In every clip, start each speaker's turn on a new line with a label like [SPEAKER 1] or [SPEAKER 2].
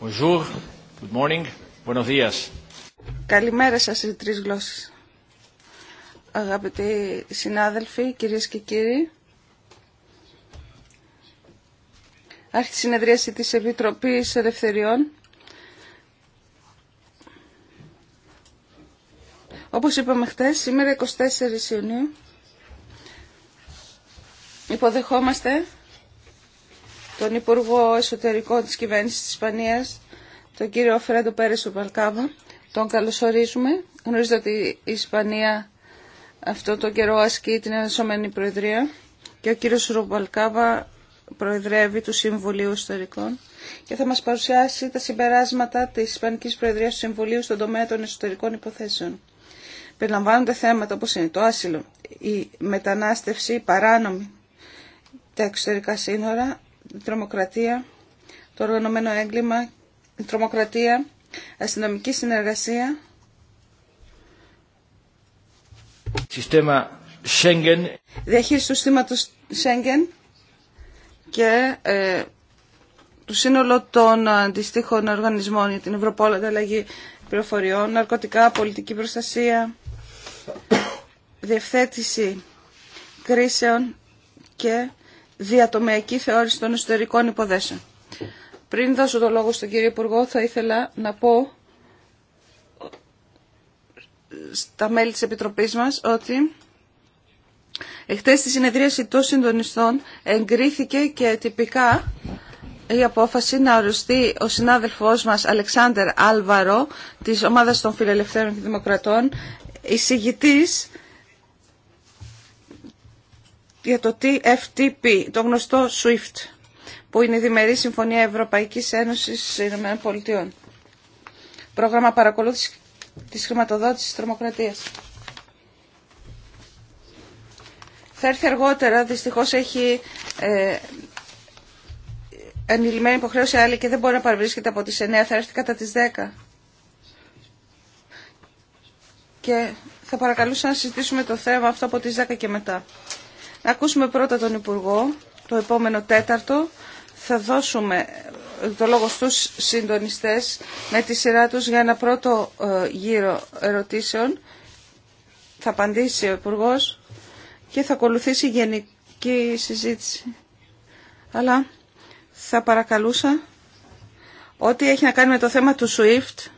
[SPEAKER 1] Bonjour, good morning, buenos días.
[SPEAKER 2] Καλημέρα σας σε τρεις γλώσσες. Αγαπητοί συνάδελφοι, κυρίες και κύριοι, άρχισε η συνεδρίαση της Επιτροπής Ελευθεριών. Όπως είπαμε χτες, σήμερα 24 Ιουνίου, υποδεχόμαστε τον Υπουργό Εσωτερικών της Κυβέρνησης της Ισπανίας, τον κύριο Φρέντο του Βαλκάβα. Τον καλωσορίζουμε. Γνωρίζετε ότι η Ισπανία αυτό τον καιρό ασκεί την ενασωμένη Προεδρία και ο κύριος Ρουμπαλκάβα προεδρεύει του Συμβουλίου Εσωτερικών και θα μας παρουσιάσει τα συμπεράσματα της Ισπανικής Προεδρίας του Συμβουλίου στον τομέα των εσωτερικών υποθέσεων. Περιλαμβάνονται θέματα όπως είναι το άσυλο, η μετανάστευση, η παράνομη, τα εξωτερικά σύνορα, η τρομοκρατία, το οργανωμένο έγκλημα, τρομοκρατία, αστυνομική συνεργασία.
[SPEAKER 1] Συστήμα
[SPEAKER 2] Διαχείριση του συστήματος Schengen και ε, του σύνολο των αντιστοίχων οργανισμών για την Ευρωπόλα, ανταλλαγή πληροφοριών, ναρκωτικά, πολιτική προστασία, διευθέτηση κρίσεων και διατομιακή θεώρηση των εσωτερικών υποδέσεων. Πριν δώσω το λόγο στον κύριο Υπουργό, θα ήθελα να πω στα μέλη της Επιτροπής μας ότι εχθές στη συνεδρίαση των συντονιστών εγκρίθηκε και τυπικά η απόφαση να οριστεί ο συνάδελφός μας Αλεξάνδερ Άλβαρο της Ομάδας των Φιλελευθέρων και Δημοκρατών εισηγητής για το TFTP, το γνωστό SWIFT, που είναι η Διμερή Συμφωνία Ευρωπαϊκής Ένωσης Ηνωμένων Πολιτειών. Πρόγραμμα παρακολούθησης της χρηματοδότησης της τρομοκρατίας. Θα έρθει αργότερα, δυστυχώς έχει ε, ενηλυμένη υποχρέωση άλλη και δεν μπορεί να παρευρίσκεται από τις 9, θα έρθει κατά τις 10. Και θα παρακαλούσα να συζητήσουμε το θέμα αυτό από τις 10 και μετά. Να ακούσουμε πρώτα τον Υπουργό, το επόμενο τέταρτο. Θα δώσουμε το λόγο στους συντονιστές με τη σειρά τους για ένα πρώτο ε, γύρο ερωτήσεων. Θα απαντήσει ο υπουργό και θα ακολουθήσει γενική συζήτηση. Αλλά θα παρακαλούσα ό,τι έχει να κάνει με το θέμα του SWIFT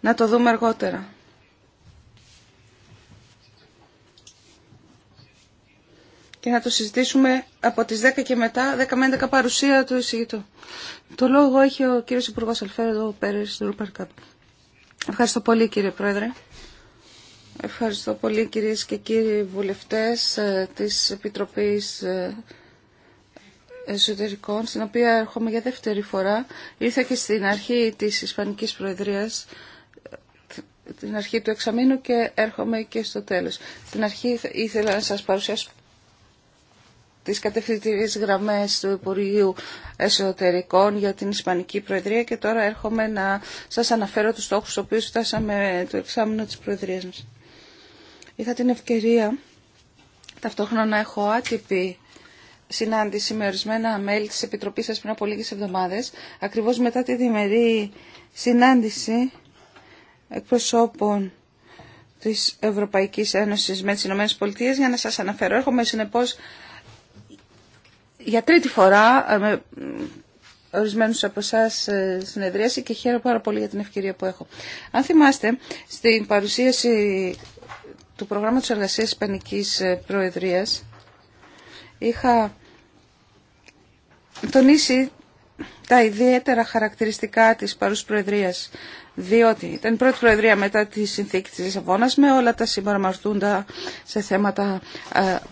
[SPEAKER 2] να το δούμε αργότερα. και να το συζητήσουμε από τις 10 και μετά, 10 με 11 παρουσία του εισηγητού. Το λόγο έχει ο κύριος Υπουργός Πέρα Πέρες του Κάπ. Ευχαριστώ πολύ κύριε Πρόεδρε. Ευχαριστώ πολύ κυρίες και κύριοι βουλευτές ε, της Επιτροπής ε, Εσωτερικών, στην οποία έρχομαι για δεύτερη φορά. Ήρθα και στην αρχή της Ισπανικής Προεδρίας, την αρχή του εξαμήνου και έρχομαι και στο τέλος. Στην αρχή ήθελα να σας παρουσιάσω τις κατευθυντήριες γραμμές του Υπουργείου Εσωτερικών για την Ισπανική Προεδρία και τώρα έρχομαι να σας αναφέρω τους στόχους στους οποίους φτάσαμε το εξάμεινο της Προεδρίας μας. Είχα την ευκαιρία ταυτόχρονα να έχω άτυπη συνάντηση με ορισμένα μέλη της Επιτροπής σας πριν από λίγες εβδομάδες, ακριβώς μετά τη διμερή συνάντηση εκπροσώπων της Ευρωπαϊκής Ένωσης με τις Ηνωμένες Πολιτείες για να σας αναφέρω. Έρχομαι συνεπώς για τρίτη φορά ε, με ε, ορισμένους από εσά ε, συνεδρίαση και χαίρομαι πάρα πολύ για την ευκαιρία που έχω. Αν θυμάστε, στην παρουσίαση του προγράμματος εργασίας Ισπανικής Προεδρίας είχα τονίσει τα ιδιαίτερα χαρακτηριστικά της παρούς Προεδρίας διότι ήταν η πρώτη Προεδρία μετά τη συνθήκη της Λισαβόνας με όλα τα σύμπαρα σε θέματα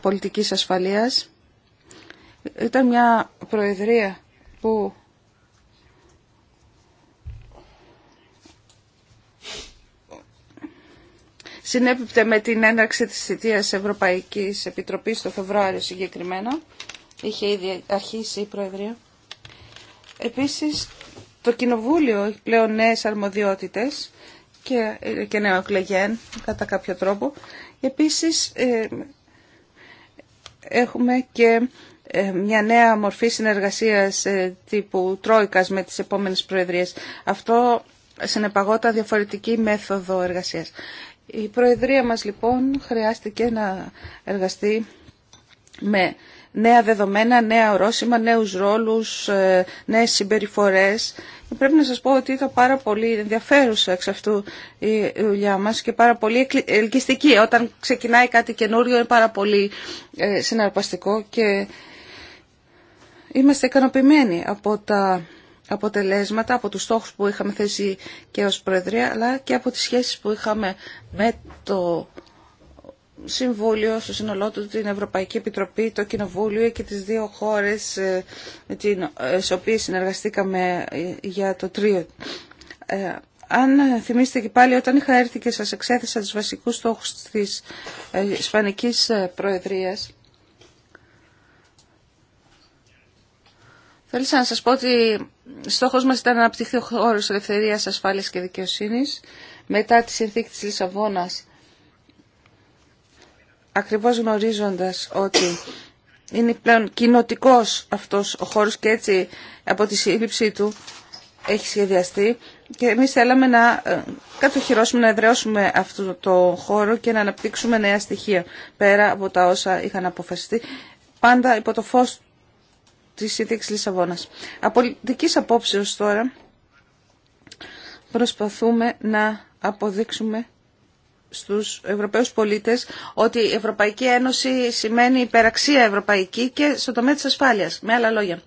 [SPEAKER 2] πολιτικής ασφαλείας ήταν μια προεδρία που συνέπιπτε με την έναρξη της θητείας Ευρωπαϊκής Επιτροπής το Φεβρουάριο συγκεκριμένα. Είχε ήδη αρχίσει η Προεδρία. Επίσης, το Κοινοβούλιο έχει πλέον νέες αρμοδιότητες και, και νέο εκλεγέν, κατά κάποιο τρόπο. Επίσης, ε, έχουμε και ε, μια νέα μορφή συνεργασίας ε, τύπου Τρόικας με τις επόμενες Προεδρίες. Αυτό συνεπαγόταν διαφορετική μέθοδο εργασίας. Η Προεδρία μας λοιπόν χρειάστηκε να εργαστεί με νέα δεδομένα, νέα ορόσημα, νέους ρόλους, ε, νέες συμπεριφορές. πρέπει να σας πω ότι ήταν πάρα πολύ ενδιαφέρουσα εξ αυτού η δουλειά μας και πάρα πολύ ελκυστική. Όταν ξεκινάει κάτι καινούριο είναι πάρα πολύ συναρπαστικό και Είμαστε ικανοποιημένοι από τα αποτελέσματα, από τους στόχους που είχαμε θέσει και ως Προεδρία, αλλά και από τις σχέσεις που είχαμε με το Συμβούλιο, στο σύνολό του, την Ευρωπαϊκή Επιτροπή, το Κοινοβούλιο και τις δύο χώρες ε, ε, τις οποίες συνεργαστήκαμε ε, για το τρίο. Αν θυμίστε και πάλι, όταν είχα έρθει και σας εξέθεσα τους βασικούς στόχους της Ισπανικής Προεδρίας, Θέλησα να σας πω ότι στόχος μας ήταν να αναπτυχθεί ο χώρος ελευθερίας, ασφάλειας και δικαιοσύνης μετά τη συνθήκη της Λισαβόνας. Ακριβώς γνωρίζοντας ότι είναι πλέον κοινοτικό αυτός ο χώρος και έτσι από τη σύλληψή του έχει σχεδιαστεί και εμείς θέλαμε να ε, κατοχυρώσουμε, να εδραιώσουμε αυτό το χώρο και να αναπτύξουμε νέα στοιχεία πέρα από τα όσα είχαν αποφασιστεί πάντα υπό το φως τη Σύνθεξη Λισαβόνα. Από πολιτική απόψεω τώρα προσπαθούμε να αποδείξουμε στους Ευρωπαίους πολίτες ότι η Ευρωπαϊκή Ένωση σημαίνει υπεραξία ευρωπαϊκή και στο τομέα της ασφάλειας. Με άλλα λόγια,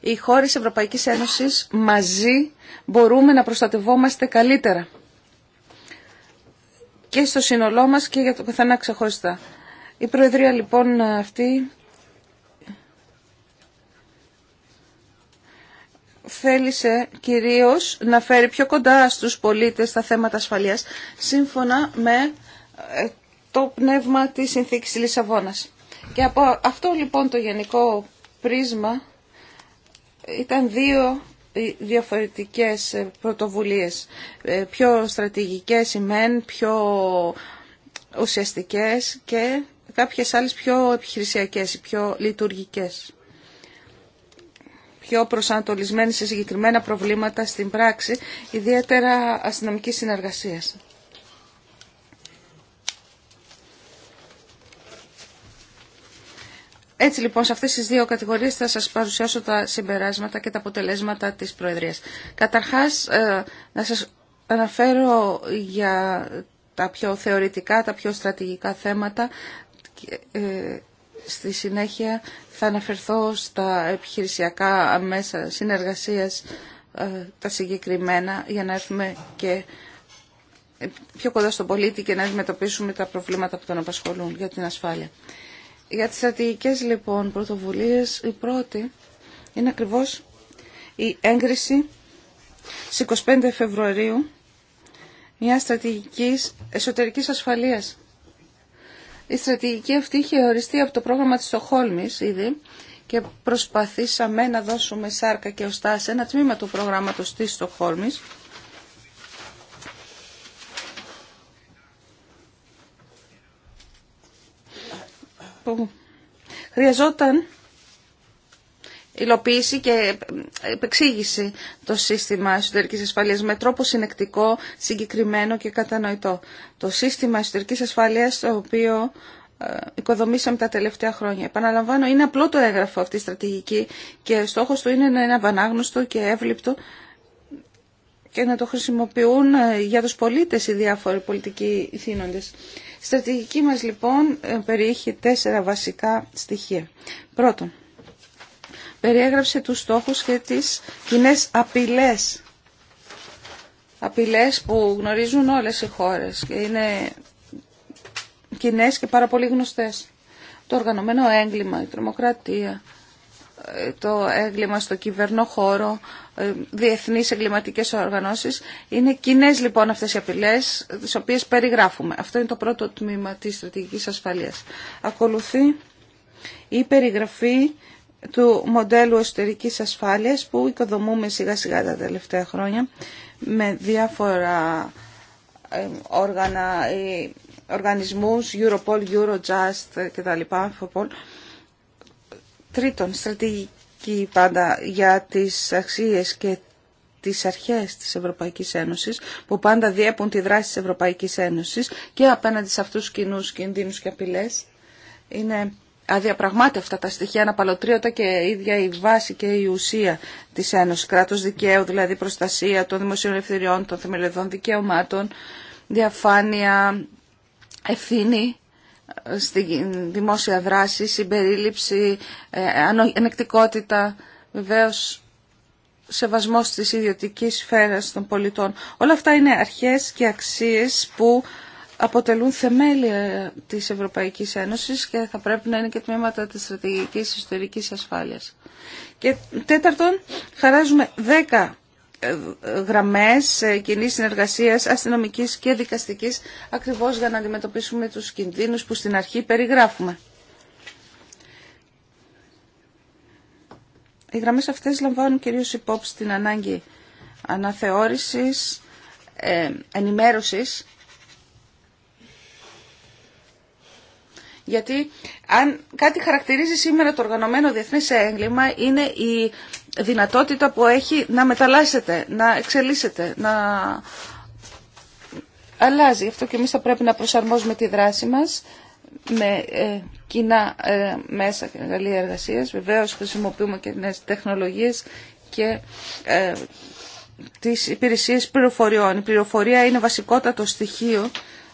[SPEAKER 2] οι χώρες Ευρωπαϊκής Ένωσης μαζί μπορούμε να προστατευόμαστε καλύτερα και στο σύνολό μας και για το καθένα ξεχωριστά. Η Προεδρία λοιπόν αυτή θέλησε κυρίως να φέρει πιο κοντά στους πολίτες τα θέματα ασφαλείας σύμφωνα με ε, το πνεύμα της συνθήκης της Λισαβόνας. Και από αυτό λοιπόν το γενικό πρίσμα ήταν δύο ε, διαφορετικές ε, πρωτοβουλίες, πιο στρατηγικές μεν, πιο ουσιαστικές και κάποιες άλλες πιο επιχειρησιακές, πιο λειτουργικές πιο προσανατολισμένη σε συγκεκριμένα προβλήματα στην πράξη, ιδιαίτερα αστυνομική συνεργασία. Έτσι λοιπόν σε αυτές τις δύο κατηγορίες θα σας παρουσιάσω τα συμπεράσματα και τα αποτελέσματα της Προεδρίας. Καταρχάς ε, να σας αναφέρω για τα πιο θεωρητικά, τα πιο στρατηγικά θέματα ε, Στη συνέχεια θα αναφερθώ στα επιχειρησιακά μέσα συνεργασίας ε, τα συγκεκριμένα για να έρθουμε και πιο κοντά στον πολίτη και να αντιμετωπίσουμε τα προβλήματα που τον απασχολούν για την ασφάλεια. Για τις στρατηγικές λοιπόν πρωτοβουλίες, η πρώτη είναι ακριβώς η έγκριση στις 25 Φεβρουαρίου μια στρατηγικής εσωτερικής ασφαλείας η στρατηγική αυτή είχε οριστεί από το πρόγραμμα της Στοχόλμης ήδη και προσπαθήσαμε να δώσουμε σάρκα και οστά σε ένα τμήμα του προγράμματος της Στοχόλμης. χρειαζόταν υλοποίηση και επεξήγηση το σύστημα εσωτερική ασφαλείας με τρόπο συνεκτικό, συγκεκριμένο και κατανοητό. Το σύστημα εσωτερική ασφαλείας το οποίο ε, οικοδομήσαμε τα τελευταία χρόνια. Επαναλαμβάνω, είναι απλό το έγγραφο αυτή η στρατηγική και στόχο του είναι να είναι απανάγνωστο και εύληπτο και να το χρησιμοποιούν ε, για τους πολίτες οι διάφοροι πολιτικοί θύνοντες. Η στρατηγική μας λοιπόν ε, περιέχει τέσσερα βασικά στοιχεία. Πρώτον, περιέγραψε τους στόχους και τις κοινέ απειλές. Απειλές που γνωρίζουν όλες οι χώρες και είναι κοινέ και πάρα πολύ γνωστές. Το οργανωμένο έγκλημα, η τρομοκρατία, το έγκλημα στο κυβερνό χώρο, ε, διεθνείς εγκληματικές οργανώσεις. Είναι κοινέ λοιπόν αυτές οι απειλές, τις οποίες περιγράφουμε. Αυτό είναι το πρώτο τμήμα της στρατηγικής ασφαλείας. Ακολουθεί η περιγραφή του μοντέλου εσωτερικής ασφάλειας που οικοδομούμε σιγά σιγά τα τελευταία χρόνια με διάφορα ε, όργανα, ε, οργανισμούς, Europol, Eurojust κτλ. Τρίτον, στρατηγική πάντα για τις αξίες και τις αρχές της Ευρωπαϊκής Ένωσης που πάντα διέπουν τη δράση της Ευρωπαϊκής Ένωσης και απέναντι σε αυτούς τους κοινούς κινδύνους και απειλές είναι αδιαπραγμάτευτα τα στοιχεία, αναπαλωτρίωτα και ίδια η βάση και η ουσία της Ένωσης. Κράτος δικαίου, δηλαδή προστασία των δημοσίων ευθυριών, των θεμελιωδών δικαιωμάτων, διαφάνεια, ευθύνη ε, στη δημόσια δράση, συμπερίληψη, ε, ανεκτικότητα, βεβαίως σεβασμός της ιδιωτικής σφαίρας των πολιτών. Όλα αυτά είναι αρχές και αξίες που αποτελούν θεμέλια της Ευρωπαϊκής Ένωσης και θα πρέπει να είναι και τμήματα της στρατηγικής ιστορικής ασφάλειας. Και τέταρτον, χαράζουμε δέκα ε, γραμμές ε, κοινή συνεργασίας αστυνομικής και δικαστικής ακριβώς για να αντιμετωπίσουμε τους κινδύνους που στην αρχή περιγράφουμε. Οι γραμμές αυτές λαμβάνουν κυρίως υπόψη την ανάγκη αναθεώρησης, ε, ενημέρωσης Γιατί αν κάτι χαρακτηρίζει σήμερα το οργανωμένο Διεθνέ έγκλημα είναι η δυνατότητα που έχει να μεταλλάσσεται, να εξελίσσεται, να αλλάζει. Γι' αυτό και εμείς θα πρέπει να προσαρμόζουμε τη δράση μας με ε, κοινά ε, μέσα και εργαλεία εργασία. Βεβαίως χρησιμοποιούμε και νέες τεχνολογίες και ε, τις υπηρεσίες πληροφοριών. Η πληροφορία είναι βασικότατο στοιχείο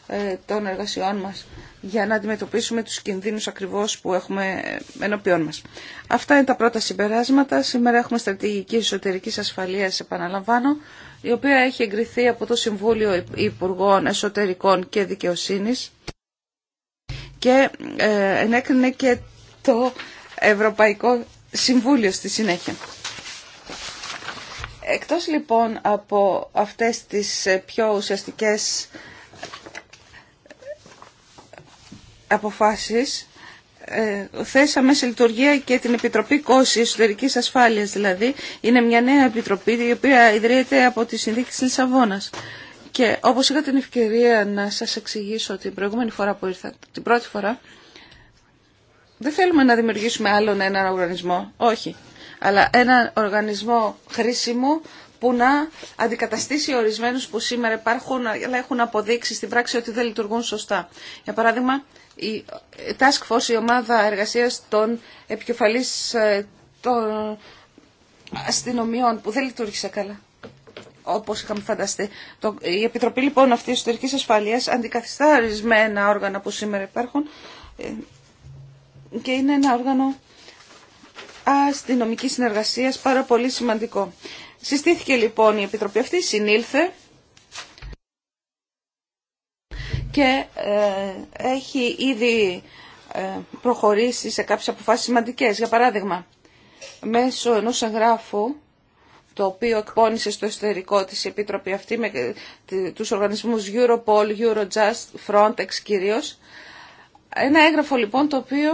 [SPEAKER 2] ε, των εργασιών μας για να αντιμετωπίσουμε τους κινδύνους ακριβώς που έχουμε ενώπιόν μας. Αυτά είναι τα πρώτα συμπεράσματα. Σήμερα έχουμε στρατηγική εσωτερικής ασφαλείας, επαναλαμβάνω, η οποία έχει εγκριθεί από το Συμβούλιο Υπουργών Εσωτερικών και Δικαιοσύνης και ε, ενέκρινε και το Ευρωπαϊκό Συμβούλιο στη συνέχεια. Εκτός λοιπόν από αυτές τις πιο ουσιαστικές αποφάσεις ε, θέσαμε σε λειτουργία και την Επιτροπή Κώση εσωτερική ασφάλεια δηλαδή. Είναι μια νέα επιτροπή η οποία ιδρύεται από τη Συνδίκη τη Λισαβόνα. Και όπω είχα την ευκαιρία να σα εξηγήσω την προηγούμενη φορά που ήρθα, την πρώτη φορά, δεν θέλουμε να δημιουργήσουμε άλλον έναν οργανισμό, όχι. Αλλά έναν οργανισμό χρήσιμο που να αντικαταστήσει ορισμένου που σήμερα υπάρχουν αλλά έχουν αποδείξει στην πράξη ότι δεν λειτουργούν σωστά. Για παράδειγμα, η Task Force, η ομάδα εργασίας των επικεφαλής ε, των αστυνομιών που δεν λειτουργήσε καλά όπως είχαμε φανταστεί. η Επιτροπή λοιπόν αυτή της εσωτερικής ασφαλείας αντικαθιστά ορισμένα όργανα που σήμερα υπάρχουν ε, και είναι ένα όργανο αστυνομικής συνεργασίας πάρα πολύ σημαντικό. Συστήθηκε λοιπόν η Επιτροπή αυτή, συνήλθε και ε, έχει ήδη ε, προχωρήσει σε κάποιες αποφάσεις σημαντικές. Για παράδειγμα, μέσω ενός εγγράφου το οποίο εκπώνησε στο εσωτερικό της η Επίτροπη αυτή με ε, τους οργανισμούς Europol, Eurojust, Frontex κυρίως. Ένα έγγραφο λοιπόν το οποίο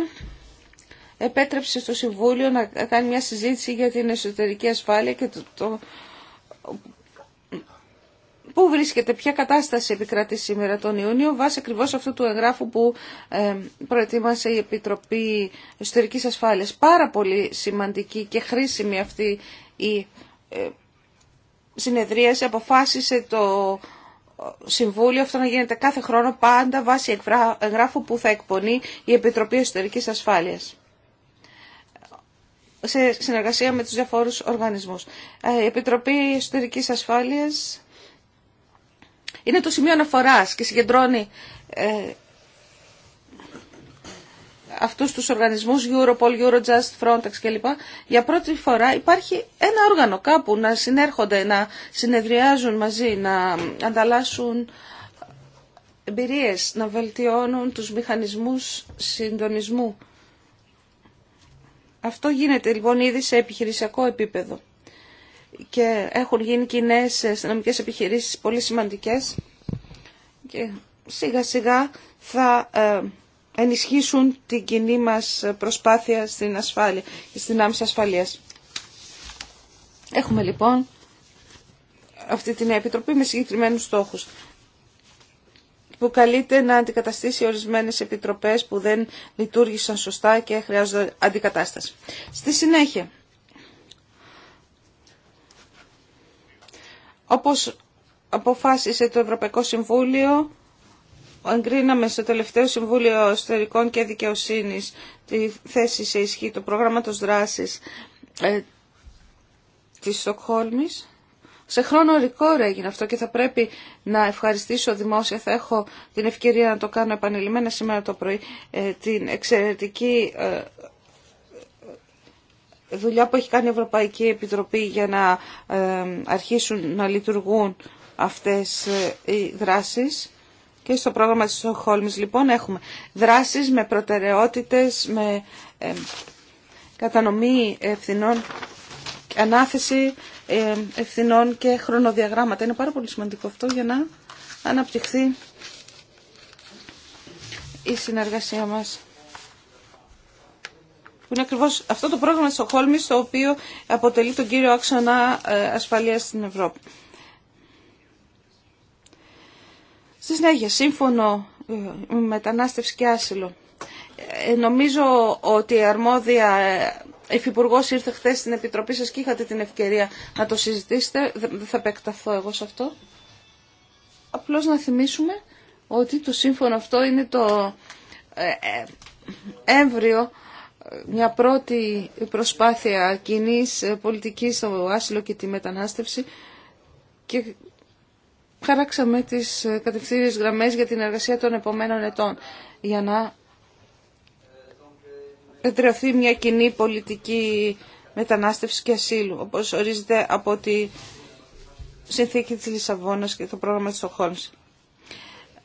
[SPEAKER 2] επέτρεψε στο Συμβούλιο να κάνει μια συζήτηση για την εσωτερική ασφάλεια και το Πού βρίσκεται, ποια κατάσταση επικρατεί σήμερα τον Ιούνιο βάσει ακριβώ αυτού του εγγράφου που ε, προετοίμασε η Επιτροπή Εσωτερική Ασφάλειας. Πάρα πολύ σημαντική και χρήσιμη αυτή η ε, συνεδρίαση. Αποφάσισε το ε, Συμβούλιο αυτό να γίνεται κάθε χρόνο πάντα βάσει εγγράφου που θα εκπονεί η Επιτροπή εσωτερική ασφάλεια. σε συνεργασία με τους διαφόρους οργανισμούς. Η Επιτροπή εσωτερική Ασφάλειας είναι το σημείο αναφορά και συγκεντρώνει ε, αυτούς τους οργανισμούς Europol, Eurojust, Frontex κλπ. Για πρώτη φορά υπάρχει ένα όργανο κάπου να συνέρχονται, να συνεδριάζουν μαζί, να ανταλλάσσουν εμπειρίες, να βελτιώνουν τους μηχανισμούς συντονισμού. Αυτό γίνεται λοιπόν ήδη σε επιχειρησιακό επίπεδο και έχουν γίνει κοινέ αστυνομικέ επιχειρήσεις πολύ σημαντικές και σιγά σιγά θα ε, ενισχύσουν την κοινή μας προσπάθεια στην ασφάλεια και στην άμεση ασφαλείας. Έχουμε λοιπόν αυτή την επιτροπή με συγκεκριμένους στόχους που καλείται να αντικαταστήσει ορισμένες επιτροπές που δεν λειτουργήσαν σωστά και χρειάζονται αντικατάσταση. Στη συνέχεια, Όπως αποφάσισε το Ευρωπαϊκό Συμβούλιο, εγκρίναμε στο τελευταίο Συμβούλιο Ιστορικών και Δικαιοσύνης τη θέση σε ισχύ του προγράμματος δράσης ε, της Στοκχόλμης. Σε χρόνο ρικόρ έγινε αυτό και θα πρέπει να ευχαριστήσω δημόσια. Θα έχω την ευκαιρία να το κάνω επανειλημμένα σήμερα το πρωί. Ε, την εξαιρετική ε, δουλειά που έχει κάνει η Ευρωπαϊκή Επιτροπή για να ε, αρχίσουν να λειτουργούν αυτές ε, οι δράσεις. Και στο πρόγραμμα της Σοχόλμης λοιπόν έχουμε δράσεις με προτεραιότητες, με ε, κατανομή ευθυνών, ανάθεση ευθυνών και χρονοδιαγράμματα. Είναι πάρα πολύ σημαντικό αυτό για να αναπτυχθεί η συνεργασία μας που είναι ακριβώς αυτό το πρόγραμμα της ΟΧΟΛΜΗΣ... το οποίο αποτελεί τον κύριο άξονα ε, ασφαλείας στην Ευρώπη. Στη συνέχεια, σύμφωνο ε, μετανάστευση και άσυλο. Ε, νομίζω ότι η αρμόδια υφυπουργό ήρθε χθε στην Επιτροπή σας και είχατε την ευκαιρία να το συζητήσετε. Δεν θα επεκταθώ εγώ σε αυτό. Απλώς να θυμίσουμε ότι το σύμφωνο αυτό είναι το έμβριο μια πρώτη προσπάθεια κοινή ε, πολιτικής στο άσυλο και τη μετανάστευση και χαράξαμε τις ε, κατευθύνες γραμμές για την εργασία των επόμενων ετών για να εντρεωθεί μια κοινή πολιτική μετανάστευση και ασύλου όπως ορίζεται από τη συνθήκη της Λισαβόνας και το πρόγραμμα της Στοχόλμη.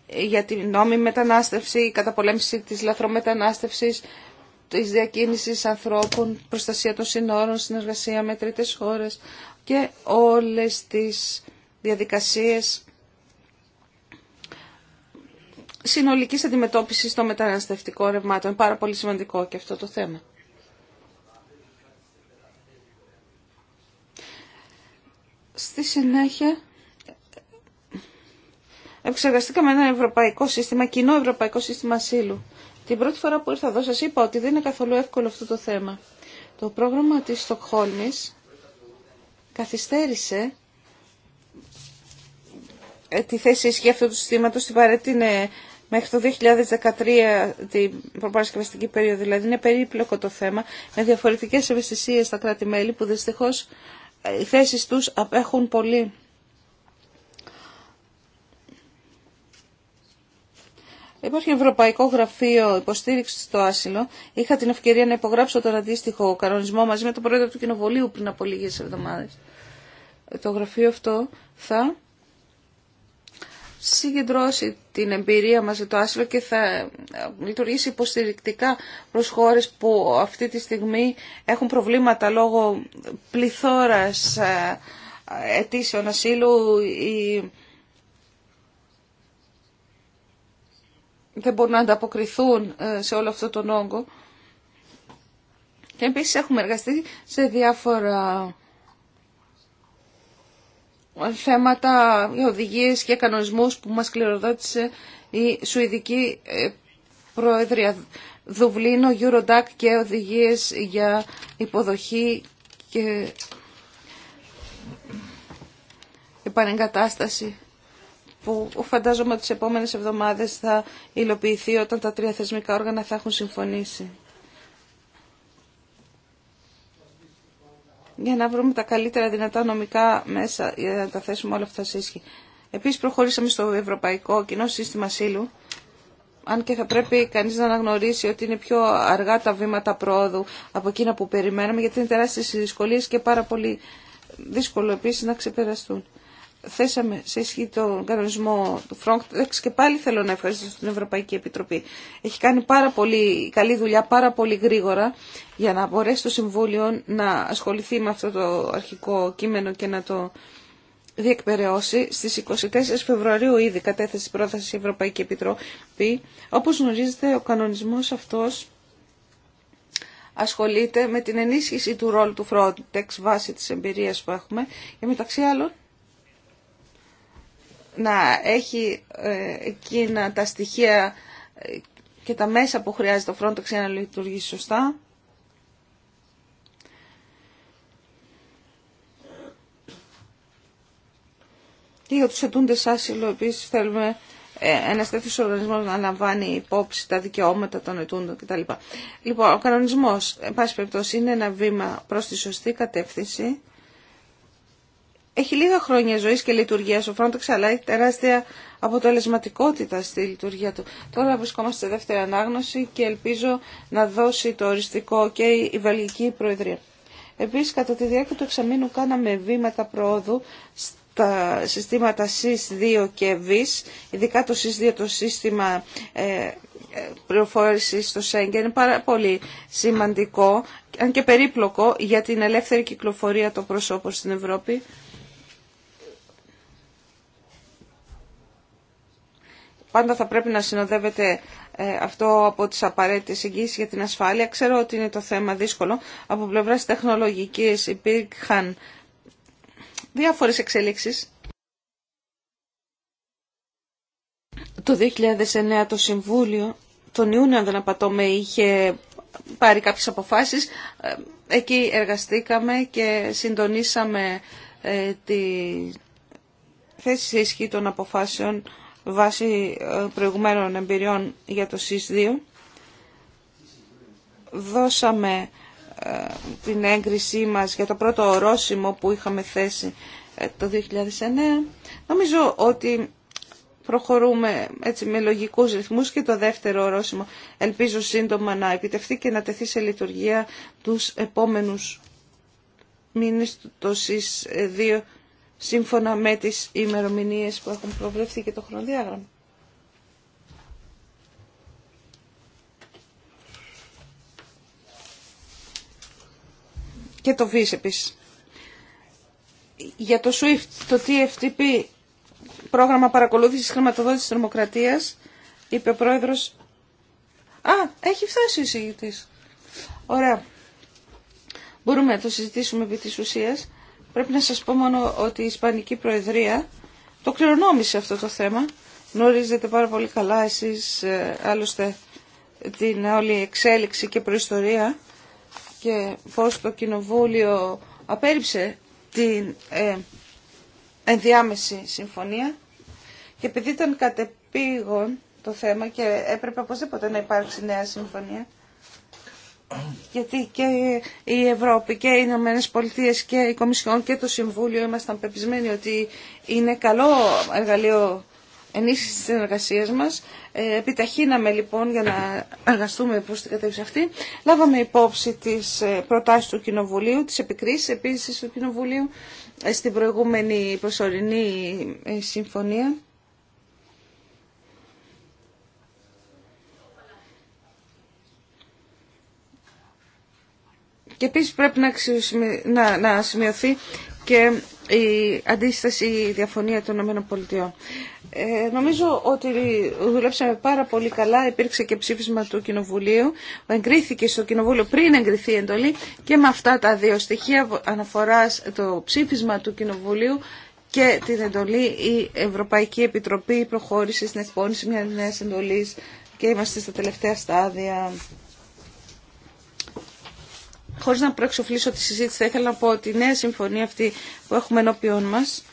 [SPEAKER 2] για την νόμιμη μετανάστευση, η καταπολέμηση της λαθρομετανάστευσης, Τη διακίνηση ανθρώπων, προστασία των συνόρων, συνεργασία με τρίτε χώρες και όλες τις διαδικασίες συνολικής αντιμετώπισης των μεταναστευτικών ρευμάτων. Είναι πάρα πολύ σημαντικό και αυτό το θέμα. Στη συνέχεια επεξεργαστήκαμε ένα ευρωπαϊκό σύστημα, κοινό ευρωπαϊκό σύστημα ασύλου. Την πρώτη φορά που ήρθα εδώ σας είπα ότι δεν είναι καθόλου εύκολο αυτό το θέμα. Το πρόγραμμα της Στοκχόλμης καθυστέρησε ε, τη θέση ισχύ αυτού του συστήματος, στην παρέτηνε μέχρι το 2013 την προπαρασκευαστική περίοδο. Δηλαδή είναι περίπλοκο το θέμα με διαφορετικές ευαισθησίες στα κράτη-μέλη που δυστυχώς ε, οι θέσεις τους απέχουν πολύ. Υπάρχει Ευρωπαϊκό Γραφείο Υποστήριξη στο Άσυλο. Είχα την ευκαιρία να υπογράψω τον αντίστοιχο κανονισμό μαζί με τον πρόεδρο του Κοινοβουλίου πριν από λίγε εβδομάδε. Το γραφείο αυτό θα συγκεντρώσει την εμπειρία μας για το άσυλο και θα λειτουργήσει υποστηρικτικά προς χώρες που αυτή τη στιγμή έχουν προβλήματα λόγω πληθώρας ε, αιτήσεων ασύλου δεν μπορούν να ανταποκριθούν ε, σε όλο αυτό τον όγκο. Και επίσης έχουμε εργαστεί σε διάφορα θέματα, οδηγίες και κανονισμούς που μας κληροδότησε η Σουηδική ε, Προεδρία Δουβλίνο, Eurodac και οδηγίες για υποδοχή και επανεγκατάσταση που φαντάζομαι ότι τις επόμενες εβδομάδες θα υλοποιηθεί όταν τα τρία θεσμικά όργανα θα έχουν συμφωνήσει. Για να βρούμε τα καλύτερα δυνατά νομικά μέσα για να τα θέσουμε όλα αυτά σε ίσχυ. Επίσης προχωρήσαμε στο Ευρωπαϊκό Κοινό Σύστημα Σύλλου αν και θα πρέπει κανείς να αναγνωρίσει ότι είναι πιο αργά τα βήματα πρόοδου από εκείνα που περιμέναμε, γιατί είναι τεράστιες οι δυσκολίες και πάρα πολύ δύσκολο επίσης να ξεπεραστούν θέσαμε σε ισχύ τον κανονισμό του Frontex και πάλι θέλω να ευχαριστήσω την Ευρωπαϊκή Επιτροπή. Έχει κάνει πάρα πολύ καλή δουλειά, πάρα πολύ γρήγορα για να μπορέσει το Συμβούλιο να ασχοληθεί με αυτό το αρχικό κείμενο και να το διεκπαιρεώσει. Στις 24 Φεβρουαρίου ήδη κατέθεσε πρόταση η Ευρωπαϊκή Επιτροπή. Όπως γνωρίζετε ο κανονισμός αυτός ασχολείται με την ενίσχυση του ρόλου του Frontex βάσει της εμπειρίας που έχουμε και μεταξύ άλλων να έχει ε, εκείνα τα στοιχεία ε, και τα μέσα που χρειάζεται το Frontex για να λειτουργήσει σωστά. Και για τους ετούντες άσυλο επίσης θέλουμε ε, ένα τέτοιο οργανισμό να λαμβάνει υπόψη τα δικαιώματα των ετούντων κτλ. Λοιπόν, ο κανονισμός εν πάση περιπτώσει, είναι ένα βήμα προς τη σωστή κατεύθυνση έχει λίγα χρόνια ζωής και λειτουργίας ο Frontex, αλλά έχει τεράστια αποτελεσματικότητα στη λειτουργία του. Τώρα βρισκόμαστε σε δεύτερη ανάγνωση και ελπίζω να δώσει το οριστικό και η Βελγική Προεδρία. Επίσης, κατά τη διάρκεια του εξαμήνου κάναμε βήματα προόδου στα συστήματα SIS-2 και VIS, ειδικά το SIS-2, το σύστημα ε, ε πληροφόρηση στο Σέγγεν είναι πάρα πολύ σημαντικό, αν και περίπλοκο, για την ελεύθερη κυκλοφορία των προσώπων στην Ευρώπη. Πάντα θα πρέπει να συνοδεύεται ε, αυτό από τις απαραίτητες εγγύσεις για την ασφάλεια. Ξέρω ότι είναι το θέμα δύσκολο. Από πλευράς τεχνολογικής υπήρχαν διάφορες εξελίξεις. Το 2009 το Συμβούλιο, τον Ιούνιο αν δεν απατώμε, είχε πάρει κάποιες αποφάσεις. Ε, εκεί εργαστήκαμε και συντονίσαμε ε, τη θέση σε ισχύ των αποφάσεων βάσει ε, προηγουμένων εμπειριών για το ΣΥΣ2. Δώσαμε ε, την έγκρισή μας για το πρώτο ορόσημο που είχαμε θέσει ε, το 2009. Νομίζω ότι προχωρούμε έτσι με λογικούς ρυθμούς και το δεύτερο ορόσημο ελπίζω σύντομα να επιτευχθεί και να τεθεί σε λειτουργία τους επόμενους μήνες το ΣΥΣ 2 σύμφωνα με τις ημερομηνίες που έχουν προβλεφθεί και το χρονοδιάγραμμα. Και το ΒΙΣ επίσης. Για το SWIFT, το TFTP, πρόγραμμα παρακολούθησης χρηματοδότησης τρομοκρατίας, είπε ο πρόεδρος... Α, έχει φτάσει ο εισηγητής. Ωραία. Μπορούμε να το συζητήσουμε επί της ουσίας. Πρέπει να σας πω μόνο ότι η Ισπανική Προεδρία το κληρονόμησε αυτό το θέμα. Γνωρίζετε πάρα πολύ καλά εσείς ε, άλλωστε την όλη εξέλιξη και προϊστορία και πώς το Κοινοβούλιο απέριψε την ε, ενδιάμεση συμφωνία και επειδή ήταν κατεπήγον το θέμα και έπρεπε οπωσδήποτε να υπάρξει νέα συμφωνία γιατί και η Ευρώπη και οι Ηνωμένε Πολιτείε και η Κομισιόν και το Συμβούλιο ήμασταν πεπισμένοι ότι είναι καλό εργαλείο ενίσχυση της συνεργασίας μας. Ε, επιταχύναμε λοιπόν για να εργαστούμε προ την κατεύθυνση αυτή. Λάβαμε υπόψη τις ε, προτάσεις του Κοινοβουλίου, τις επικρίσεις επίση του Κοινοβουλίου ε, στην προηγούμενη προσωρινή συμφωνία. Και επίση πρέπει να, να, να σημειωθεί και η αντίσταση, η διαφωνία των ΗΠΑ. Ε, νομίζω ότι δουλέψαμε πάρα πολύ καλά, υπήρξε και ψήφισμα του Κοινοβουλίου, εγκρίθηκε στο Κοινοβούλιο πριν εγκριθεί η εντολή και με αυτά τα δύο στοιχεία αναφοράς το ψήφισμα του Κοινοβουλίου και την εντολή η Ευρωπαϊκή Επιτροπή προχώρησε στην εκπόνηση μια νέα εντολή και είμαστε στα τελευταία στάδια. Χωρίς να προεξοφλήσω τη συζήτηση, θα ήθελα να πω ότι η νέα συμφωνία αυτή που έχουμε ενώπιόν μας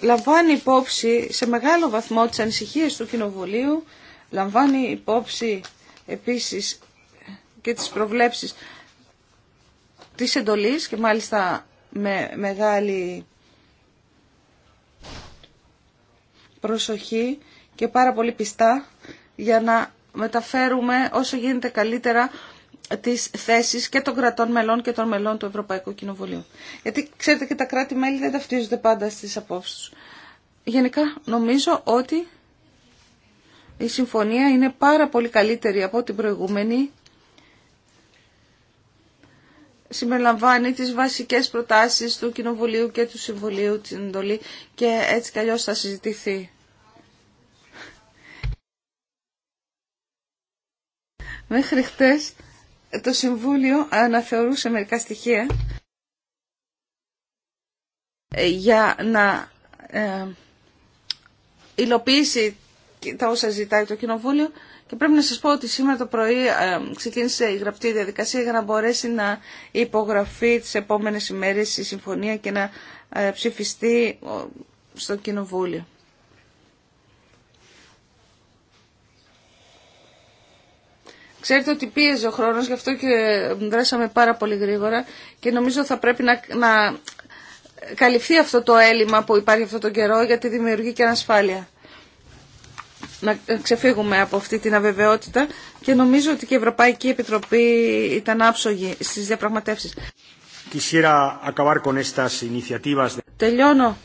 [SPEAKER 2] λαμβάνει υπόψη σε μεγάλο βαθμό τις ανησυχίες του Κοινοβουλίου, λαμβάνει υπόψη επίσης και τις προβλέψεις της εντολής και μάλιστα με μεγάλη προσοχή και πάρα πολύ πιστά για να μεταφέρουμε όσο γίνεται καλύτερα τις θέσεις και των κρατών μελών και των μελών του Ευρωπαϊκού Κοινοβουλίου. Γιατί ξέρετε και τα κράτη-μέλη δεν ταυτίζονται πάντα στις απόψεις τους. Γενικά νομίζω ότι η συμφωνία είναι πάρα πολύ καλύτερη από την προηγούμενη. Συμπεριλαμβάνει τις βασικές προτάσεις του Κοινοβουλίου και του Συμβουλίου, την εντολή και έτσι κι θα συζητηθεί Μέχρι χτες το Συμβούλιο αναθεωρούσε μερικά στοιχεία ε, για να ε, υλοποιήσει τα όσα ζητάει το Κοινοβούλιο και πρέπει να σας πω ότι σήμερα το πρωί ε, ξεκίνησε η γραπτή διαδικασία για να μπορέσει να υπογραφεί τις επόμενες ημέρες η συμφωνία και να ψηφιστεί στο Κοινοβούλιο. Ξέρετε ότι πίεζε ο χρόνο, γι' αυτό και δράσαμε πάρα πολύ γρήγορα και νομίζω θα πρέπει να, να καλυφθεί αυτό το έλλειμμα που υπάρχει αυτόν τον καιρό γιατί δημιουργεί και ανασφάλεια. Να ξεφύγουμε από αυτή την αβεβαιότητα και νομίζω ότι και η Ευρωπαϊκή Επιτροπή ήταν άψογη στις διαπραγματεύσεις. Τελειώνω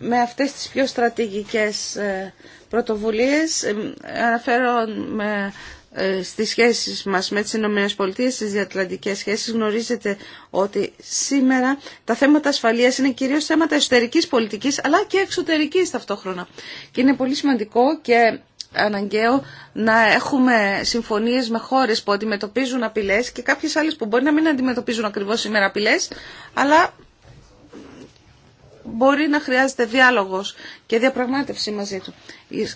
[SPEAKER 2] με αυτέ τι πιο στρατηγικέ ε, πρωτοβουλίε ε, Αναφέρω με ε, στις σχέσεις μας με τις Ηνωμένες Πολιτείες, στις διατλαντικές σχέσεις, γνωρίζετε ότι σήμερα τα θέματα ασφαλείας είναι κυρίως θέματα εσωτερικής πολιτικής, αλλά και εξωτερικής ταυτόχρονα. Και είναι πολύ σημαντικό και αναγκαίο να έχουμε συμφωνίες με χώρες που αντιμετωπίζουν απειλές και κάποιες άλλες που μπορεί να μην αντιμετωπίζουν ακριβώς σήμερα απειλές, αλλά μπορεί να χρειάζεται διάλογος και διαπραγμάτευση μαζί του.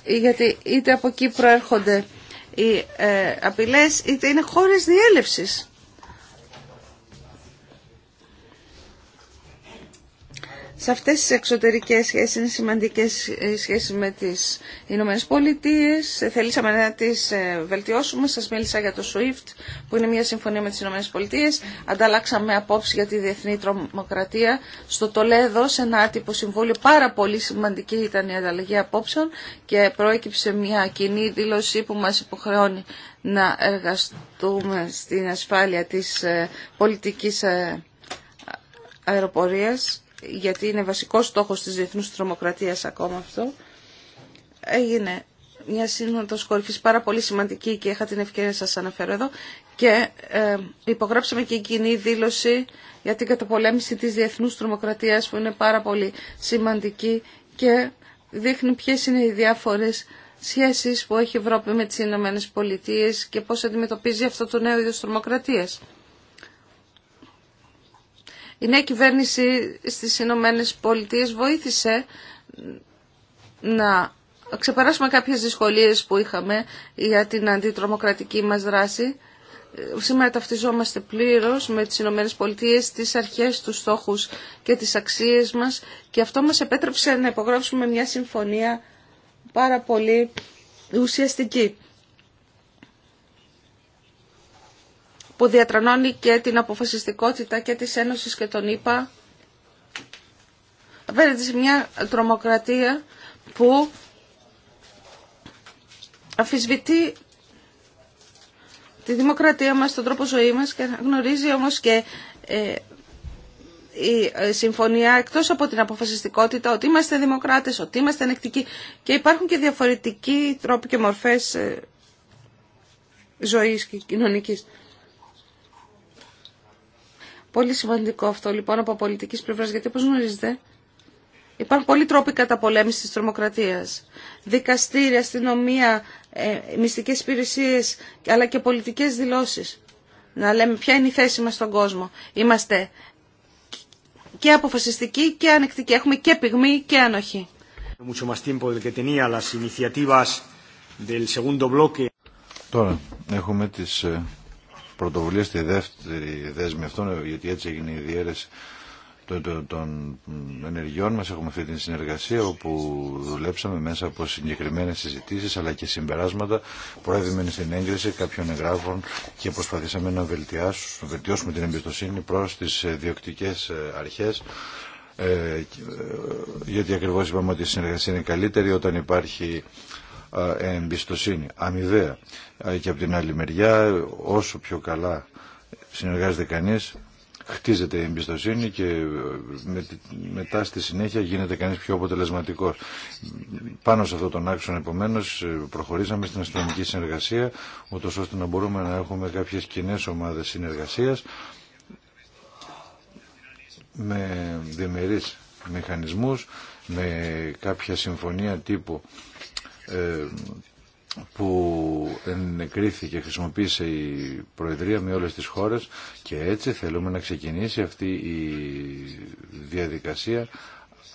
[SPEAKER 2] Γιατί είτε από εκεί προέρχονται οι ε, απειλές είτε είναι χώρες διέλευσης. σε αυτές τις εξωτερικές σχέσεις είναι σημαντικές ε, σχέσεις με τις Ηνωμένε Πολιτείε. Ε, θελήσαμε να τις ε, βελτιώσουμε. Σας μίλησα για το SWIFT που είναι μια συμφωνία με τις Ηνωμένε Πολιτείε. Ανταλλάξαμε απόψη για τη διεθνή τρομοκρατία στο Τολέδο σε ένα άτυπο συμβούλιο. Πάρα πολύ σημαντική ήταν η ανταλλαγή απόψεων και προέκυψε μια κοινή δήλωση που μας υποχρεώνει να εργαστούμε στην ασφάλεια της πολιτικής αεροπορίας γιατί είναι βασικός στόχος της διεθνούς τρομοκρατίας ακόμα αυτό, έγινε μια σύνοδος κορυφής πάρα πολύ σημαντική και είχα την ευκαιρία να σας αναφέρω εδώ και ε, υπογράψαμε και κοινή δήλωση για την καταπολέμηση της διεθνούς τρομοκρατίας που είναι πάρα πολύ σημαντική και δείχνει ποιες είναι οι διάφορες σχέσεις που έχει η Ευρώπη με τις Ηνωμένε Πολιτείες και πώς αντιμετωπίζει αυτό το νέο είδος τρομοκρατίας. Η νέα κυβέρνηση στις Ηνωμένε Πολιτείες βοήθησε να ξεπεράσουμε κάποιες δυσκολίες που είχαμε για την αντιτρομοκρατική μας δράση. Σήμερα ταυτιζόμαστε πλήρως με τις Ηνωμένε Πολιτείες, τις αρχές, τους στόχους και τις αξίες μας και αυτό μας επέτρεψε να υπογράψουμε μια συμφωνία πάρα πολύ ουσιαστική. που διατρανώνει και την αποφασιστικότητα και της Ένωσης και τον ΗΠΑ απέναντι σε μια τρομοκρατία που αφισβητεί τη δημοκρατία μας, τον τρόπο ζωή μας και γνωρίζει όμως και ε, η ε, συμφωνία εκτός από την αποφασιστικότητα ότι είμαστε δημοκράτες, ότι είμαστε ανεκτικοί και υπάρχουν και διαφορετικοί τρόποι και μορφές ε, ζωής και κοινωνικής. Πολύ σημαντικό αυτό λοιπόν από πολιτική πλευρά, γιατί όπω γνωρίζετε, υπάρχουν πολλοί τρόποι καταπολέμηση τη τρομοκρατία. Δικαστήρια, αστυνομία, ε, μυστικέ υπηρεσίε, αλλά και πολιτικέ δηλώσει. Να λέμε ποια είναι η θέση μα στον κόσμο. Είμαστε και αποφασιστικοί και ανεκτικοί. Έχουμε και πυγμή και ανοχή.
[SPEAKER 1] Τώρα έχουμε τις ε, πρωτοβουλία στη δεύτερη δέσμη αυτών, γιατί έτσι έγινε η διαίρεση των ενεργειών μας. Έχουμε αυτή την συνεργασία όπου δουλέψαμε μέσα από συγκεκριμένες συζητήσεις αλλά και συμπεράσματα προέβημενη στην έγκριση κάποιων εγγράφων και προσπαθήσαμε να βελτιώσουμε την εμπιστοσύνη προς τις διοκτικές ε, αρχές ε, ε, γιατί ακριβώς είπαμε ότι η συνεργασία είναι καλύτερη όταν υπάρχει ε, εμπιστοσύνη, αμοιβαία. Ε, και από την άλλη μεριά, όσο πιο καλά συνεργάζεται κανείς, χτίζεται η εμπιστοσύνη και ε, μετά στη συνέχεια γίνεται κανείς πιο αποτελεσματικός. Πάνω σε αυτό τον άξονα επομένως προχωρήσαμε στην αστυνομική συνεργασία ούτως ώστε να μπορούμε να έχουμε κάποιες κοινέ ομάδες συνεργασίας με διμερείς μηχανισμούς, με κάποια συμφωνία τύπου ε, που ενεκρίθηκε, χρησιμοποίησε η Προεδρία με όλες τις χώρες και έτσι θέλουμε να ξεκινήσει αυτή η διαδικασία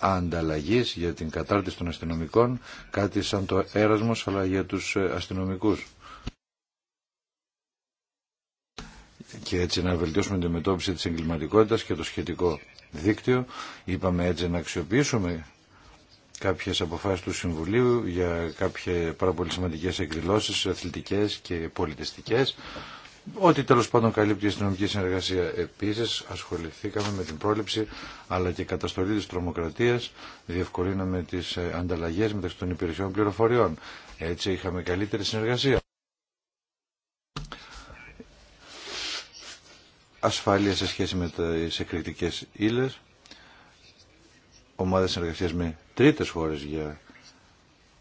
[SPEAKER 1] ανταλλαγής για την κατάρτιση των αστυνομικών, κάτι σαν το έρασμος αλλά για τους ε, αστυνομικούς. Και έτσι να βελτιώσουμε την μετώπιση της εγκληματικότητας και το σχετικό δίκτυο. Είπαμε έτσι να αξιοποιήσουμε κάποιες αποφάσεις του Συμβουλίου για κάποιες πάρα πολύ σημαντικές εκδηλώσεις αθλητικές και πολιτιστικές. Ό,τι τέλος πάντων καλύπτει η αστυνομική συνεργασία. Επίση ασχοληθήκαμε με την πρόληψη αλλά και καταστολή της τρομοκρατίας. Διευκολύναμε τις ε, ανταλλαγέ μεταξύ των υπηρεσιών πληροφοριών. Έτσι είχαμε καλύτερη συνεργασία. Ασφάλεια σε σχέση με τις εκρηκτικές ύλες ομάδες συνεργασίας με τρίτες χώρες για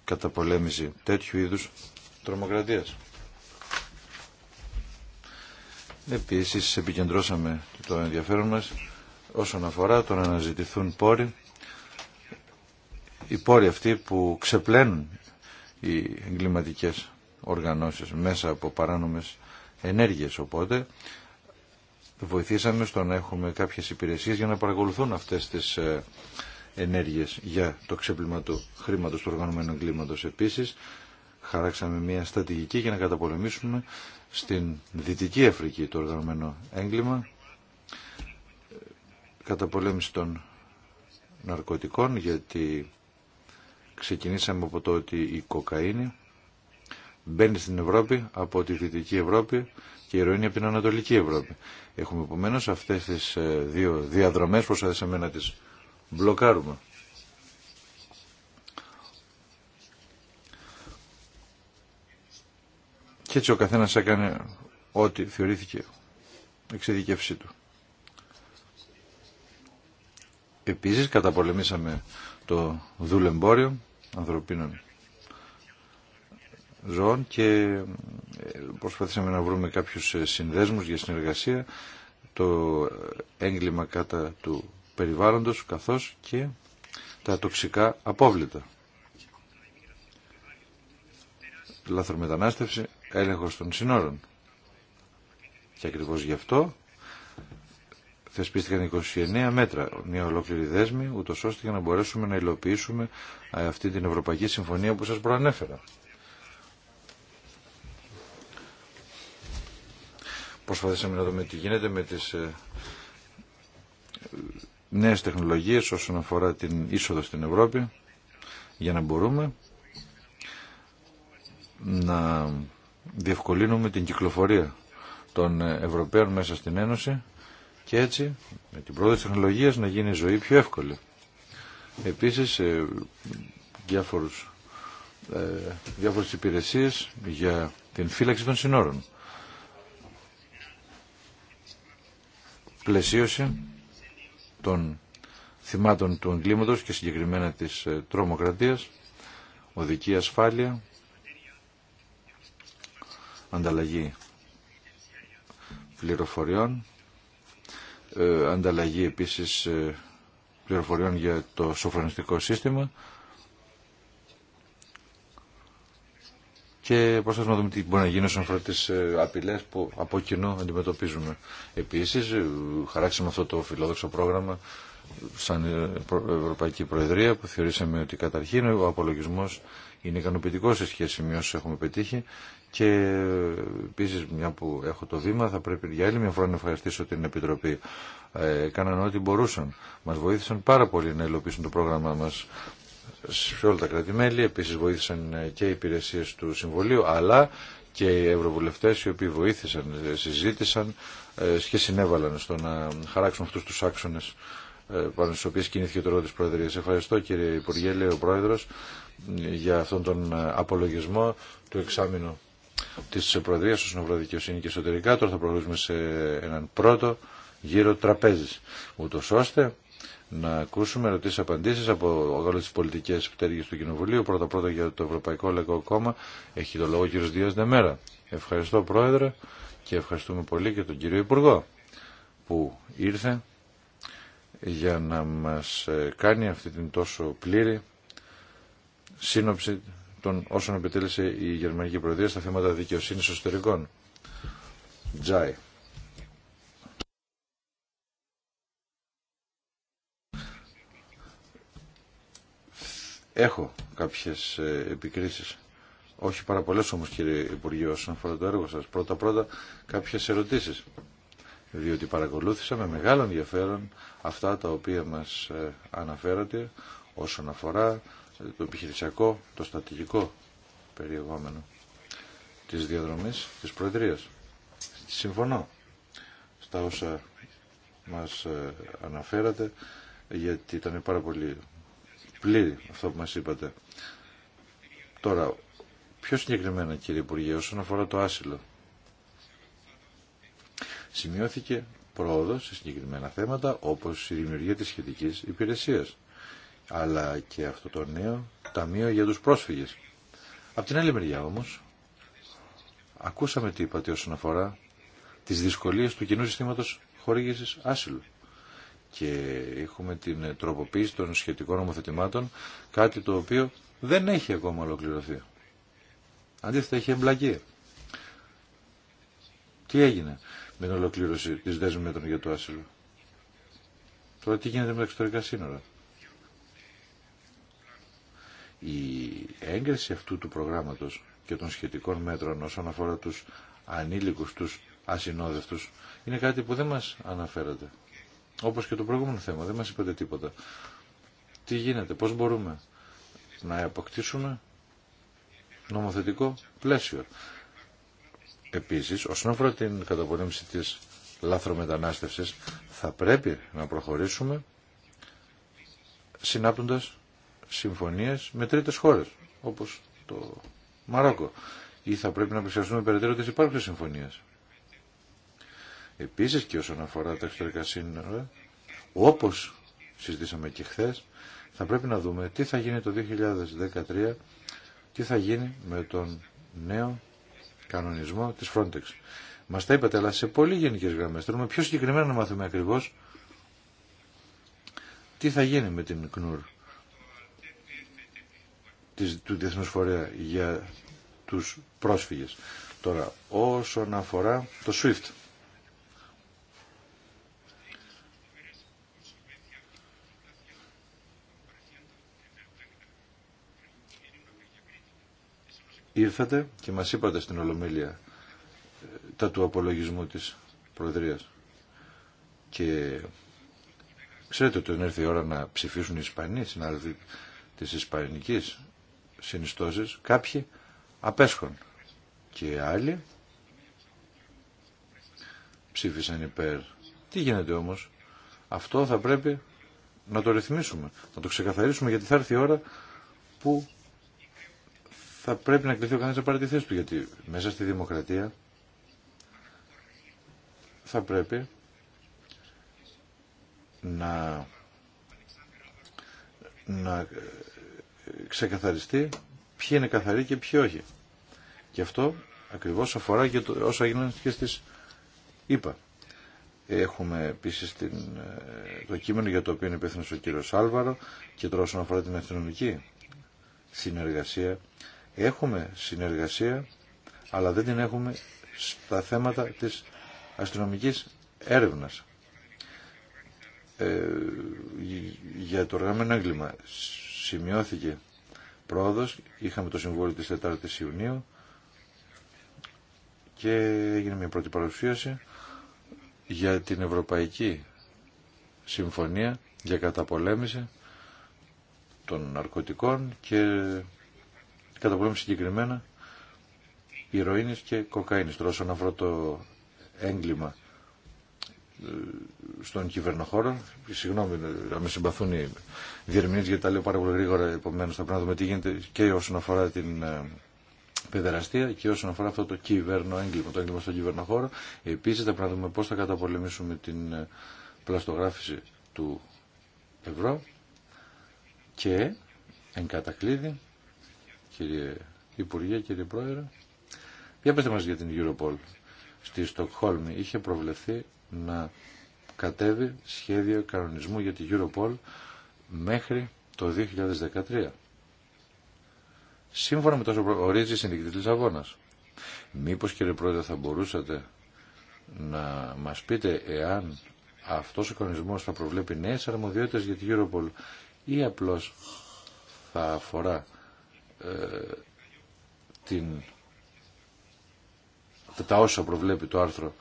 [SPEAKER 1] καταπολέμηση τέτοιου είδους τρομοκρατίας. Επίσης επικεντρώσαμε το ενδιαφέρον μας όσον αφορά το να αναζητηθούν πόροι, οι πόροι αυτοί που ξεπλένουν οι εγκληματικέ οργανώσεις μέσα από παράνομες ενέργειες. Οπότε βοηθήσαμε στο να έχουμε κάποιες υπηρεσίες για να παρακολουθούν αυτές τις ε, ενέργειες για το ξέπλυμα του χρήματος του οργανωμένου εγκλήματος επίσης. Χαράξαμε μια στρατηγική για να καταπολεμήσουμε στην Δυτική Αφρική το οργανωμένο έγκλημα, καταπολέμηση των ναρκωτικών, γιατί ξεκινήσαμε από το ότι η κοκαίνη μπαίνει στην Ευρώπη από τη Δυτική Ευρώπη και η ηρωίνη από την Ανατολική Ευρώπη. Έχουμε επομένω αυτές τις ε, δύο διαδρομές, προσπαθήσαμε να τις μπλοκάρουμε. Και έτσι ο καθένας έκανε ό,τι θεωρήθηκε εξειδικεύσή του. Επίσης καταπολεμήσαμε το δουλεμπόριο ανθρωπίνων ζώων και ε, προσπαθήσαμε να βρούμε κάποιους ε, συνδέσμους για συνεργασία το έγκλημα κατά του περιβάλλοντος καθώς και τα τοξικά απόβλητα. Λαθρομετανάστευση, έλεγχος των συνόρων. Και ακριβώς γι' αυτό θεσπίστηκαν 29 μέτρα, μια ολόκληρη δέσμη, ούτως ώστε για να μπορέσουμε να υλοποιήσουμε ε, αυτή την Ευρωπαϊκή Συμφωνία που σας προανέφερα. Προσπαθήσαμε να δούμε τι γίνεται με τις ε, νέες τεχνολογίες όσον αφορά την είσοδο στην Ευρώπη για να μπορούμε να διευκολύνουμε την κυκλοφορία των Ευρωπαίων μέσα στην Ένωση και έτσι με την πρόοδο της τεχνολογίας να γίνει η ζωή πιο εύκολη. Επίσης ε, διάφορους, ε, διάφορες υπηρεσίες για την φύλαξη των συνόρων. Πλαισίωση των θυμάτων του εγκλήματος και συγκεκριμένα της ε, τρομοκρατίας, οδική ασφάλεια, ανταλλαγή πληροφοριών, ε, ανταλλαγή επίσης ε, πληροφοριών για το σοφρονιστικό σύστημα, και προσπαθούμε να δούμε τι μπορεί να γίνει όσον αφορά τι ε, απειλέ που από κοινό αντιμετωπίζουμε. Επίση, ε, χαράξαμε αυτό το φιλόδοξο πρόγραμμα σαν ε, Ευρωπαϊκή Προεδρία που θεωρήσαμε ότι καταρχήν ο απολογισμό είναι ικανοποιητικό σε σχέση με όσου έχουμε πετύχει και επίση μια που έχω το βήμα θα πρέπει για άλλη μια φορά να ευχαριστήσω την Επιτροπή. Ε, έκαναν ό,τι μπορούσαν. Μα βοήθησαν πάρα πολύ να υλοποιήσουν το πρόγραμμά μα σε όλα τα κρατημέλη Επίσης βοήθησαν και οι υπηρεσίες του Συμβουλίου, αλλά και οι ευρωβουλευτές οι οποίοι βοήθησαν, συζήτησαν ε, και συνέβαλαν στο να χαράξουν αυτούς τους άξονες ε, πάνω στις οποίες κινήθηκε το ρόλο της Προεδρίας. Ευχαριστώ κύριε Υπουργέ, λέει ο Πρόεδρος, για αυτόν τον ε, απολογισμό του εξάμεινου της Προεδρίας όσον αφορά δικαιοσύνη και εσωτερικά. Τώρα θα προχωρήσουμε σε έναν πρώτο γύρο τραπέζης, ούτως ώστε να ακούσουμε ερωτήσει απαντήσει από όλε τι πολιτικέ πτέρυγε του Κοινοβουλίου. Πρώτα-πρώτα για το Ευρωπαϊκό Λαϊκό Κόμμα. Έχει το λόγο ο κ. Δία Δεμέρα. Ευχαριστώ, Πρόεδρε, και ευχαριστούμε πολύ και τον κύριο Υπουργό που ήρθε για να μας κάνει αυτή την τόσο πλήρη σύνοψη των όσων επιτέλεσε η Γερμανική Προεδρία στα θέματα δικαιοσύνης εσωτερικών. Τζάι. Έχω κάποιες ε, επικρίσεις, όχι πάρα πολλέ όμως κύριε Υπουργέ, όσον αφορά το έργο σας. Πρώτα-πρώτα κάποιες ερωτήσεις, διότι παρακολούθησα με μεγάλο ενδιαφέρον αυτά τα οποία μας ε, αναφέρατε όσον αφορά ε, το επιχειρησιακό, το στατηγικό περιεχόμενο της διαδρομής της Προεδρίας. Συμφωνώ στα όσα μας αναφέρατε γιατί ήταν πάρα πολύ πλήρη αυτό που μας είπατε. Τώρα, πιο συγκεκριμένα κύριε Υπουργέ, όσον αφορά το άσυλο. Σημειώθηκε πρόοδο σε συγκεκριμένα θέματα όπως η δημιουργία της σχετικής υπηρεσίας αλλά και αυτό το νέο ταμείο για τους πρόσφυγες. Από την άλλη μεριά όμως ακούσαμε τι είπατε όσον αφορά τις δυσκολίες του κοινού συστήματος χορήγησης άσυλου και έχουμε την τροποποίηση των σχετικών ομοθετημάτων κάτι το οποίο δεν έχει ακόμα ολοκληρωθεί. Αντίθετα έχει εμπλακεί. Τι έγινε με την ολοκλήρωση τη δέσμη μέτρων για το άσυλο. Τώρα τι γίνεται με τα εξωτερικά σύνορα. Η έγκριση αυτού του προγράμματος και των σχετικών μέτρων όσον αφορά τους ανήλικους τους ασυνόδευτους είναι κάτι που δεν μας αναφέρατε. Όπως και το προηγούμενο θέμα, δεν μας είπατε τίποτα. Τι γίνεται, πώς μπορούμε να αποκτήσουμε νομοθετικό πλαίσιο. Επίσης, όσον αφορά την καταπολέμηση της λάθρομετανάστευσης, θα πρέπει να προχωρήσουμε συνάπτοντας συμφωνίες με τρίτες χώρες, όπως το Μαρόκο. Ή θα πρέπει να πλησιαστούμε περαιτέρω τις υπάρχουσες συμφωνίες. Επίσης και όσον αφορά τα εξωτερικά σύνορα, όπως συζητήσαμε και χθε, θα πρέπει να δούμε τι θα γίνει το 2013, τι θα γίνει με τον νέο κανονισμό της Frontex. Μας τα είπατε, αλλά σε πολύ γενικές γραμμές. Θέλουμε πιο συγκεκριμένα να μάθουμε ακριβώς τι θα γίνει με την ΚΝΟΥΡ του Διεθνούς Φορέα για τους πρόσφυγες. Τώρα, όσον αφορά το SWIFT, ήρθατε και μας είπατε στην Ολομέλεια ε, τα του απολογισμού της Προεδρίας. Και ξέρετε ότι έρθει η ώρα να ψηφίσουν οι Ισπανοί, συνάδελφοι της Ισπανικής συνιστώσεις, κάποιοι απέσχον και άλλοι ψήφισαν υπέρ. Τι γίνεται όμως, αυτό θα πρέπει να το ρυθμίσουμε, να το ξεκαθαρίσουμε γιατί θα έρθει η ώρα που θα πρέπει να κληθεί ο καθένα να πάρει τη θέση του, γιατί μέσα στη δημοκρατία θα πρέπει να, να ξεκαθαριστεί ποιοι είναι καθαροί και ποιοι όχι. Και αυτό ακριβώς αφορά και το, όσα γίνονται και στις ΗΠΑ. Έχουμε επίση το κείμενο για το οποίο είναι υπεύθυνο ο κύριο Άλβαρο και τώρα όσον αφορά την αστυνομική συνεργασία Έχουμε συνεργασία, αλλά δεν την έχουμε στα θέματα της αστυνομικής έρευνας. Ε, για το οργανωμένο έγκλημα σημειώθηκε πρόοδος, είχαμε το συμβόλαιο της 4ης Ιουνίου και έγινε μια πρώτη παρουσίαση για την Ευρωπαϊκή Συμφωνία για καταπολέμηση των ναρκωτικών και καταπολέμηση συγκεκριμένα ηρωίνης και κοκαίνης. Τώρα όσον αφορά το έγκλημα ε, στον κυβερνοχώρο. Συγγνώμη να με συμπαθούν οι διερμηνεί γιατί τα λέω πάρα πολύ γρήγορα. Επομένω, θα πρέπει να δούμε τι γίνεται και όσον αφορά την ε, παιδεραστία και όσον αφορά αυτό το κυβέρνο έγκλημα, το έγκλημα στον κυβερνοχώρο. Επίση, θα πρέπει να δούμε πώ θα καταπολεμήσουμε την ε, πλαστογράφηση του ευρώ και εν κατακλείδη κύριε Υπουργέ, κύριε Πρόεδρε. Για πετε μας για την Europol. Στη Στοκχόλμη είχε προβλεφθεί να κατέβει σχέδιο κανονισμού για την Europol μέχρι το 2013. Σύμφωνα με τόσο ορίζει η συνδικητή της Μήπω Μήπως κύριε Πρόεδρε θα μπορούσατε να μας πείτε εάν αυτός ο κανονισμός θα προβλέπει νέες αρμοδιότητες για την Europol ή απλώς θα αφορά ε, την, τα όσα προβλέπει το άρθρο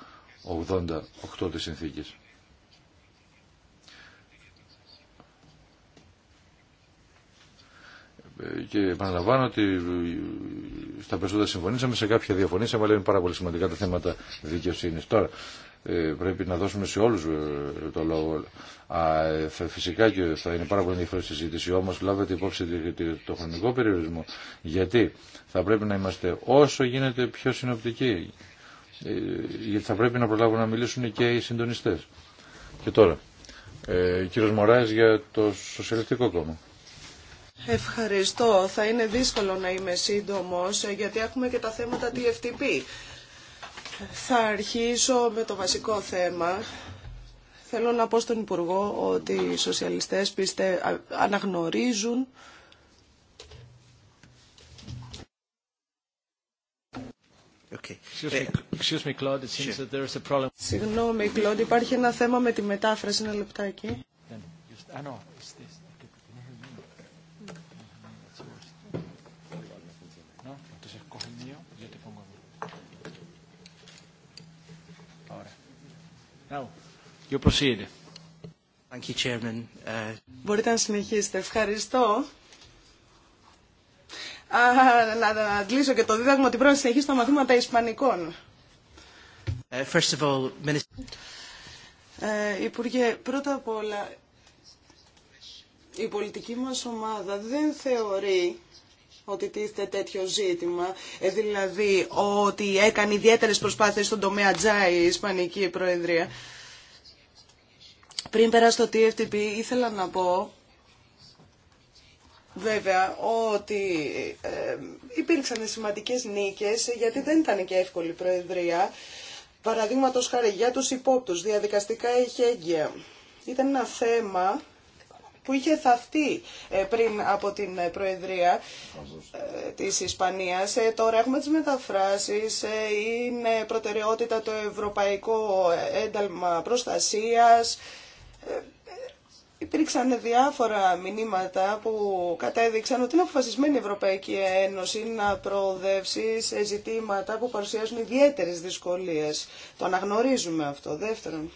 [SPEAKER 1] 88 της συνθήκης. και επαναλαμβάνω ότι στα περισσότερα συμφωνήσαμε, σε κάποια διαφωνήσαμε, αλλά είναι πάρα πολύ σημαντικά τα θέματα δικαιοσύνη. Τώρα ε, πρέπει να δώσουμε σε όλου ε, το λόγο. Ε, φυσικά και θα είναι πάρα πολύ ενδιαφέρον συζήτηση, όμω λάβετε υπόψη το χρονικό περιορισμό. Γιατί θα πρέπει να είμαστε όσο γίνεται πιο συνοπτικοί. Γιατί θα πρέπει να προλάβουν να μιλήσουν και οι συντονιστέ. Και τώρα, ε, κύριος Μωράης για το Σοσιαλιστικό Κόμμα.
[SPEAKER 3] Ευχαριστώ. Θα είναι δύσκολο να είμαι σύντομος ε, γιατί έχουμε και τα θέματα TFTP. Θα αρχίσω με το βασικό θέμα. Θέλω να πω στον Υπουργό ότι οι σοσιαλιστές πιστε... αναγνωρίζουν
[SPEAKER 1] Συγγνώμη, Κλοντ, υπάρχει
[SPEAKER 3] ένα θέμα με τη μετάφραση, ένα λεπτάκι. Uh, Μπορείτε να συνεχίσετε. Ευχαριστώ. Α, να, αντλήσω και το δίδαγμα ότι πρέπει να συνεχίσω τα μαθήματα Ισπανικών.
[SPEAKER 1] Uh,
[SPEAKER 3] ε, Υπουργέ, πρώτα απ' όλα, η πολιτική μας ομάδα δεν θεωρεί ότι τίθεται τέτοιο ζήτημα, ε, δηλαδή ότι έκανε ιδιαίτερε προσπάθειες στον τομέα Τζάι η Ισπανική Προεδρία. Πριν περάσω το TFTP ήθελα να πω Βέβαια ότι ε, υπήρξαν σημαντικές νίκες γιατί δεν ήταν και εύκολη η Προεδρία. Παραδείγματος χάρη για τους υπόπτους, διαδικαστικά έγκαια. Ήταν ένα θέμα που είχε θαυτεί ε, πριν από την Προεδρία ε, της Ισπανίας. Ε, τώρα έχουμε τις μεταφράσεις, είναι προτεραιότητα το Ευρωπαϊκό Ένταλμα Προστασίας. Υπήρξαν διάφορα μηνύματα που κατέδειξαν ότι είναι αποφασισμένη η Ευρωπαϊκή Ένωση να προοδεύσει σε ζητήματα που παρουσιάζουν ιδιαίτερες δυσκολίες. Το αναγνωρίζουμε αυτό. Δεύτερον,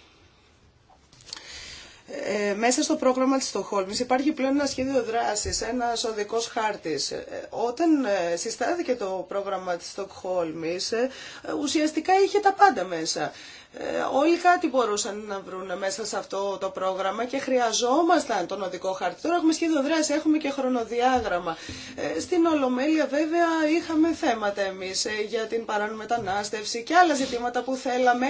[SPEAKER 3] ε, μέσα στο πρόγραμμα της Στοχόλμης υπάρχει πλέον ένα σχέδιο δράσης, ένας οδικός χάρτης. Ε, όταν ε, συστάθηκε το πρόγραμμα της Στοκχόλμης, ουσιαστικά είχε τα πάντα μέσα. Όλοι κάτι μπορούσαν να βρουν μέσα σε αυτό το πρόγραμμα και χρειαζόμασταν τον οδικό χάρτη. Τώρα έχουμε σχέδιο δράση, έχουμε και χρονοδιάγραμμα. Στην Ολομέλεια βέβαια είχαμε θέματα εμείς για την παράνομη μετανάστευση και άλλα ζητήματα που θέλαμε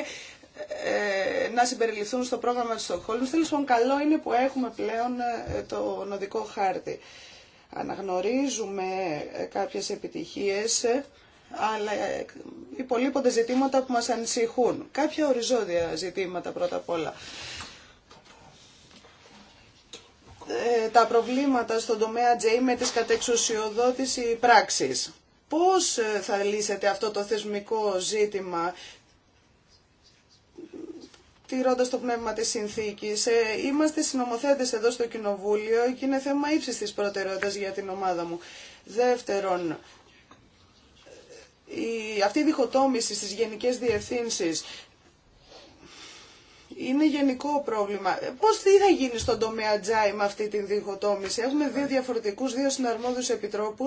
[SPEAKER 3] ε, να συμπεριληφθούν στο πρόγραμμα της Στοκχόλμης. Τέλος πάντων, καλό είναι που έχουμε πλέον ε, το νοδικό χάρτη. Αναγνωρίζουμε ε, κάποιες επιτυχίες, αλλά υπολείπονται ζητήματα που μας ανησυχούν. Κάποια οριζόντια ζητήματα πρώτα απ' όλα. Τα προβλήματα στον τομέα J με τις κατεξουσιοδότηση πράξης. Πώς θα λύσετε αυτό το θεσμικό ζήτημα τηρώντα το πνεύμα της συνθήκης. Ε, είμαστε συνομοθέτες εδώ στο Κοινοβούλιο και είναι θέμα ύψης της προτεραιότητας για την ομάδα μου. Δεύτερον, η, αυτή η διχοτόμηση στι γενικές διευθύνσει είναι γενικό πρόβλημα. Ε, Πώ τι θα γίνει στον τομέα Τζάι με αυτή τη διχοτόμηση. Έχουμε δύο διαφορετικού, δύο συναρμόδιου επιτρόπου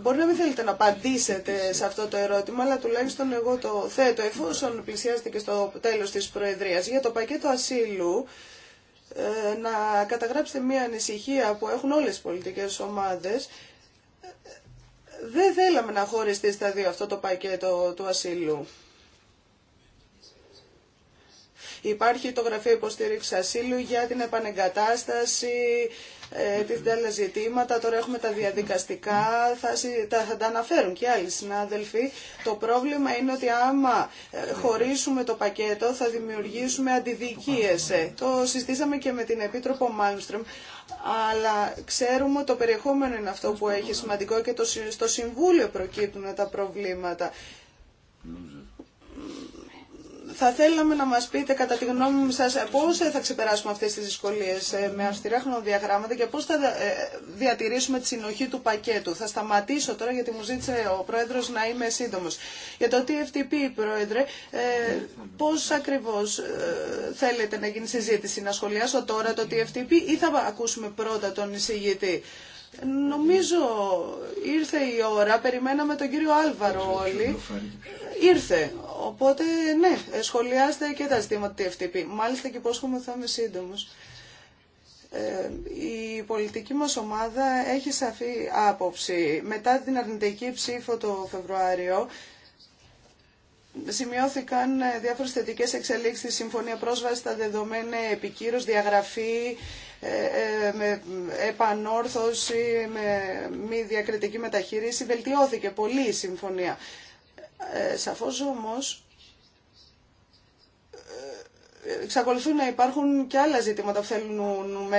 [SPEAKER 3] Μπορεί να μην θέλετε να απαντήσετε σε αυτό το ερώτημα, αλλά τουλάχιστον εγώ το θέτω, εφόσον πλησιάζεται και στο τέλος της Προεδρίας, για το πακέτο ασύλου, ε, να καταγράψετε μια ανησυχία που έχουν όλες οι πολιτικές ομάδες. Δεν θέλαμε να χωριστεί στα δύο αυτό το πακέτο του ασύλου. Υπάρχει το Γραφείο Υποστήριξη Ασύλου για την επανεγκατάσταση, ε, της άλλα ζητήματα, τώρα έχουμε τα διαδικαστικά, θα, τα, θα τα αναφέρουν και άλλοι συνάδελφοι. Το πρόβλημα είναι ότι άμα ε, χωρίσουμε το πακέτο θα δημιουργήσουμε αντιδικίες. Ε, το συστήσαμε και με την Επίτροπο Μάλμστρομ, αλλά ξέρουμε το περιεχόμενο είναι αυτό που έχει σημαντικό και το, στο Συμβούλιο προκύπτουν τα προβλήματα θα θέλαμε να μας πείτε κατά τη γνώμη σας πώς θα ξεπεράσουμε αυτές τις δυσκολίες ε, με αυστηρά χρονοδιαγράμματα και πώς θα ε, διατηρήσουμε τη συνοχή του πακέτου. Θα σταματήσω τώρα γιατί μου ζήτησε ο Πρόεδρος να είμαι σύντομος. Για το TFTP, Πρόεδρε, ε, πώς ακριβώς θέλετε να γίνει συζήτηση, να σχολιάσω τώρα το TFTP ή θα ακούσουμε πρώτα τον εισηγητή. Νομίζω ήρθε η ώρα, περιμέναμε τον κύριο Άλβαρο όλοι. Ήρθε. Οπότε, ναι, σχολιάστε και τα ζητήματα του FTP. Μάλιστα και υπόσχομαι θα είμαι σύντομο. Ε, η πολιτική μας ομάδα έχει σαφή άποψη. Μετά την αρνητική ψήφο το Φεβρουάριο, σημειώθηκαν διάφορες θετικές εξελίξεις Συμφωνία Πρόσβαση στα δεδομένα επικύρωση, διαγραφή, ε, ε, με επανόρθωση, με μη διακριτική μεταχείριση. Βελτιώθηκε πολύ η συμφωνία. Ε, σαφώς όμως εξακολουθούν να υπάρχουν και άλλα ζητήματα που θέλουν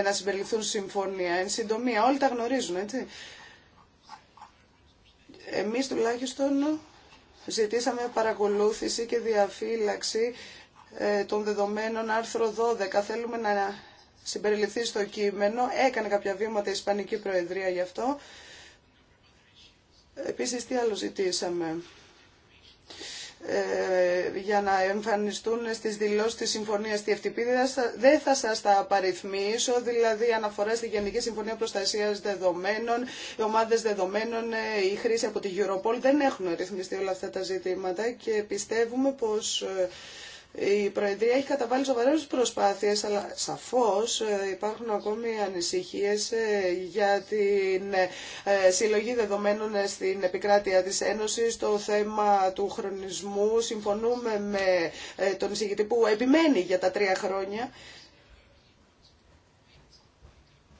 [SPEAKER 3] να συμπεριληφθούν συμφωνία. Εν συντομία, όλοι τα γνωρίζουν, έτσι. Εμείς τουλάχιστον ζητήσαμε παρακολούθηση και διαφύλαξη των δεδομένων άρθρο 12. Θέλουμε να συμπεριληφθεί στο κείμενο. Έκανε κάποια βήματα η Ισπανική Προεδρία γι' αυτό. Επίσης, τι άλλο ζητήσαμε. Ε, για να εμφανιστούν στις δηλώσεις της συμφωνίας τη FTP. Δεν θα σας τα απαριθμίσω, δηλαδή αναφορά στη Γενική Συμφωνία Προστασίας Δεδομένων, οι ομάδες δεδομένων, ε, η χρήση από τη Europol. Δεν έχουν ρυθμιστεί όλα αυτά τα ζητήματα και πιστεύουμε πως ε, η Προεδρία έχει καταβάλει σοβαρές προσπάθειες, αλλά σαφώς ε, υπάρχουν ακόμη ανησυχίες ε, για την ε, συλλογή δεδομένων στην επικράτεια της Ένωσης, το θέμα του χρονισμού. Συμφωνούμε με τον εισηγητή που επιμένει για τα τρία χρόνια.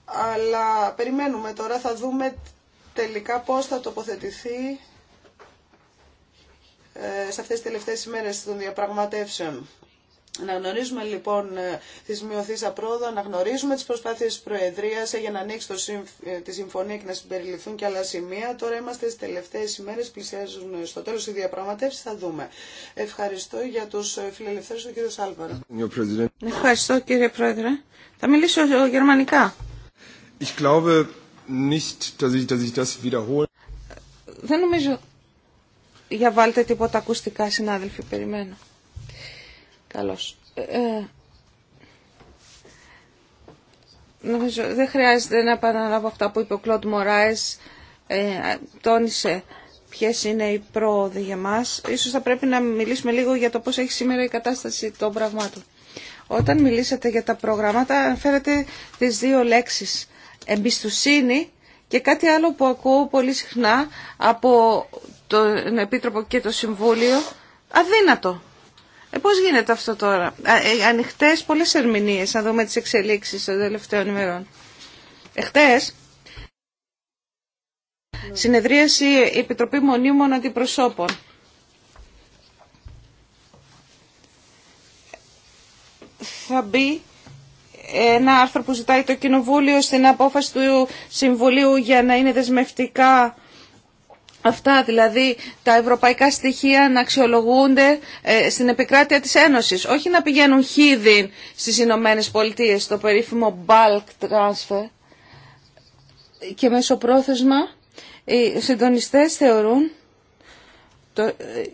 [SPEAKER 3] Αλλά περιμένουμε τώρα, θα δούμε τελικά πώς θα τοποθετηθεί ε, σε αυτές τις τελευταίες ημέρες των διαπραγματεύσεων. Να γνωρίζουμε λοιπόν ε, τη σημειωθήσα πρόοδο, να γνωρίζουμε τι προσπάθειε τη Προεδρία για να ανοίξει ε, τη συμφωνία και να συμπεριληφθούν και άλλα σημεία. Τώρα είμαστε στι τελευταίε ημέρε, πλησιάζουν στο τέλο οι διαπραγματεύσει, θα δούμε. Ευχαριστώ για του φιλελευθέρου, του κύριο Άλβαρο.
[SPEAKER 2] Ευχαριστώ κύριε Πρόεδρε. Θα μιλήσω γερμανικά.
[SPEAKER 1] Ich glaube nicht, dass ich, dass ich das
[SPEAKER 2] Δεν νομίζω για βάλτε τίποτα ακουστικά, συνάδελφοι, περιμένω. Καλώς. Ε, ε, νομίζω δεν χρειάζεται να επαναλάβω αυτά που είπε ο Κλοντ Μωράες. Ε, τόνισε ποιες είναι οι πρόοδοι για μας. Ίσως θα πρέπει να μιλήσουμε λίγο για το πώς έχει σήμερα η κατάσταση των πραγμάτων. Όταν μιλήσατε για τα προγράμματα, αναφέρατε τις δύο λέξεις. Εμπιστοσύνη και κάτι άλλο που ακούω πολύ συχνά από τον Επίτροπο και το Συμβούλιο αδύνατο. Ε, πώς γίνεται αυτό τώρα. Ε, ανοιχτές πολλές ερμηνείες, να δούμε τις εξελίξεις των τελευταίων ημερών. Εχθές, συνεδρίαση Επιτροπή Μονίμων Αντιπροσώπων. Θα μπει ένα άρθρο που ζητάει το Κοινοβούλιο στην απόφαση του Συμβουλίου για να είναι δεσμευτικά αυτά δηλαδή τα ευρωπαϊκά στοιχεία να αξιολογούνται ε, στην επικράτεια της Ένωσης, όχι να πηγαίνουν χίδι στις Ηνωμένε Πολιτείε, το περίφημο bulk transfer. Και μέσω πρόθεσμα οι συντονιστές θεωρούν το, ε, ε,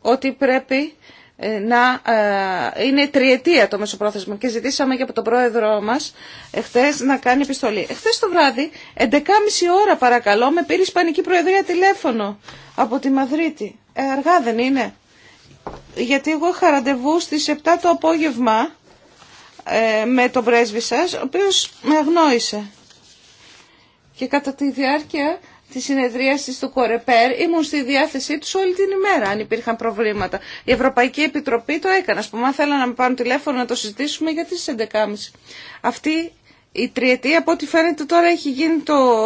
[SPEAKER 2] ότι πρέπει ε, να ε, είναι τριετία το μεσοπρόθεσμο και ζητήσαμε και από τον πρόεδρό μας εχθές να κάνει επιστολή. Εχθές το βράδυ, 11.30 ώρα παρακαλώ, με πήρε η Ισπανική Προεδρία τηλέφωνο από τη Μαδρίτη. Ε, αργά δεν είναι. Γιατί εγώ είχα ραντεβού στις 7 το απόγευμα ε, με τον πρέσβη σας, ο οποίος με αγνόησε. Και κατά τη διάρκεια τη συνεδρίαση του Κορεπέρ ήμουν στη διάθεσή του όλη την ημέρα αν υπήρχαν προβλήματα. Η Ευρωπαϊκή Επιτροπή το έκανε. Α πούμε, θέλανε να με πάρουν τηλέφωνο να το συζητήσουμε γιατί στι 11.30. Αυτή η τριετία, από ό,τι φαίνεται τώρα, έχει γίνει το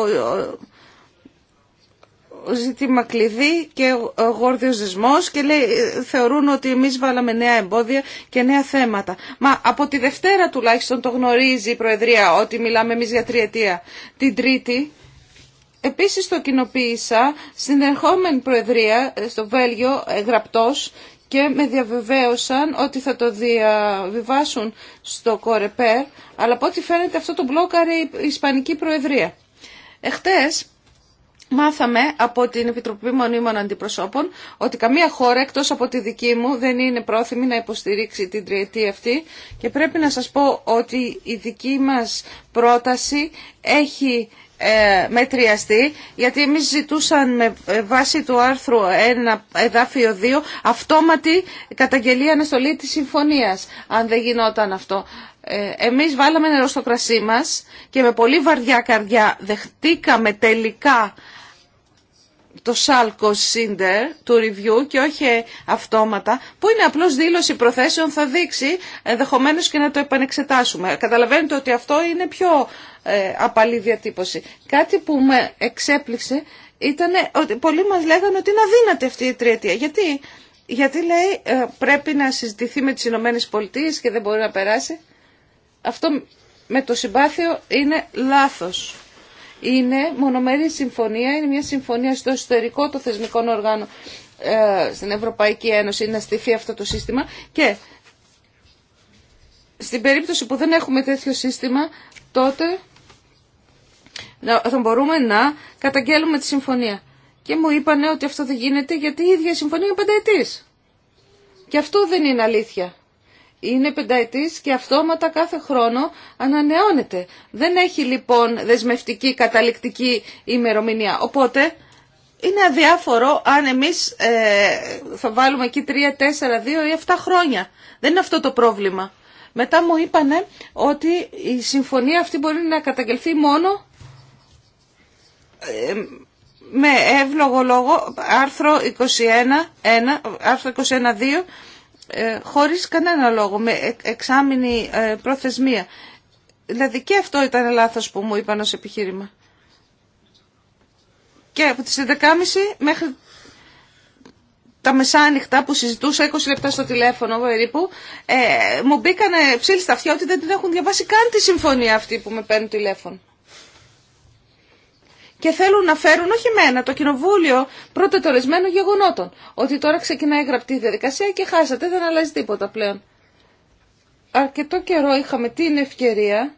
[SPEAKER 2] ζήτημα κλειδί και γόρδιος δεσμός και λέει, θεωρούν ότι εμείς βάλαμε νέα εμπόδια και νέα θέματα. Μα από τη Δευτέρα τουλάχιστον το γνωρίζει η Προεδρία ότι μιλάμε εμείς για τριετία. Την Τρίτη Επίσης το κοινοποίησα στην ερχόμενη Προεδρία ε, στο Βέλγιο ε, γραπτός και με διαβεβαίωσαν ότι θα το διαβιβάσουν στο Κορεπέρ, αλλά από ό,τι φαίνεται αυτό το μπλόκαρε η Ισπανική Προεδρία. Εχθές μάθαμε από την Επιτροπή Μονίμων Αντιπροσώπων ότι καμία χώρα εκτός από τη δική μου δεν είναι πρόθυμη να υποστηρίξει την τριετή αυτή και πρέπει να σας πω ότι η δική μας πρόταση έχει ε, μετριαστεί, γιατί εμείς ζητούσαν με βάση του άρθρου 1 εδάφιο 2 αυτόματη καταγγελία αναστολή της συμφωνίας, αν δεν γινόταν αυτό. Ε, εμείς βάλαμε νερό στο κρασί μας και με πολύ βαριά καρδιά δεχτήκαμε τελικά το σάλκο Σίντερ του review και όχι αυτόματα, που είναι απλώς δήλωση προθέσεων θα δείξει ενδεχομένω και να το επανεξετάσουμε. Καταλαβαίνετε ότι αυτό είναι πιο ε, απαλή διατύπωση. Κάτι που με εξέπληξε ήταν ότι πολλοί μας λέγανε ότι είναι αδύνατη αυτή η τριετία. Γιατί, γιατί λέει ε, πρέπει να συζητηθεί με τις Ηνωμένε Πολιτείε και δεν μπορεί να περάσει. Αυτό με το συμπάθειο είναι λάθος είναι μονομερή συμφωνία, είναι μια συμφωνία στο εσωτερικό των θεσμικών οργάνων ε, στην Ευρωπαϊκή Ένωση να στηθεί αυτό το σύστημα και στην περίπτωση που δεν έχουμε τέτοιο σύστημα τότε θα μπορούμε να καταγγέλουμε τη συμφωνία. Και μου είπανε ότι αυτό δεν γίνεται γιατί η ίδια συμφωνία είναι πενταετής. Και αυτό δεν είναι αλήθεια είναι πενταετής και αυτόματα κάθε χρόνο ανανεώνεται. Δεν έχει λοιπόν δεσμευτική καταληκτική ημερομηνία. Οπότε είναι αδιάφορο αν εμείς ε, θα βάλουμε εκεί 3, 4, 2 ή 7 χρόνια. Δεν είναι αυτό το πρόβλημα. Μετά μου είπανε ότι η συμφωνία αυτή μπορεί να καταγγελθεί μόνο ε, με εύλογο λόγο άρθρο 21 άρθρο 21.2 ε, χωρίς κανένα λόγο, με ε, εξάμεινη ε, προθεσμία. Δηλαδή και αυτό ήταν λάθος που μου είπαν ως επιχείρημα. Και από τις 11.30 μέχρι τα μεσάνυχτα που συζητούσα 20 λεπτά στο τηλέφωνο περίπου, ε, μου μπήκανε ψήλοι στα αυτιά ότι δεν την έχουν διαβάσει καν τη συμφωνία αυτή που με παίρνουν τηλέφωνο και θέλουν να φέρουν όχι μένα, το κοινοβούλιο πρώτα τορισμένων γεγονότων. Ότι τώρα ξεκινάει η γραπτή διαδικασία και χάσατε, δεν αλλάζει τίποτα πλέον. Αρκετό καιρό είχαμε την ευκαιρία,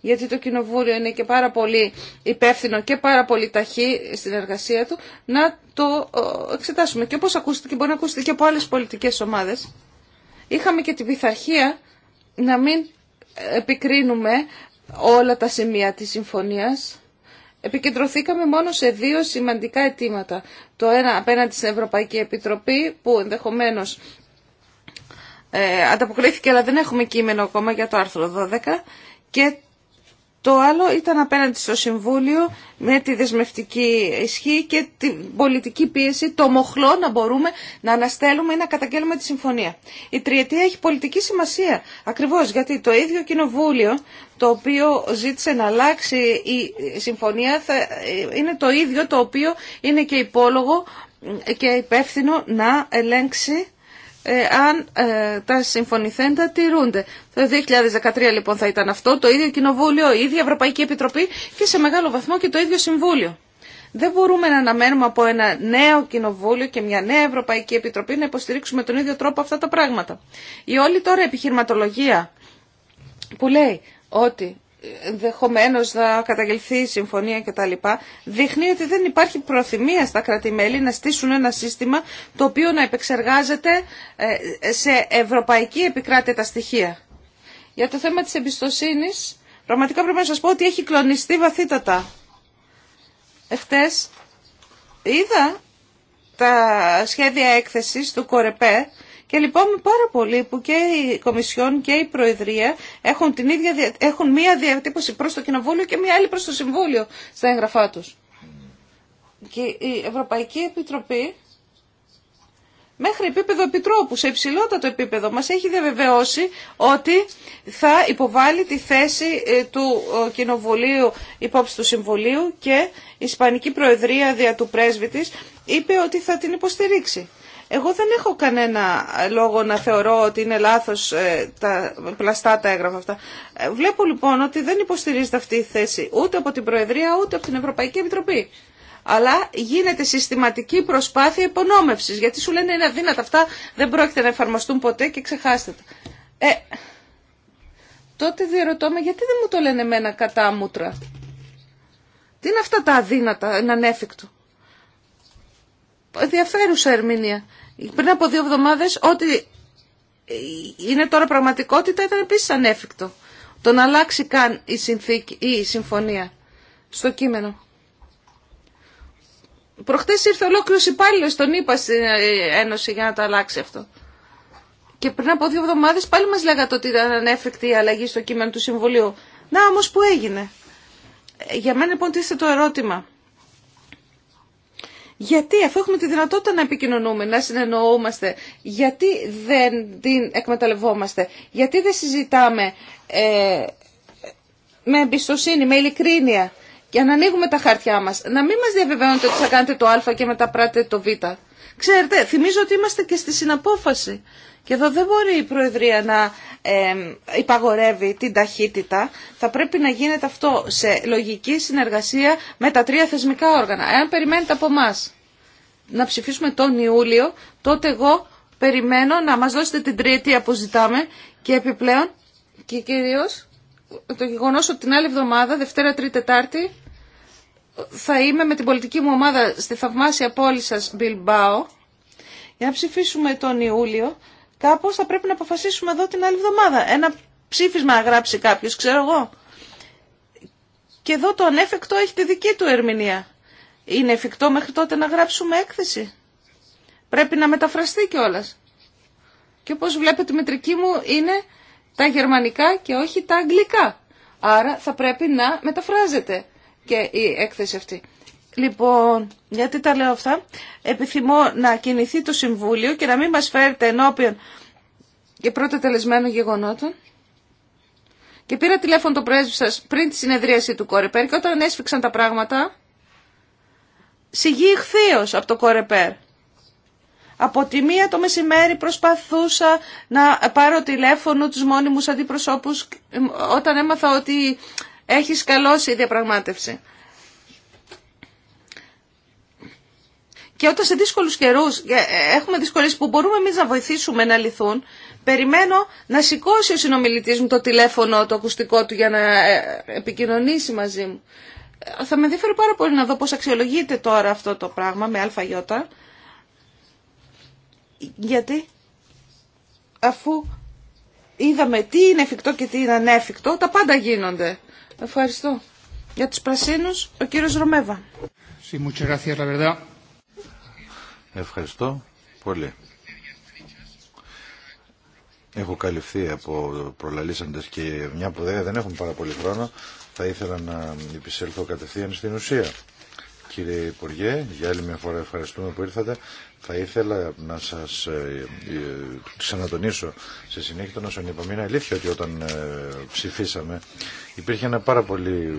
[SPEAKER 2] γιατί το κοινοβούλιο είναι και πάρα πολύ υπεύθυνο και πάρα πολύ ταχύ στην εργασία του, να το ε, εξετάσουμε. Και όπως ακούστηκε, μπορεί να ακούσετε και από άλλες πολιτικές ομάδες, είχαμε και την πειθαρχία να μην επικρίνουμε όλα τα σημεία της συμφωνίας, επικεντρωθήκαμε μόνο σε δύο σημαντικά αιτήματα. Το ένα απέναντι στην Ευρωπαϊκή Επιτροπή που ενδεχομένως ε, ανταποκρίθηκε αλλά δεν έχουμε κείμενο ακόμα για το άρθρο 12 και το άλλο ήταν απέναντι στο Συμβούλιο με τη δεσμευτική ισχύ και την πολιτική πίεση, το μοχλό να μπορούμε να αναστέλουμε ή να καταγγέλουμε τη συμφωνία. Η τριετία έχει πολιτική σημασία, ακριβώς γιατί το ίδιο Κοινοβούλιο το οποίο ζήτησε να αλλάξει η συμφωνία θα είναι το ίδιο το οποίο είναι και υπόλογο και υπεύθυνο να αλλαξει η συμφωνια ειναι το ιδιο το οποιο ειναι και υπολογο και υπευθυνο να ελεγξει ε, αν ε, τα συμφωνηθέντα τηρούνται. Το 2013 λοιπόν θα ήταν αυτό, το ίδιο Κοινοβούλιο, η ίδια Ευρωπαϊκή Επιτροπή και σε μεγάλο βαθμό και το ίδιο Συμβούλιο. Δεν μπορούμε να αναμένουμε από ένα νέο κοινοβούλιο και μια νέα Ευρωπαϊκή Επιτροπή να υποστηρίξουμε τον ίδιο τρόπο αυτά τα πράγματα. Η όλη τώρα επιχειρηματολογία που λέει ότι ενδεχομένω να καταγγελθεί η συμφωνία κτλ. δείχνει ότι δεν υπάρχει προθυμία στα κρατημέλη να στήσουν ένα σύστημα το οποίο να επεξεργάζεται ε, σε ευρωπαϊκή επικράτεια τα στοιχεία. Για το θέμα της εμπιστοσύνης, πραγματικά πρέπει να σας πω ότι έχει κλονιστεί βαθύτατα. Εχθές είδα τα σχέδια έκθεσης του Κορεπέ και λυπάμαι πάρα πολύ που και η Κομισιόν και η Προεδρία έχουν, την ίδια, έχουν μία διατύπωση προς το Κοινοβούλιο και μία άλλη προς το Συμβούλιο στα έγγραφά τους. Και η Ευρωπαϊκή Επιτροπή μέχρι επίπεδο επιτρόπου, σε υψηλότατο επίπεδο, μας έχει διαβεβαιώσει ότι θα υποβάλει τη θέση ε, του ε, Κοινοβουλίου υπόψη του Συμβουλίου και η Ισπανική Προεδρία δια του πρέσβη είπε ότι θα την υποστηρίξει. Εγώ δεν έχω κανένα λόγο να θεωρώ ότι είναι λάθος ε, τα πλαστά τα έγγραφα αυτά. Ε, βλέπω λοιπόν ότι δεν υποστηρίζεται αυτή η θέση ούτε από την Προεδρία ούτε από την Ευρωπαϊκή Επιτροπή. Αλλά γίνεται συστηματική προσπάθεια υπονόμευσης γιατί σου λένε είναι αδύνατα αυτά, δεν πρόκειται να εφαρμοστούν ποτέ και ξεχάστε τα. Ε, τότε διαρωτώ με γιατί δεν μου το λένε εμένα κατά μούτρα. Τι είναι αυτά τα αδύνατα, έναν ανέφικτο ενδιαφέρουσα ερμηνεία. Πριν από δύο εβδομάδες ότι είναι τώρα πραγματικότητα ήταν επίση ανέφικτο. Το να αλλάξει καν η συνθήκη ή η συμφωνια στο κείμενο. Προχτέ ήρθε ολόκληρο υπάλληλο, τον είπα στην ε, Ένωση για να το αλλάξει αυτό. Και πριν από δύο εβδομάδες πάλι μας λέγατε ότι ήταν ανέφικτη η αλλαγή στο κείμενο του Συμβουλίου. Να όμω που έγινε. Ε, για μένα λοιπόν το ερώτημα. Γιατί αφού έχουμε τη δυνατότητα να επικοινωνούμε, να συνεννοούμαστε, γιατί δεν την εκμεταλλευόμαστε, γιατί δεν συζητάμε ε, με εμπιστοσύνη, με ειλικρίνεια και να ανοίγουμε τα χαρτιά μας. Να μην μας διαβεβαιώνετε ότι θα κάνετε το α και μετά πράτε το β. Ξέρετε, θυμίζω ότι είμαστε και στη συναπόφαση και εδώ δεν μπορεί η Προεδρία να ε, υπαγορεύει την ταχύτητα. Θα πρέπει να γίνεται αυτό σε λογική συνεργασία με τα τρία θεσμικά όργανα. Εάν περιμένετε από εμά να ψηφίσουμε τον Ιούλιο, τότε εγώ περιμένω να μας δώσετε την τρίτη που ζητάμε και επιπλέον και κυρίως το γεγονός ότι την άλλη εβδομάδα, Δευτέρα, Τρίτη, Τετάρτη, θα είμαι με την πολιτική μου ομάδα στη θαυμάσια πόλη σας Μπιλμπάο για να ψηφίσουμε τον Ιούλιο Κάπως θα πρέπει να αποφασίσουμε εδώ την άλλη εβδομάδα. Ένα ψήφισμα να γράψει κάποιος, ξέρω εγώ. Και εδώ το ανέφεκτο έχει τη δική του ερμηνεία. Είναι εφικτό μέχρι τότε να γράψουμε έκθεση. Πρέπει να μεταφραστεί κιόλα. Και όπως βλέπετε η μετρική μου είναι τα γερμανικά και όχι τα αγγλικά. Άρα θα πρέπει να μεταφράζεται και η έκθεση αυτή. Λοιπόν, γιατί τα λέω αυτά. Επιθυμώ να κινηθεί το Συμβούλιο και να μην μας φέρετε ενώπιον και πρώτα τελεσμένων γεγονότων. Και πήρα τηλέφωνο το πρέσβη σας πριν τη συνεδρίαση του Κορεπέρ και όταν έσφιξαν τα πράγματα, σιγεί από το Κορεπέρ. Από τη μία το μεσημέρι προσπαθούσα να πάρω τηλέφωνο τους μόνιμους αντιπροσώπους ε, όταν έμαθα ότι έχει καλώσει η διαπραγμάτευση. Και όταν σε δύσκολου καιρού ε, ε, έχουμε δυσκολίες που μπορούμε εμεί να βοηθήσουμε να λυθούν, περιμένω να σηκώσει ο συνομιλητής μου το τηλέφωνο, το ακουστικό του για να ε, επικοινωνήσει μαζί μου. Θα με ενδιαφέρει πάρα πολύ να δω πώ αξιολογείται τώρα αυτό το πράγμα με ΑΙ. Γιατί αφού είδαμε τι είναι εφικτό και τι είναι ανέφικτο, τα πάντα γίνονται. Ευχαριστώ. Για τους πρασίνους, ο κύριος Ρωμέβα.
[SPEAKER 1] Sí, Ευχαριστώ πολύ. Έχω καλυφθεί από προλαλήσαντες και μια που δεν έχουμε πάρα πολύ χρόνο, θα ήθελα να επισέλθω κατευθείαν στην ουσία. Κύριε Υπουργέ, για άλλη μια φορά ευχαριστούμε που ήρθατε. Θα ήθελα να σας ε, ε, ξανατονίσω σε συνέχεια να σας είπαμε. Είναι αλήθεια ότι όταν ε, ψηφίσαμε υπήρχε ένα πάρα πολύ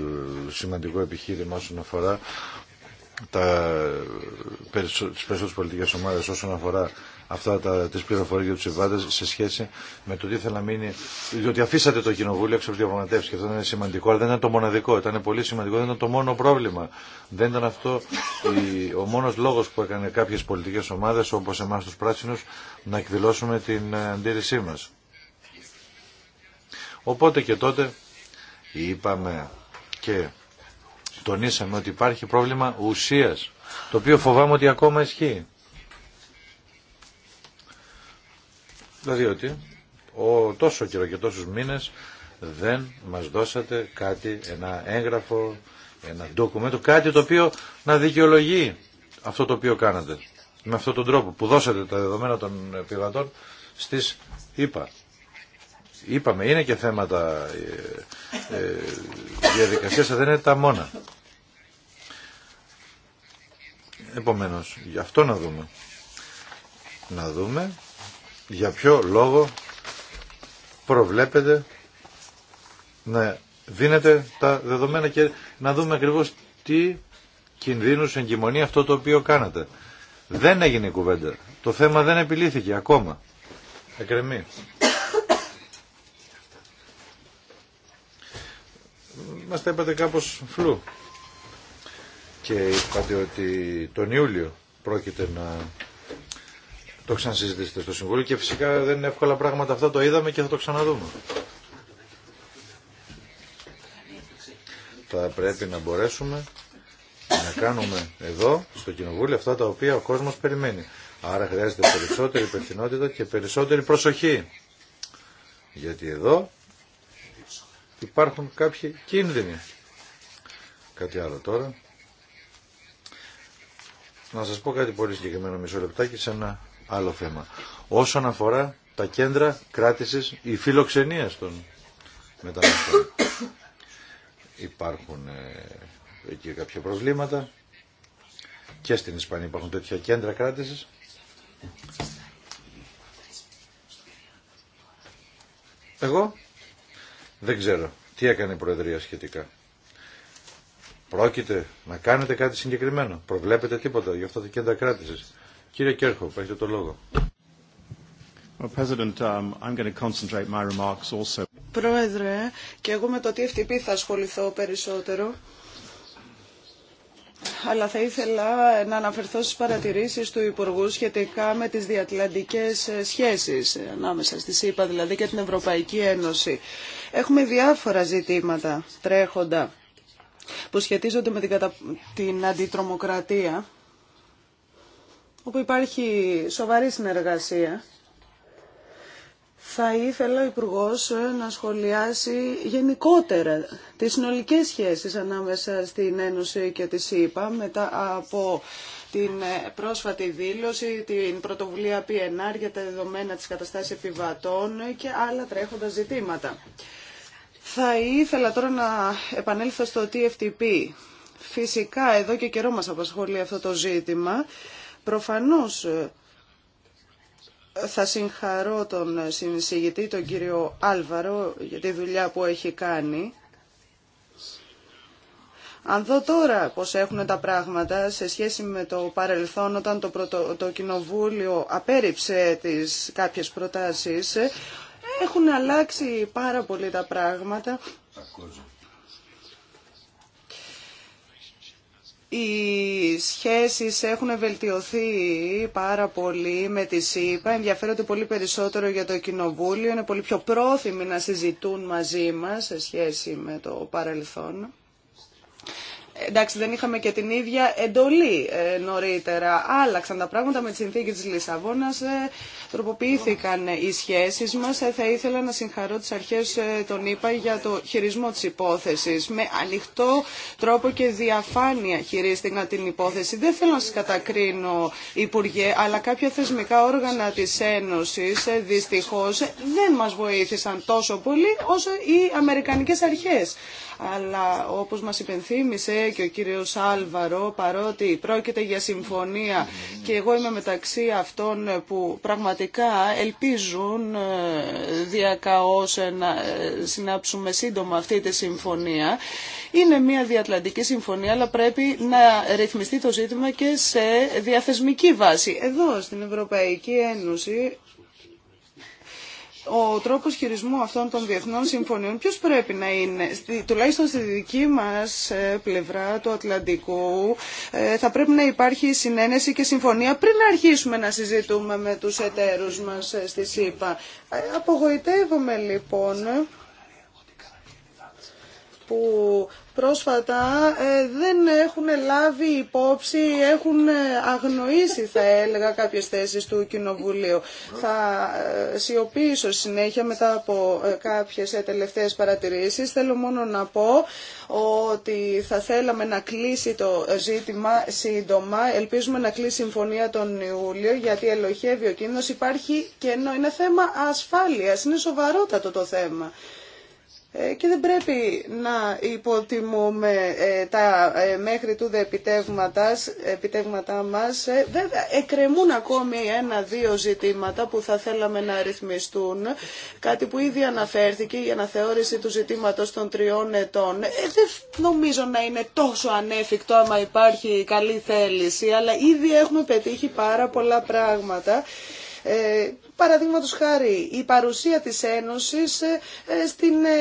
[SPEAKER 1] σημαντικό επιχείρημα όσον αφορά τα, τις περισσότερες πολιτικές ομάδες όσον αφορά αυτά τα, τις πληροφορίες για τους συμβάτες σε σχέση με το τι ήθελα να μείνει. Διότι αφήσατε το κοινοβούλιο έξω από τη και αυτό είναι σημαντικό, αλλά δεν ήταν το μοναδικό, ήταν πολύ σημαντικό, δεν ήταν το μόνο πρόβλημα. Δεν ήταν αυτό η, ο μόνος λόγος που έκανε κάποιες πολιτικές ομάδες όπως εμάς τους πράσινους να εκδηλώσουμε την αντίρρησή μας. Οπότε και τότε είπαμε και τονίσαμε ότι υπάρχει πρόβλημα ουσίας, το οποίο φοβάμαι ότι ακόμα ισχύει. Δηλαδή ότι ο, τόσο καιρό και τόσους μήνες δεν μας δώσατε κάτι, ένα έγγραφο, ένα ντοκουμέντο, κάτι το οποίο να δικαιολογεί αυτό το οποίο κάνατε. Με αυτόν τον τρόπο που δώσατε τα δεδομένα των επιβατών στις ΕΠΑ. Είπαμε, είναι και θέματα ε, ε δεν είναι τα μόνα. Επομένως, γι' αυτό να δούμε. Να δούμε για ποιο λόγο προβλέπετε να δίνετε τα δεδομένα και να δούμε ακριβώς τι κινδύνους εγκυμονεί αυτό το οποίο κάνατε. Δεν έγινε κουβέντα. Το θέμα δεν επιλύθηκε ακόμα. εκρεμή. Μας τα είπατε κάπως φλού και είπατε ότι τον Ιούλιο πρόκειται να το ξανασυζητήσετε στο Συμβούλιο και φυσικά δεν είναι εύκολα πράγματα αυτά, το είδαμε και θα το ξαναδούμε. Θα πρέπει να μπορέσουμε να κάνουμε εδώ, στο Κοινοβούλιο, αυτά τα οποία ο κόσμος περιμένει. Άρα χρειάζεται περισσότερη υπευθυνότητα και περισσότερη προσοχή. Γιατί εδώ υπάρχουν κάποιοι κίνδυνοι. Κάτι άλλο τώρα να σας πω κάτι πολύ συγκεκριμένο μισό λεπτάκι σε ένα άλλο θέμα. Όσον αφορά τα κέντρα κράτησης ή φιλοξενίας των μεταναστών. Υπάρχουν ε, εκεί κάποια προβλήματα και στην Ισπανία υπάρχουν τέτοια κέντρα κράτησης. Εγώ δεν ξέρω τι έκανε η Προεδρία σχετικά. Πρόκειται να κάνετε κάτι συγκεκριμένο. Προβλέπετε τίποτα για αυτά τα κέντρα κράτηση. Κύριε Κέρχο, έχετε το λόγο. Um,
[SPEAKER 3] Πρόεδρε, και εγώ με το TFTP θα ασχοληθώ περισσότερο. Αλλά θα ήθελα να αναφερθώ στις παρατηρήσεις του Υπουργού σχετικά με τις διατλαντικές ε, σχέσεις ε, ανάμεσα στη ΣΥΠΑ, δηλαδή και την Ευρωπαϊκή Ένωση. Έχουμε διάφορα ζητήματα τρέχοντα που σχετίζονται με την, κατα... την αντιτρομοκρατία, όπου υπάρχει σοβαρή συνεργασία. Θα ήθελα ο υπουργό ε, να σχολιάσει γενικότερα τις συνολικές σχέσεις ανάμεσα στην Ένωση και τη ΣΥΠΑ μετά από την ε, πρόσφατη δήλωση, την πρωτοβουλία PNR για τα δεδομένα της καταστάσης επιβατών και άλλα τρέχοντα ζητήματα. Θα ήθελα τώρα να επανέλθω στο TFTP. Φυσικά εδώ και καιρό μας απασχολεί αυτό το ζήτημα. Προφανώς ε, θα συγχαρώ τον συνεισηγητή, τον κύριο Άλβαρο, για τη δουλειά που έχει κάνει. Αν δω τώρα πώς έχουν τα πράγματα σε σχέση με το παρελθόν όταν το, το Κοινοβούλιο απέρριψε τις κάποιες προτάσεις, έχουν αλλάξει πάρα πολύ τα πράγματα. Οι σχέσεις έχουν βελτιωθεί πάρα πολύ με τη ΣΥΠΑ, ενδιαφέρονται πολύ περισσότερο για το Κοινοβούλιο, είναι πολύ πιο πρόθυμοι να συζητούν μαζί μας σε σχέση με το παρελθόν. Εντάξει, δεν είχαμε και την ίδια εντολή ε, νωρίτερα. Άλλαξαν τα πράγματα με τη συνθήκη της Λισαβόνας. Ε, τροποποιήθηκαν οι σχέσεις μας. Θα ήθελα να συγχαρώ τις αρχές ε, τον ΗΠΑ για το χειρισμό της υπόθεσης. Με ανοιχτό τρόπο και διαφάνεια χειρίστηκαν την υπόθεση. Δεν θέλω να σας κατακρίνω, Υπουργέ, αλλά κάποια θεσμικά όργανα της Ένωσης ε, δυστυχώς δεν μας βοήθησαν τόσο πολύ όσο οι Αμερικανικές αρχές. Αλλά όπως μας υπενθύμησε και ο κύριος Άλβαρο, παρότι πρόκειται για συμφωνία και εγώ είμαι μεταξύ αυτών που πραγματικά πραγματικά ελπίζουν ε, διακαώς ε, να ε, συνάψουμε σύντομα αυτή τη συμφωνία. Είναι μια διατλαντική συμφωνία, αλλά πρέπει να ρυθμιστεί το ζήτημα και σε διαθεσμική βάση. Εδώ στην Ευρωπαϊκή Ένωση ο τρόπος χειρισμού αυτών των διεθνών συμφωνιών ποιος πρέπει να είναι. τουλάχιστον στη δική μας ε, πλευρά του Ατλαντικού ε, θα πρέπει να υπάρχει συνένεση και συμφωνία πριν να αρχίσουμε να συζητούμε με τους εταίρους μας ε, στη ΣΥΠΑ. Απογοητεύομαι λοιπόν που πρόσφατα ε, δεν έχουν λάβει υπόψη, έχουν ε, αγνοήσει θα έλεγα κάποιες θέσεις του Κοινοβουλίου. Θα ε, σιωπήσω συνέχεια μετά από κάποιες τελευταίες παρατηρήσεις. Θέλω μόνο να πω ότι θα θέλαμε να κλείσει το ζήτημα σύντομα. Ελπίζουμε να κλείσει η συμφωνία τον Ιούλιο γιατί ελοχεύει ο κίνδυνος. Υπάρχει κενό. Είναι θέμα ασφάλειας. Είναι σοβαρότατο το θέμα. Ε, και δεν πρέπει να υποτιμούμε ε, τα ε, μέχρι τούδε επιτεύγματα μας. Βέβαια, εκκρεμούν ακόμη ένα-δύο ζητήματα που θα θέλαμε να ρυθμιστούν. Κάτι που ήδη αναφέρθηκε, η αναθεώρηση του ζητήματος των τριών ετών. Δεν νομίζω να είναι τόσο ανέφικτο άμα υπάρχει καλή θέληση, αλλά ήδη έχουμε πετύχει πάρα πολλά πράγματα Παραδείγματο χάρη, η παρουσία της Ένωσης ε, ε, στην ε,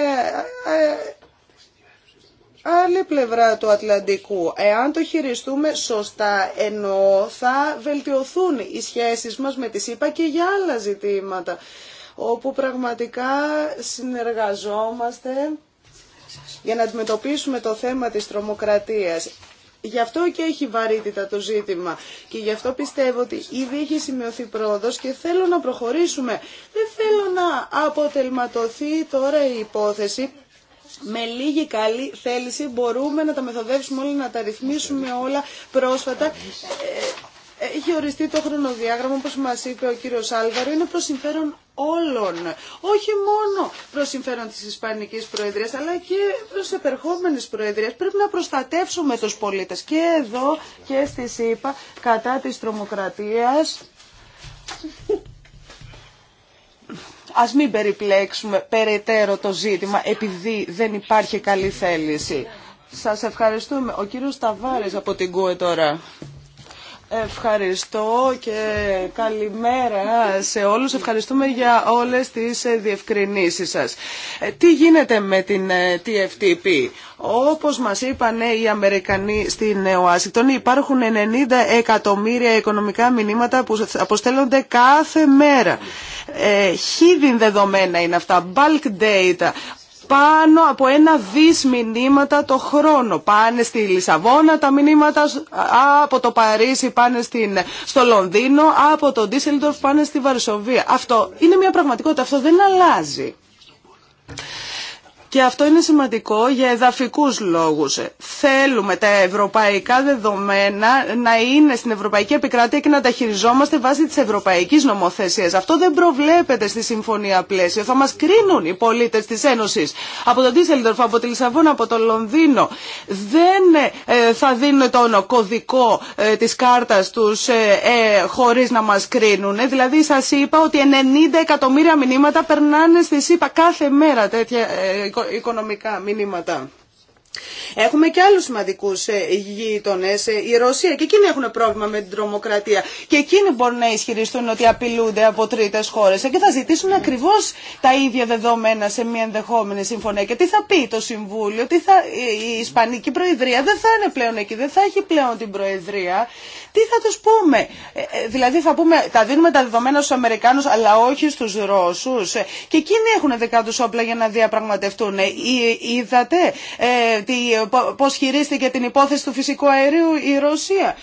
[SPEAKER 3] άλλη πλευρά του Ατλαντικού. Εάν το χειριστούμε σωστά, εννοώ, θα βελτιωθούν οι σχέσεις μας με τη ΣΥΠΑ και για άλλα ζητήματα, όπου πραγματικά συνεργαζόμαστε για να αντιμετωπίσουμε το θέμα της τρομοκρατίας. Γι' αυτό και έχει βαρύτητα το ζήτημα και γι' αυτό πιστεύω ότι ήδη έχει σημειωθεί πρόοδος και θέλω να προχωρήσουμε. Δεν θέλω να αποτελματωθεί τώρα η υπόθεση. Με λίγη καλή θέληση μπορούμε να τα μεθοδεύσουμε όλα, να τα ρυθμίσουμε όλα πρόσφατα. Ε, έχει οριστεί το χρονοδιάγραμμα, όπως μας είπε ο κύριος Άλβαρο, είναι προς συμφέρον όλων. Όχι μόνο προς συμφέρον της Ισπανικής Προεδρίας, αλλά και προς επερχόμενες Προεδρίες. Πρέπει να προστατεύσουμε τους πολίτες και εδώ και στη ΣΥΠΑ κατά της τρομοκρατίας. Ας μην περιπλέξουμε περαιτέρω το ζήτημα επειδή δεν υπάρχει καλή θέληση. Σας ευχαριστούμε. Ο κύριος Ταβάρης από την ΚΟΕ τώρα. Ευχαριστώ και καλημέρα σε όλους. Ευχαριστούμε για όλες τις ε, διευκρινήσεις σας. Ε, τι γίνεται με την ε, TFTP. Όπως μας είπαν οι Αμερικανοί στην Ουάσιγκτον υπάρχουν 90 εκατομμύρια οικονομικά μηνύματα που αποστέλλονται κάθε μέρα. Χίδιν δεδομένα είναι αυτά, bulk data πάνω από ένα δις μηνύματα το χρόνο. Πάνε στη Λισαβόνα τα μηνύματα, από το Παρίσι πάνε στην, στο Λονδίνο, από το Ντίσελντορφ πάνε στη Βαρσοβία. Αυτό είναι μια πραγματικότητα, αυτό δεν αλλάζει. Και αυτό είναι σημαντικό για εδαφικούς λόγους. Θέλουμε τα ευρωπαϊκά δεδομένα να είναι στην Ευρωπαϊκή Επικράτεια και να τα χειριζόμαστε βάσει της ευρωπαϊκής νομοθεσίας. Αυτό δεν προβλέπεται στη Συμφωνία Πλαίσιο. Θα μας κρίνουν οι πολίτες της Ένωσης από τον Τίσελντορφ, από τη Λισαβόνα, από το Λονδίνο. Δεν ε, θα δίνουν τον κωδικό ε, της κάρτας τους ε, χωρίς να μας κρίνουν. Δηλαδή σας είπα ότι 90 εκατομμύρια μηνύματα περνάνε στη ΣΥΠΑ κάθε μέρα τέτοια οικονομικά μηνύματα. Έχουμε και άλλους σημαντικούς ε, γείτονες, ε, η Ρωσία και εκείνοι έχουν πρόβλημα με την τρομοκρατία και εκείνοι μπορούν να ισχυριστούν ότι απειλούνται από τρίτες χώρες ε, και θα ζητήσουν ακριβώς τα ίδια δεδομένα σε μια ενδεχόμενη συμφωνία και τι θα πει το Συμβούλιο, τι θα... η Ισπανική Προεδρία δεν θα είναι πλέον εκεί, δεν θα έχει πλέον την Προεδρία, τι θα τους πούμε, δηλαδή θα πούμε τα δίνουμε τα δεδομένα στους Αμερικάνους αλλά όχι στους Ρώσους και εκείνοι έχουν δικά τους όπλα για να διαπραγματευτούν. Είδατε ε, πώς χειρίστηκε την υπόθεση του φυσικού αερίου η Ρωσία.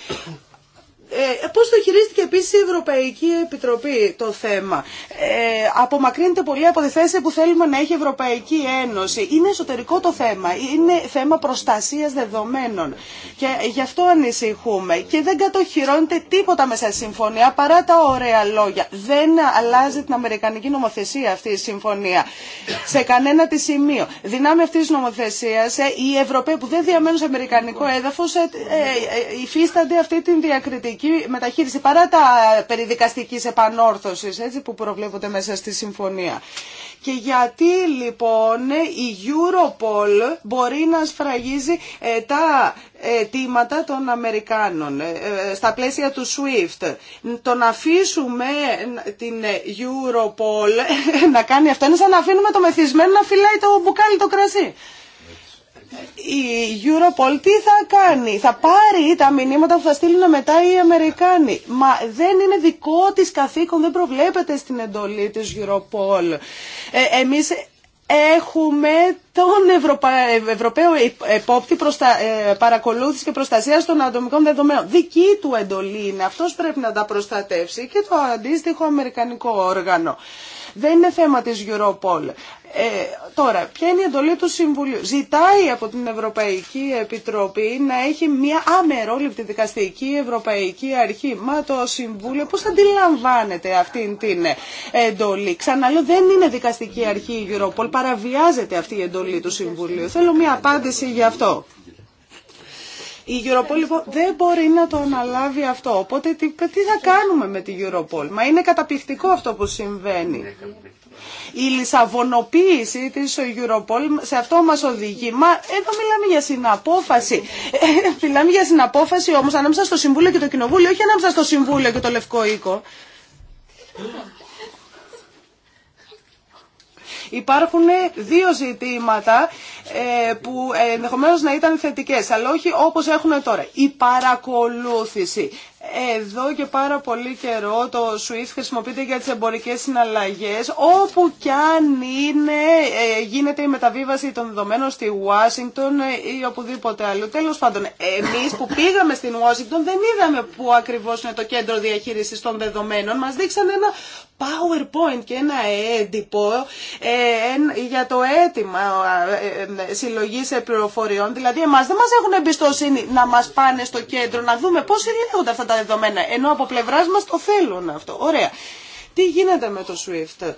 [SPEAKER 3] Ε, πώς το χειρίστηκε επίσης η Ευρωπαϊκή Επιτροπή το θέμα. Ε, απομακρύνεται πολύ από τη θέση που θέλουμε να έχει η Ευρωπαϊκή Ένωση. Είναι εσωτερικό το θέμα. Είναι θέμα προστασίας δεδομένων. Και γι' αυτό ανησυχούμε. Και δεν κατοχυρώνεται τίποτα μέσα στη συμφωνία παρά τα ωραία λόγια. Δεν αλλάζει την Αμερικανική νομοθεσία αυτή η συμφωνία. Σε κανένα τη σημείο. Δυνάμει αυτή τη νομοθεσία, ε, οι Ευρωπαίοι που δεν διαμένουν σε Αμερικανικό έδαφο, ε, ε, υφίστανται αυτή την διακριτική μεταχείριση παρά τα ε, περιδικαστικής επανόρθωσης έτσι, που προβλέπονται μέσα στη συμφωνία. Και γιατί λοιπόν η Europol μπορεί να σφραγίζει ε, τα αιτήματα των Αμερικάνων ε, στα πλαίσια του SWIFT. Το να αφήσουμε την Europol να κάνει αυτό είναι σαν να αφήνουμε το μεθυσμένο να φυλάει το μπουκάλι το κρασί η Europol τι θα κάνει, θα πάρει τα μηνύματα που θα στείλουν μετά οι Αμερικάνοι. Μα δεν είναι δικό της καθήκον, δεν προβλέπεται στην εντολή της Europol. Ε, εμείς έχουμε τον Ευρωπα... Ευρωπαίο Επόπτη προστα... Ε, παρακολούθηση και προστασία των ατομικών δεδομένων. Δική του εντολή είναι. Αυτός πρέπει να τα προστατεύσει και το αντίστοιχο Αμερικανικό όργανο. Δεν είναι θέμα της Europol. Ε, τώρα, ποια είναι η εντολή του Συμβουλίου. Ζητάει από την Ευρωπαϊκή Επιτροπή να έχει μια αμερόληπτη δικαστική Ευρωπαϊκή Αρχή. Μα το Συμβούλιο πώς αντιλαμβάνεται αυτή την εντολή. Ξαναλέω, δεν είναι δικαστική αρχή η Europol. Παραβιάζεται αυτή η εντολή του Συμβουλίου. Θέλω μια απάντηση γι' αυτό. Η Europol λοιπόν δεν μπορεί να το αναλάβει αυτό. Οπότε τι, τι θα κάνουμε με την Europol. Μα είναι καταπληκτικό αυτό που συμβαίνει. Η λισαβονοποίηση της Europol σε αυτό μας οδηγεί. Μα εδώ μιλάμε για συναπόφαση. Ε, μιλάμε για συναπόφαση όμως ανάμεσα στο Συμβούλιο και το Κοινοβούλιο, όχι ανάμεσα στο Συμβούλιο και το Λευκό Οίκο. Υπάρχουν δύο ζητήματα ε, που ε, ενδεχομένως να ήταν θετικές, αλλά όχι όπως έχουν τώρα. Η παρακολούθηση. Εδώ και πάρα πολύ καιρό το SWIFT χρησιμοποιείται για τις εμπορικές συναλλαγές. Όπου κι αν είναι, ε, γίνεται η μεταβίβαση των δεδομένων στη Ουάσιγκτον ή οπουδήποτε άλλο. Τέλος πάντων, εμείς που πήγαμε στην Ουάσιγκτον δεν είδαμε που ακριβώς είναι το κέντρο διαχείρισης των δεδομένων. Μας δείξαν ένα PowerPoint και ένα έντυπο για το αίτημα σε πληροφοριών. Δηλαδή εμά δεν μας έχουν εμπιστοσύνη να μας πάνε στο κέντρο, να δούμε πώς συλλέγονται αυτά τα δεδομένα. Ενώ από πλευρά μα το θέλουν αυτό. Ωραία. Τι γίνεται με το SWIFT. Ε,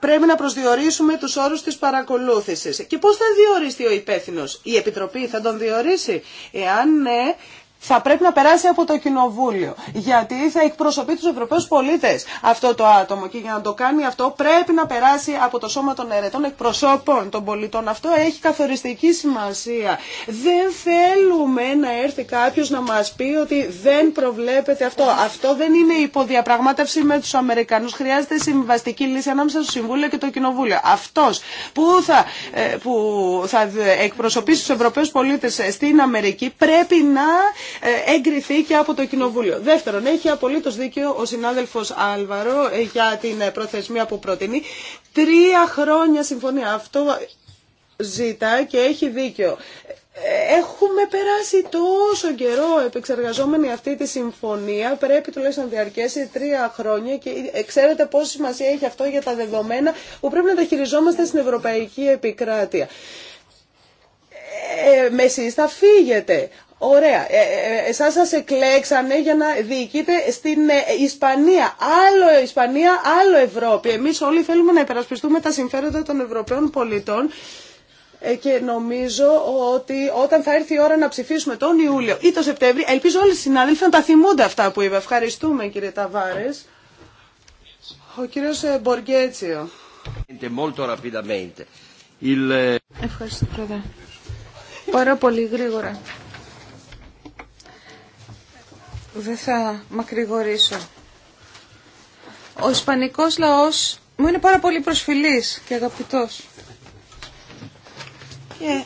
[SPEAKER 3] πρέπει να προσδιορίσουμε τους όρους της παρακολούθησης. Και πώς θα διοριστεί ο υπεύθυνο. Η Επιτροπή θα τον διορίσει. Εάν ναι, θα πρέπει να περάσει από το Κοινοβούλιο. Γιατί θα εκπροσωπεί του Ευρωπαίου πολίτε αυτό το άτομο. Και για να το κάνει αυτό πρέπει να περάσει από το σώμα των αιρετών εκπροσώπων των πολιτών. Αυτό έχει καθοριστική σημασία. Δεν θέλουμε να έρθει κάποιο να μα πει ότι δεν προβλέπεται αυτό. Αυτό δεν είναι υποδιαπραγμάτευση με του Αμερικανού. Χρειάζεται συμβαστική λύση ανάμεσα στο Συμβούλιο και το Κοινοβούλιο. Αυτό που θα, ε, που θα εκπροσωπήσει του Ευρωπαίου πολίτε στην Αμερική πρέπει να ε, εγκριθεί και από το Κοινοβούλιο. Δεύτερον, έχει απολύτω δίκαιο ο συνάδελφο Άλβαρο ε, για την ε, προθεσμία που προτείνει. Τρία χρόνια συμφωνία. Αυτό ζητά και έχει δίκαιο. Έχουμε περάσει τόσο καιρό επεξεργαζόμενοι αυτή τη συμφωνία, πρέπει τουλάχιστον να διαρκέσει τρία χρόνια και ξέρετε πόση σημασία έχει αυτό για τα δεδομένα που πρέπει να τα χειριζόμαστε στην Ευρωπαϊκή Επικράτεια. Ε, με θα φύγετε Ωραία. Ε, ε, ε, εσάς σας εκλέξανε για να διοικείτε στην Ισπανία. Άλλο Ισπανία, άλλο Ευρώπη. Εμείς όλοι θέλουμε να υπερασπιστούμε τα συμφέροντα των Ευρωπαίων πολιτών και νομίζω ότι όταν θα έρθει η ώρα να ψηφίσουμε τον Ιούλιο ή τον Σεπτέμβρη, ελπίζω όλοι οι συνάδελφοι να τα θυμούνται αυτά που είπα. Ευχαριστούμε κύριε Ταβάρε. Ο κύριο Μποργέτσιο.
[SPEAKER 2] Ευχαριστώ Πάρα πολύ γρήγορα. Δεν θα μακρηγορήσω. Ο ισπανικός λαός μου είναι πάρα πολύ προσφυλής και αγαπητός. Και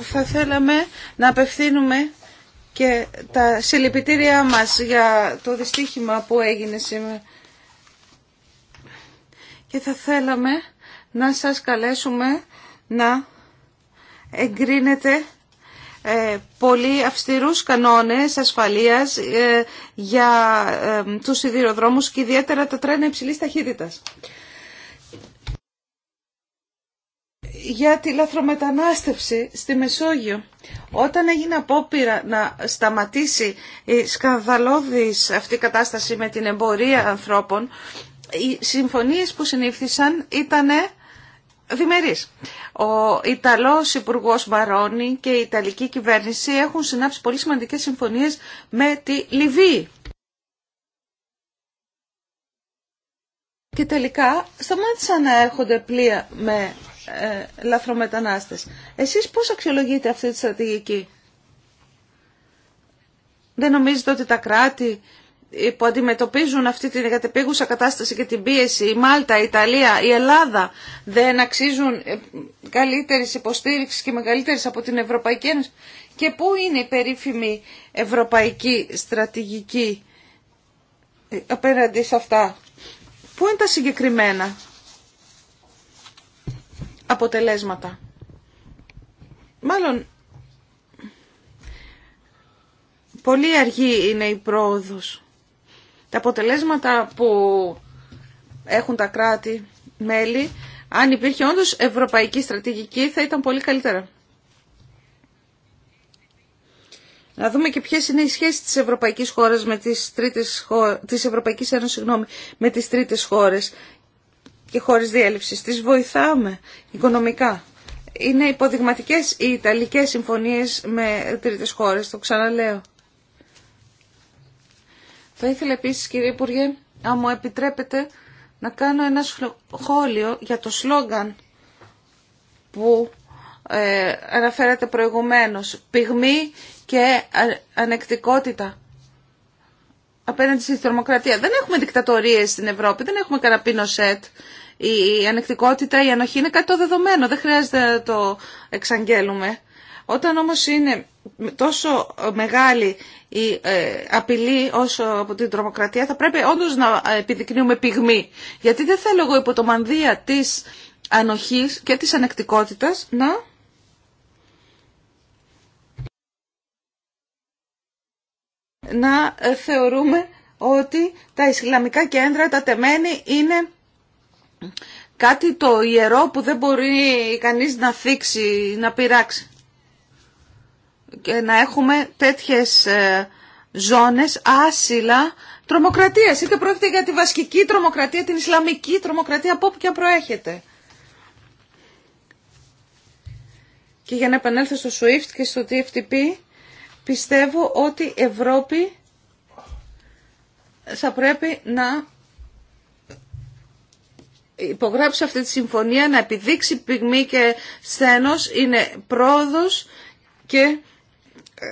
[SPEAKER 2] θα θέλαμε να απευθύνουμε και τα συλληπιτήριά μας για το δυστύχημα που έγινε σήμερα. Και θα θέλαμε να σας καλέσουμε να εγκρίνετε ε, πολύ αυστηρούς κανόνες ασφαλείας ε, για ε, τους σιδηροδρόμους και ιδιαίτερα τα τρένα υψηλής ταχύτητας. Για τη λαθρομετανάστευση στη Μεσόγειο, όταν έγινε απόπειρα να σταματήσει η σκανδαλώδης αυτή η κατάσταση με την εμπορία ανθρώπων, οι συμφωνίες που συνήφθησαν ήτανε ο Ιταλός Υπουργό Μπαρόνι και η Ιταλική κυβέρνηση έχουν συνάψει πολύ σημαντικές συμφωνίες με τη Λιβύη. Και τελικά σταμάτησαν να έρχονται πλοία με ε, λαθρομετανάστες. Εσείς πώς αξιολογείτε αυτή τη στρατηγική. Δεν νομίζετε ότι τα κράτη που αντιμετωπίζουν αυτή την εγκατεπίγουσα κατάσταση και την πίεση, η Μάλτα, η Ιταλία, η Ελλάδα, δεν αξίζουν ε, καλύτερη υποστήριξη και μεγαλύτερη από την Ευρωπαϊκή Ένωση. Και πού είναι η περίφημη ευρωπαϊκή στρατηγική ε, απέναντι σε αυτά. Πού είναι τα συγκεκριμένα αποτελέσματα. Μάλλον, πολύ αργή είναι η πρόοδος. Τα αποτελέσματα που έχουν τα κράτη-μέλη, αν υπήρχε όντως ευρωπαϊκή στρατηγική, θα ήταν πολύ καλύτερα. Να δούμε και ποιες είναι οι σχέσεις της Ευρωπαϊκής, χώρας με τις τρίτες χώρες, της Ευρωπαϊκής Ένωσης με τις τρίτες χώρες και χώρες διέλευσης. Τις βοηθάμε οικονομικά. Είναι υποδειγματικές οι Ιταλικές συμφωνίες με τρίτες χώρες, το ξαναλέω. Θα ήθελα επίσης κύριε Υπουργέ, αν μου επιτρέπετε, να κάνω ένα σχόλιο για το σλόγγαν που ε, αναφέρατε προηγουμένως. Πυγμή και ανεκτικότητα απέναντι στη θερμοκρατία. Δεν έχουμε δικτατορίες στην Ευρώπη, δεν έχουμε καραπίνο σετ. Η ανεκτικότητα, η ανοχή είναι κάτι το δεδομένο, δεν χρειάζεται να το εξαγγέλουμε. Όταν όμως είναι τόσο μεγάλη η ε, απειλή όσο από την τρομοκρατία θα πρέπει όντως να επιδεικνύουμε πυγμή. Γιατί δεν θέλω εγώ υπό το μανδύα της ανοχής και της ανεκτικότητας να... να θεωρούμε ότι τα Ισλαμικά κέντρα, τα τεμένη είναι κάτι το ιερό που δεν μπορεί κανείς να θίξει, να πειράξει να έχουμε τέτοιες ε, ζώνες άσυλα τρομοκρατίας. Είτε πρόκειται για τη βασική τρομοκρατία, την ισλαμική τρομοκρατία, από όπου και αν προέρχεται. Και για να επανέλθω στο SWIFT και στο TFTP, πιστεύω ότι η Ευρώπη θα πρέπει να υπογράψει αυτή τη συμφωνία, να επιδείξει πυγμή και σθένος, είναι πρόοδος και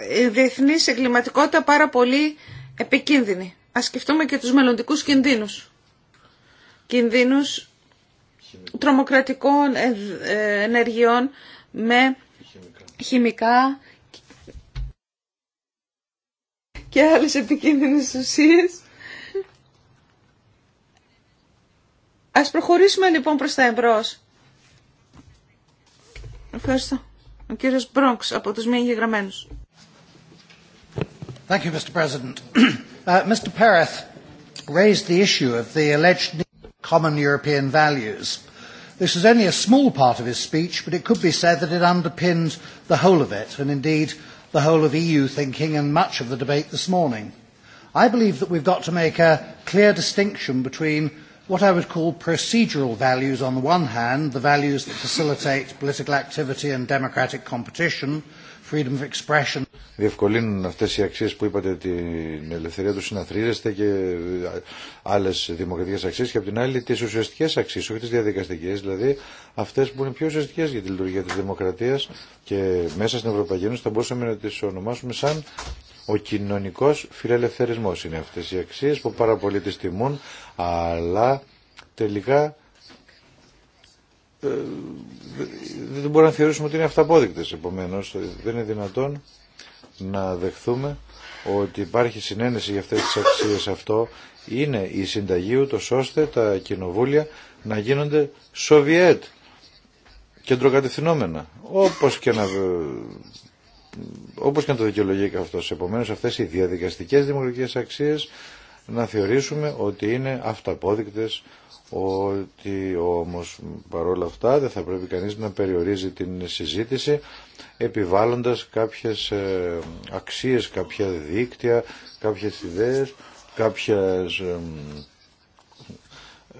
[SPEAKER 2] η διεθνής εγκληματικότητα πάρα πολύ επικίνδυνη. Ας σκεφτούμε και τους μελλοντικούς κινδύνους. Κινδύνους τρομοκρατικών ε, ε, ενεργειών με χημικά και άλλες επικίνδυνες ουσίες. Ας προχωρήσουμε λοιπόν προς τα εμπρός. Ευχαριστώ. Ο κύριος Μπρόγκς από τους μη εγγεγραμμένους.
[SPEAKER 1] Thank you, Mr. President. Mr. Pereth raised the issue of the alleged need for common European values. This is only a small part of his speech, but it could be said that it underpinned the whole of it, and indeed the whole of EU thinking and much of the debate this morning. I believe that we've got to make a clear distinction between what I would call procedural values on the one hand, the values that facilitate political activity and democratic competition, freedom of expression. Διευκολύνουν αυτές οι αξίες που είπατε την ελευθερία του συναθρίζεστε και ε, άλλες δημοκρατικές αξίες και από την άλλη τις ουσιαστικές αξίες, όχι τις διαδικαστικές, δηλαδή αυτές που είναι πιο ουσιαστικές για τη λειτουργία της δημοκρατίας και μέσα στην Ευρωπαϊκή Ένωση θα μπορούσαμε να τις ονομάσουμε σαν ο κοινωνικός φιλελευθερισμός είναι αυτές οι αξίες που πάρα πολλοί τις τιμούν, αλλά τελικά ε, δεν μπορούμε να θεωρήσουμε ότι είναι αυταπόδεικτες. Επομένως, δεν είναι δυνατόν να δεχθούμε ότι υπάρχει συνένεση για αυτές τις αξίες αυτό είναι η συνταγή ούτως ώστε τα κοινοβούλια να γίνονται Σοβιέτ κεντροκατευθυνόμενα όπως και να όπως και να το δικαιολογεί και αυτός επομένως αυτές οι διαδικαστικές δημοκρατικές αξίες να θεωρήσουμε ότι είναι αυταπόδεικτες ότι όμως παρόλα αυτά δεν θα πρέπει κανείς να περιορίζει την συζήτηση επιβάλλοντας κάποιες ε, αξίες, κάποια δίκτυα, κάποιες ιδέες, κάποιες, ε,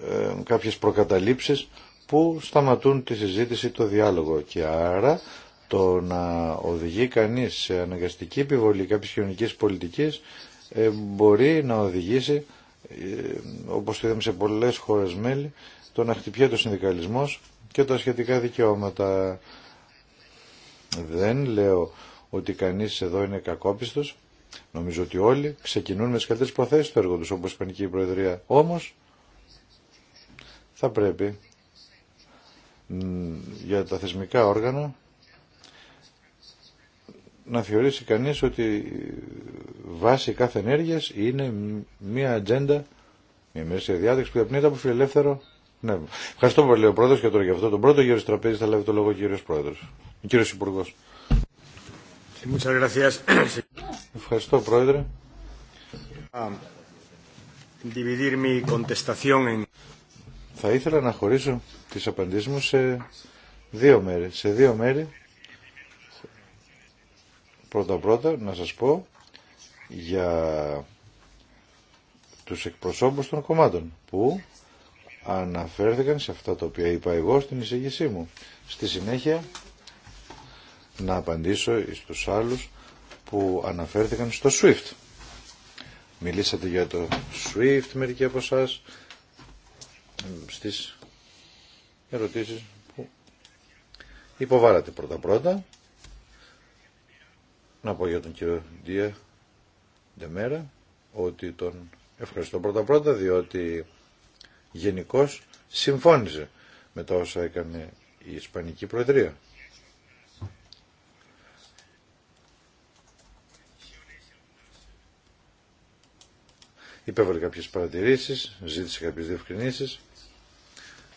[SPEAKER 1] ε, κάποιες προκαταλήψεις που σταματούν τη συζήτηση, το διάλογο και άρα το να οδηγεί κανείς σε αναγκαστική επιβολή κάποιες κοινωνικής πολιτικής μπορεί να οδηγήσει ε, όπως το είδαμε σε πολλές χώρες μέλη, το να χτυπιέται ο συνδικαλισμός και τα σχετικά δικαιώματα. Δεν λέω ότι κανείς εδώ είναι κακόπιστος. Νομίζω ότι όλοι ξεκινούν με τις καλύτερε προθέσεις του έργου τους, όπως η και Προεδρία. Όμως, θα πρέπει για τα θεσμικά όργανα να θεωρήσει κανείς ότι βάση κάθε ενέργειας είναι μια ατζέντα, μια μέση διάταξη που διαπνείται από φιλελεύθερο πνεύμα. Ευχαριστώ πολύ ο Πρόεδρος και τώρα για αυτό τον πρώτο γύρο τραπέζι θα λάβει το λόγο ο κύριος Πρόεδρος, ο κύριος Υπουργός. Ευχαριστώ Πρόεδρε. Θα ήθελα να χωρίσω τις απαντήσεις μου σε δύο μέρη. Σε δύο μέρη Πρώτα πρώτα να σας πω για τους εκπροσώπους των κομμάτων που αναφέρθηκαν σε αυτά τα οποία είπα εγώ στην εισηγησή μου. Στη συνέχεια να απαντήσω στους άλλους που αναφέρθηκαν στο SWIFT. Μιλήσατε για το SWIFT μερικοί από εσά στις ερωτήσεις που υποβάλατε πρώτα πρώτα να πω για τον κύριο Ντία Ντεμέρα ότι τον ευχαριστώ πρώτα πρώτα διότι γενικώ συμφώνησε με τα όσα έκανε η Ισπανική Προεδρία. υπέβαλε κάποιες παρατηρήσεις, ζήτησε κάποιες διευκρινήσεις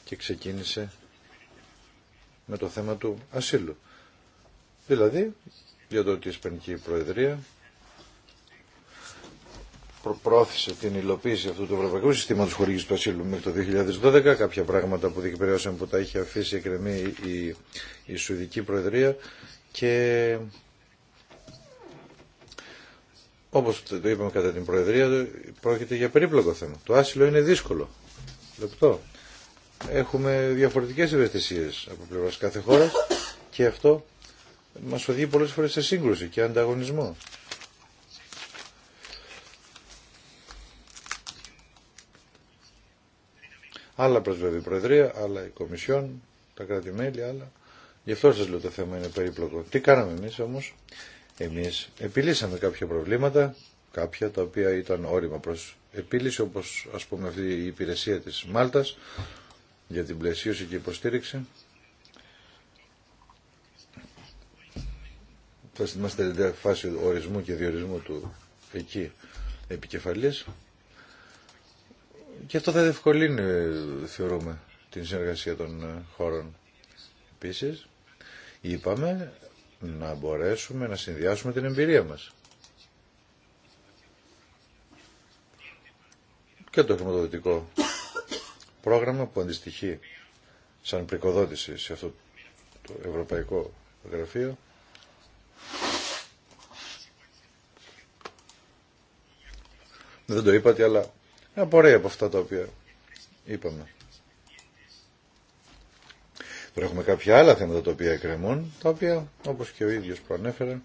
[SPEAKER 1] και ξεκίνησε με το θέμα του ασύλου. Δηλαδή για το ότι η Ισπανική Προεδρία πρόθεσε την υλοποίηση αυτού του Ευρωπαϊκού Συστήματο χορηγή του Ασύλου μέχρι το 2012. Κάποια πράγματα που διεκπαιρεώσαν που τα είχε αφήσει εκκρεμή η, η Σουηδική Προεδρία και όπω το είπαμε κατά την Προεδρία, πρόκειται για περίπλοκο θέμα. Το άσυλο είναι δύσκολο. Λεπτό. Έχουμε διαφορετικές ευαισθησίες από πλευράς κάθε χώρα και αυτό μας οδηγεί πολλές φορές σε σύγκρουση και ανταγωνισμό. Άλλα προσβεύει η Προεδρία, άλλα η Κομισιόν, τα κράτη-μέλη, άλλα. Γι' αυτό σας λέω το θέμα είναι περίπλοκο. Τι κάναμε εμείς όμως. Εμείς επιλύσαμε κάποια προβλήματα, κάποια τα οποία ήταν όριμα προς επίλυση, όπως ας πούμε αυτή η υπηρεσία της Μάλτας για την πλαισίωση και υποστήριξη. θα είμαστε στην φάση ορισμού και διορισμού του εκεί επικεφαλής και αυτό θα διευκολύνει θεωρούμε την συνεργασία των ε, χώρων επίσης είπαμε να μπορέσουμε να συνδυάσουμε την εμπειρία μας και το χρηματοδοτικό πρόγραμμα που αντιστοιχεί σαν πρικοδότηση σε αυτό το Ευρωπαϊκό Γραφείο Δεν το είπατε, αλλά απορρέει από αυτά τα οποία είπαμε. Τώρα έχουμε κάποια άλλα θέματα τα οποία εκκρεμούν, τα οποία όπως και ο ίδιος προανέφερε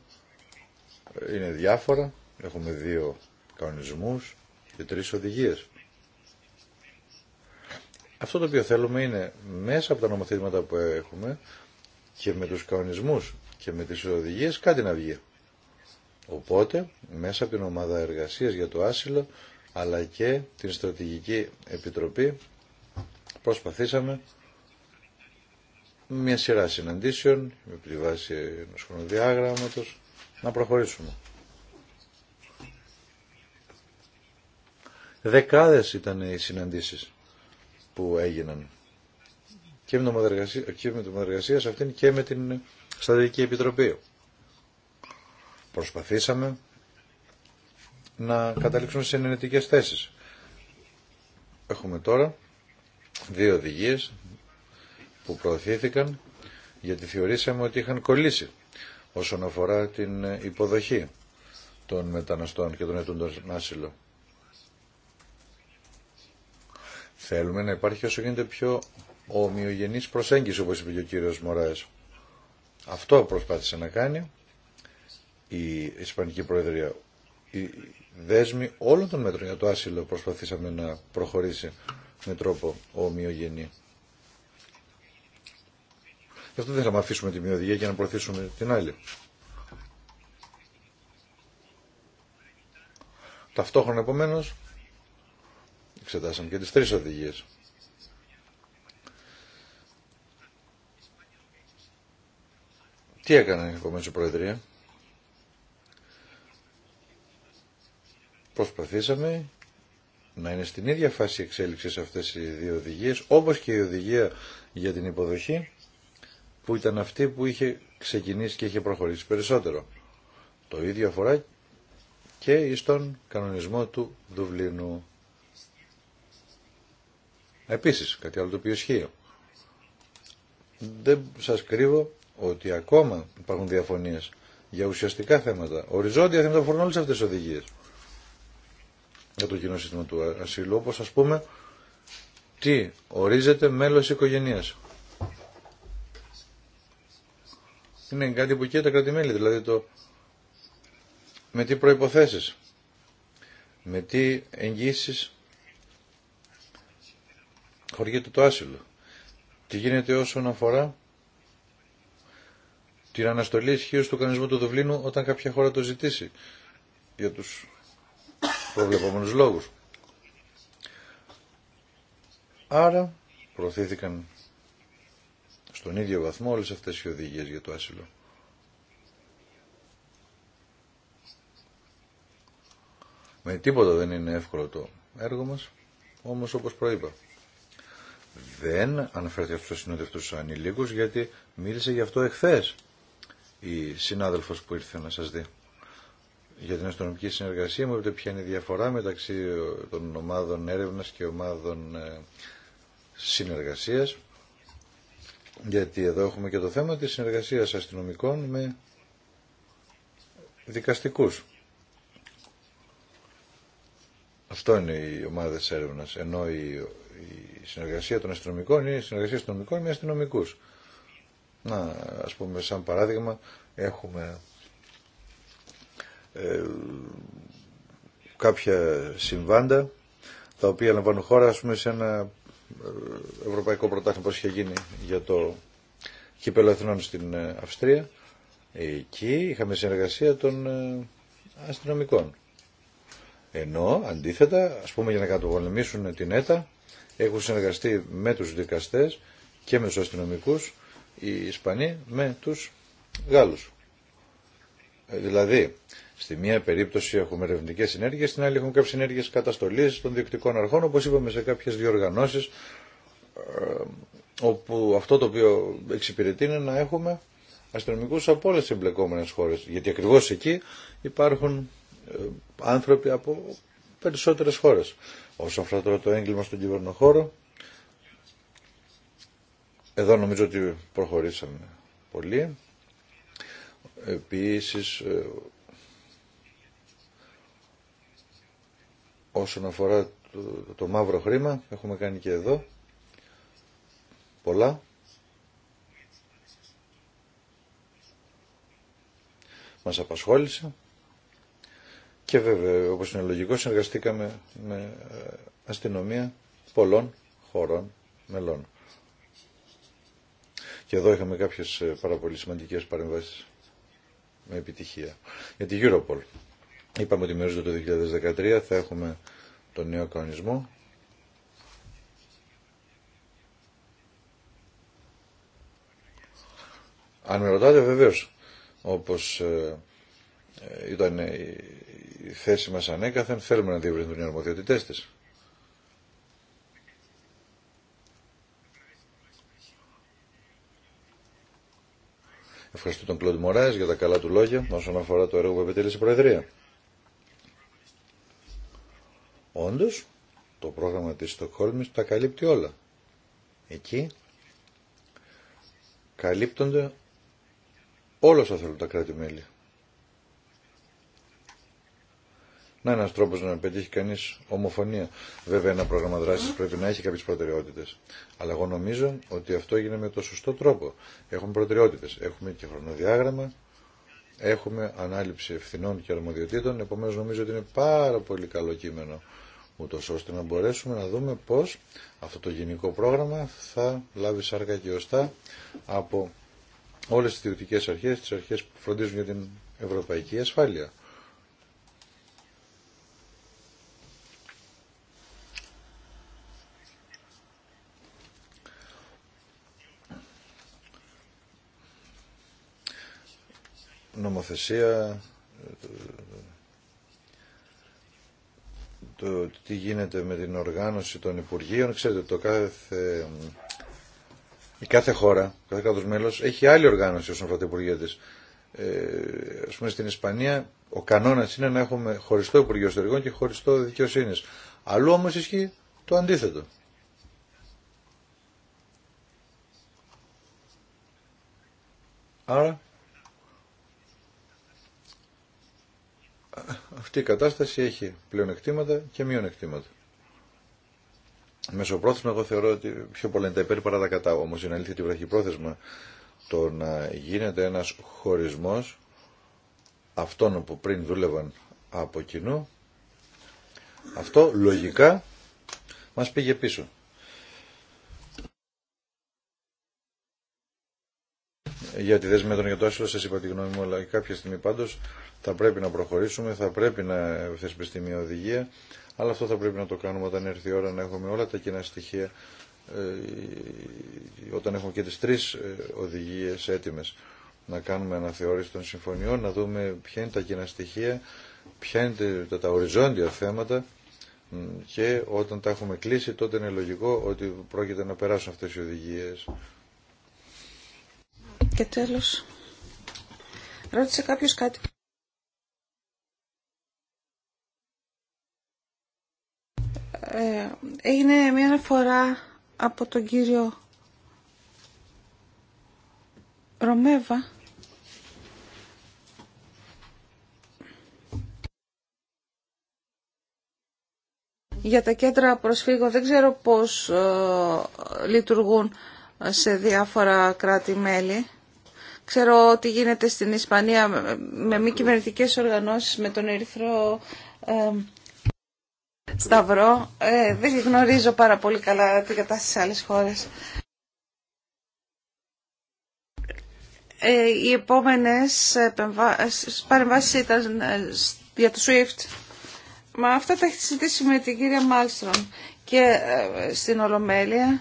[SPEAKER 1] είναι διάφορα. Έχουμε δύο κανονισμούς και τρεις οδηγίες. Αυτό το οποίο θέλουμε είναι μέσα από τα νομοθετήματα που έχουμε και με τους κανονισμούς και με τις οδηγίες κάτι να βγει. Οπότε, μέσα από την ομάδα εργασίας για το άσυλο, αλλά και την Στρατηγική Επιτροπή, προσπαθήσαμε μια σειρά συναντήσεων, με τη βάση ενός χρονοδιάγραμματος, να προχωρήσουμε. Δεκάδες ήταν οι συναντήσεις που έγιναν και με το Ομάδα και αυτήν και με την Στρατηγική Επιτροπή. Προσπαθήσαμε να καταλήξουμε σε ενενετικές θέσεις. Έχουμε τώρα δύο οδηγίε που προωθήθηκαν γιατί θεωρήσαμε ότι είχαν κολλήσει όσον αφορά την υποδοχή των μεταναστών και των ετούντων άσυλο. Θέλουμε να υπάρχει όσο γίνεται πιο ομοιογενής προσέγγιση όπως είπε και ο κύριος Μωράες. Αυτό προσπάθησε να κάνει η Ισπανική Προεδρία. Η δέσμη όλων των μέτρων για το άσυλο προσπαθήσαμε να προχωρήσει με τρόπο ομοιογενή. Γι' αυτό δεν θα αφήσουμε τη μία οδηγία για να προωθήσουμε την άλλη. Ταυτόχρονα επομένω, εξετάσαμε και τις τρεις οδηγίες. Τι έκανε επομένως η Προεδρία. προσπαθήσαμε να είναι στην ίδια φάση εξέλιξης αυτές οι δύο οδηγίες, όπως και η οδηγία για την υποδοχή, που ήταν αυτή που είχε ξεκινήσει και είχε προχωρήσει περισσότερο. Το ίδιο αφορά και στον κανονισμό του Δουβλίνου. Επίσης, κάτι άλλο το οποίο ισχύει. Δεν σας κρύβω ότι ακόμα υπάρχουν διαφωνίες για ουσιαστικά θέματα. Οριζόντια θέματα αφορούν όλες αυτές τις οδηγίες για το κοινό σύστημα του ασύλου, όπως ας πούμε τι ορίζεται μέλος οικογενείας. Είναι κάτι που και τα κρατημέλη, δηλαδή το με τι προϋποθέσεις, με τι εγγύσεις χορηγείται το άσυλο. Τι γίνεται όσον αφορά την αναστολή ισχύω του κανονισμού του Δουβλίνου όταν κάποια χώρα το ζητήσει για τους προβλεπόμενους λόγους. Άρα προωθήθηκαν στον ίδιο βαθμό όλες αυτές οι οδηγίες για το άσυλο. Με τίποτα δεν είναι εύκολο το έργο μας, όμως όπως προείπα. Δεν αναφέρθηκε το ο συνοδευτούς ανηλίκους γιατί μίλησε γι' αυτό εχθές η συνάδελφος που ήρθε να σας δει για την αστυνομική συνεργασία μου, πια ποια είναι η διαφορά μεταξύ των ομάδων έρευνας και ομάδων ε, συνεργασίας, γιατί εδώ έχουμε και το θέμα της συνεργασίας αστυνομικών με δικαστικούς. Αυτό είναι οι ομάδες έρευνας, ενώ η, συνεργασία των αστυνομικών είναι η συνεργασία αστυνομικών με αστυνομικούς. Να, ας πούμε, σαν παράδειγμα, έχουμε ε, κάποια συμβάντα τα οποία λαμβάνουν χώρα σε ένα ε, ευρωπαϊκό πρωτάθλημα που είχε γίνει για το κύπελο εθνών στην ε, Αυστρία. Εκεί είχαμε συνεργασία των αστυνομικών. Ενώ αντίθετα, ας πούμε για να κατοπολεμήσουν την ΕΤΑ, έχουν συνεργαστεί με τους δικαστέ και με τους αστυνομικού, οι Ισπανοί με τους Γάλλους. Δηλαδή, Στη μία περίπτωση έχουμε ερευνητικέ ενέργειε, στην άλλη έχουμε κάποιε ενέργειε καταστολή των διοικητικών αρχών, όπω είπαμε σε κάποιε διοργανώσει, ε, όπου αυτό το οποίο εξυπηρετεί είναι να έχουμε αστυνομικού από όλε τι εμπλεκόμενε χώρε. Γιατί ακριβώ εκεί υπάρχουν ε, άνθρωποι από περισσότερε χώρε. Όσο αφορά τώρα το έγκλημα στον κυβερνοχώρο, εδώ νομίζω ότι προχωρήσαμε πολύ. Επίσης ε, όσον αφορά το, μαύρο χρήμα, έχουμε κάνει και εδώ πολλά. Μας απασχόλησε και βέβαια όπως είναι λογικό συνεργαστήκαμε με ε, αστυνομία πολλών χωρών μελών. Και εδώ είχαμε κάποιες ε, πάρα πολύ σημαντικές παρεμβάσεις με επιτυχία. Για τη Europol. Είπαμε ότι μέχρι το 2013 θα έχουμε τον νέο κανονισμό. Αν με ρωτάτε βεβαίως, όπως ε, ε, ήταν η θέση μας ανέκαθεν, θέλουμε να διευρυνθούν οι αρμοδιότητές της. Ευχαριστώ τον Κλοντ Μωράς για τα καλά του λόγια όσον αφορά το έργο που επιτελεί η Προεδρία. Όντως, το πρόγραμμα της Στοκχόλμης τα καλύπτει όλα. Εκεί καλύπτονται όλα όσα θέλουν τα κράτη-μέλη. Να ένας τρόπος να πετύχει κανείς ομοφωνία. Βέβαια ένα πρόγραμμα δράσης πρέπει να έχει κάποιες προτεραιότητες. Αλλά εγώ νομίζω ότι αυτό έγινε με το σωστό τρόπο. Έχουμε προτεραιότητες, έχουμε και χρονοδιάγραμμα, έχουμε ανάληψη ευθυνών και αρμοδιοτήτων, επομένως νομίζω ότι είναι πάρα πολύ καλό κείμενο ούτως ώστε να μπορέσουμε να δούμε πώς αυτό το γενικό πρόγραμμα θα λάβει σάρκα και ωστά από όλες τις ιδιωτικές αρχές, τις αρχές που φροντίζουν για την ευρωπαϊκή ασφάλεια. νομοθεσία το τι γίνεται με την οργάνωση των Υπουργείων. Ξέρετε, το κάθε, η κάθε χώρα, κάθε κράτο μέλος έχει άλλη οργάνωση όσον αφορά τα Υπουργεία της. Ε, ας πούμε στην Ισπανία ο κανόνας είναι να έχουμε χωριστό Υπουργείο Ιστορικών και χωριστό δικαιοσύνη. Αλλού όμως ισχύει το αντίθετο. Άρα αυτή η κατάσταση έχει πλεονεκτήματα και μειονεκτήματα. Μεσοπρόθεσμα εγώ θεωρώ ότι πιο πολλά είναι τα υπέρ παρά τα κατά. όμω είναι αλήθεια ότι πρόθεσμα το να γίνεται ένας χωρισμός αυτών που πριν δούλευαν από κοινού αυτό λογικά μας πήγε πίσω. για τη δέσμη για το άσυλο, σας είπα τη γνώμη μου, αλλά κάποια στιγμή πάντω θα πρέπει να προχωρήσουμε, θα πρέπει να θεσπιστεί μια οδηγία, αλλά αυτό θα πρέπει να το κάνουμε όταν έρθει η ώρα να έχουμε όλα τα κοινά στοιχεία, ε, όταν έχουμε και τις τρεις ε, οδηγίε έτοιμε να κάνουμε αναθεώρηση των συμφωνιών, να δούμε ποια είναι τα κοινά στοιχεία, ποια είναι τα, τα οριζόντια θέματα και όταν τα έχουμε κλείσει τότε είναι λογικό ότι πρόκειται να περάσουν αυτές οι οδηγίες.
[SPEAKER 2] Και τέλος, ρώτησε κάποιος κάτι. Ε, έγινε μια αναφορά από τον κύριο Ρωμέβα για τα κέντρα προσφύγων δεν ξέρω πώς ε, λειτουργούν σε διάφορα κράτη-μέλη Ξέρω ότι γίνεται στην Ισπανία με μη κυβερνητικέ οργανώσεις, με τον Ερυθρό ε, Σταυρό. Ε, δεν γνωρίζω πάρα πολύ καλά την κατάσταση σε άλλες χώρες. Ε, οι επόμενες παρεμβάσεις ήταν ε, για το SWIFT. Μα αυτά τα έχει συζητήσει με την κυρία Μάλστρον και ε, στην Ολομέλεια.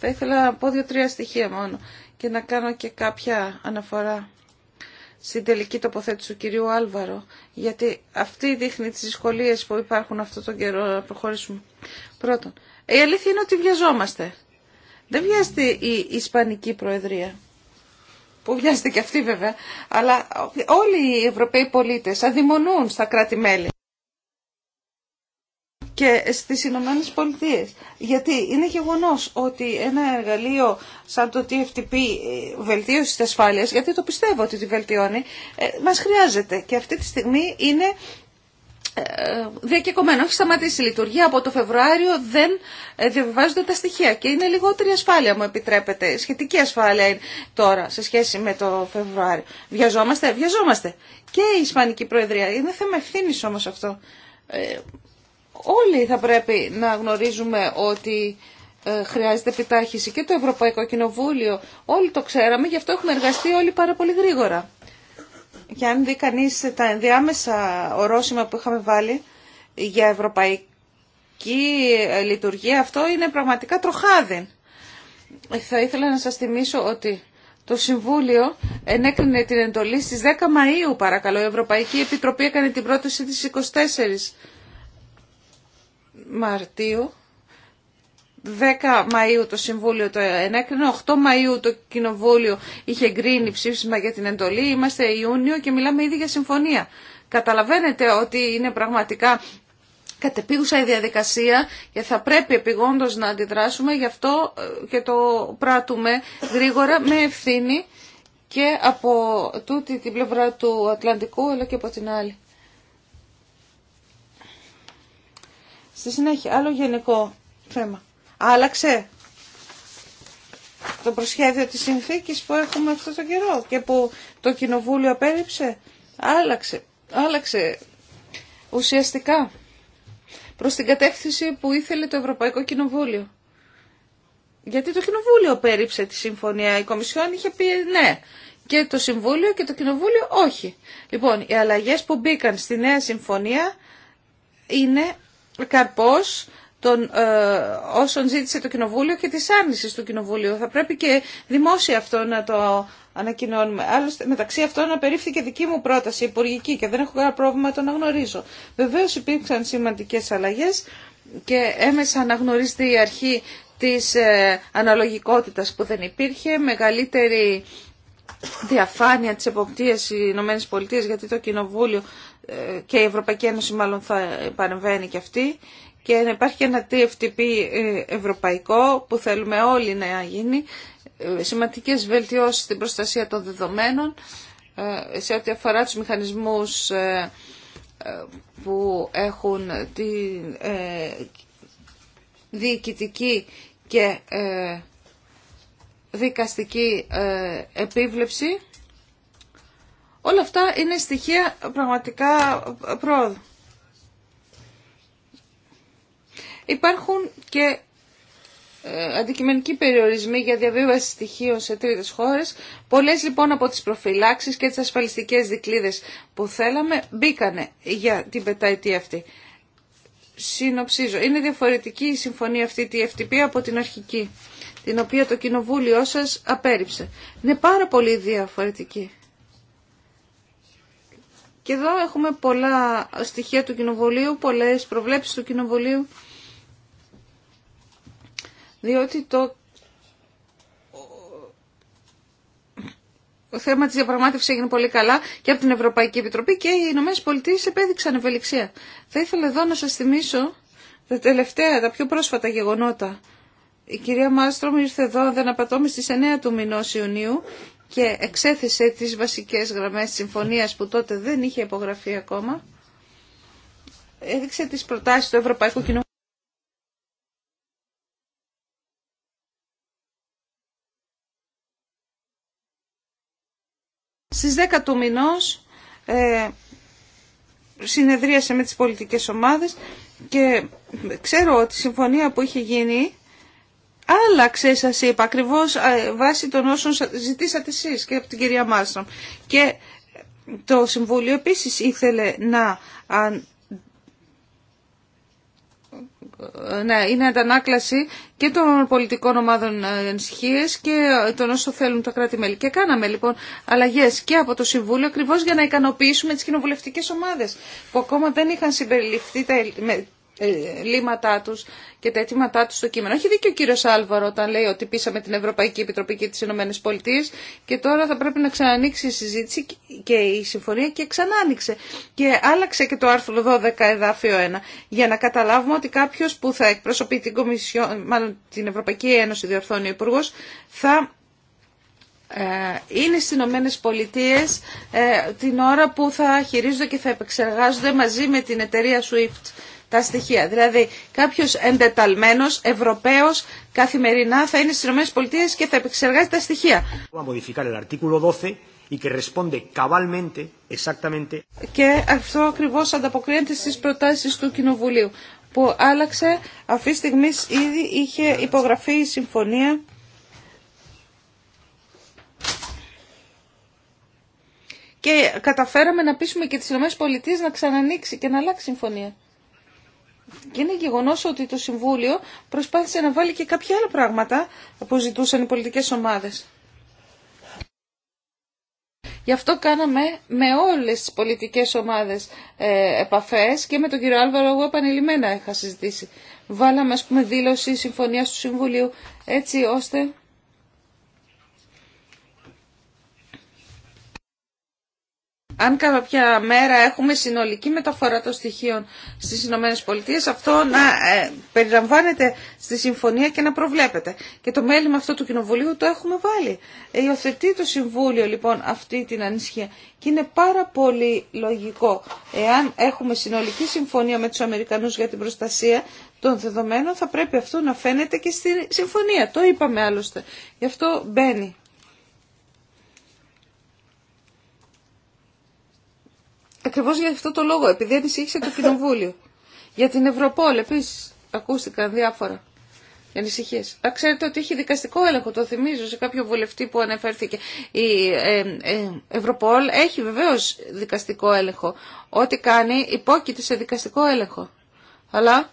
[SPEAKER 2] Θα ήθελα να πω δύο-τρία στοιχεία μόνο και να κάνω και κάποια αναφορά στην τελική τοποθέτηση του κυρίου Άλβαρο, γιατί αυτή δείχνει τις δυσκολίε που υπάρχουν αυτό τον καιρό να προχωρήσουμε. Πρώτον, η αλήθεια είναι ότι βιαζόμαστε. Δεν βιάζεται η Ισπανική Προεδρία, που βιάζεται και αυτή βέβαια, αλλά όλοι οι Ευρωπαίοι πολίτες αδειμονούν στα κράτη-μέλη και στις Ηνωμένε Πολιτείε. Γιατί είναι γεγονό ότι ένα εργαλείο σαν το TFTP ε, βελτίωση τη ασφάλεια, γιατί το πιστεύω ότι τη βελτιώνει, ε, μα χρειάζεται και αυτή τη στιγμή είναι ε, διακεκομένο. Έχει σταματήσει η λειτουργία από το Φεβρουάριο, δεν διαβιβάζονται τα στοιχεία και είναι λιγότερη ασφάλεια, μου επιτρέπετε. Σχετική ασφάλεια είναι τώρα σε σχέση με το Φεβρουάριο. Βιαζόμαστε, βιαζόμαστε. Και η Ισπανική Προεδρία. Είναι θέμα ευθύνη όμω αυτό όλοι θα πρέπει να γνωρίζουμε ότι ε, χρειάζεται επιτάχυση και το Ευρωπαϊκό Κοινοβούλιο. Όλοι το ξέραμε, γι' αυτό έχουμε εργαστεί όλοι πάρα πολύ γρήγορα. Και αν δει κανεί τα ενδιάμεσα ορόσημα που είχαμε βάλει για ευρωπαϊκή ε, λειτουργία, αυτό είναι πραγματικά τροχάδι. Θα ήθελα να σας θυμίσω ότι το Συμβούλιο ενέκρινε την εντολή στις 10 Μαΐου, παρακαλώ. Η Ευρωπαϊκή Επιτροπή έκανε την πρόταση της 24 Μαρτίου, 10 Μαΐου το Συμβούλιο το ενέκρινε, 8 Μαΐου το Κοινοβούλιο είχε γκρίνει ψήφισμα για την εντολή, είμαστε Ιούνιο και μιλάμε ήδη για συμφωνία. Καταλαβαίνετε ότι είναι πραγματικά κατεπίγουσα η διαδικασία και θα πρέπει επιγόντως να αντιδράσουμε, γι' αυτό ε, και το πράττουμε γρήγορα με ευθύνη και από τούτη την πλευρά του Ατλαντικού αλλά και από την άλλη. Στη συνέχεια, άλλο γενικό θέμα. Άλλαξε το προσχέδιο της συνθήκης που έχουμε αυτό το καιρό και που το κοινοβούλιο απέριψε. Άλλαξε, άλλαξε ουσιαστικά προς την κατεύθυνση που ήθελε το Ευρωπαϊκό Κοινοβούλιο. Γιατί το Κοινοβούλιο πέριψε τη συμφωνία. Η Κομισιόν είχε πει ναι. Και το Συμβούλιο και το Κοινοβούλιο όχι. Λοιπόν, οι αλλαγές που μπήκαν στη νέα συμφωνία είναι καρπός των ε, όσων ζήτησε το Κοινοβούλιο και της άρνησης του Κοινοβουλίου. Θα πρέπει και δημόσια αυτό να το ανακοινώνουμε. Άλλωστε, μεταξύ αυτών απερίφθηκε δική μου πρόταση υπουργική και δεν έχω κανένα πρόβλημα το να γνωρίζω. Βεβαίως υπήρξαν σημαντικές αλλαγές και έμεσα αναγνωρίζεται η αρχή της ε, αναλογικότητας που δεν υπήρχε, μεγαλύτερη διαφάνεια της εποπτείας της ΗΠΑ γιατί το Κοινοβούλιο και η Ευρωπαϊκή Ένωση μάλλον θα παρεμβαίνει και αυτή και να υπάρχει ένα TFTP ε, ευρωπαϊκό που θέλουμε όλοι να γίνει ε, σημαντικές βελτιώσεις στην προστασία των δεδομένων ε, σε ό,τι αφορά τους μηχανισμούς που έχουν τη διοικητική και δικαστική επίβλεψη Όλα αυτά είναι στοιχεία πραγματικά πρόοδου. Υπάρχουν και ε, αντικειμενικοί περιορισμοί για διαβίβαση στοιχείων σε τρίτες χώρες. Πολλές λοιπόν από τις προφυλάξεις και τις ασφαλιστικές δικλίδες που θέλαμε μπήκανε για την πεταετία αυτή. Συνοψίζω, είναι διαφορετική η συμφωνία αυτή τη FTP από την αρχική, την οποία το κοινοβούλιο σας απέρριψε. Είναι πάρα πολύ διαφορετική. Και εδώ έχουμε πολλά στοιχεία του κοινοβολίου, πολλές προβλέψεις του Κοινοβουλίου, διότι το Το θέμα της διαπραγμάτευσης έγινε πολύ καλά και από την Ευρωπαϊκή Επιτροπή και οι Ηνωμένε Πολιτείε επέδειξαν ευελιξία. Θα ήθελα εδώ να σας θυμίσω τα τελευταία, τα πιο πρόσφατα γεγονότα. Η κυρία Μάστρομ ήρθε εδώ, δεν απατώμε, στις 9 του μηνό Ιουνίου και εξέθεσε τις βασικές γραμμές συμφωνίας που τότε δεν είχε υπογραφεί ακόμα, έδειξε τις προτάσεις του Ευρωπαϊκού Κοινοβουλίου. Στις 10 του μηνός ε, συνεδρίασε με τις πολιτικές ομάδες και ξέρω ότι η συμφωνία που είχε γίνει άλλαξε, σα είπα, ακριβώ, βάσει των όσων ζητήσατε εσείς και από την κυρία Μάστρομ. Και το Συμβούλιο επίσης ήθελε να, να είναι αντανάκλαση και των πολιτικών ομάδων ενσυχίε και των όσων θέλουν τα κράτη-μέλη. Και κάναμε λοιπόν αλλαγέ και από το Συμβούλιο ακριβώ για να ικανοποιήσουμε τι κοινοβουλευτικέ ομάδε που ακόμα δεν είχαν συμπεριληφθεί τα ε, λήματά του και τα αιτήματά του στο κείμενο. Έχει δίκιο ο κύριο Άλβαρο όταν λέει ότι πείσαμε την Ευρωπαϊκή Επιτροπή και τι Ηνωμένε Πολιτείε και τώρα θα πρέπει να ξανανοίξει η συζήτηση και η συμφωνία και ξανά ανοίξε. και άλλαξε και το άρθρο 12 εδάφιο 1 για να καταλάβουμε ότι κάποιο που θα εκπροσωπεί την, Κομισιό, μάλλον την Ευρωπαϊκή Ένωση διορθώνει ο Υπουργό, θα ε, είναι στι Ηνωμένε Πολιτείε ε, την ώρα που θα χειρίζονται και θα επεξεργάζονται μαζί με την εταιρεία SWIFT τα στοιχεία. Δηλαδή κάποιος εντεταλμένος Ευρωπαίος καθημερινά θα είναι στις ΗΠΑ και θα επεξεργάζει τα στοιχεία. Και αυτό ακριβώ ανταποκρίνεται στις προτάσεις του Κοινοβουλίου που άλλαξε αυτή τη στιγμή ήδη είχε υπογραφεί η συμφωνία και καταφέραμε να πείσουμε και τις ΗΠΑ να ξανανοίξει και να αλλάξει συμφωνία. Και είναι γεγονό ότι το Συμβούλιο προσπάθησε να βάλει και κάποια άλλα πράγματα που ζητούσαν οι πολιτικές ομάδες. Γι' αυτό κάναμε με όλες τις πολιτικές ομάδες ε, επαφές και με τον κύριο Άλβαρο εγώ επανειλημμένα είχα συζητήσει. Βάλαμε ας πούμε δήλωση συμφωνίας του Συμβουλίου έτσι ώστε αν κάποια μέρα έχουμε συνολική μεταφορά των στοιχείων στις ΗΠΑ αυτό να ε, περιλαμβάνεται στη συμφωνία και να προβλέπεται. Και το μέλημα αυτό του Κοινοβουλίου το έχουμε βάλει. Ε, υιοθετεί το Συμβούλιο λοιπόν αυτή την ανησυχία και είναι πάρα πολύ λογικό. Εάν έχουμε συνολική συμφωνία με τους Αμερικανούς για την προστασία των δεδομένων θα πρέπει αυτό να φαίνεται και στη συμφωνία. Το είπαμε άλλωστε. Γι' αυτό μπαίνει Ακριβώς για αυτό το λόγο, επειδή ανησύχησε το Κοινοβούλιο. Για την Ευρωπόλ επίσης ακούστηκαν διάφορα ανησυχίε. Ξέρετε ότι έχει δικαστικό έλεγχο, το θυμίζω σε κάποιο βουλευτή που αναφέρθηκε. Η ε, ε Ευρωπόλ έχει βεβαίω δικαστικό έλεγχο. Ό,τι κάνει υπόκειται σε δικαστικό έλεγχο. Αλλά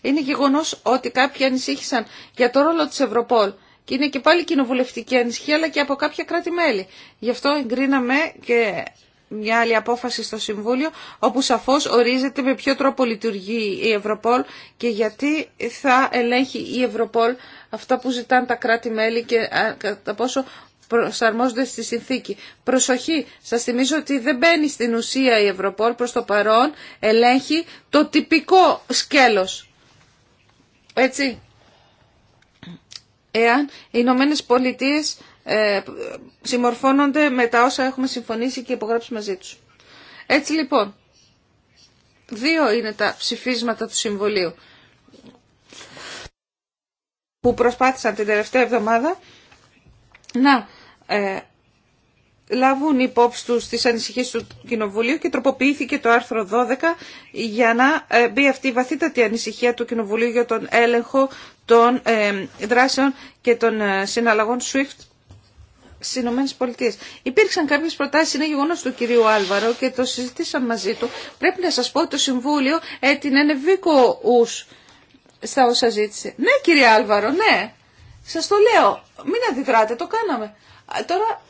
[SPEAKER 2] είναι γεγονό ότι κάποιοι ανησύχησαν για το ρόλο τη Ευρωπόλ. Και είναι και πάλι κοινοβουλευτική ανησυχία, αλλά και από κάποια κράτη-μέλη. Γι' αυτό εγκρίναμε και μια άλλη απόφαση στο Συμβούλιο, όπου σαφώς ορίζεται με ποιο τρόπο λειτουργεί η Ευρωπόλ και γιατί θα ελέγχει η Ευρωπόλ αυτά που ζητάν τα κράτη-μέλη και κατά πόσο προσαρμόζονται στη συνθήκη. Προσοχή, σας θυμίζω ότι δεν μπαίνει στην ουσία η Ευρωπόλ προς το παρόν, ελέγχει το τυπικό σκέλος. Έτσι, εάν οι Ηνωμένε Πολιτείες ε, συμμορφώνονται με τα όσα έχουμε συμφωνήσει και υπογράψει μαζί τους. Έτσι λοιπόν, δύο είναι τα ψηφίσματα του Συμβουλίου που προσπάθησαν την τελευταία εβδομάδα να ε, λάβουν υπόψη τους τις ανησυχίες του Κοινοβουλίου και τροποποιήθηκε το άρθρο 12 για να ε, μπει αυτή η βαθύτατη ανησυχία του Κοινοβουλίου για τον έλεγχο των δράσεων και των συναλλαγών SWIFT στι Ηνωμένε Πολιτείε. Υπήρξαν κάποιε προτάσει, είναι γεγονό του κυρίου Άλβαρο και το συζητήσαμε μαζί του. Πρέπει να σα πω ότι το Συμβούλιο έτεινε βίκό ου στα όσα ζήτησε. Ναι, κύριε Άλβαρο, ναι. Σα το λέω. Μην αντιδράτε, το κάναμε. Τώρα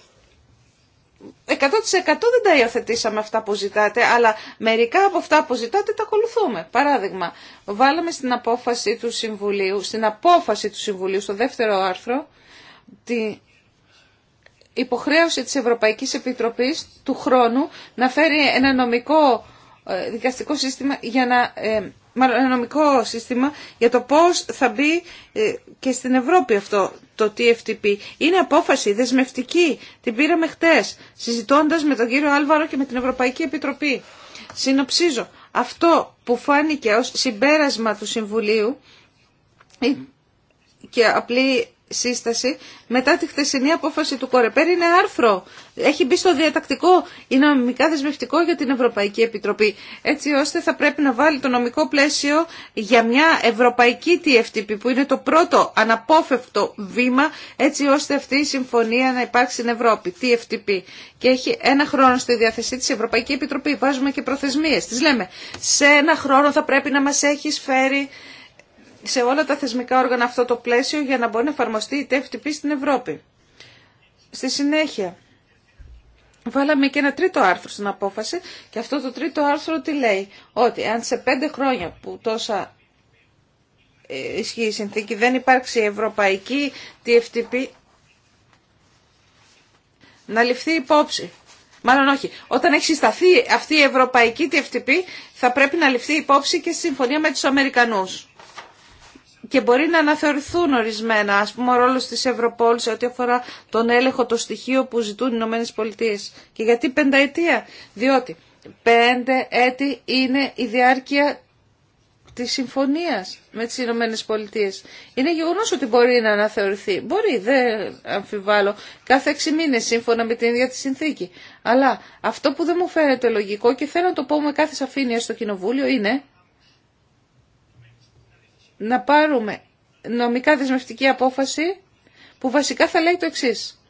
[SPEAKER 2] 100% δεν τα υιοθετήσαμε αυτά που ζητάτε, αλλά μερικά από αυτά που ζητάτε τα ακολουθούμε. Παράδειγμα, βάλαμε στην απόφαση του Συμβουλίου, στην απόφαση του Συμβουλίου, στο δεύτερο άρθρο, υποχρέωση της Ευρωπαϊκής Επιτροπής του χρόνου να φέρει ένα νομικό ε, δικαστικό σύστημα για να, ε, ένα νομικό σύστημα για το πώς θα μπει ε, και στην Ευρώπη αυτό το TFTP. Είναι απόφαση δεσμευτική, την πήραμε χτες, συζητώντας με τον κύριο Άλβαρο και με την Ευρωπαϊκή Επιτροπή. Συνοψίζω, αυτό που φάνηκε ως συμπέρασμα του Συμβουλίου και απλή σύσταση μετά τη χθεσινή απόφαση του Κορεπέρ είναι άρθρο. Έχει μπει στο διατακτικό. Είναι νομικά δεσμευτικό για την Ευρωπαϊκή Επιτροπή. Έτσι ώστε θα πρέπει να βάλει το νομικό πλαίσιο για μια ευρωπαϊκή TFTP που είναι το πρώτο αναπόφευκτο βήμα έτσι ώστε αυτή η συμφωνία να υπάρξει στην Ευρώπη. TFTP. Και έχει ένα χρόνο στη διάθεσή της Ευρωπαϊκή Επιτροπή. Βάζουμε και προθεσμίες. Τις λέμε σε ένα χρόνο θα πρέπει να μας έχει φέρει σε όλα τα θεσμικά όργανα αυτό το πλαίσιο για να μπορεί να εφαρμοστεί η TFTP στην Ευρώπη. Στη συνέχεια, βάλαμε και ένα τρίτο άρθρο στην απόφαση και αυτό το τρίτο άρθρο τι λέει, ότι αν σε πέντε χρόνια που τόσα ε, ισχύει η συνθήκη δεν υπάρξει ευρωπαϊκή TFTP να ληφθεί υπόψη. Μάλλον όχι. Όταν έχει συσταθεί αυτή η ευρωπαϊκή TFTP θα πρέπει να ληφθεί υπόψη και στη συμφωνία με τους Αμερικανούς και μπορεί να αναθεωρηθούν ορισμένα, ας πούμε ο ρόλος της Ευρωπόλ σε ό,τι αφορά τον έλεγχο, το στοιχείο που ζητούν οι Ηνωμένες Πολιτείες. Και γιατί πενταετία, διότι πέντε έτη είναι η διάρκεια τη συμφωνία με τι Ηνωμένε Πολιτείε. Είναι γεγονό ότι μπορεί να αναθεωρηθεί. Μπορεί, δεν αμφιβάλλω, κάθε έξι μήνε σύμφωνα με την ίδια τη συνθήκη. Αλλά αυτό που δεν μου φαίνεται λογικό και θέλω να το πω με κάθε σαφήνεια στο Κοινοβούλιο είναι να πάρουμε νομικά δεσμευτική απόφαση που βασικά θα λέει το εξής.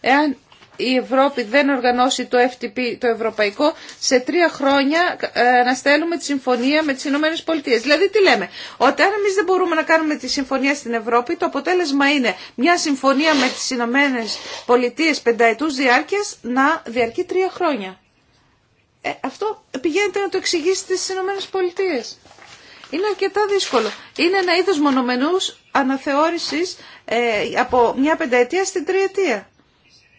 [SPEAKER 2] Εάν η Ευρώπη δεν οργανώσει το FTP το ευρωπαϊκό, σε τρία χρόνια ε, να στέλνουμε τη συμφωνία με τις Ηνωμένες Πολιτείες. Δηλαδή τι λέμε, όταν εμείς δεν μπορούμε να κάνουμε τη συμφωνία στην Ευρώπη, το αποτέλεσμα είναι μια συμφωνία με τις Ηνωμένες Πολιτείες πενταετούς διάρκειας να διαρκεί τρία χρόνια. Ε, αυτό πηγαίνετε να το εξηγήσετε στις Ηνωμένες Πολιτείες είναι αρκετά δύσκολο. Είναι ένα είδος μονομενούς αναθεώρησης ε, από μια πενταετία στην τριετία.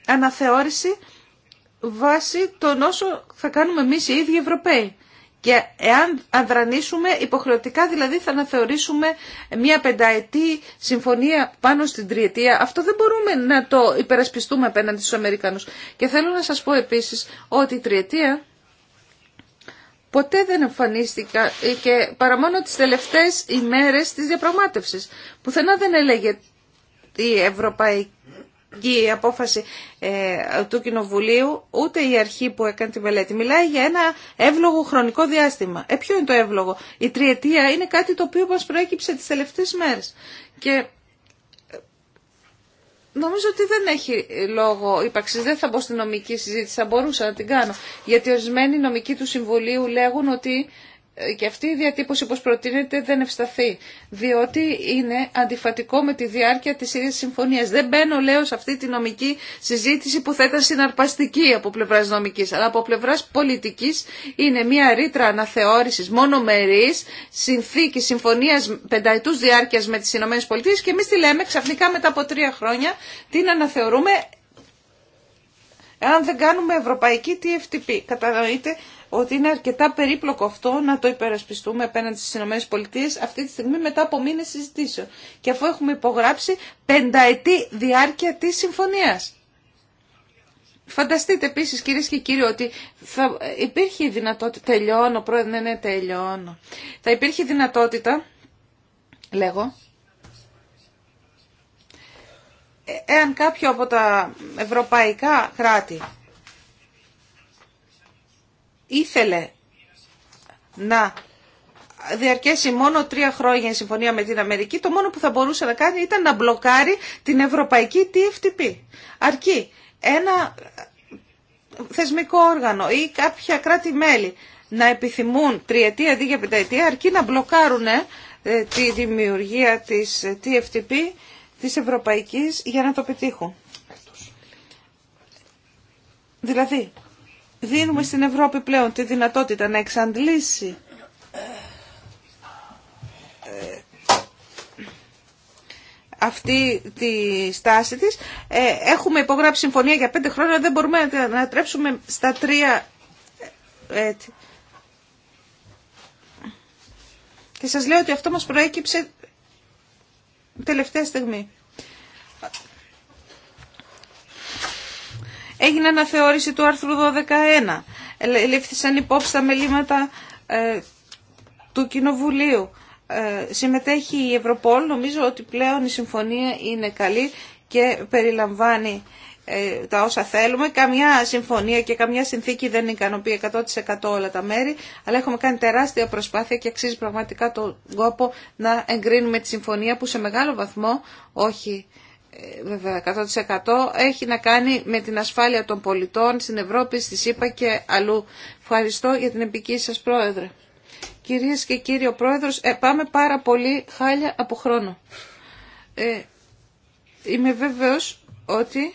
[SPEAKER 2] Αναθεώρηση βάσει των όσων θα κάνουμε εμείς οι ίδιοι Ευρωπαίοι. Και εάν αδρανήσουμε υποχρεωτικά δηλαδή θα αναθεωρήσουμε μια πενταετή συμφωνία πάνω στην τριετία. Αυτό δεν μπορούμε να το υπερασπιστούμε απέναντι στους Αμερικανούς. Και θέλω να σας πω επίσης ότι η τριετία ποτέ δεν εμφανίστηκα ε, και παρά μόνο τις τελευταίες ημέρες της διαπραγμάτευσης. Πουθενά δεν έλεγε η ευρωπαϊκή απόφαση ε, του Κοινοβουλίου, ούτε η αρχή που έκανε τη μελέτη. Μιλάει για ένα εύλογο χρονικό διάστημα. Ε, ποιο είναι το εύλογο. Η τριετία είναι κάτι το οποίο μας προέκυψε τις τελευταίες μέρες. Και Νομίζω ότι δεν έχει λόγο ύπαρξη. Δεν θα μπω στη νομική συζήτηση, θα μπορούσα να την κάνω. Γιατί ορισμένοι νομικοί του Συμβουλίου λέγουν ότι και αυτή η διατύπωση όπως προτείνεται δεν ευσταθεί, διότι είναι αντιφατικό με τη διάρκεια της ίδιας συμφωνίας. Δεν μπαίνω, λέω, σε αυτή τη νομική συζήτηση που θα ήταν συναρπαστική από πλευράς νομικής, αλλά από πλευράς πολιτικής είναι μια ρήτρα αναθεώρησης μονομερής συνθήκη συμφωνίας πενταετούς διάρκειας με τις ΗΠΑ και εμείς τη λέμε ξαφνικά μετά από τρία χρόνια την αναθεωρούμε αν δεν κάνουμε ευρωπαϊκή TFTP. Κατανοείτε ότι είναι αρκετά περίπλοκο αυτό να το υπερασπιστούμε απέναντι στις ΗΠΑ αυτή τη στιγμή μετά από μήνες συζητήσεων. Και αφού έχουμε υπογράψει πενταετή διάρκεια τη συμφωνίας. Φανταστείτε επίση, κυρίε και κύριοι, ότι θα υπήρχε η δυνατότητα. Τελειώνω, πρόεδρε, ναι, ναι, τελειώνω. Θα υπήρχε δυνατότητα, λέγω, ε, εάν κάποιο από τα ευρωπαϊκά κράτη ήθελε να διαρκέσει μόνο τρία χρόνια η συμφωνία με την Αμερική, το μόνο που θα μπορούσε να κάνει ήταν να μπλοκάρει την ευρωπαϊκή TFTP. Αρκεί ένα θεσμικό όργανο ή κάποια κράτη-μέλη να επιθυμούν τριετία αντί για πενταετία, αρκεί να μπλοκάρουν ε, τη δημιουργία της TFTP της Ευρωπαϊκής για να το πετύχουν. Δηλαδή, δίνουμε στην Ευρώπη πλέον τη δυνατότητα να εξαντλήσει ε, αυτή τη στάση της. Ε, έχουμε υπογράψει συμφωνία για πέντε χρόνια, δεν μπορούμε να τρέψουμε στα τρία ε, έτη. Και σας λέω ότι αυτό μας προέκυψε τελευταία στιγμή. Έγινε αναθεώρηση του άρθρου 12.1. Λήφθησαν υπόψη τα μελήματα ε, του Κοινοβουλίου. Ε, συμμετέχει η Ευρωπόλ. Νομίζω ότι πλέον η συμφωνία είναι καλή και περιλαμβάνει ε, τα όσα θέλουμε. Καμιά συμφωνία και καμιά συνθήκη δεν ικανοποιεί 100% όλα τα μέρη, αλλά έχουμε κάνει τεράστια προσπάθεια και αξίζει πραγματικά τον κόπο να εγκρίνουμε τη συμφωνία που σε μεγάλο βαθμό, όχι ε, βέβαια 100% έχει να κάνει με την ασφάλεια των πολιτών στην Ευρώπη, στη ΣΥΠΑ και αλλού. Ευχαριστώ για την επική σας πρόεδρε. Κυρίες και ο πρόεδρος, ε, πάμε πάρα πολύ χάλια από χρόνο. Ε, είμαι βέβαιος ότι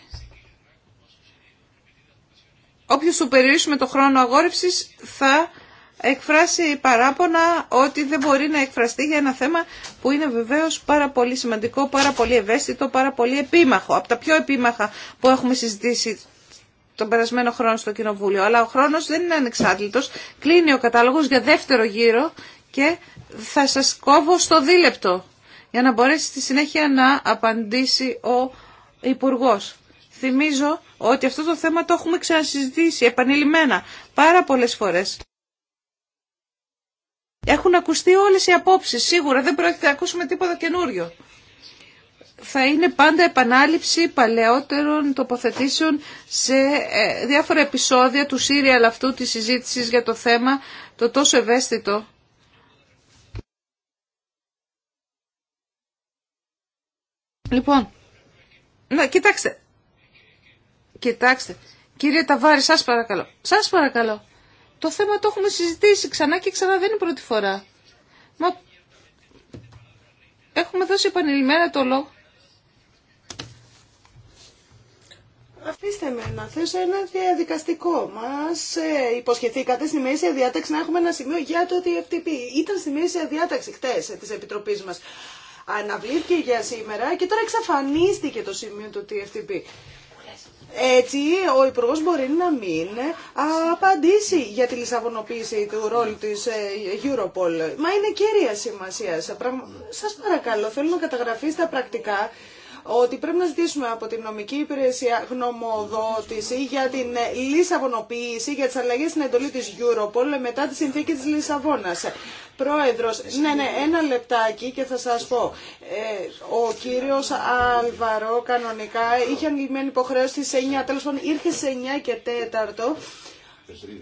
[SPEAKER 2] όποιος του περιορίσουμε το χρόνο αγόρευσης θα εκφράσει παράπονα ότι δεν μπορεί να εκφραστεί για ένα θέμα που είναι βεβαίως πάρα πολύ σημαντικό, πάρα πολύ ευαίσθητο, πάρα πολύ επίμαχο. Από τα πιο επίμαχα που έχουμε συζητήσει τον περασμένο χρόνο στο Κοινοβούλιο. Αλλά ο χρόνος δεν είναι ανεξάντλητος. Κλείνει ο κατάλογος για δεύτερο γύρο και θα σας κόβω στο δίλεπτο για να μπορέσει στη συνέχεια να απαντήσει ο υπουργό. Θυμίζω ότι αυτό το θέμα το έχουμε ξανασυζητήσει επανειλημμένα πάρα πολλές φορές. Έχουν ακουστεί όλες οι απόψεις, σίγουρα δεν πρόκειται να ακούσουμε τίποτα καινούριο. Θα είναι πάντα επανάληψη παλαιότερων τοποθετήσεων σε ε, διάφορα επεισόδια του σύριαλ αυτού της συζήτησης για το θέμα, το τόσο ευαίσθητο. Λοιπόν, να, κοιτάξτε, κοιτάξτε, κύριε Ταβάρη, σας παρακαλώ, σας παρακαλώ, το θέμα το έχουμε συζητήσει ξανά και ξανά, δεν είναι πρώτη φορά. Μα έχουμε δώσει επανειλημμένα το λόγο.
[SPEAKER 3] Αφήστε με να θέσω ένα διαδικαστικό. Μα ε, υποσχεθήκατε στη μέση διάταξη να έχουμε ένα σημείο για το TFTP. Ήταν στη μέση διάταξη χτε τη Επιτροπή μα. Αναβλήθηκε για σήμερα και τώρα εξαφανίστηκε το σημείο του TFTP. Έτσι, ο Υπουργό μπορεί να μην απαντήσει για τη λισαβονοποίηση του ρόλου τη ε, Europol. Μα είναι κέρια σημασία. Σα παρακαλώ, θέλω να καταγραφεί στα πρακτικά ότι πρέπει να ζητήσουμε από την νομική υπηρεσία γνωμοδότηση για την ε, λισαβονοποίηση, για τι αλλαγέ στην εντολή τη Europol ε, μετά τη συνθήκη τη Λισαβόνα. Πρόεδρο, ναι, ναι, ένα λεπτάκι και θα σα πω. Ε, ο κύριο Αλβαρό κανονικά είχε ανηλυμένη υποχρέωση στι 9, τέλο πάντων ήρθε στι 9 και 4.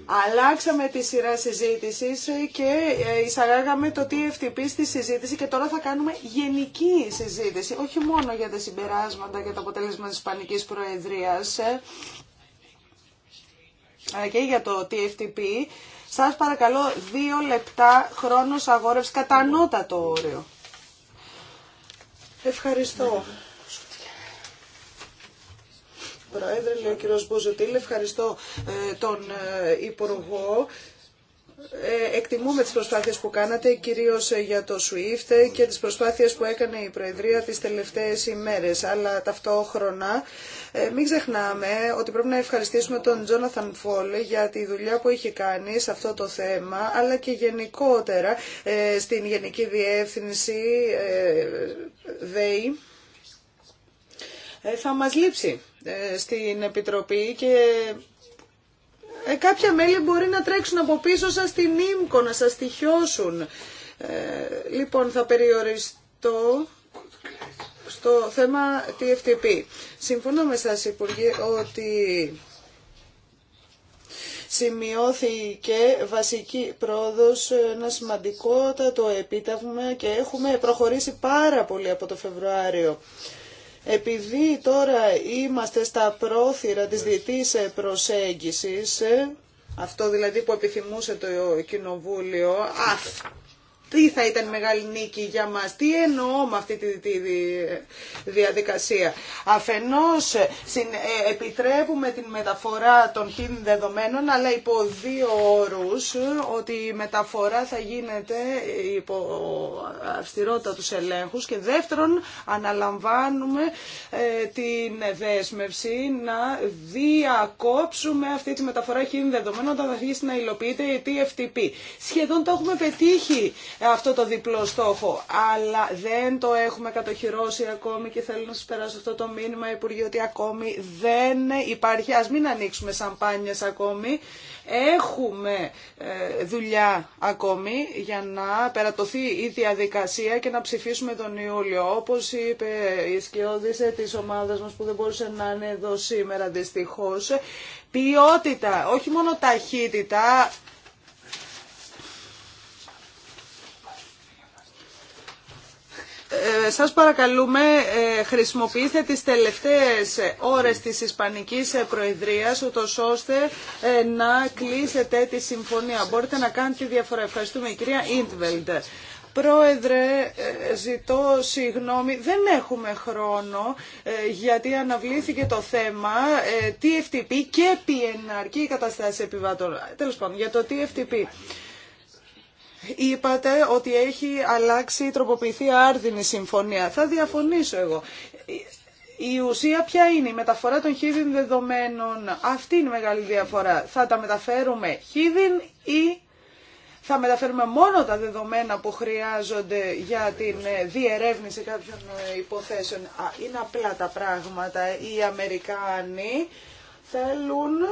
[SPEAKER 3] Αλλάξαμε τη σειρά συζήτηση και ε, εισαγάγαμε το TFTP στη συζήτηση και τώρα θα κάνουμε γενική συζήτηση, όχι μόνο για τα συμπεράσματα και τα αποτέλεσμα της Ισπανικής Προεδρίας αλλά ε, ε, και για το TFTP. Σας παρακαλώ δύο λεπτά χρόνος αγόρευσης κατανότατο όριο. Ευχαριστώ. Πρόεδρε, λέει ο κύριος Μπουζουτήλ, ευχαριστώ ε, τον ε, Υπουργό. Ε, εκτιμούμε τις προσπάθειες που κάνατε, κυρίως για το SWIFT και τις προσπάθειες που έκανε η Προεδρία τις τελευταίες ημέρες. Αλλά ταυτόχρονα μην ξεχνάμε ότι πρέπει να ευχαριστήσουμε τον Τζόναθαν Φόλ για τη δουλειά που έχει κάνει σε αυτό το θέμα, αλλά και γενικότερα στην Γενική Διεύθυνση ΔΕΗ. Θα μας λείψει ε, στην Επιτροπή και ε, κάποια μέλη μπορεί να τρέξουν από πίσω σας στην ΙΜΚΟ, να σας τυχιώσουν. Ε, λοιπόν, θα περιοριστώ στο θέμα FTP. Συμφωνώ με σας, Υπουργέ, ότι σημειώθηκε βασική πρόοδος, ένα σημαντικότατο επίταυμα και έχουμε προχωρήσει πάρα πολύ από το Φεβρουάριο. Επειδή τώρα είμαστε στα πρόθυρα της διετής προσέγγισης, αυτό δηλαδή που επιθυμούσε το Κοινοβούλιο, αφ, δεν θα ήταν μεγάλη νίκη για μας. Τι εννοώ με αυτή τη, διαδικασία. Αφενός ε, επιτρέπουμε την μεταφορά των χίλιων δεδομένων, αλλά υπό δύο όρους, ότι η μεταφορά θα γίνεται υπό αυστηρότητα τους ελέγχους και δεύτερον αναλαμβάνουμε ε, την δέσμευση να διακόψουμε αυτή τη μεταφορά χίλιων δεδομένων όταν θα αρχίσει να υλοποιείται η TFTP. Σχεδόν το έχουμε πετύχει ε, αυτό το διπλό στόχο. Αλλά δεν το έχουμε κατοχυρώσει ακόμη και θέλω να σας περάσω αυτό το μήνυμα, Υπουργή ότι ακόμη δεν υπάρχει. Ας μην ανοίξουμε σαμπάνιες ακόμη. Έχουμε ε, δουλειά ακόμη για να περατωθεί η διαδικασία και να ψηφίσουμε τον Ιούλιο. Όπως είπε η σκιώδησε της ομάδας μας που δεν μπορούσε να είναι εδώ σήμερα δυστυχώς, ποιότητα, όχι μόνο ταχύτητα, Ε, σας παρακαλούμε ε, χρησιμοποιήστε τις τελευταίες ώρες της Ισπανικής Προεδρίας ούτως ώστε ε, να κλείσετε τη συμφωνία. Μπορείτε να κάνετε τη διαφορά. Ευχαριστούμε κυρία Ιντβελντ. Πρόεδρε, ζητώ συγγνώμη, δεν έχουμε χρόνο γιατί αναβλήθηκε το θέμα TFTP και PNR και η καταστάση επιβατών. Τέλος πάντων, για το TFTP. Είπατε ότι έχει αλλάξει, τροποποιηθεί άρδινη συμφωνία. Θα διαφωνήσω εγώ. Η ουσία ποια είναι η μεταφορά των χίδιν δεδομένων. Αυτή είναι η μεγάλη διαφορά. Θα τα μεταφέρουμε χίδιν ή θα μεταφέρουμε μόνο τα δεδομένα που χρειάζονται για την ε, διερεύνηση κάποιων ε, υποθέσεων. είναι απλά τα πράγματα. Οι Αμερικάνοι θέλουν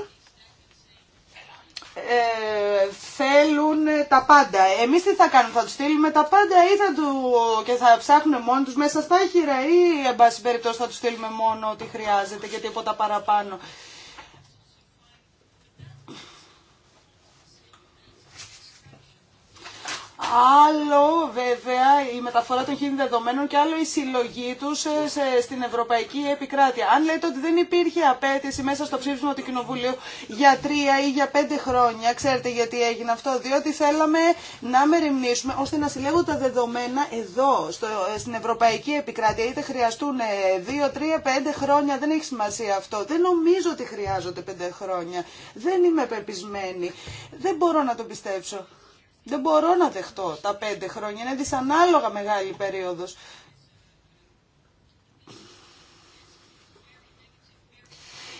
[SPEAKER 3] ε, θέλουν τα πάντα. Εμείς τι θα κάνουμε, θα του στείλουμε τα πάντα ή θα του, και θα ψάχνουν μόνο τους μέσα στα χείρα ή εν πάση περιπτώσει θα του στείλουμε μόνο ό,τι χρειάζεται και τίποτα παραπάνω. άλλο βέβαια η μεταφορά των χείρων δεδομένων και άλλο η συλλογή του ε, στην Ευρωπαϊκή Επικράτεια. Αν λέτε ότι δεν υπήρχε απέτηση μέσα στο ψήφισμα του Κοινοβουλίου για τρία ή για πέντε χρόνια, ξέρετε γιατί έγινε αυτό, διότι θέλαμε να μεριμνήσουμε ώστε να συλλέγουν τα δεδομένα εδώ, στο, ε, στην Ευρωπαϊκή Επικράτεια, είτε χρειαστούν ε, δύο, τρία, πέντε χρόνια, δεν έχει σημασία αυτό. Δεν νομίζω ότι χρειάζονται πέντε χρόνια. Δεν είμαι πεπισμένη. Δεν μπορώ να το πιστέψω. Δεν μπορώ να δεχτώ τα πέντε χρόνια. Είναι δυσανάλογα μεγάλη περίοδος.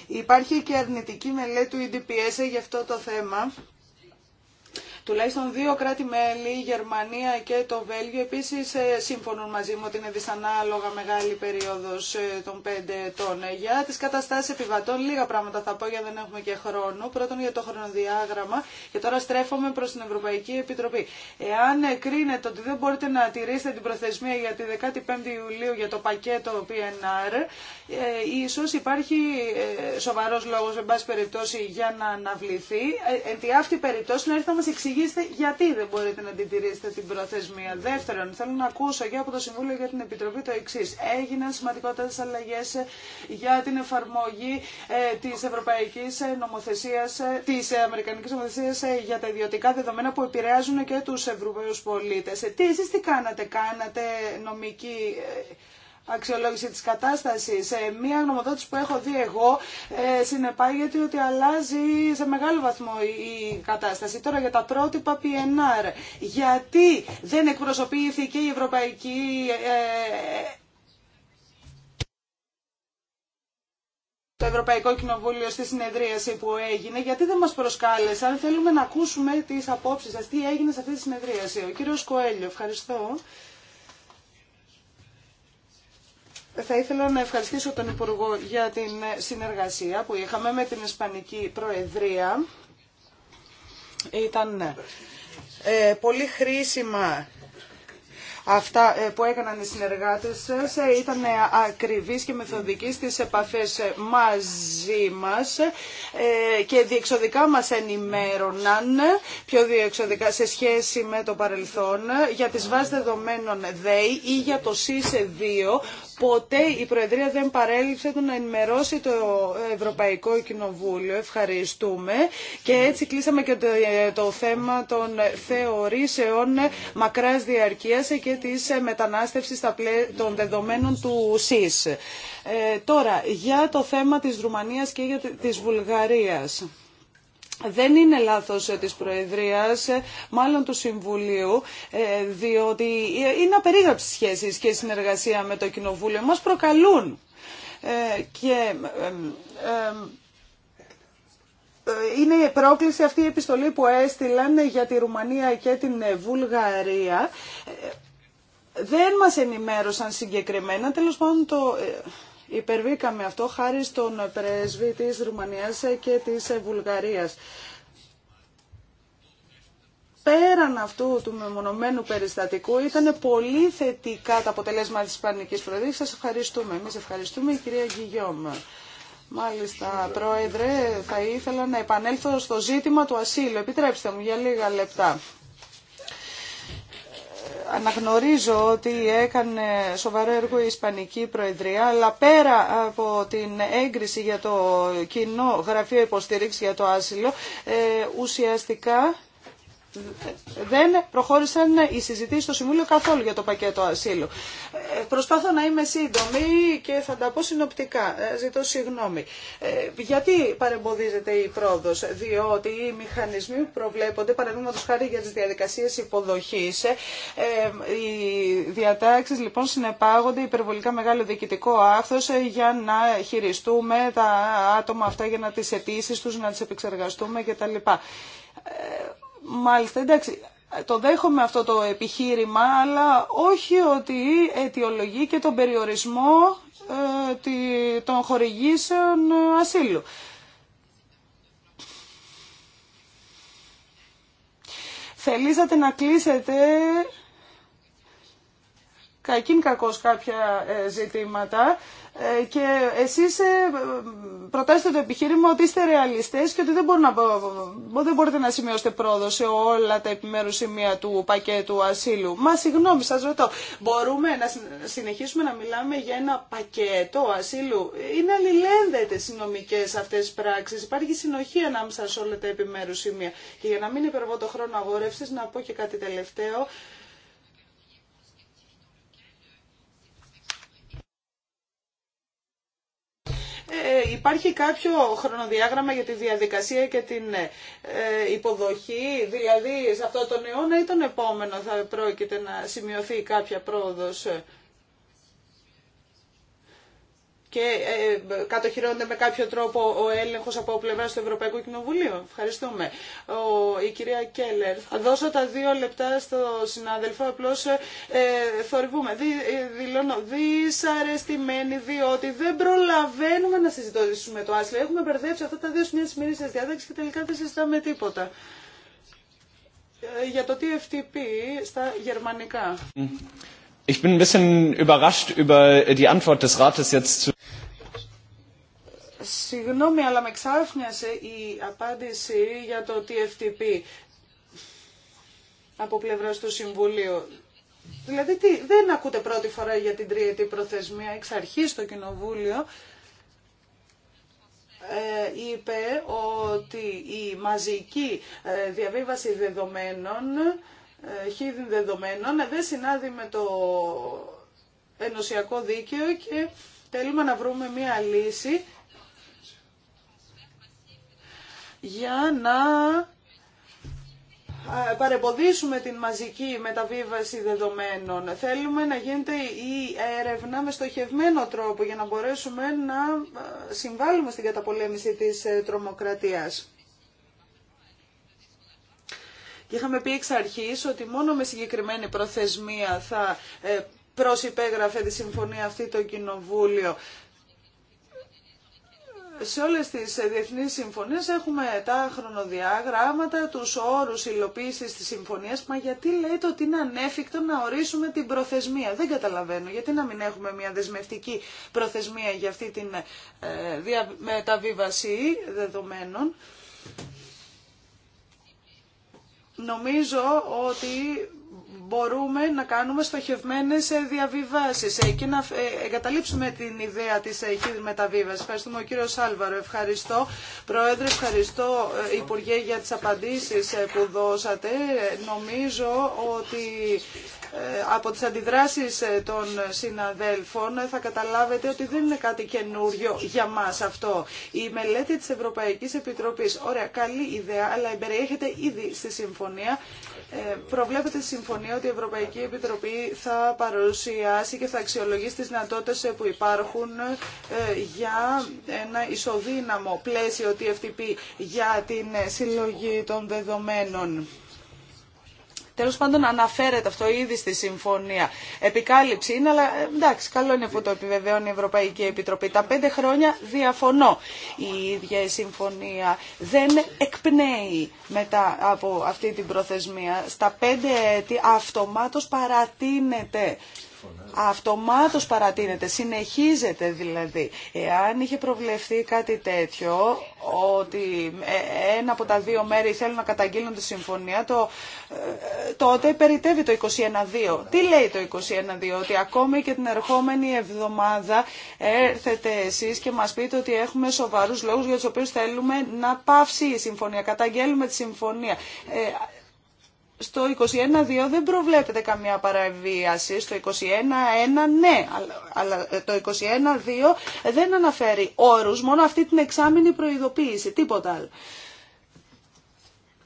[SPEAKER 3] Υπάρχει και αρνητική μελέτη του EDPS για αυτό το θέμα Τουλάχιστον δύο κράτη-μέλη, η Γερμανία και το Βέλγιο, επίση ε, συμφωνούν μαζί μου ότι είναι δυσανάλογα μεγάλη περίοδο ε, των πέντε ετών. Ε, για τι καταστάσει επιβατών, λίγα πράγματα θα πω γιατί δεν έχουμε και χρόνο. Πρώτον για το χρονοδιάγραμμα και τώρα στρέφομαι προ την Ευρωπαϊκή Επιτροπή. Εάν κρίνετε ότι δεν μπορείτε να τηρήσετε την προθεσμία για τη 15η Ιουλίου για το πακέτο PNR, ε, ίσως υπάρχει σοβαρό σοβαρός λόγος, εν πάση περιπτώσει, για να αναβληθεί. εν περιπτώσει να έρθει να εξηγήσετε γιατί δεν μπορείτε να την την προθεσμία. Δεύτερον, θέλω να ακούσω και από το Συμβούλιο για την Επιτροπή το εξή. Έγιναν σημαντικότερε αλλαγέ για την εφαρμογή ε, τη ευρωπαϊκή νομοθεσία, ε, τη αμερικανική νομοθεσία ε, για τα ιδιωτικά δεδομένα που επηρεάζουν και του Ευρωπαίου πολίτε. Τι εσεί τι κάνατε, κάνατε νομική αξιολόγηση της κατάστασης. Ε, μία γνωμοδότηση που έχω δει εγώ ε, συνεπάγεται ότι αλλάζει σε μεγάλο βαθμό η, κατάσταση. Τώρα για τα πρότυπα PNR. Γιατί δεν εκπροσωπήθηκε η Ευρωπαϊκή ε, το Ευρωπαϊκό Κοινοβούλιο στη συνεδρίαση που έγινε, γιατί δεν μας προσκάλεσαν. Θέλουμε να ακούσουμε τις απόψεις σας, τι έγινε σε αυτή τη συνεδρίαση. Ο κύριος Κοέλιο, ευχαριστώ. Θα ήθελα να ευχαριστήσω τον Υπουργό για την συνεργασία που είχαμε με την Ισπανική Προεδρία. Ήταν ε, πολύ χρήσιμα αυτά ε, που έκαναν οι συνεργάτες σας ε, ήταν ακριβής και μεθοδική στις επαφές μαζί μας και διεξοδικά μας ενημέρωναν πιο διεξοδικά σε σχέση με το παρελθόν για τις βάσεις δεδομένων ΔΕΗ ή για το ΣΥΣΕ 2 ποτέ η Προεδρία δεν παρέλειψε το να ενημερώσει το Ευρωπαϊκό Κοινοβούλιο. Ευχαριστούμε. Και έτσι κλείσαμε και το, θέμα των θεωρήσεων μακράς διαρκείας και τη μετανάστευση των δεδομένων του ΣΥΣ. Ε, τώρα, για το θέμα της Ρουμανίας και για της Βουλγαρίας δεν είναι λάθος ε, της Προεδρίας, ε, μάλλον του Συμβουλίου, ε, διότι είναι απερίγραψη σχέσεις και συνεργασία με το Κοινοβούλιο. Μας προκαλούν και είναι η πρόκληση αυτή η επιστολή που έστειλαν για τη Ρουμανία και την Βουλγαρία. Δεν μας ενημέρωσαν συγκεκριμένα, τέλος πάντων το Υπερβήκαμε αυτό χάρη στον πρέσβη της Ρουμανίας και της Βουλγαρίας. Πέραν αυτού του μεμονωμένου περιστατικού ήταν πολύ θετικά τα αποτελέσματα της Ισπανικής Προεδρίας. Σας ευχαριστούμε. Εμείς ευχαριστούμε η κυρία Γιγιόμ. Μάλιστα, Πρόεδρε, θα ήθελα να επανέλθω στο ζήτημα του ασύλου. Επιτρέψτε μου για λίγα λεπτά αναγνωρίζω ότι έκανε σοβαρό έργο η Ισπανική Προεδρία, αλλά πέρα από την έγκριση για το κοινό γραφείο υποστήριξη για το άσυλο, ε, ουσιαστικά δεν προχώρησαν οι συζητήσει στο Συμβούλιο καθόλου για το πακέτο ασύλου. Ε, Προσπάθω να είμαι σύντομη και θα τα πω συνοπτικά. Ε, ζητώ συγγνώμη. Ε, γιατί παρεμποδίζεται η πρόοδο, διότι οι μηχανισμοί που προβλέπονται, παραδείγματο χάρη για τι διαδικασίε υποδοχή, οι διατάξει λοιπόν συνεπάγονται υπερβολικά μεγάλο διοικητικό άκθο για να χειριστούμε τα άτομα αυτά, για να τι αιτήσει του, να τι επεξεργαστούμε κτλ Μάλιστα, εντάξει, το δέχομαι αυτό το επιχείρημα, αλλά όχι ότι αιτιολογεί και τον περιορισμό ε, των χορηγήσεων ε, ασύλου. Θελήσατε να κλείσετε κακήν κακός κάποια ε, ζητήματα ε, και εσείς ε, προτάσετε το επιχείρημα ότι είστε ρεαλιστές και ότι δεν, να, δεν μπορείτε να σημειώσετε πρόοδο σε όλα τα επιμέρους σημεία του πακέτου ασύλου. Μα συγγνώμη σας ρωτώ, μπορούμε να συνεχίσουμε να μιλάμε για ένα πακέτο ασύλου. Είναι αλληλένδετες οι νομικές αυτές τις πράξεις. Υπάρχει συνοχή ανάμεσα σε όλα τα επιμέρους σημεία. Και για να μην υπερβώ το χρόνο αγόρευσης, να πω και κάτι τελευταίο. Ε, υπάρχει κάποιο χρονοδιάγραμμα για τη διαδικασία και την ε, υποδοχή, δηλαδή σε αυτό τον αιώνα ή τον επόμενο θα πρόκειται να σημειωθεί κάποια πρόοδος και ε, κατοχυρώνεται με κάποιο τρόπο ο έλεγχο από πλευρά του Ευρωπαϊκού Κοινοβουλίου. Ευχαριστούμε. Ο, η κυρία Κέλλερ. Θα δώσω τα δύο λεπτά στο συνάδελφο, απλώ ε, θορυβούμε. Δη, ε, δηλώνω δυσαρεστημένη διότι δεν προλαβαίνουμε να συζητήσουμε το άσυλο. Έχουμε μπερδέψει αυτά τα δύο σημεία της σα διάταξη και τελικά δεν συζητάμε τίποτα. Ε, για το TFTP στα γερμανικά. Ich bin ein bisschen überrascht über die Antwort des Rates jetzt zu. Συγγνώμη, αλλά με ξάφνιασε η απάντηση για το TFTP από πλευρά του Συμβουλίου. Δηλαδή, τι, δεν ακούτε πρώτη φορά για την τριετή προθεσμία. Εξ αρχής στο Κοινοβούλιο ε, είπε ότι η μαζική ε, διαβίβαση δεδομένων χίδιν ε, δεδομένων ε, δεν συνάδει με το ενωσιακό δίκαιο και θέλουμε να βρούμε μία λύση για να ε, παρεμποδίσουμε την μαζική μεταβίβαση δεδομένων. Θέλουμε να γίνεται η έρευνα με στοχευμένο τρόπο για να μπορέσουμε να συμβάλλουμε στην καταπολέμηση της τρομοκρατίας. Είχαμε πει εξ αρχή ότι μόνο με συγκεκριμένη προθεσμία θα ε, προσυπέγραφε τη συμφωνία αυτή το Κοινοβούλιο. Σε όλες τις ε, διεθνείς συμφωνίες έχουμε τα χρονοδιάγραμματα, τους όρους υλοποίησης της συμφωνίας, μα γιατί λέτε ότι είναι ανέφικτο να ορίσουμε την προθεσμία. Δεν καταλαβαίνω γιατί να μην έχουμε μια δεσμευτική προθεσμία για αυτή την ε, μεταβίβαση δεδομένων. Νομίζω ότι μπορούμε να κάνουμε στοχευμένες ε, διαβιβάσεις ε, και να ε, εγκαταλείψουμε την ιδέα της μεταβίβασης. Ευχαριστούμε ο κύριο Σάλβαρο. Ευχαριστώ. Πρόεδρε, ευχαριστώ Υπουργέ για τις απαντήσεις που δώσατε. Νομίζω ότι ε, από τις αντιδράσεις ε, των συναδέλφων ε, θα καταλάβετε ότι δεν είναι κάτι καινούριο για μας αυτό. Η μελέτη της Ευρωπαϊκής Επιτροπής, ωραία, καλή ιδέα, αλλά εμπεριέχεται ήδη στη συμφωνία. προβλέπεται στη συμφωνία ότι η Ευρωπαϊκή Επιτροπή θα παρουσιάσει και θα αξιολογήσει τις δυνατότητες που υπάρχουν για ένα ισοδύναμο πλαίσιο TFTP για την συλλογή των δεδομένων. Τέλος πάντων αναφέρεται αυτό ήδη στη συμφωνία. Επικάλυψη είναι, αλλά ε, εντάξει, καλό είναι που το επιβεβαιώνει η Ευρωπαϊκή Επιτροπή. Τα πέντε χρόνια διαφωνώ. Η ίδια συμφωνία δεν εκπνέει μετά από αυτή την προθεσμία. Στα πέντε έτη αυτομάτως παρατείνεται Αυτομάτως παρατείνεται, συνεχίζεται δηλαδή. Εάν είχε προβλεφθεί κάτι τέτοιο, ότι ε, ένα από τα δύο μέρη θέλουν να καταγγείλουν τη συμφωνία, το, ε, τότε περιτεύει το 21-2. Τι λέει το 21-2, ότι ακόμη και την ερχόμενη εβδομάδα έρθετε εσεί και μας πείτε ότι έχουμε σοβαρούς λόγους για τους οποίους θέλουμε να πάυσει η συμφωνία, καταγγέλουμε τη συμφωνία. Ε, στο 21.2 δεν προβλέπεται καμία παραβίαση, στο 21.1 ναι, αλλά ε, το 21.2 δεν αναφέρει όρους, μόνο αυτή την εξάμεινη προειδοποίηση, τίποτα άλλο.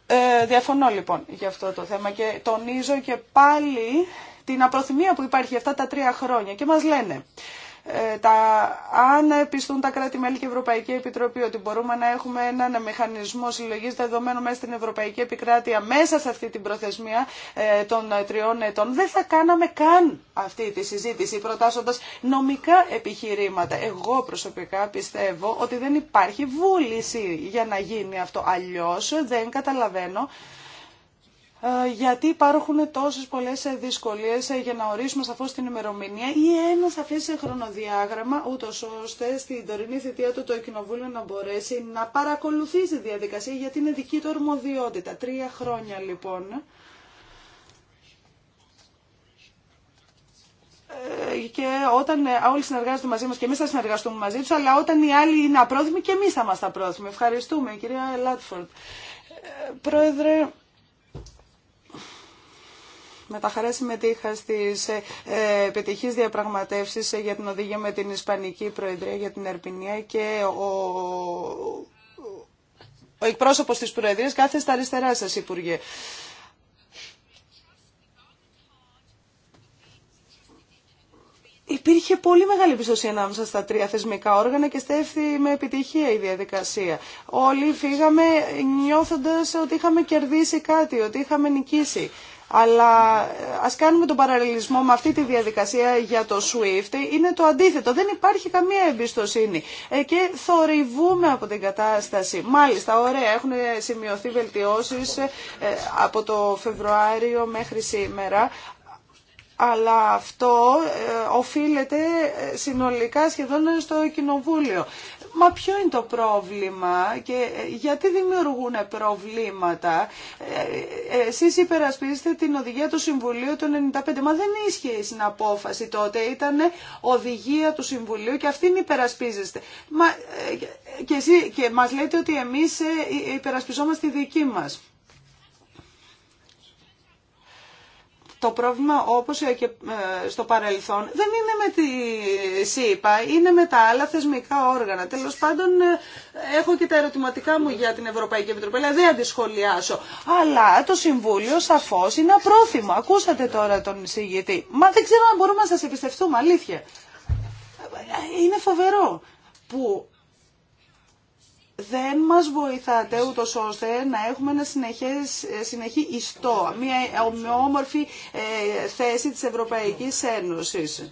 [SPEAKER 3] Ε, διαφωνώ λοιπόν για αυτό το θέμα και τονίζω και πάλι την απροθυμία που υπάρχει αυτά τα τρία χρόνια και μας λένε ε, τα, αν πιστούν τα κράτη-μέλη και η Ευρωπαϊκή Επιτροπή ότι μπορούμε να έχουμε έναν μηχανισμό συλλογής δεδομένων μέσα στην Ευρωπαϊκή Επικράτεια μέσα σε αυτή την προθεσμία ε, των τριών ετών, δεν θα κάναμε καν αυτή τη συζήτηση προτάσσοντας νομικά επιχειρήματα. Εγώ προσωπικά πιστεύω ότι δεν υπάρχει βούληση για να γίνει αυτό. Αλλιώς δεν καταλαβαίνω ε, γιατί υπάρχουν τόσε πολλέ ε, δυσκολίε ε, για να ορίσουμε σαφώς την ημερομηνία ή ένα σαφέ χρονοδιάγραμμα, ούτω ώστε στην τωρινή θητεία του το Κοινοβούλιο να μπορέσει να παρακολουθήσει τη διαδικασία, γιατί είναι δική του αρμοδιότητα. Τρία χρόνια λοιπόν. και όταν όλοι συνεργάζονται μαζί μας και εμείς θα συνεργαστούμε μαζί τους, αλλά όταν οι άλλοι είναι απρόθυμοι και εμείς θα είμαστε απρόθυμοι. Ευχαριστούμε, κυρία Λάτφορντ. Πρόεδρε, με τα χαρά συμμετείχα στις ε, επιτυχείς διαπραγματεύσεις ε, για την οδηγία με την Ισπανική Προεδρία για την Ερπινία και ο, ο εκπρόσωπος της Προεδρίας κάθε στα αριστερά σας, Υπουργέ. Υπήρχε πολύ μεγάλη πιστοσύνη ανάμεσα στα τρία θεσμικά όργανα και στέφθη με επιτυχία η διαδικασία. Όλοι φύγαμε νιώθοντας ότι είχαμε κερδίσει κάτι, ότι είχαμε νικήσει. Αλλά ε, ας κάνουμε τον παραλληλισμό με αυτή τη διαδικασία για το SWIFT. Είναι το αντίθετο. Δεν υπάρχει καμία εμπιστοσύνη. Ε, και θορυβούμε από την κατάσταση. Μάλιστα, ωραία, έχουν σημειωθεί βελτιώσεις ε, από το Φεβρουάριο μέχρι σήμερα αλλά αυτό ε, οφείλεται ε, συνολικά σχεδόν στο κοινοβούλιο. Μα ποιο είναι το πρόβλημα και ε, γιατί δημιουργούν προβλήματα. Εσείς υπερασπίζετε την οδηγία του Συμβουλίου του 95. Μα δεν ίσχυε η συναπόφαση τότε. Ήταν οδηγία του Συμβουλίου και αυτήν υπερασπίζεστε. Μα, και, εσύ, και μας λέτε ότι εμείς υπερασπιζόμαστε τη δική μας. Το πρόβλημα όπως και ε, στο παρελθόν δεν είναι με τη ΣΥΠΑ, είναι με τα άλλα θεσμικά όργανα. Τέλος πάντων ε, έχω και τα ερωτηματικά μου για την Ευρωπαϊκή Επιτροπή, αλλά δεν αντισχολιάσω. Αλλά το Συμβούλιο σαφώς είναι απρόθυμο. Ακούσατε τώρα τον εισηγητή. Μα δεν ξέρω αν μπορούμε να σας εμπιστευτούμε, αλήθεια. Ε, είναι φοβερό που δεν μας βοηθάτε ούτω ώστε να έχουμε ένα συνεχές, ε, συνεχή ιστό, μια ομοιόμορφη ε, θέση της Ευρωπαϊκής Ένωσης.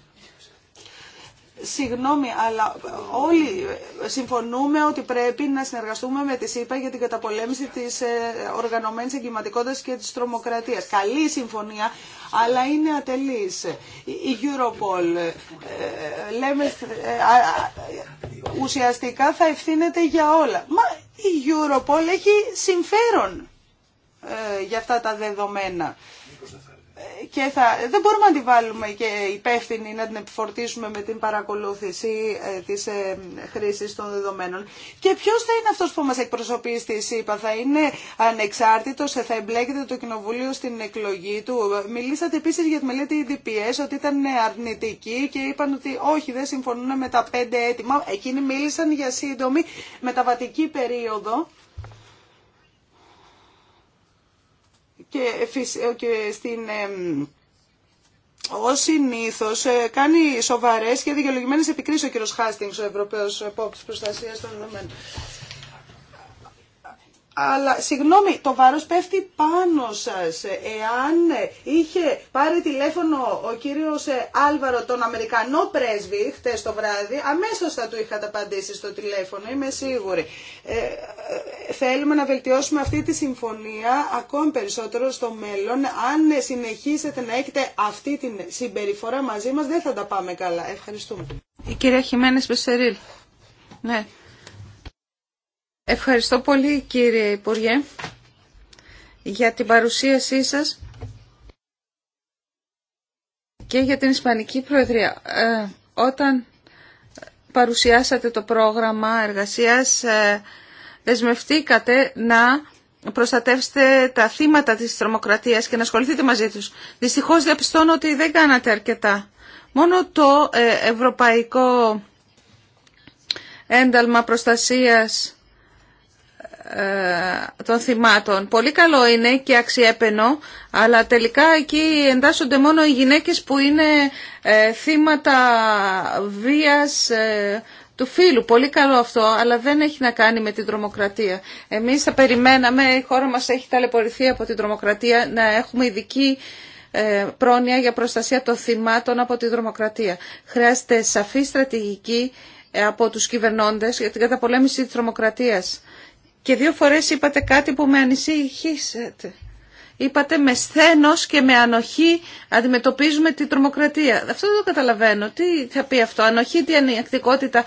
[SPEAKER 3] Συγγνώμη, αλλά όλοι συμφωνούμε ότι πρέπει να συνεργαστούμε με τη ΣΥΠΑ για την καταπολέμηση της ε, οργανωμένης εγκληματικότητας και της τρομοκρατίας. Καλή συμφωνία, αλλά είναι ατελής. Η Europol, ε, ε, λέμε, ουσιαστικά θα ευθύνεται για όλα. Μα η Europol έχει συμφέρον για αυτά τα δεδομένα και θα, δεν μπορούμε να τη βάλουμε και υπεύθυνη να την επιφορτήσουμε με την παρακολούθηση ε, της ε, χρήσης των δεδομένων. Και ποιος θα είναι αυτός που μας εκπροσωπεί στη ΣΥΠΑ, θα είναι ανεξάρτητος, θα εμπλέκεται το Κοινοβούλιο στην εκλογή του. Μιλήσατε επίσης για τη μελέτη DPS ότι ήταν αρνητική και είπαν ότι όχι, δεν συμφωνούν με τα πέντε έτοιμα. Εκείνοι μίλησαν για σύντομη μεταβατική περίοδο. Ε, και στην Ω συνήθω ε, κάνει σοβαρέ και δικαιολογημένε επικρίσει ο κ. Χάστινγκ, ο Ευρωπαίο Επόπτη Προστασία των Ηνωμένων. Αλλά, συγγνώμη, το βάρος πέφτει πάνω σας. Εάν είχε πάρει τηλέφωνο ο κύριος ε, Άλβαρο, τον Αμερικανό πρέσβη, χτες το βράδυ, αμέσως θα του είχατε απαντήσει στο τηλέφωνο, είμαι σίγουρη. Ε, ε, θέλουμε να βελτιώσουμε αυτή τη συμφωνία ακόμη περισσότερο στο μέλλον. Αν συνεχίσετε να έχετε αυτή την συμπεριφορά μαζί μας, δεν θα τα πάμε καλά. Ευχαριστούμε.
[SPEAKER 2] Η κυρία Ναι. Ευχαριστώ πολύ κύριε Υπουργέ για την παρουσίασή σας και για την Ισπανική Προεδρία. Ε, όταν παρουσιάσατε το πρόγραμμα εργασίας ε, δεσμευτήκατε να προστατεύσετε τα θύματα της τρομοκρατίας και να ασχοληθείτε μαζί τους. Δυστυχώς διαπιστώνω ότι δεν κάνατε αρκετά. Μόνο το ε, Ευρωπαϊκό Ένταλμα Προστασίας των θυμάτων. Πολύ καλό είναι και αξιέπαινο, αλλά τελικά εκεί εντάσσονται μόνο οι γυναίκες που είναι ε, θύματα βίας ε, του φίλου. Πολύ καλό αυτό, αλλά δεν έχει να κάνει με την τρομοκρατία. Εμείς θα περιμέναμε, η χώρα μας έχει ταλαιπωρηθεί από την τρομοκρατία, να έχουμε ειδική ε, πρόνοια για προστασία των θυμάτων από τη δρομοκρατία. Χρειάζεται σαφή στρατηγική από τους κυβερνώντες για την καταπολέμηση της τρομοκρατίας και δύο φορές είπατε κάτι που με ανησυχήσετε. Είπατε με σθένος και με ανοχή αντιμετωπίζουμε την τρομοκρατία. Αυτό δεν το καταλαβαίνω. Τι θα πει αυτό. Ανοχή, τι ανεκτικότητα.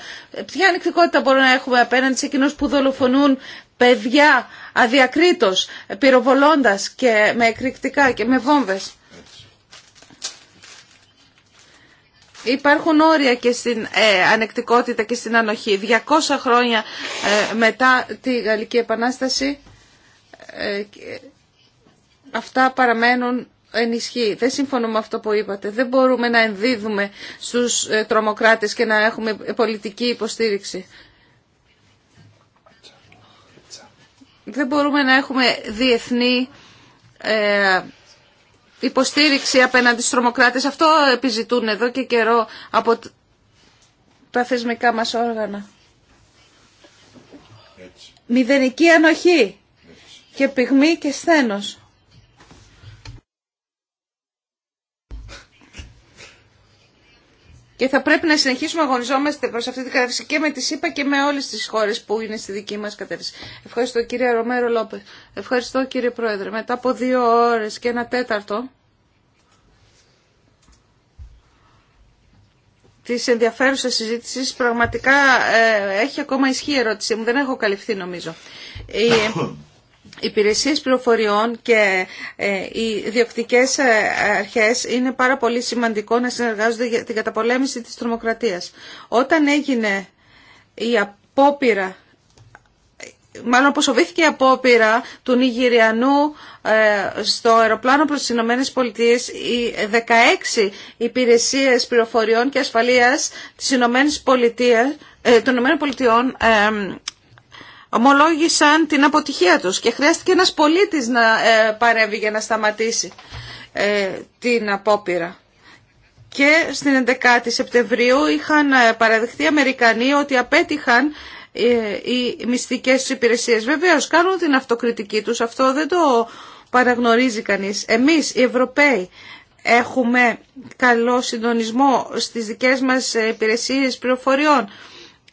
[SPEAKER 2] Ποια ανεκτικότητα μπορούμε να έχουμε απέναντι σε εκείνους που δολοφονούν παιδιά αδιακρίτως, πυροβολώντας και με εκρηκτικά και με βόμβες. Υπάρχουν όρια και στην ε, ανεκτικότητα και στην ανοχή. 200 χρόνια ε, μετά τη Γαλλική Επανάσταση ε, αυτά παραμένουν ενισχύ. Δεν συμφωνούμε με αυτό που είπατε. Δεν μπορούμε να ενδίδουμε στους τρομοκράτες και να έχουμε πολιτική υποστήριξη. Δεν μπορούμε να έχουμε διεθνή υποστήριξη απέναντι στους τρομοκράτες. Αυτό επιζητούν εδώ και καιρό από τα θεσμικά μας όργανα. Έτσι. Μηδενική ανοχή και πυγμή και σθένος. Και θα πρέπει να συνεχίσουμε να αγωνιζόμαστε προ αυτή την κατεύθυνση και με τη ΣΥΠΑ και με όλε τι χώρε που είναι στη δική μα κατεύθυνση. Ευχαριστώ κύριε Ρομέρο Λόπε. Ευχαριστώ κύριε Πρόεδρε. Μετά από δύο ώρε και ένα τέταρτο τη ενδιαφέρουσα συζήτηση. πραγματικά ε, έχει ακόμα ισχύ η ερώτησή μου. Δεν έχω καλυφθεί νομίζω. υπηρεσίες πληροφοριών και ε, οι διοκτικές ε, αρχές είναι πάρα πολύ σημαντικό να συνεργάζονται για την καταπολέμηση της τρομοκρατίας. Όταν έγινε η απόπειρα, μάλλον αποσοβήθηκε η απόπειρα του Νιγηριανού ε, στο αεροπλάνο προς τις Ηνωμένες Πολιτείες, οι 16 υπηρεσίες πληροφοριών και ασφαλείας της Ηνωμένων Πολιτείας των ΗΠΑ ομολόγησαν την αποτυχία τους και χρειάστηκε ένας πολίτης να ε, παρεύει για να σταματήσει ε, την απόπειρα. Και στην 11η Σεπτεμβρίου είχαν ε, παραδεχτεί οι Αμερικανοί ότι απέτυχαν οι μυστικές τους υπηρεσίες. Βεβαίως κάνουν την αυτοκριτική τους, αυτό δεν το παραγνωρίζει κανείς. Εμείς οι Ευρωπαίοι έχουμε καλό συντονισμό στις δικές μας υπηρεσίες πληροφοριών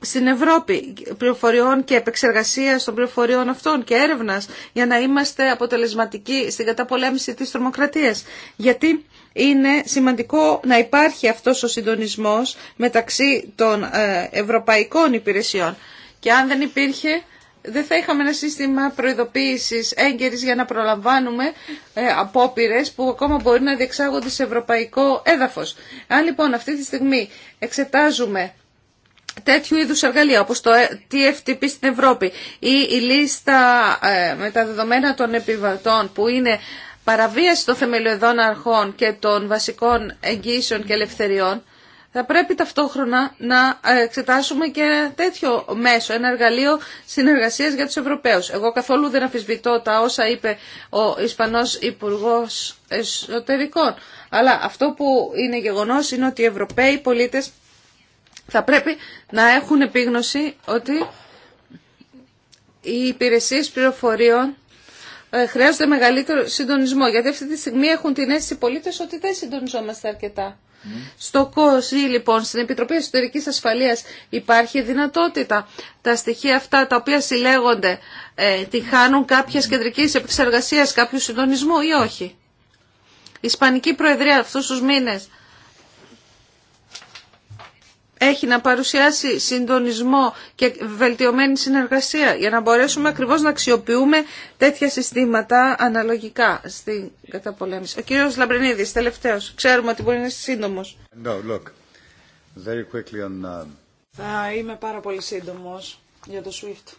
[SPEAKER 2] στην Ευρώπη πληροφοριών και επεξεργασίας των πληροφοριών αυτών και έρευνας για να είμαστε αποτελεσματικοί στην καταπολέμηση της τρομοκρατίας. Γιατί είναι σημαντικό να υπάρχει αυτός ο συντονισμός μεταξύ των ε, ευρωπαϊκών υπηρεσιών. Και αν δεν υπήρχε, δεν θα είχαμε ένα σύστημα προειδοποίησης έγκαιρης για να προλαμβάνουμε ε, απόπειρε που ακόμα μπορεί να διεξάγονται σε ευρωπαϊκό έδαφος. Αν λοιπόν αυτή τη στιγμή εξετάζουμε τέτοιου είδους εργαλεία όπως το TFTP στην Ευρώπη ή η λίστα ε, με τα δεδομένα των επιβατών που είναι παραβίαση των θεμελιωδών αρχών και των βασικών εγγύσεων και ελευθεριών θα πρέπει ταυτόχρονα να εξετάσουμε και ένα τέτοιο μέσο, ένα εργαλείο συνεργασίας για τους Ευρωπαίους. Εγώ καθόλου δεν αφισβητώ τα όσα είπε ο Ισπανός Υπουργός Εσωτερικών. Αλλά αυτό που είναι γεγονός είναι ότι οι Ευρωπαίοι πολίτες θα πρέπει να έχουν επίγνωση ότι οι υπηρεσίες πληροφοριών ε, χρειάζονται μεγαλύτερο συντονισμό. Γιατί αυτή τη στιγμή έχουν την αίσθηση οι πολίτε ότι δεν συντονιζόμαστε αρκετά. Mm. Στο ΚΟΣΙ, λοιπόν, στην Επιτροπή Εσωτερική Ασφαλεία, υπάρχει δυνατότητα τα στοιχεία αυτά τα οποία συλλέγονται ε, τη χάνουν κάποια κεντρική επεξεργασία, κάποιου συντονισμού ή όχι. Η Ισπανική Προεδρία αυτού του μήνε έχει να παρουσιάσει συντονισμό και βελτιωμένη συνεργασία για να μπορέσουμε ακριβώς να αξιοποιούμε τέτοια συστήματα αναλογικά στην καταπολέμηση. Ο κύριος Λαμπρινίδης, τελευταίος. Ξέρουμε ότι μπορεί να είναι σύντομος.
[SPEAKER 1] No, look. quickly on... Uh,
[SPEAKER 2] Θα είμαι πάρα πολύ σύντομος
[SPEAKER 3] για το SWIFT.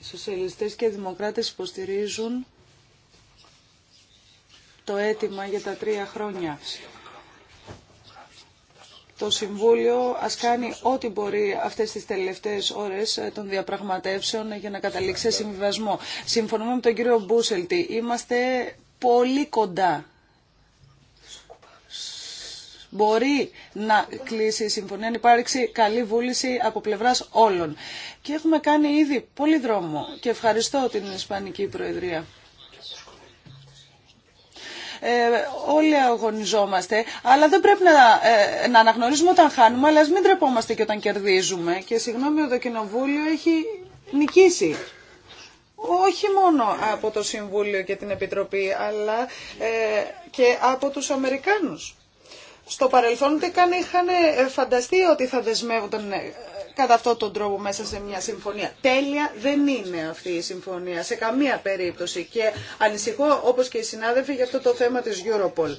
[SPEAKER 3] Οι σοσιαλιστές και οι δημοκράτες υποστηρίζουν το αίτημα για τα τρία χρόνια το Συμβούλιο ας κάνει ό,τι μπορεί αυτές τις τελευταίες ώρες ε, των διαπραγματεύσεων για να καταλήξει σε συμβιβασμό. Συμφωνούμε με τον κύριο Μπούσελτη. Είμαστε πολύ κοντά. Μπορεί να κλείσει η συμφωνία, αν υπάρξει καλή βούληση από πλευράς όλων. Και έχουμε κάνει ήδη πολύ δρόμο και ευχαριστώ την Ισπανική Προεδρία. Ε, όλοι αγωνιζόμαστε, αλλά δεν πρέπει να, ε, να αναγνωρίζουμε όταν χάνουμε, αλλά ας μην τρεπόμαστε και όταν κερδίζουμε. Και συγγνώμη, το Κοινοβούλιο έχει νικήσει. Όχι μόνο από το Συμβούλιο και την Επιτροπή, αλλά ε, και από τους Αμερικάνους. Στο παρελθόν καν είχαν φανταστεί ότι θα δεσμεύονταν κατά αυτόν τον τρόπο μέσα σε μια συμφωνία. Τέλεια δεν είναι αυτή η συμφωνία σε καμία περίπτωση και ανησυχώ όπως και οι συνάδελφοι για αυτό το θέμα της Europol.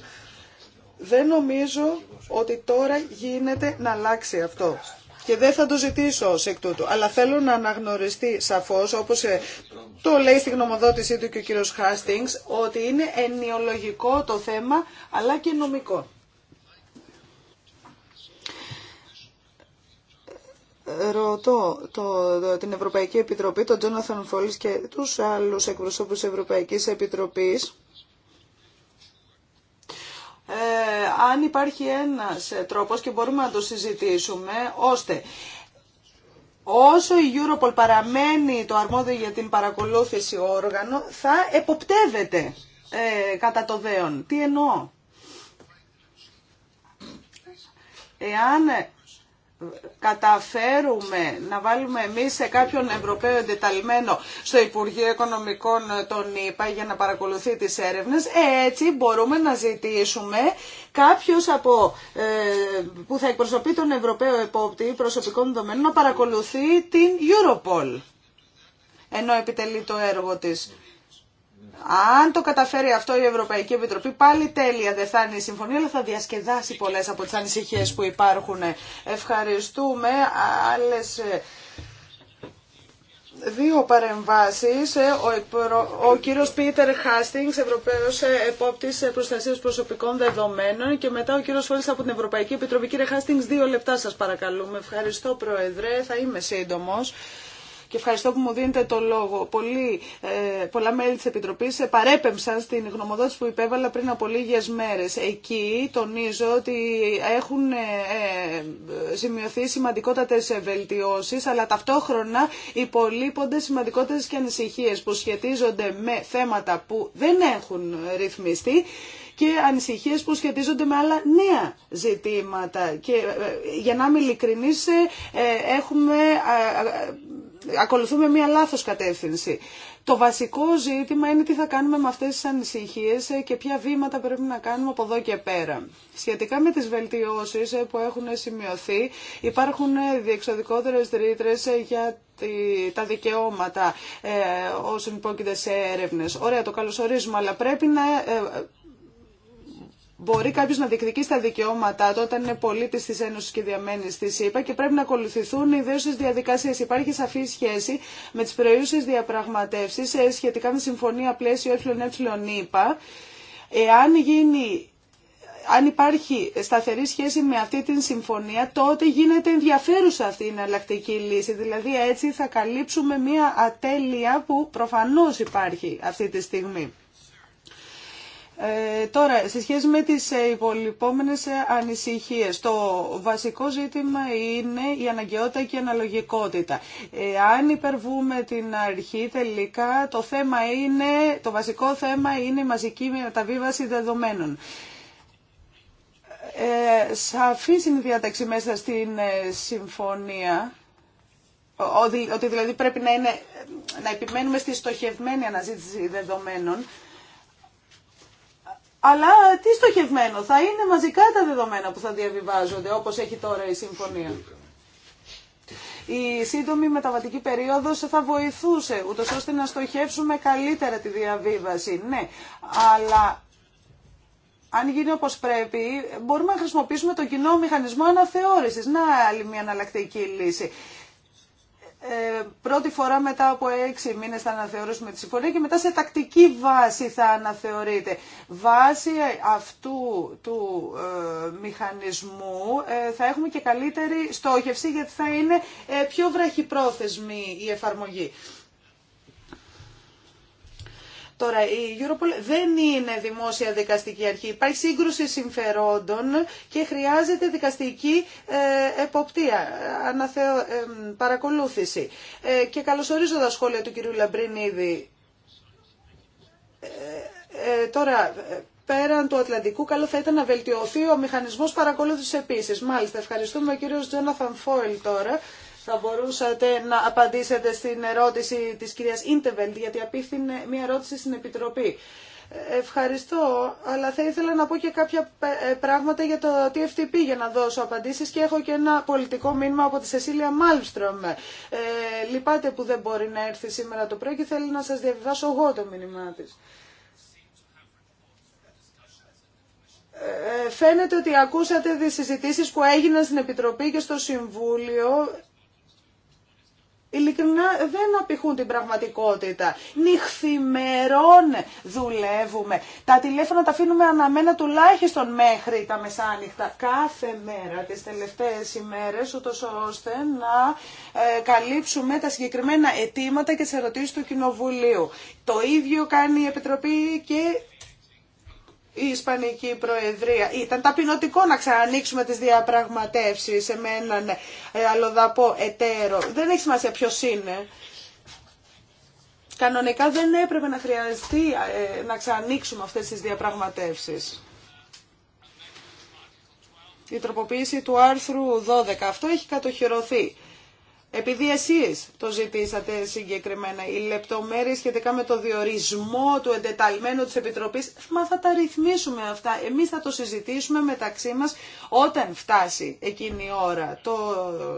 [SPEAKER 3] Δεν νομίζω ότι τώρα γίνεται να αλλάξει αυτό και δεν θα το ζητήσω ως εκ τούτου. Αλλά θέλω να αναγνωριστεί σαφώς, όπως ε, το λέει στη γνωμοδότησή του και ο κύριος Χάστινγκς, ότι είναι ενιολογικό το θέμα, αλλά και νομικό. ρωτώ το, την Ευρωπαϊκή Επιτροπή, τον Τζόναθαν Φόλης και τους άλλους εκπροσώπους της Ευρωπαϊκής Επιτροπής ε, αν υπάρχει ένας τρόπος και μπορούμε να το συζητήσουμε ώστε όσο η Europol παραμένει το αρμόδιο για την παρακολούθηση όργανο θα εποπτεύεται ε, κατά το δέον. Τι εννοώ. Εάν καταφέρουμε να βάλουμε εμείς σε κάποιον Ευρωπαίο εντεταλμένο στο Υπουργείο Οικονομικών ε, τον ΗΠΑ για να παρακολουθεί τις έρευνες, έτσι μπορούμε να ζητήσουμε κάποιος από, ε, που θα εκπροσωπεί τον Ευρωπαίο Επόπτη προσωπικών δεδομένων να παρακολουθεί την Europol ενώ επιτελεί το έργο της. Αν το καταφέρει αυτό η Ευρωπαϊκή Επιτροπή, πάλι τέλεια δεν θα είναι η συμφωνία, αλλά θα διασκεδάσει πολλές από τις ανησυχίες που υπάρχουν. Ευχαριστούμε. άλλε ε, δύο παρεμβάσει. Ε, ο, ο κύριος Πίτερ Χάστινγκς, Ευρωπαίος ε, Επόπτης Προστασίας Προσωπικών Δεδομένων και μετά ο κύριος Φόλη από την Ευρωπαϊκή Επιτροπή. Κύριε Χάστινγκ, δύο λεπτά σα παρακαλούμε. Ευχαριστώ Πρόεδρε, θα είμαι σύντομο και ευχαριστώ που μου δίνετε το λόγο. Ε, πολλά μέλη της Επιτροπής ε, παρέπεμψαν στην γνωμοδότηση που υπέβαλα πριν από λίγες μέρες. Εκεί τονίζω ότι έχουν ε, σημειωθεί σημαντικότατες βελτιώσεις, αλλά ταυτόχρονα υπολείπονται σημαντικότερε και ανησυχίες που σχετίζονται με θέματα που δεν έχουν ρυθμιστεί και ανησυχίες που σχετίζονται με άλλα νέα ζητήματα. Και για να είμαι ειλικρινής, έχουμε ακολουθούμε μία λάθος κατεύθυνση. Το βασικό ζήτημα είναι τι θα κάνουμε με αυτές τις ανησυχίες και ποια βήματα πρέπει να κάνουμε από εδώ και πέρα. Σχετικά με τις βελτιώσεις που έχουν σημειωθεί, υπάρχουν διεξοδικότερες ρήτρες για τα δικαιώματα ε, όσων υπόκειται σε έρευνες. Ωραία, το καλωσορίζουμε, αλλά πρέπει να ε, μπορεί κάποιο να διεκδικήσει τα δικαιώματά του όταν είναι πολίτη τη Ένωση και διαμένει στη ΣΥΠΑ και πρέπει να ακολουθηθούν οι δέουσε διαδικασίε. Υπάρχει σαφή σχέση με τι προϊούσε διαπραγματεύσει ε, σχετικά με συμφωνία πλαίσιο ΕΕ. Εάν γίνει αν υπάρχει σταθερή σχέση με αυτή την συμφωνία, τότε γίνεται ενδιαφέρουσα αυτή η εναλλακτική λύση. Δηλαδή έτσι θα καλύψουμε μια ατέλεια που προφανώς υπάρχει αυτή τη στιγμή. Ε, τώρα, σε σχέση με τις ε, υπολοιπόμενες ε, ανησυχίες, το βασικό ζήτημα είναι η αναγκαιότητα και η αναλογικότητα. Ε, αν υπερβούμε την αρχή τελικά, το, θέμα είναι, το βασικό θέμα είναι η μαζική μεταβίβαση δεδομένων. Ε, σαφής η διάταξη μέσα στην συμφωνία ότι δηλαδή πρέπει να, είναι, να επιμένουμε στη στοχευμένη αναζήτηση δεδομένων αλλά τι στοχευμένο, θα είναι μαζικά τα δεδομένα που θα διαβιβάζονται όπως έχει τώρα η συμφωνία. Η σύντομη μεταβατική περίοδος θα βοηθούσε, ούτω ώστε να στοχεύσουμε καλύτερα τη διαβίβαση. Ναι, αλλά αν γίνει όπως πρέπει, μπορούμε να χρησιμοποιήσουμε τον κοινό μηχανισμό αναθεώρησης. Να άλλη μια αναλλακτική λύση. Ε, πρώτη φορά μετά από έξι μήνες θα αναθεωρήσουμε τη συμφωνία και μετά σε τακτική βάση θα αναθεωρείται. Βάσει αυτού του ε, μηχανισμού ε, θα έχουμε και καλύτερη στόχευση γιατί θα είναι πιο βραχυπρόθεσμη η εφαρμογή. Τώρα, η Europol δεν είναι δημόσια δικαστική αρχή. Υπάρχει σύγκρουση συμφερόντων και χρειάζεται δικαστική ε, εποπτεία, αναθεω, ε, παρακολούθηση. Ε, και καλωσορίζω τα σχόλια του κυρίου Λαμπρινίδη. τώρα, πέραν του Ατλαντικού, καλό θα ήταν να βελτιωθεί ο μηχανισμός παρακολούθησης επίση. Μάλιστα, ευχαριστούμε ο κύριο Τζόναθαν Φόιλ τώρα θα μπορούσατε να απαντήσετε στην ερώτηση της κυρίας Ίντεβελτ, γιατί απίφθηνε μια ερώτηση στην Επιτροπή. Ευχαριστώ, αλλά θα ήθελα να πω και κάποια ε, πράγματα για το TFTP για να δώσω απαντήσεις και έχω και ένα πολιτικό μήνυμα από τη Σεσίλια Μάλμστρομ. Ε, λυπάται που δεν μπορεί να έρθει σήμερα το πρωί και θέλει να σας διαβιβάσω εγώ το μήνυμά τη. Ε, φαίνεται ότι ακούσατε τις συζητήσεις που έγιναν στην Επιτροπή και στο Συμβούλιο ειλικρινά δεν απηχούν την πραγματικότητα. Νυχθημερών δουλεύουμε. Τα τηλέφωνα τα αφήνουμε αναμένα τουλάχιστον μέχρι τα μεσάνυχτα κάθε μέρα τις τελευταίες ημέρες ούτως ώστε να ε, καλύψουμε τα συγκεκριμένα αιτήματα και τις ερωτήσεις του Κοινοβουλίου. Το ίδιο κάνει η Επιτροπή και η Ισπανική Προεδρία. Ήταν ταπεινωτικό να ξανανοίξουμε τις διαπραγματεύσεις με έναν ε, αλλοδαπό εταίρο. Δεν έχει σημασία ποιος είναι. Κανονικά δεν έπρεπε να χρειαστεί ε, να ξανανοίξουμε αυτές τις διαπραγματεύσεις. Η τροποποίηση του άρθρου 12. Αυτό έχει κατοχυρωθεί. Επειδή εσείς το ζητήσατε συγκεκριμένα, οι λεπτομέρειες σχετικά με το διορισμό του εντεταλμένου της Επιτροπής, μα θα τα ρυθμίσουμε αυτά. Εμείς θα το συζητήσουμε μεταξύ μας όταν φτάσει εκείνη η ώρα. Το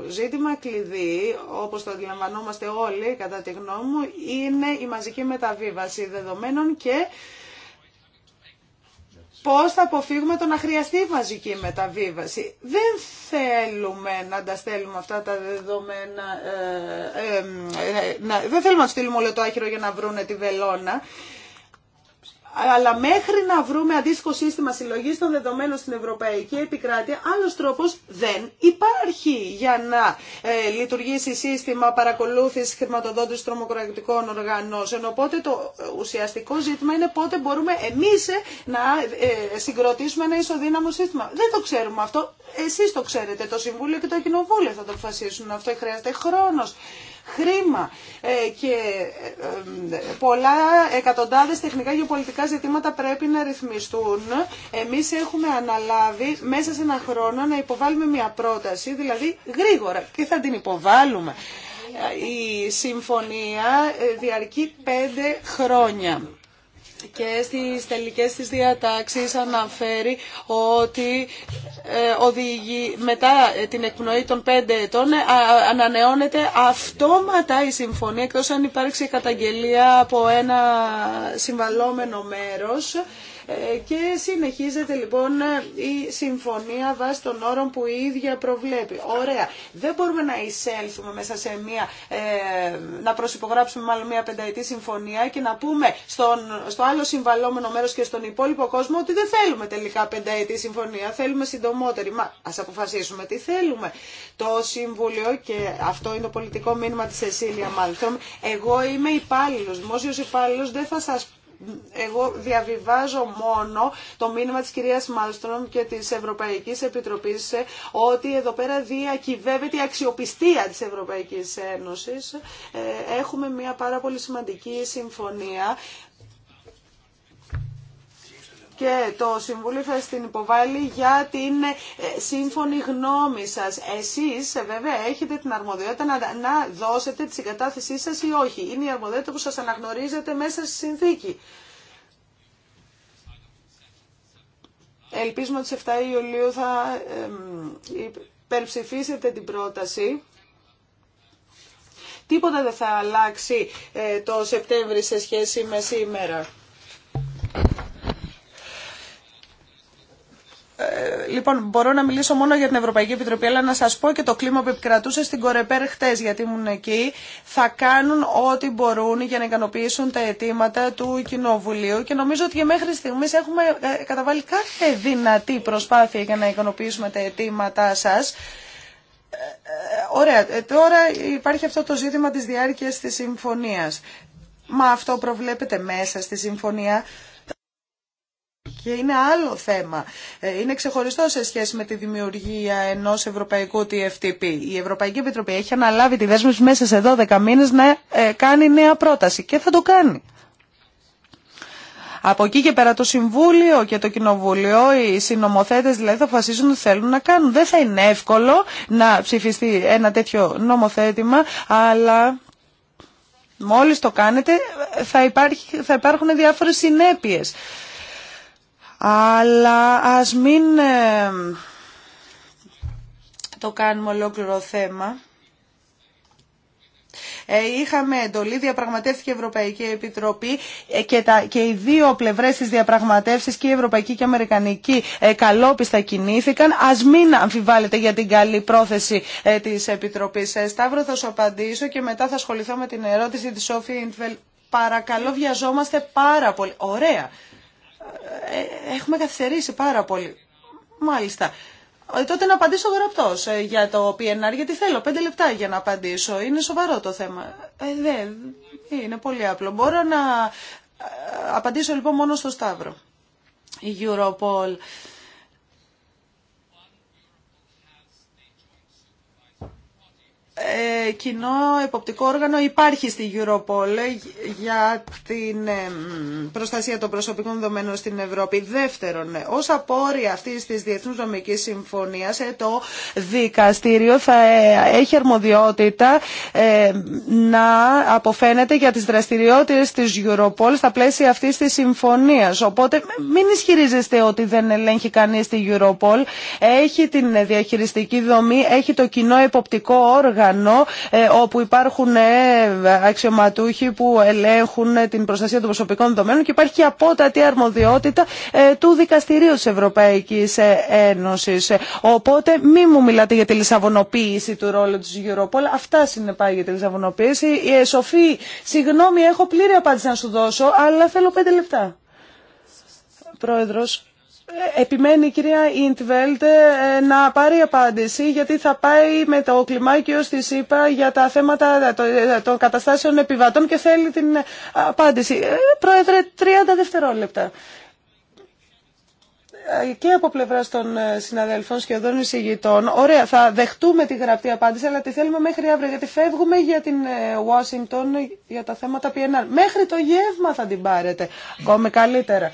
[SPEAKER 3] ζήτημα κλειδί, όπως το αντιλαμβανόμαστε όλοι κατά τη γνώμη μου, είναι η μαζική μεταβίβαση δεδομένων και πώς θα αποφύγουμε το να χρειαστεί μαζική μεταβίβαση. Δεν θέλουμε να τα στέλνουμε αυτά τα δεδομένα, ε, ε, δεν θέλουμε να στείλουμε όλο το άχυρο για να βρούνε τη βελόνα. Αλλά μέχρι να βρούμε αντίστοιχο σύστημα συλλογής των δεδομένων στην Ευρωπαϊκή Επικράτεια, άλλος τρόπος δεν υπάρχει για να ε, λειτουργήσει σύστημα παρακολούθησης χρηματοδότησης τρομοκρατικών οργανώσεων. Οπότε το ουσιαστικό ζήτημα είναι πότε μπορούμε εμείς ε, να ε, συγκροτήσουμε ένα ισοδύναμο σύστημα. Δεν το ξέρουμε αυτό. Εσείς το ξέρετε. Το Συμβούλιο και το Κοινοβούλιο θα το αποφασίσουν αυτό. Χρειάζεται χρόνος χρήμα ε, και ε, ε, πολλά εκατοντάδες τεχνικά γεωπολιτικά ζητήματα πρέπει να ρυθμιστούν. Εμείς έχουμε αναλάβει μέσα σε ένα χρόνο να υποβάλουμε μια πρόταση, δηλαδή γρήγορα και θα την υποβάλουμε. Η συμφωνία διαρκεί πέντε χρόνια και στις τελικές της διατάξεις αναφέρει ότι ε, οδηγεί, μετά την εκπνοή των 5 ετών ε, ανανεώνεται αυτόματα η συμφωνία εκτός αν υπάρξει καταγγελία από ένα συμβαλόμενο μέρος ε, και συνεχίζεται λοιπόν η συμφωνία βάσει των όρων που η ίδια προβλέπει. Ωραία. Δεν μπορούμε να εισέλθουμε μέσα σε μια, ε, να προσυπογράψουμε μάλλον μια πενταετή συμφωνία και να πούμε στον, στο άλλο συμβαλόμενο μέρος και στον υπόλοιπο κόσμο ότι δεν θέλουμε τελικά πενταετή συμφωνία, θέλουμε συντομότερη. Μα ας αποφασίσουμε τι θέλουμε. Το Συμβούλιο και αυτό είναι το πολιτικό μήνυμα της Σεσίλια Μάλθρομ, εγώ είμαι υπάλληλο, δημόσιο υπάλληλο, δεν θα σας εγώ διαβιβάζω μόνο το μήνυμα της κυρίας Μάλστρομ και της Ευρωπαϊκής Επιτροπής ότι εδώ πέρα διακυβεύεται η αξιοπιστία της Ευρωπαϊκής Ένωσης. Ε, έχουμε μια πάρα πολύ σημαντική συμφωνία και το Συμβούλιο θα την υποβάλει για την ε, σύμφωνη γνώμη σας. Εσείς ε, βέβαια έχετε την αρμοδιότητα να, να δώσετε τη συγκατάθεσή σας ή όχι. Είναι η αρμοδιότητα που σας αναγνωρίζετε μέσα στη συνθήκη. Ελπίζουμε ότι στις 7 Ιουλίου θα υπερψηφίσετε την πρόταση. Τίποτα δεν θα αλλάξει ε, το Σεπτέμβρη σε σχέση με σήμερα. Ε, λοιπόν, μπορώ να μιλήσω μόνο για την Ευρωπαϊκή Επιτροπή, αλλά να σας πω και το κλίμα που επικρατούσε στην Κορεπέρ χτες, γιατί ήμουν εκεί. Θα κάνουν ό,τι μπορούν για να ικανοποιήσουν τα αιτήματα του Κοινοβουλίου και νομίζω ότι μέχρι στιγμής έχουμε ε, καταβάλει κάθε δυνατή προσπάθεια για να ικανοποιήσουμε τα αιτήματά σας. Ε, ωραία, τώρα υπάρχει αυτό το ζήτημα της διάρκειας της συμφωνίας. Μα αυτό προβλέπεται μέσα στη συμφωνία και είναι άλλο θέμα. Ε, είναι ξεχωριστό σε σχέση με τη δημιουργία ενό Ευρωπαϊκού TFTP. Η Ευρωπαϊκή Επιτροπή έχει αναλάβει τη δέσμευση μέσα σε 12 μήνε να ε, κάνει νέα πρόταση και θα το κάνει. Από εκεί και πέρα το Συμβούλιο και το Κοινοβούλιο, οι συνομοθέτες δηλαδή θα αποφασίσουν ότι θέλουν να κάνουν. Δεν θα είναι εύκολο να ψηφιστεί ένα τέτοιο νομοθέτημα, αλλά μόλις το κάνετε θα, υπάρχει, θα υπάρχουν διάφορες συνέπειες. Αλλά ας μην ε, το κάνουμε ολόκληρο θέμα. Ε, είχαμε εντολή, διαπραγματεύτηκε η Ευρωπαϊκή Επιτροπή ε, και, τα, και οι δύο πλευρές της διαπραγματεύσεις και η Ευρωπαϊκή και η Αμερικανική καλόπιστα κινήθηκαν. Ας μην αμφιβάλλετε για την καλή πρόθεση της Επιτροπής. Σταύρο θα σου απαντήσω και μετά θα ασχοληθώ με την ερώτηση της Σόφη Ιντβελ. Παρακαλώ βιαζόμαστε πάρα πολύ. Ωραία. Ε, έχουμε καθυστερήσει πάρα πολύ. Μάλιστα. Ε, τότε να απαντήσω γραπτό ε, για το PNR, γιατί θέλω πέντε λεπτά για να απαντήσω. Είναι σοβαρό το θέμα. Ε, Είναι πολύ απλό. Μπορώ να απαντήσω λοιπόν μόνο στο Σταύρο. Η Europol. Ε, κοινό εποπτικό όργανο υπάρχει στη Europol για την ε, προστασία των προσωπικών δεδομένων στην Ευρώπη. Δεύτερον, ε, ως απόρρια αυτής της Διεθνούς Νομικής Συμφωνίας, το δικαστήριο θα έχει αρμοδιότητα να αποφαίνεται για τις δραστηριότητες της Europol στα πλαίσια αυτής της συμφωνίας. Οπότε μην ισχυρίζεστε ότι δεν ελέγχει κανείς τη Europol. Έχει την διαχειριστική δομή, έχει το κοινό εποπτικό όργανο ε, όπου υπάρχουν ε, αξιωματούχοι που ελέγχουν ε, την προστασία των προσωπικών δεδομένων και υπάρχει και απότατη αρμοδιότητα του Δικαστηρίου της ευρωπαϊκή Ένωσης. Οπότε μη μου μιλάτε για τη λισαβονοποίηση του ρόλου της Europol. Αυτά συνεπάγει για τη λισαβονοποίηση. Ε, Σοφή, συγγνώμη, έχω πλήρη απάντηση να σου δώσω, αλλά θέλω πέντε λεπτά. Πρόεδρος, Επιμένει η κυρία Ιντβέλτ ε, να πάρει απάντηση γιατί θα πάει με το κλιμάκιο στη ΣΥΠΑ για τα θέματα ε, των καταστάσεων επιβατών και θέλει την ε, απάντηση. Πρόεδρε, 30 δευτερόλεπτα. Και από πλευρά των συναδέλφων σχεδόν εισηγητών. Ωραία, θα δεχτούμε τη γραπτή απάντηση, αλλά τη θέλουμε μέχρι αύριο, γιατί φεύγουμε για την Ουάσιγκτον για τα θέματα PNR. Μέχρι το γεύμα θα την πάρετε. Ακόμη καλύτερα.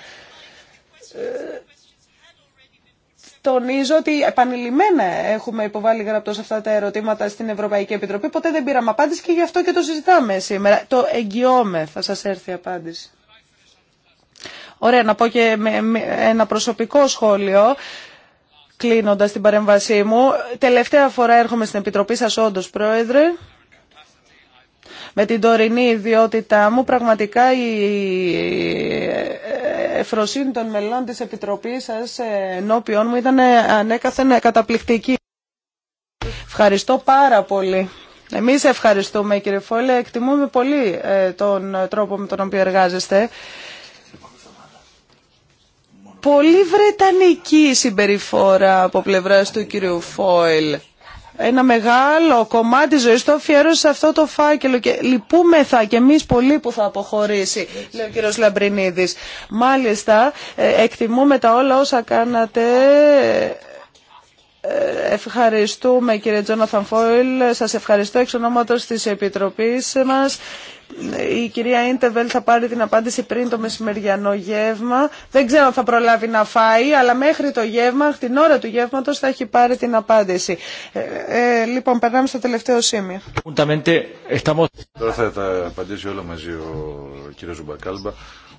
[SPEAKER 3] Τονίζω ότι επανειλημμένα έχουμε υποβάλει γραπτό σε αυτά τα ερωτήματα στην Ευρωπαϊκή Επιτροπή. Ποτέ δεν πήραμε απάντηση και γι' αυτό και το συζητάμε σήμερα. Το εγγυώμαι, θα σας έρθει η απάντηση. Ωραία, να πω και με ένα προσωπικό σχόλιο, κλείνοντας την παρέμβασή μου. Τελευταία φορά έρχομαι στην Επιτροπή σας όντως, Πρόεδρε. Με την τωρινή ιδιότητά μου, πραγματικά η εφροσύνη των μελών της Επιτροπής σας ε, ενώπιον μου ήταν ανέκαθεν καταπληκτική. Ευχαριστώ πάρα πολύ. Εμείς ευχαριστούμε κύριε Φόλε, εκτιμούμε πολύ ε, τον τρόπο με τον οποίο εργάζεστε. Πολύ βρετανική συμπεριφορά από πλευράς του κύριου Φόιλ ένα μεγάλο κομμάτι της ζωής το αφιέρωσε σε αυτό το φάκελο και λυπούμεθα και εμείς πολύ που θα αποχωρήσει, λέει ο κύριος Λαμπρινίδης. Μάλιστα, ε, εκτιμούμε τα όλα όσα κάνατε Ευχαριστούμε κύριε Τζόναθαν Φόιλ, σας ευχαριστώ εξ ονόματος της Επιτροπής μας. Η κυρία Ίντεβελ θα πάρει την απάντηση πριν το μεσημεριανό γεύμα. Δεν ξέρω αν θα προλάβει να φάει, αλλά μέχρι το γεύμα, την ώρα του γεύματος, θα έχει πάρει την απάντηση. Ε, ε λοιπόν, περνάμε στο τελευταίο σημείο.
[SPEAKER 1] Τώρα θα τα απαντήσει όλα μαζί ο κύριο Ζουμπακάλμπα,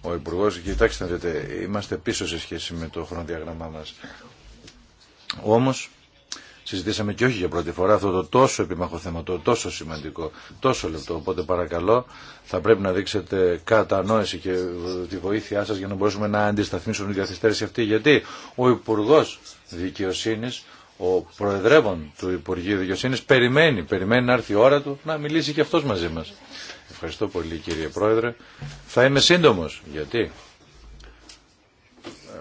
[SPEAKER 1] ο Υπουργό. Κοιτάξτε δείτε, είμαστε πίσω σε σχέση με το χρονοδιαγραμμά μας. Όμως, συζητήσαμε και όχι για πρώτη φορά αυτό το τόσο επιμαχό θέμα, το τόσο σημαντικό, τόσο λεπτό. Οπότε παρακαλώ θα πρέπει να δείξετε κατανόηση και ε, τη βοήθειά σας για να μπορέσουμε να αντισταθμίσουμε την καθυστέρηση αυτή. Γιατί ο Υπουργό Δικαιοσύνη, ο Προεδρεύων του Υπουργείου Δικαιοσύνη περιμένει, περιμένει να έρθει η ώρα του να μιλήσει και αυτό μαζί μα. Ευχαριστώ πολύ κύριε Πρόεδρε. Θα είμαι σύντομο γιατί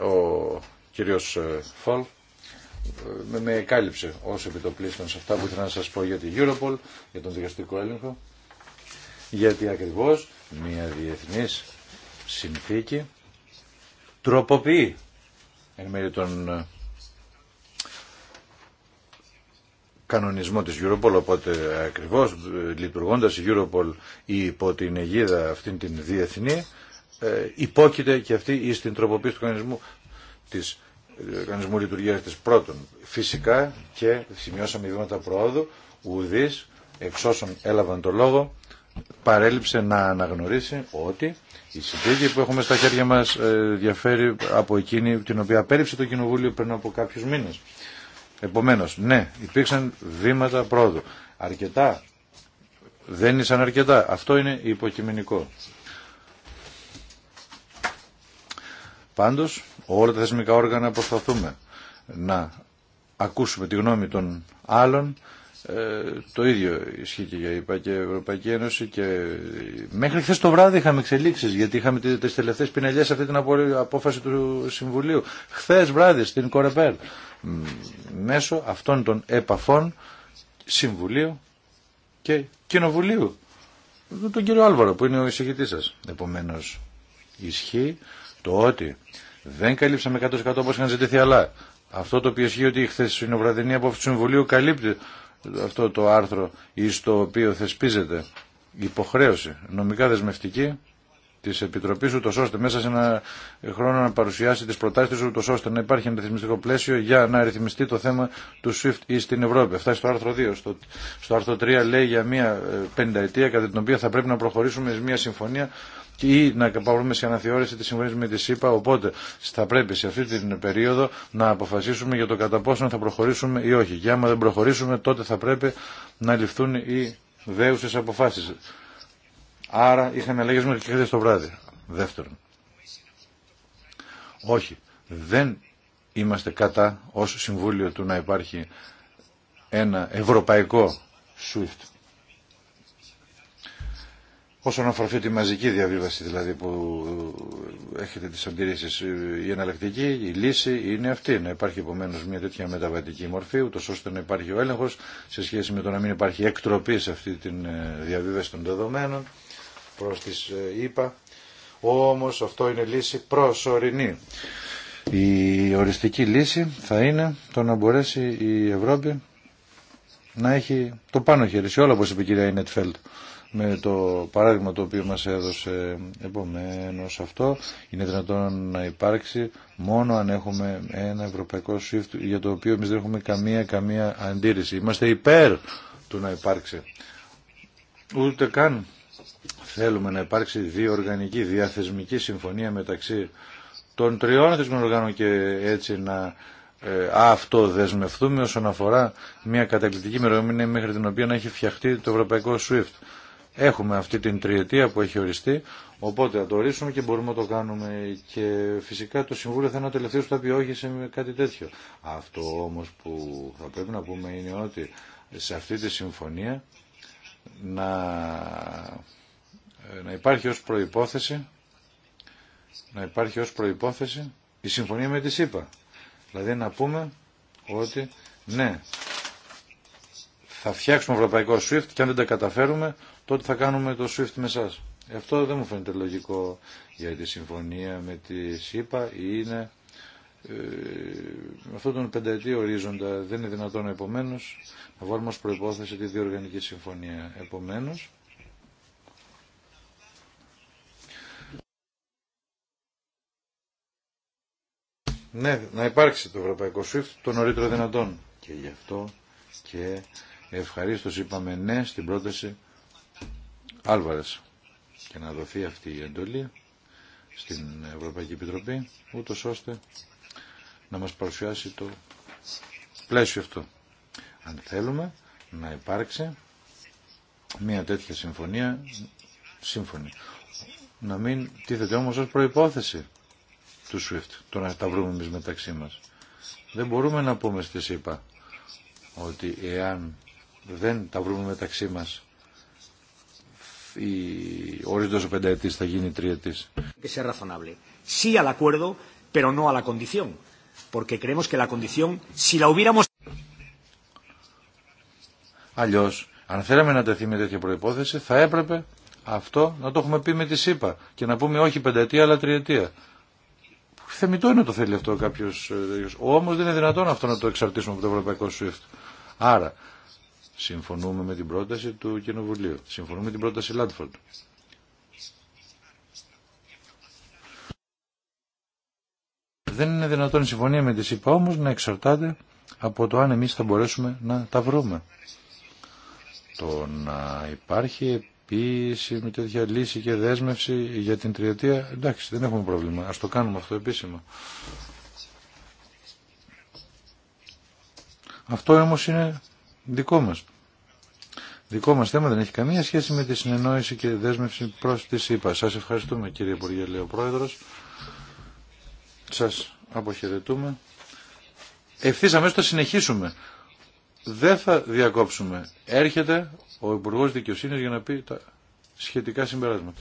[SPEAKER 1] ο κύριος ε, Φολ με, με εκάλυψε ως επιτοπλίστων σε αυτά που ήθελα να σας πω για την Europol, για τον δικαστικό έλεγχο, γιατί ακριβώς μια διεθνής συνθήκη τροποποιεί εν μέρει τον ε, κανονισμό της Europol, οπότε ακριβώς ε, λειτουργώντας η Europol υπό την αιγίδα αυτήν την διεθνή, ε, υπόκειται και αυτή στην τροποποίηση του κανονισμού της Οργανισμού λειτουργία τη πρώτον. Φυσικά και σημειώσαμε βήματα προόδου, ουδή, εξ όσων έλαβαν το λόγο παρέλειψε να αναγνωρίσει ότι η συνθήκη που έχουμε στα χέρια μας ε, διαφέρει από εκείνη την οποία απέρριψε το Κοινοβούλιο πριν από κάποιους μήνες. Επομένως, ναι, υπήρξαν βήματα πρόοδου. Αρκετά δεν ήσαν αρκετά. Αυτό είναι υποκειμενικό. Πάντως όλα τα θεσμικά όργανα προσπαθούμε να ακούσουμε τη γνώμη των άλλων ε, το ίδιο ισχύει και για η Ευρωπαϊκή Ένωση και μέχρι χθε το βράδυ είχαμε εξελίξεις γιατί είχαμε τις τελευταίες πινελιές σε αυτή την απόφαση του Συμβουλίου χθε βράδυ στην Κορεπέρ μέσω αυτών των επαφών Συμβουλίου και Κοινοβουλίου τον κύριο Άλβαρο που είναι ο εισηγητής σας επομένως ισχύει το ότι δεν καλύψαμε 100% όπως είχαν ζητηθεί, αλλά αυτό το οποίο ισχύει ότι η χθεσινοβραδινή απόφαση του Συμβουλίου καλύπτει αυτό το άρθρο ή στο οποίο θεσπίζεται υποχρέωση νομικά δεσμευτική τη Επιτροπή, ούτω ώστε μέσα σε ένα χρόνο να παρουσιάσει τι προτάσει τη, ούτω ώστε να υπάρχει ένα ρυθμιστικό πλαίσιο για να ρυθμιστεί το θέμα του SWIFT ή στην Ευρώπη. Αυτά στο άρθρο 2. Στο, στο άρθρο 3 λέει για μία ε, πενταετία κατά την οποία θα πρέπει να προχωρήσουμε σε μία συμφωνία ή να παρούμε σε αναθεώρηση τη συμφωνία με τη ΣΥΠΑ. Οπότε θα πρέπει σε αυτή την περίοδο να αποφασίσουμε για το κατά πόσο θα προχωρήσουμε ή όχι. Και άμα δεν προχωρήσουμε, τότε θα πρέπει να ληφθούν οι δέουσε αποφάσει. Άρα είχαμε αλλαγέ μέχρι και χθε το βράδυ. Δεύτερον. Όχι. Δεν είμαστε κατά ως Συμβούλιο του να υπάρχει ένα ευρωπαϊκό SWIFT. Όσον αφορά αυτή τη μαζική διαβίβαση δηλαδή που έχετε τις αντιρρήσεις, η εναλλακτική, η λύση είναι αυτή. Να υπάρχει επομένως μια τέτοια μεταβατική μορφή, ούτω ώστε να υπάρχει ο έλεγχος σε σχέση με το να μην υπάρχει εκτροπή σε αυτή τη ε, διαβίβαση των δεδομένων προς τις ίπα. Ε, Όμως αυτό είναι λύση προσωρινή. Η οριστική λύση θα είναι το να μπορέσει η Ευρώπη να έχει το πάνω χέρι σε όλα όπως είπε η κυρία Ινετφέλτ με το παράδειγμα το οποίο μας έδωσε επομένως αυτό είναι δυνατόν να υπάρξει μόνο αν έχουμε ένα ευρωπαϊκό SWIFT, για το οποίο εμείς δεν έχουμε καμία, καμία αντίρρηση. Είμαστε υπέρ του να υπάρξει. Ούτε καν θέλουμε να υπάρξει διοργανική, διαθεσμική συμφωνία μεταξύ των τριών θεσμών οργάνων και έτσι να ε, όσον αφορά μια κατακλητική ημερομηνία μέχρι την οποία να έχει φτιαχτεί το ευρωπαϊκό SWIFT. Έχουμε αυτή την τριετία που έχει οριστεί, οπότε θα το ορίσουμε και μπορούμε να το κάνουμε και φυσικά το Συμβούλιο θα είναι ο τελευταίο που θα πει όχι σε κάτι τέτοιο. Αυτό όμως που θα πρέπει να πούμε είναι ότι σε αυτή τη συμφωνία να, να υπάρχει ως προϋπόθεση να υπάρχει ως προϋπόθεση η συμφωνία με τη ΣΥΠΑ. Δηλαδή να πούμε ότι ναι, θα φτιάξουμε ευρωπαϊκό SWIFT και αν δεν τα καταφέρουμε τότε θα κάνουμε το SWIFT με εσά. Αυτό δεν μου φαίνεται λογικό γιατί τη συμφωνία με τη ΣΥΠΑ είναι με αυτόν τον πενταετή ορίζοντα δεν είναι δυνατόν επομένω να βάλουμε ως προϋπόθεση τη διοργανική συμφωνία. Επομένως, ναι, να υπάρξει το ευρωπαϊκό SWIFT το νωρίτερο δυνατόν. Και γι' αυτό και Ευχαριστώ είπαμε ναι στην πρόταση Άλβαρες και να δοθεί αυτή η εντολή στην Ευρωπαϊκή Επιτροπή ούτω ώστε να μας παρουσιάσει το πλαίσιο αυτό. Αν θέλουμε να υπάρξει μια τέτοια συμφωνία σύμφωνη. Να μην τίθεται όμως ως προϋπόθεση του SWIFT, το να τα βρούμε εμείς μεταξύ μας. Δεν μπορούμε να πούμε στη ΣΥΠΑ ότι εάν δεν τα βρούμε μεταξύ μας. Η ορίζοντας ο πενταετής θα γίνει τριετής. Que
[SPEAKER 3] sea no a la
[SPEAKER 1] Αλλιώς, αν θέλαμε να τεθεί με τέτοια προϋπόθεση, θα έπρεπε αυτό να το έχουμε πει με τη ΣΥΠΑ και να πούμε όχι πενταετία αλλά τριετία. Θεμητό είναι το θέλει αυτό κάποιο. Ε, Όμω δεν είναι δυνατόν αυτό να το εξαρτήσουμε από το Ευρωπαϊκό SWIFT. Άρα Συμφωνούμε με την πρόταση του Κοινοβουλίου. Συμφωνούμε με την πρόταση Λάντφορντ. Δεν είναι δυνατόν η συμφωνία με τη ΣΥΠΑ όμω να εξαρτάται από το αν εμείς θα μπορέσουμε να τα βρούμε. Το να υπάρχει με τέτοια λύση και δέσμευση για την τριετία, εντάξει, δεν έχουμε πρόβλημα. Ας το κάνουμε αυτό επίσημα. Αυτό όμως είναι δικό μας. Δικό μας θέμα δεν έχει καμία σχέση με τη συνεννόηση και δέσμευση προς τη ΣΥΠΑ. Σας ευχαριστούμε κύριε Υπουργέ, λέει ο Πρόεδρος. Σας αποχαιρετούμε. Ευθύς αμέσως θα συνεχίσουμε. Δεν θα διακόψουμε. Έρχεται ο Υπουργός Δικαιοσύνης για να πει τα σχετικά συμπεράσματα.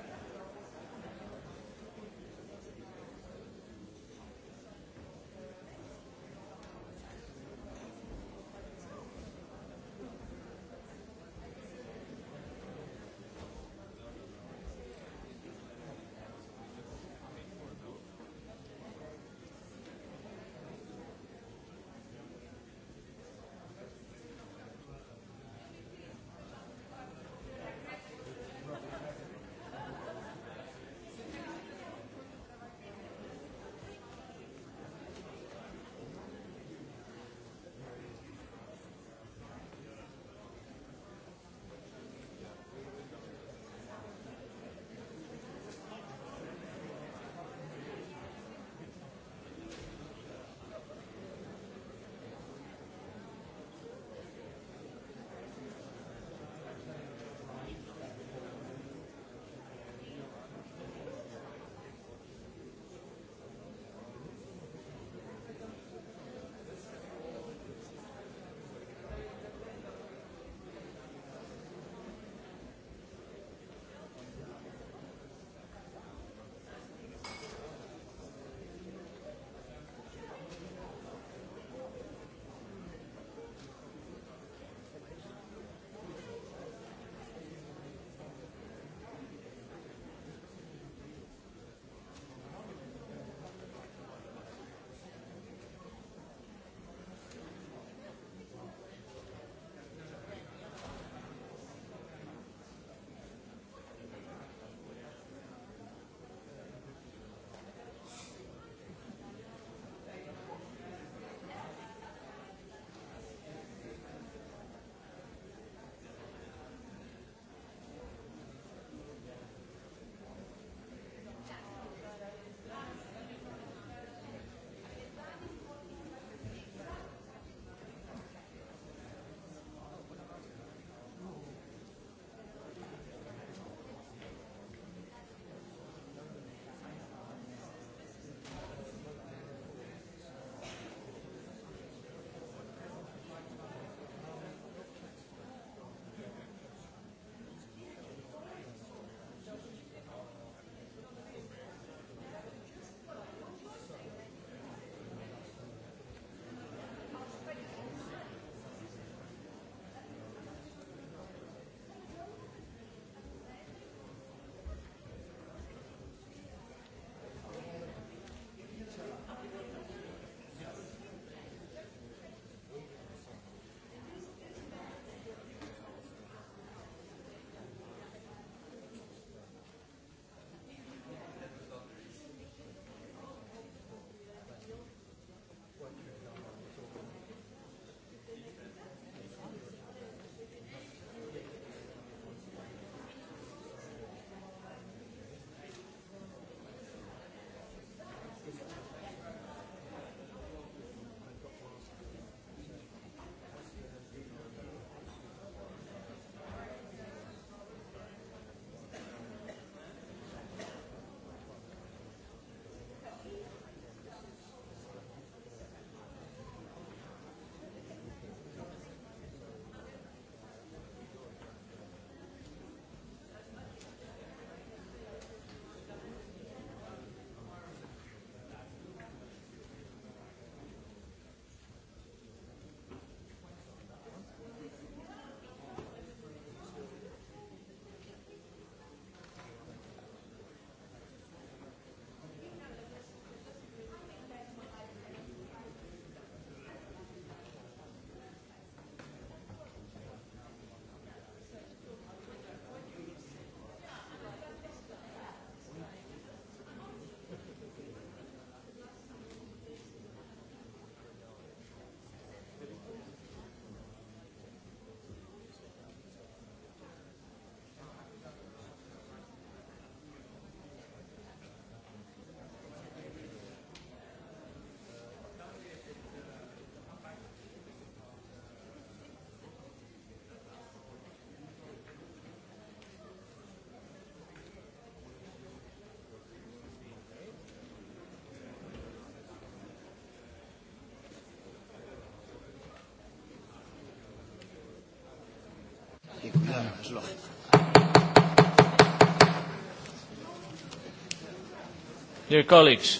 [SPEAKER 2] Dear colleagues.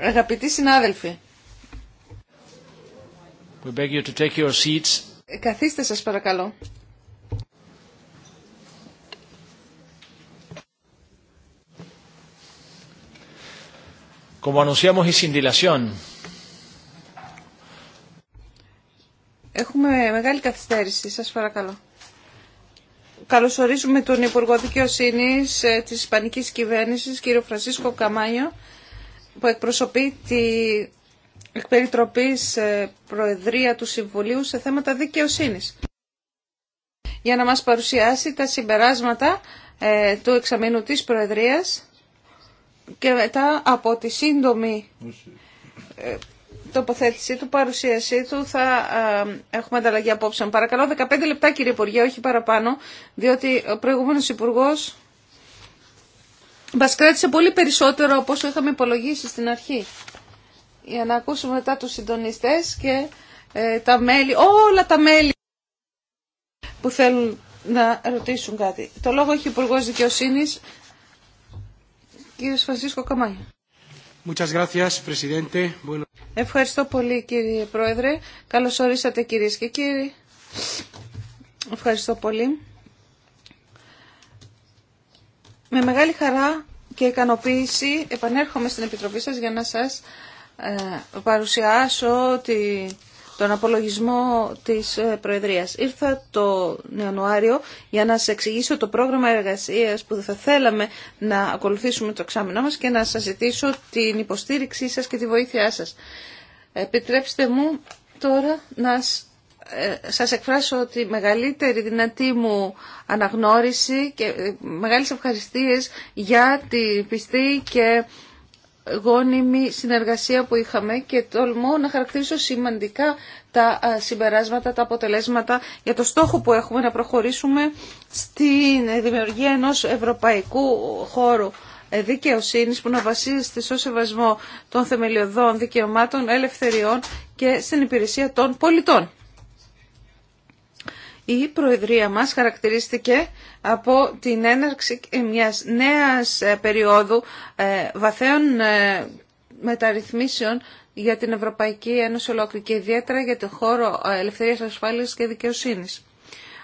[SPEAKER 2] Αγαπητοί συνάδελφοι. We beg you to take your seats. Καθίστε σας παρακαλώ.
[SPEAKER 1] Como anunciamos y sin dilación.
[SPEAKER 2] Έχουμε μεγάλη καθυστέρηση, σας παρακαλώ καλωσορίζουμε τον Υπουργό Δικαιοσύνη ε, της Ισπανική κυβέρνηση, κύριο Φρανσίσκο Καμάνιο, που εκπροσωπεί τη εκπεριτροπής ε, Προεδρία του Συμβουλίου σε θέματα δικαιοσύνη. για να μας παρουσιάσει τα συμπεράσματα ε, του εξαμήνου τη Προεδρίας και μετά από τη σύντομη τοποθέτησή του, παρουσίασή του θα έχουμε ανταλλαγή απόψε. Παρακαλώ 15 λεπτά κύριε Υπουργέ, όχι παραπάνω, διότι ο προηγούμενος Υπουργός μας κράτησε πολύ περισσότερο από όσο είχαμε υπολογίσει στην αρχή. Για να ακούσουμε μετά τους συντονιστές και ε, τα μέλη, όλα τα μέλη που θέλουν να ρωτήσουν κάτι. Το λόγο έχει ο Υπουργός Δικαιοσύνης, κύριος Φρανσίσκο Καμάνια. Ευχαριστώ πολύ κύριε Πρόεδρε. Καλώ ορίσατε κυρίε και κύριοι. Ευχαριστώ πολύ. Με μεγάλη χαρά και ικανοποίηση επανέρχομαι στην Επιτροπή σας για να σας ε, παρουσιάσω τη τον απολογισμό της ε, Προεδρίας. Ήρθα το Ιανουάριο για να σας εξηγήσω το πρόγραμμα εργασίας που θα θέλαμε να ακολουθήσουμε το εξάμεινό μας και να σας ζητήσω την υποστήριξή σας και τη βοήθειά σας. Επιτρέψτε μου τώρα να ε, σας εκφράσω τη μεγαλύτερη δυνατή μου αναγνώριση και ε, μεγάλες ευχαριστίες για την πιστή και γόνιμη συνεργασία που είχαμε και τολμώ να χαρακτηρίσω σημαντικά τα συμπεράσματα, τα αποτελέσματα για το στόχο που έχουμε να προχωρήσουμε στη δημιουργία ενός ευρωπαϊκού χώρου δικαιοσύνης που να βασίζεται στο σεβασμό των θεμελιωδών δικαιωμάτων, ελευθεριών και στην υπηρεσία των πολιτών. Η Προεδρία μας χαρακτηρίστηκε από την έναρξη μιας νέας ε, περίοδου ε, βαθέων ε, μεταρρυθμίσεων για την Ευρωπαϊκή Ένωση ολόκληρη και ιδιαίτερα για τον χώρο ελευθερίας ασφάλειας και δικαιοσύνης.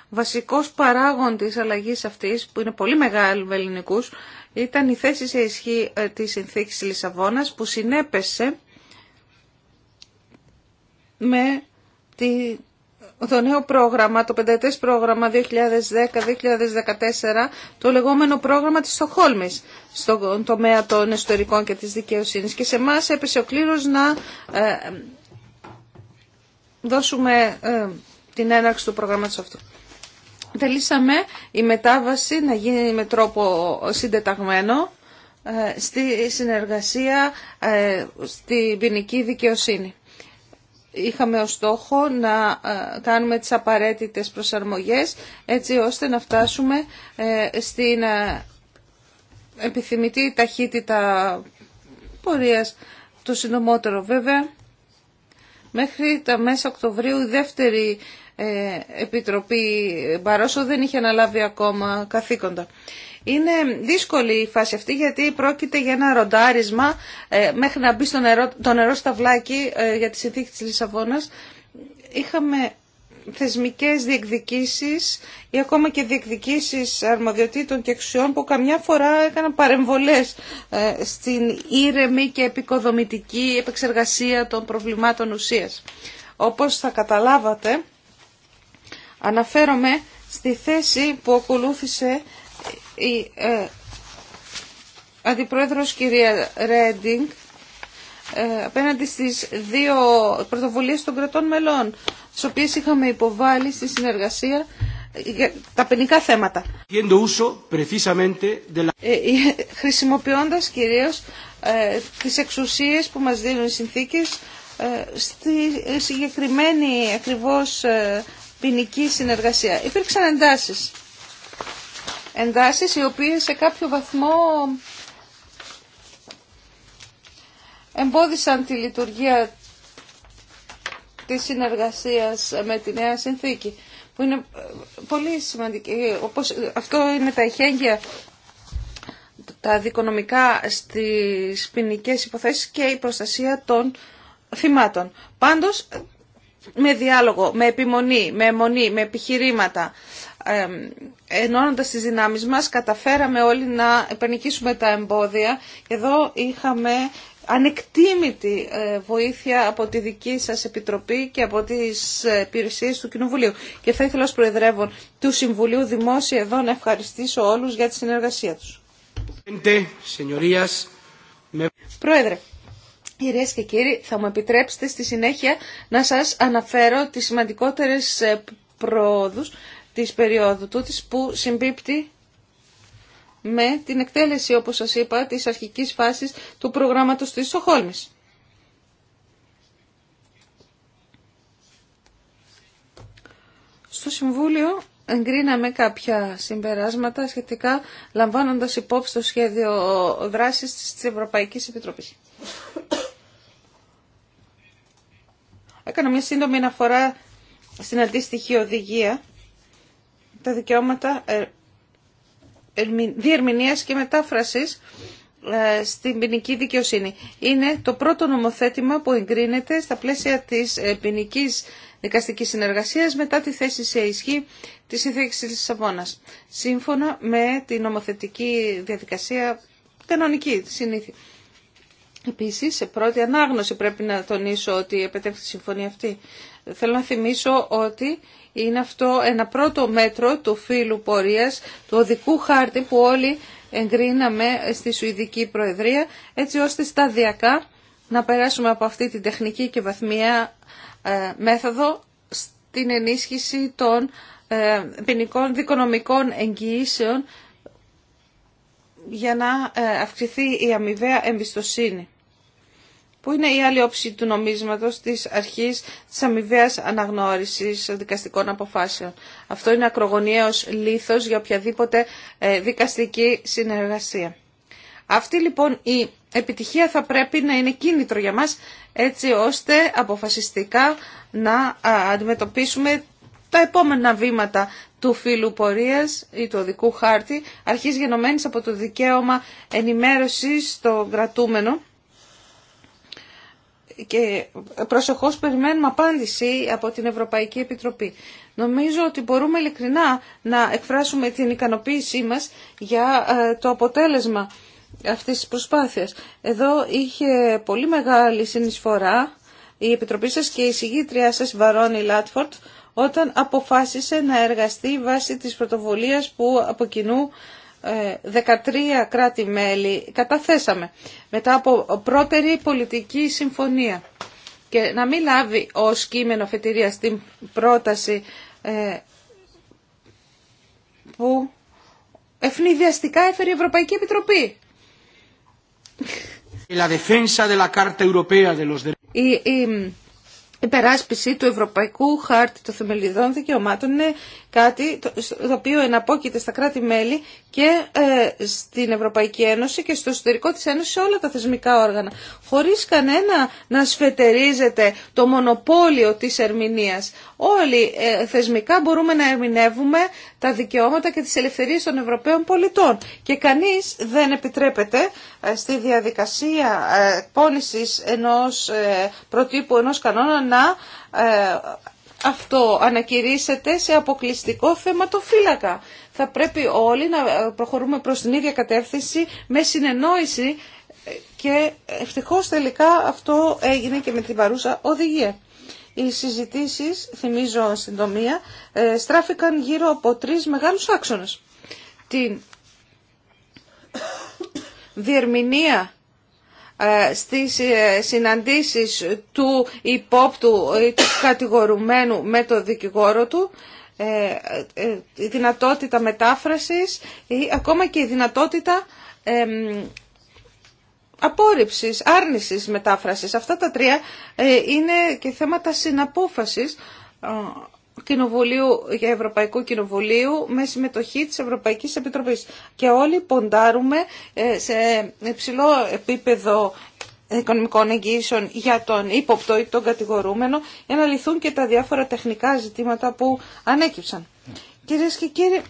[SPEAKER 2] βασικός παράγοντας αλλαγής αυτής, που είναι πολύ μεγάλη με ελληνικούς, ήταν η θέση σε ισχύ της συνθήκης Λισαβόνας που συνέπεσε με τη το νέο πρόγραμμα, το πενταετές πρόγραμμα 2010-2014, το λεγόμενο πρόγραμμα της Στοχόλμης στον τομέα των εσωτερικών και της δικαιοσύνης. Και σε εμά έπεσε ο κλήρος να ε, δώσουμε ε, την έναρξη του προγράμματος αυτού. Τελήσαμε η μετάβαση να γίνει με τρόπο συντεταγμένο ε, στη συνεργασία στην ποινική δικαιοσύνη είχαμε ως στόχο να ε, κάνουμε τις απαραίτητες προσαρμογές έτσι ώστε να φτάσουμε ε, στην ε, επιθυμητή ταχύτητα πορείας του συντομότερο βέβαια. Μέχρι τα μέσα Οκτωβρίου η δεύτερη Επιτροπή Μπαρόσο δεν είχε αναλάβει ακόμα καθήκοντα. Είναι δύσκολη η φάση αυτή γιατί πρόκειται για ένα ροντάρισμα ε, μέχρι να μπει στο νερό, το νερό στα βλάκι ε, για τη συνθήκη της Λισαβόνας. Είχαμε θεσμικές διεκδικήσεις ή ακόμα και διεκδικήσεις αρμοδιοτήτων και εξουσιών που καμιά φορά έκαναν παρεμβολές ε, στην ήρεμη και επικοδομητική επεξεργασία των προβλημάτων ουσίας. Όπως θα καταλάβατε, αναφέρομαι στη θέση που ακολούθησε η ε, Αντιπρόεδρος κυρία Ρέντινγκ ε, απέναντι στις δύο πρωτοβουλίες των κρατών μελών τις οποίες είχαμε υποβάλει στη συνεργασία για τα ποινικά θέματα. Ε, ε, χρησιμοποιώντας κυρίως ε, τις εξουσίες που μας δίνουν οι συνθήκες ε, στη συγκεκριμένη ακριβώς ποινική συνεργασία. Υπήρξαν εντάσεις εντάσεις οι οποίες σε κάποιο βαθμό εμπόδισαν τη λειτουργία της συνεργασίας με τη Νέα Συνθήκη που είναι ε, πολύ σημαντική. Όπως, αυτό είναι τα ειχέγγυα, τα δικονομικά στις ποινικέ υποθέσεις και η προστασία των θυμάτων. Πάντως, με διάλογο, με επιμονή, με αιμονή, με επιχειρήματα, ενώνοντας τις δυνάμεις μας καταφέραμε όλοι να επενικήσουμε τα εμπόδια. Εδώ είχαμε ανεκτήμητη ε, βοήθεια από τη δική σας Επιτροπή και από τις υπηρεσίες του Κοινοβουλίου. Και θα ήθελα ως Προεδρεύων του Συμβουλίου Δημόσια εδώ να ευχαριστήσω όλους για τη συνεργασία τους. Πρόεδρε, κυρίες και κύριοι, θα μου επιτρέψετε στη συνέχεια να σας αναφέρω τις σημαντικότερες ε, πρόοδους της περίοδου τούτης που συμπίπτει με την εκτέλεση, όπως σας είπα, της αρχικής φάσης του προγράμματος της Σοχόλμης. Στο Συμβούλιο εγκρίναμε κάποια συμπεράσματα σχετικά λαμβάνοντας υπόψη το σχέδιο δράσης της Ευρωπαϊκής Επιτροπής. Έκανα μια σύντομη αναφορά στην αντίστοιχη οδηγία τα δικαιώματα ε, διερμηνίας και μετάφρασης ε, στην ποινική δικαιοσύνη. Είναι το πρώτο νομοθέτημα που εγκρίνεται στα πλαίσια της ε, ποινική δικαστικής συνεργασίας μετά τη θέση σε ισχύ της συνθήκης της Σαββόνας. Σύμφωνα με τη νομοθετική διαδικασία κανονική, συνήθη. Επίση, σε πρώτη ανάγνωση πρέπει να τονίσω ότι επέτρεψε τη συμφωνία αυτή. Θέλω να θυμίσω ότι είναι αυτό ένα πρώτο μέτρο του φύλου πορείας, του οδικού χάρτη που όλοι εγκρίναμε στη Σουηδική Προεδρία, έτσι ώστε σταδιακά να περάσουμε από αυτή την τεχνική και βαθμία ε, μέθοδο στην ενίσχυση των ε, ποινικών δικονομικών εγγυήσεων για να ε, αυξηθεί η αμοιβαία εμπιστοσύνη που είναι η άλλη όψη του νομίσματος της αρχής της αμοιβαία αναγνώρισης δικαστικών αποφάσεων. Αυτό είναι ακρογωνιαίος λήθος για οποιαδήποτε ε, δικαστική συνεργασία. Αυτή λοιπόν η επιτυχία θα πρέπει να είναι κίνητρο για μας έτσι ώστε αποφασιστικά να αντιμετωπίσουμε τα επόμενα βήματα του φύλου πορείας ή του οδικού χάρτη αρχής γενομένης από το δικαίωμα ενημέρωσης στο κρατούμενο και προσεχώς περιμένουμε απάντηση από την Ευρωπαϊκή Επιτροπή. Νομίζω ότι μπορούμε ειλικρινά να εκφράσουμε την ικανοποίησή μας για ε, το αποτέλεσμα αυτής της προσπάθειας. Εδώ είχε πολύ μεγάλη συνεισφορά η Επιτροπή σας και η συγγήτριά σας Βαρόνι Λάτφορτ όταν αποφάσισε να εργαστεί βάσει της πρωτοβουλίας που από κοινού 13 ε, κράτη-μέλη καταθέσαμε μετά από πρώτερη πολιτική συμφωνία και να μην λάβει ως κείμενο φετηρία στην πρόταση ε, που ευνηδιαστικά έφερε η Ευρωπαϊκή Επιτροπή. Η υπεράσπιση του Ευρωπαϊκού Χάρτη των Θεμελιδών Δικαιωμάτων είναι Κάτι το οποίο εναπόκειται στα κράτη-μέλη και ε, στην Ευρωπαϊκή Ένωση και στο εσωτερικό της Ένωσης σε όλα τα θεσμικά όργανα. Χωρίς κανένα να σφετερίζεται το μονοπόλιο της ερμηνείας. Όλοι ε, θεσμικά μπορούμε να ερμηνεύουμε τα δικαιώματα και τις ελευθερίες των Ευρωπαίων πολιτών. Και κανείς δεν επιτρέπεται ε, στη διαδικασία πώλησης ενός προτύπου, ενός κανόνα να αυτό ανακηρύσσεται σε αποκλειστικό θεματοφύλακα. Θα πρέπει όλοι να προχωρούμε προς την ίδια κατεύθυνση με συνεννόηση και ευτυχώς τελικά αυτό έγινε και με την παρούσα οδηγία. Οι συζητήσεις, θυμίζω στην τομία, ε, στράφηκαν γύρω από τρεις μεγάλους άξονες. Την διερμηνία ε, στις ε, συναντήσεις του υπόπτου ή του κατηγορουμένου με το δικηγόρο του, ε, η δυνατότητα μετάφρασης ή ακόμα και η δυνατότητα απόρριψης, άρνησης μετάφρασης. Αυτά τα τρία είναι και θέματα συναπόφασης Κοινοβουλίου, Ευρωπαϊκού Κοινοβουλίου με συμμετοχή της Ευρωπαϊκής Επιτροπής. Και όλοι ποντάρουμε ε, σε υψηλό επίπεδο οικονομικών εγγύσεων για τον ύποπτο ή τον κατηγορούμενο για να λυθούν και τα διάφορα τεχνικά ζητήματα που ανέκυψαν. Κυρίε και κύριοι,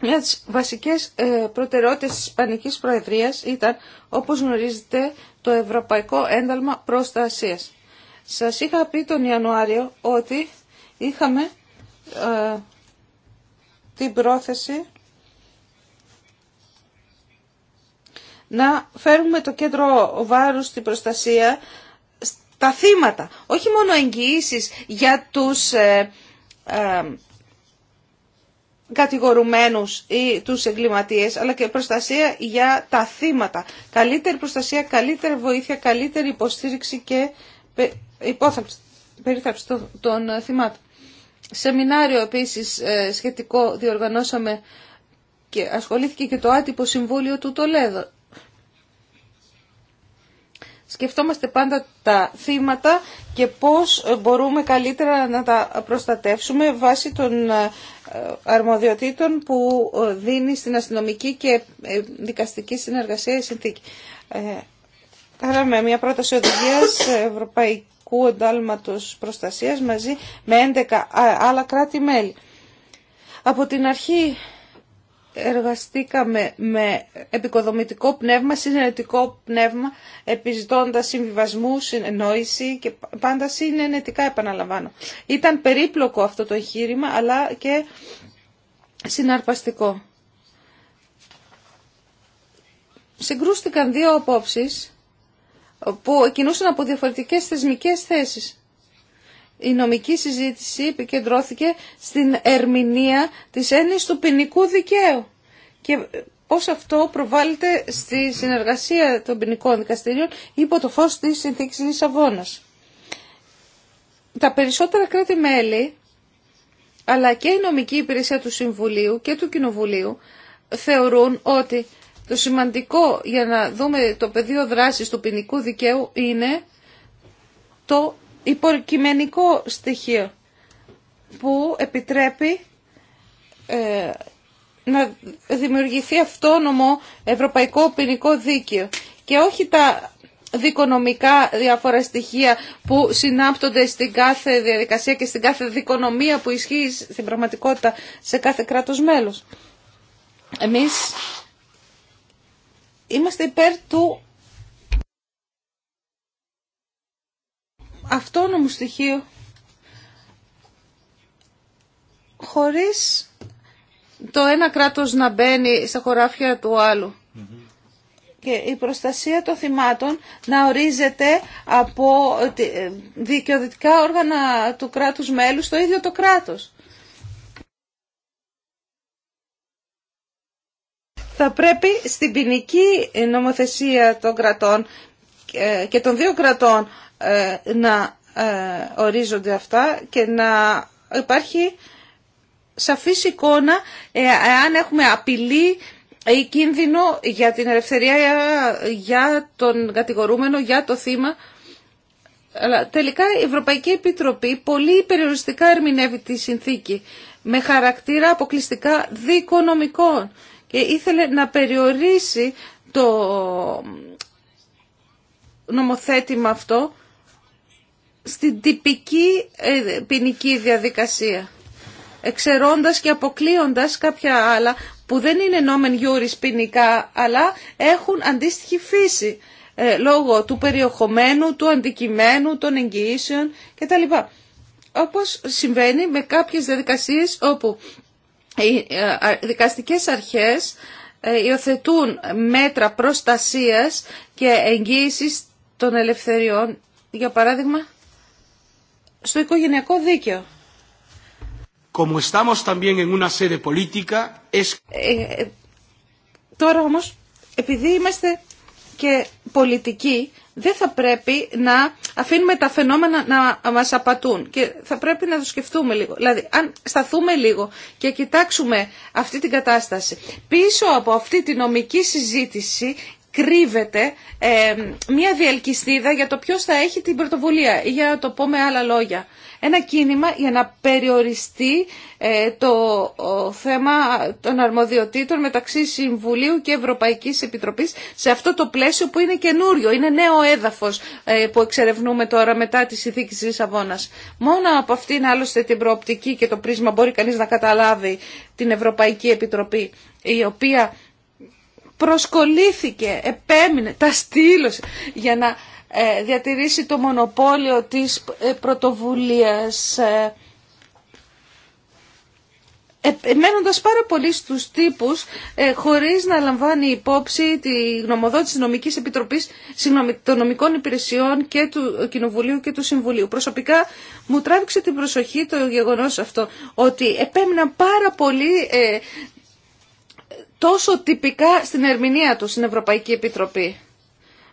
[SPEAKER 2] μια από βασικέ βασικές ε, προτεραιότητες της Προεδρία Προεδρίας ήταν, όπως γνωρίζετε, το Ευρωπαϊκό Ένταλμα Προστασίας. Σας είχα πει τον Ιανουάριο ότι είχαμε ε, την πρόθεση να φέρουμε το κέντρο βάρους στην προστασία στα θύματα. Όχι μόνο εγγυήσεις για τους ε, ε, κατηγορουμένους ή τους εγκληματίες, αλλά και προστασία για τα θύματα. Καλύτερη προστασία, καλύτερη βοήθεια, καλύτερη υποστήριξη και υπόθαψη, των θυμάτων. Σεμινάριο επίσης ε, σχετικό διοργανώσαμε και ασχολήθηκε και το άτυπο συμβούλιο του Τολέδο. Σκεφτόμαστε πάντα τα θύματα και πώς μπορούμε καλύτερα να τα προστατεύσουμε βάσει των ε, αρμοδιοτήτων που ε, δίνει στην αστυνομική και δικαστική συνεργασία η συνθήκη κάναμε μια πρόταση οδηγίας Ευρωπαϊκού Εντάλματος Προστασίας μαζί με 11 άλλα κράτη-μέλη. Από την αρχή εργαστήκαμε με επικοδομητικό πνεύμα, συνενετικό πνεύμα, επιζητώντας συμβιβασμού, συνεννόηση και πάντα συνενετικά επαναλαμβάνω. Ήταν περίπλοκο αυτό το εγχείρημα, αλλά και συναρπαστικό. Συγκρούστηκαν δύο απόψεις που κινούσαν από διαφορετικές θεσμικές θέσεις. Η νομική συζήτηση επικεντρώθηκε στην ερμηνεία της έννοιας του ποινικού δικαίου και πώς αυτό προβάλλεται στη συνεργασία των ποινικών δικαστηρίων υπό το φως της συνθήκης Λισαβόνα. Τα περισσότερα κράτη-μέλη, αλλά και η νομική υπηρεσία του Συμβουλίου και του Κοινοβουλίου, θεωρούν ότι το σημαντικό για να δούμε το πεδίο δράσης του ποινικού δικαίου είναι το υποκειμενικό στοιχείο που επιτρέπει ε, να δημιουργηθεί αυτόνομο ευρωπαϊκό ποινικό δίκαιο και όχι τα δικονομικά διάφορα στοιχεία που συνάπτονται στην κάθε διαδικασία και στην κάθε δικονομία που ισχύει στην πραγματικότητα σε κάθε κράτος μέλος. Εμείς Είμαστε υπέρ του αυτόνομου στοιχείου χωρίς το ένα κράτος να μπαίνει στα χωράφια του άλλου. Και η προστασία των θυμάτων να ορίζεται από δικαιοδυτικά όργανα του κράτους μέλους στο ίδιο το κράτος. θα πρέπει στην ποινική νομοθεσία των κρατών ε, και των δύο κρατών ε, να ε, ορίζονται αυτά και να υπάρχει σαφής εικόνα αν έχουμε απειλή ή κίνδυνο για την ελευθερία για τον κατηγορούμενο, για το θύμα. Αλλά τελικά η Ευρωπαϊκή Επιτροπή πολύ περιοριστικά ερμηνεύει τη συνθήκη με χαρακτήρα αποκλειστικά δικονομικών ήθελε να περιορίσει το νομοθέτημα αυτό στην τυπική ε, ποινική διαδικασία εξαιρώντας και αποκλείοντας κάποια άλλα που δεν είναι νόμεν γιούρις ποινικά αλλά έχουν αντίστοιχη φύση ε, λόγω του περιεχομένου, του αντικειμένου, των εγγυήσεων κτλ. Όπως συμβαίνει με κάποιες διαδικασίες όπου οι ε, δικαστικές αρχές ε, υιοθετούν μέτρα προστασίας και εγγύησης των ελευθεριών, για παράδειγμα, στο οικογενειακό δίκαιο.
[SPEAKER 1] Como estamos también en una política, es...
[SPEAKER 2] Ε, τώρα όμως, επειδή είμαστε και πολιτικοί, δεν θα πρέπει να αφήνουμε τα φαινόμενα να μας απατούν και θα πρέπει να το σκεφτούμε λίγο. Δηλαδή, αν σταθούμε λίγο και κοιτάξουμε αυτή την κατάσταση, πίσω από αυτή τη νομική συζήτηση κρύβεται ε, μια διελκυστίδα για το ποιος θα έχει την πρωτοβουλία ή για να το πω με άλλα λόγια. Ένα κίνημα για να περιοριστεί ε, το θέμα των αρμοδιοτήτων μεταξύ Συμβουλίου και Ευρωπαϊκής Επιτροπής σε αυτό το πλαίσιο που είναι καινούριο, είναι νέο έδαφος ε, που εξερευνούμε τώρα μετά τη συνθήκη της Λισαβόνας. Μόνο από αυτήν άλλωστε την προοπτική και το πρίσμα μπορεί κανείς να καταλάβει την Ευρωπαϊκή Επιτροπή η οποία προσκολήθηκε, επέμεινε, τα στήλωσε για να ε, διατηρήσει το μονοπόλιο της ε, πρωτοβουλίας ε. μένοντας πάρα πολύ στους τύπους χωρίς να λαμβάνει υπόψη τη γνωμοδότηση της νομικής επιτροπής συγγνώμη, των νομικών υπηρεσιών και του Κοινοβουλίου και του Συμβουλίου. Προσωπικά μου τράβηξε την προσοχή το γεγονός αυτό ότι επέμειναν πάρα πολύ τόσο τυπικά στην ερμηνεία του στην Ευρωπαϊκή Επιτροπή.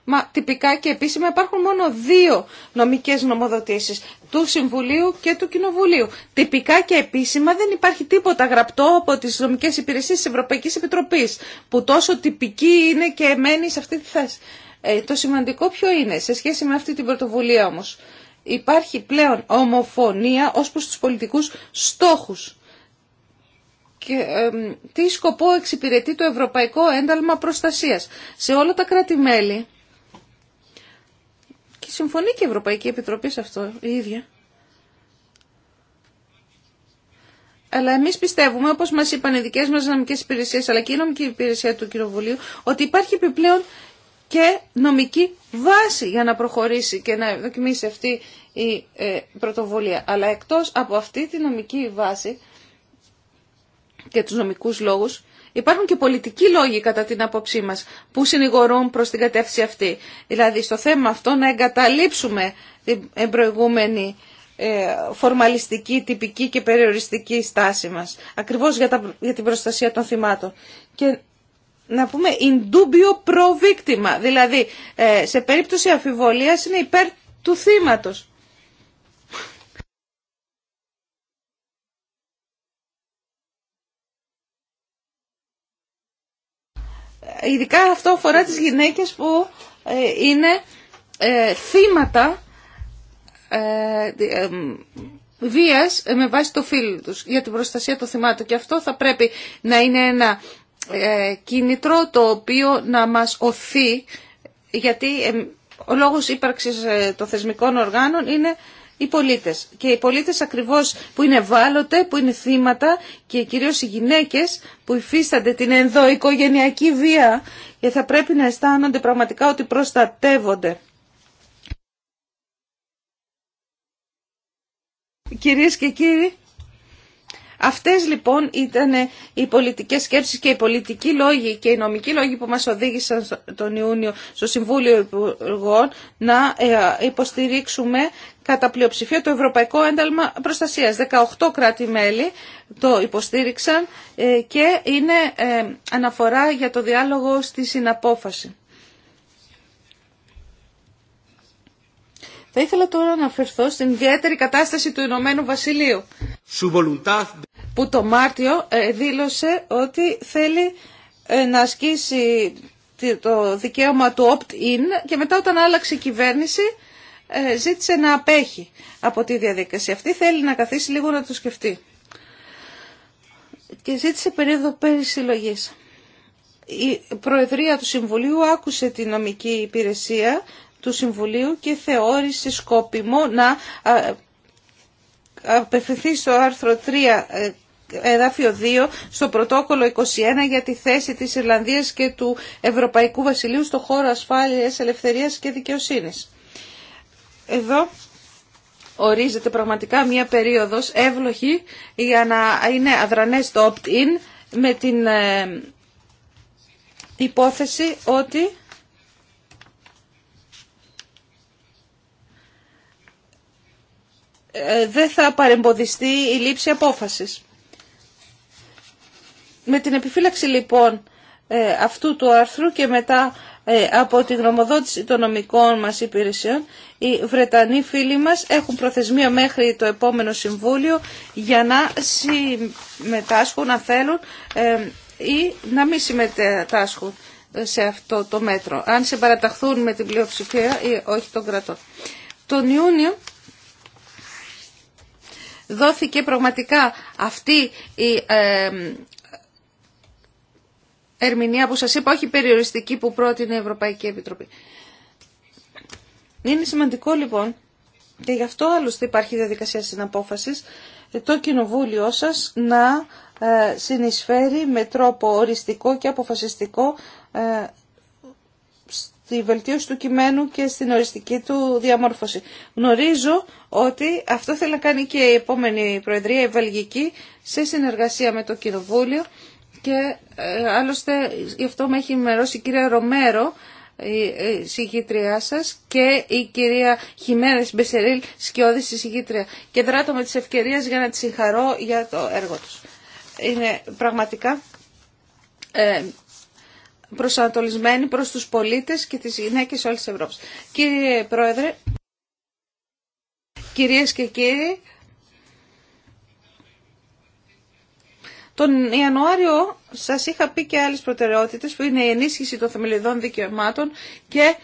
[SPEAKER 2] Μα τυπικά και επίσημα υπάρχουν μόνο δύο νομικές νομοδοτήσεις, του Συμβουλίου και του Κοινοβουλίου. Τυπικά και επίσημα δεν υπάρχει τίποτα γραπτό από τις νομικές υπηρεσίες της Ευρωπαϊκής Επιτροπής, που τόσο τυπική είναι και μένει σε αυτή τη θέση. Ε, το σημαντικό ποιο είναι σε σχέση με αυτή την πρωτοβουλία όμως. Υπάρχει πλέον ομοφωνία ως προς τους πολιτικούς στόχους και τι σκοπό εξυπηρετεί το Ευρωπαϊκό Ένταλμα Προστασίας. Σε όλα τα κράτη-μέλη, και συμφωνεί και η Ευρωπαϊκή Επιτροπή σε αυτό η ίδια, Αλλά εμεί πιστεύουμε, όπω μα είπαν οι δικέ μα νομικέ υπηρεσίε, αλλά και η νομική υπηρεσία του Κοινοβουλίου, ότι υπάρχει επιπλέον και νομική βάση για να προχωρήσει και να δοκιμήσει αυτή η ε, πρωτοβουλία. Αλλά εκτός από αυτή τη νομική βάση και τους νομικούς λόγους, υπάρχουν και πολιτικοί λόγοι κατά την άποψή μας που συνηγορούν προς την κατεύθυνση αυτή. Δηλαδή στο θέμα αυτό να εγκαταλείψουμε την προηγούμενη ε, φορμαλιστική, τυπική και περιοριστική στάση μας. Ακριβώς για, για την προστασία των θυμάτων. Και να πούμε in dubio pro δηλαδή ε, σε περίπτωση αφιβολίας είναι υπέρ του θύματος. ειδικά αυτό αφορά τις γυναίκες που ε, είναι ε, θύματα ε, βίας με βάση το φίλο τους για την προστασία των θυμάτων και αυτό θα πρέπει να είναι ένα κίνητρο το οποίο να μας οθεί γιατί ο λόγος ύπαρξης των θεσμικών οργάνων είναι οι πολίτες. Και οι πολίτες ακριβώς που είναι βάλωτε, που είναι θύματα και κυρίω οι γυναίκες που υφίστανται την ενδοοικογενειακή βία και θα πρέπει να αισθάνονται πραγματικά ότι προστατεύονται. Κυρίες και κύριοι, Αυτές λοιπόν ήταν οι πολιτικές σκέψεις και οι πολιτικοί λόγοι και οι νομικοί λόγοι που μας οδήγησαν τον Ιούνιο στο Συμβούλιο Υπουργών να ε, υποστηρίξουμε κατά πλειοψηφία το Ευρωπαϊκό Ένταλμα Προστασίας. 18 κράτη-μέλη το υποστήριξαν ε, και είναι ε, αναφορά για το διάλογο στη συναπόφαση. Θα ήθελα τώρα να αφαιρθώ στην ιδιαίτερη κατάσταση του Ηνωμένου Βασιλείου που το Μάρτιο ε, δήλωσε ότι θέλει ε, να ασκήσει το δικαίωμα του opt-in και μετά όταν άλλαξε η κυβέρνηση ε, ζήτησε να απέχει από τη διαδικασία αυτή. Θέλει να καθίσει λίγο να το σκεφτεί. Και ζήτησε περίοδο περισυλλογή. Η Προεδρία του Συμβουλίου άκουσε τη νομική υπηρεσία του Συμβουλίου και θεώρησε σκόπιμο να απευθυνθεί στο άρθρο 3 ε, εδάφιο 2 στο πρωτόκολλο 21 για τη θέση της Ιρλανδίας και του Ευρωπαϊκού Βασιλείου στο χώρο ασφάλειας, ελευθερίας και δικαιοσύνης. Εδώ ορίζεται πραγματικά μια περίοδος εύλογη για να είναι αδρανές το opt-in με την ε, υπόθεση ότι Ε, δεν θα παρεμποδιστεί η λήψη απόφασης. Με την επιφύλαξη λοιπόν ε, αυτού του άρθρου και μετά ε, από τη γνωμοδότηση των νομικών μας υπηρεσιών, οι Βρετανοί φίλοι μας έχουν προθεσμία μέχρι το επόμενο Συμβούλιο για να συμμετάσχουν, να θέλουν ή να μην συμμετάσχουν σε αυτό το μέτρο, αν συμπαραταχθούν με την πλειοψηφία ή όχι τον κρατών. Τον Ιούνιο δόθηκε πραγματικά αυτή η ερμηνεία που σας είπα, όχι περιοριστική που πρότεινε η Ευρωπαϊκή Επιτροπή. Είναι σημαντικό λοιπόν, και γι' αυτό άλλωστε υπάρχει διαδικασία συναπόφασης, ε, το κοινοβούλιο σας να ε, συνεισφέρει με τρόπο οριστικό και αποφασιστικό ε, στη βελτίωση του κειμένου και στην οριστική του διαμόρφωση. Γνωρίζω ότι αυτό θέλει να κάνει και η επόμενη Προεδρία, η Βελγική, σε συνεργασία με το Κοινοβούλιο και ε, άλλωστε γι' αυτό με έχει ενημερώσει η κυρία Ρομέρο, η συγκήτριά σας και η κυρία Χιμένες Μπεσερίλ Σκιώδης η συγκήτρια και δράτω με τις ευκαιρίες για να τη συγχαρώ για το έργο τους. Είναι πραγματικά ε, προσανατολισμένη προς τους πολίτες και τις γυναίκες όλης της Ευρώπης. Κύριε Πρόεδρε, κυρίες και κύριοι, Τον Ιανουάριο σας είχα πει και άλλες προτεραιότητες που είναι η ενίσχυση των θεμελιδών δικαιωμάτων και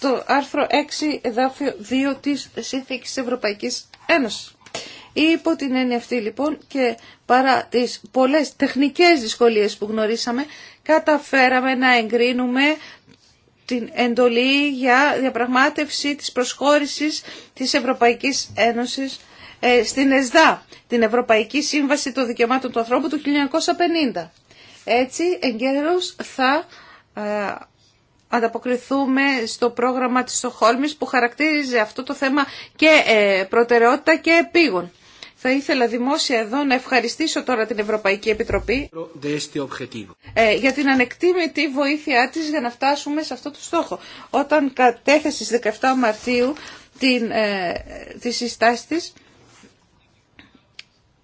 [SPEAKER 2] το άρθρο 6 εδάφιο 2 της Σύνθηκης Ευρωπαϊκής Ένωσης. Υπό την έννοια αυτή λοιπόν και παρά τις πολλές τεχνικές δυσκολίες που γνωρίσαμε, καταφέραμε να εγκρίνουμε την εντολή για διαπραγμάτευση της προσχώρησης της Ευρωπαϊκής Ένωσης ε, στην ΕΣΔΑ, την Ευρωπαϊκή Σύμβαση των Δικαιωμάτων του Ανθρώπου του 1950. Έτσι, εγκαίρως θα ε, ανταποκριθούμε στο πρόγραμμα της Στοχόλμης που χαρακτήριζε αυτό το θέμα και ε, προτεραιότητα και επίγον. Θα ήθελα δημόσια εδώ να ευχαριστήσω τώρα την Ευρωπαϊκή Επιτροπή ε, για την ανεκτήμητη βοήθειά της για να φτάσουμε σε αυτό το στόχο. Όταν κατέθεσε στις 17 Μαρτίου την, ε, τη συστάσεις της,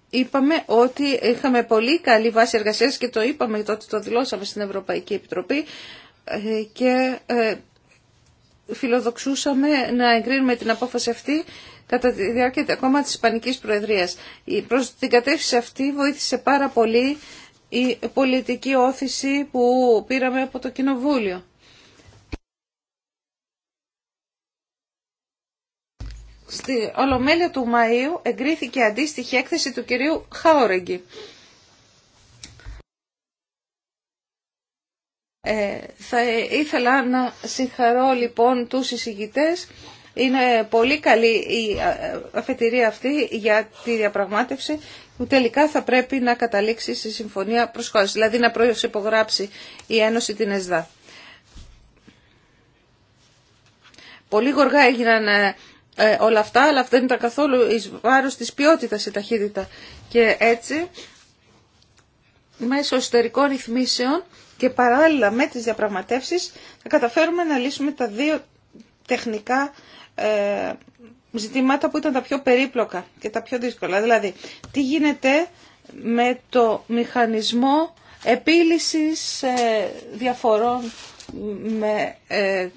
[SPEAKER 2] είπαμε ότι είχαμε πολύ καλή βάση εργασίας και το είπαμε τότε, το δηλώσαμε στην Ευρωπαϊκή Επιτροπή ε, και ε, φιλοδοξούσαμε να εγκρίνουμε την απόφαση αυτή κατά τη διάρκεια ακόμα της Ισπανικής Προεδρίας. Προς την κατεύθυνση αυτή βοήθησε πάρα πολύ η πολιτική όθηση που πήραμε από το Κοινοβούλιο. Στη Ολομέλεια του Μαΐου εγκρίθηκε αντίστοιχη έκθεση του κυρίου Χαόρεγγι. Ε, θα ήθελα να συγχαρώ λοιπόν τους εισηγητές είναι πολύ καλή η ε, ε, αφετηρία αυτή για τη διαπραγμάτευση που τελικά θα πρέπει να καταλήξει στη συμφωνία προσχώρηση, δηλαδή να προσυπογράψει η Ένωση την ΕΣΔΑ. Πολύ γοργά έγιναν ε, όλα αυτά, αλλά αυτό δεν ήταν καθόλου εις βάρος της ποιότητας η ταχύτητα. Και έτσι, μέσω εσωτερικών ρυθμίσεων και παράλληλα με τις διαπραγματεύσεις, θα καταφέρουμε να λύσουμε τα δύο τεχνικά ε, ζητημάτα που ήταν τα πιο περίπλοκα και τα πιο δύσκολα. Δηλαδή, τι γίνεται με το μηχανισμό επίλυσης ε, διαφορών με ε,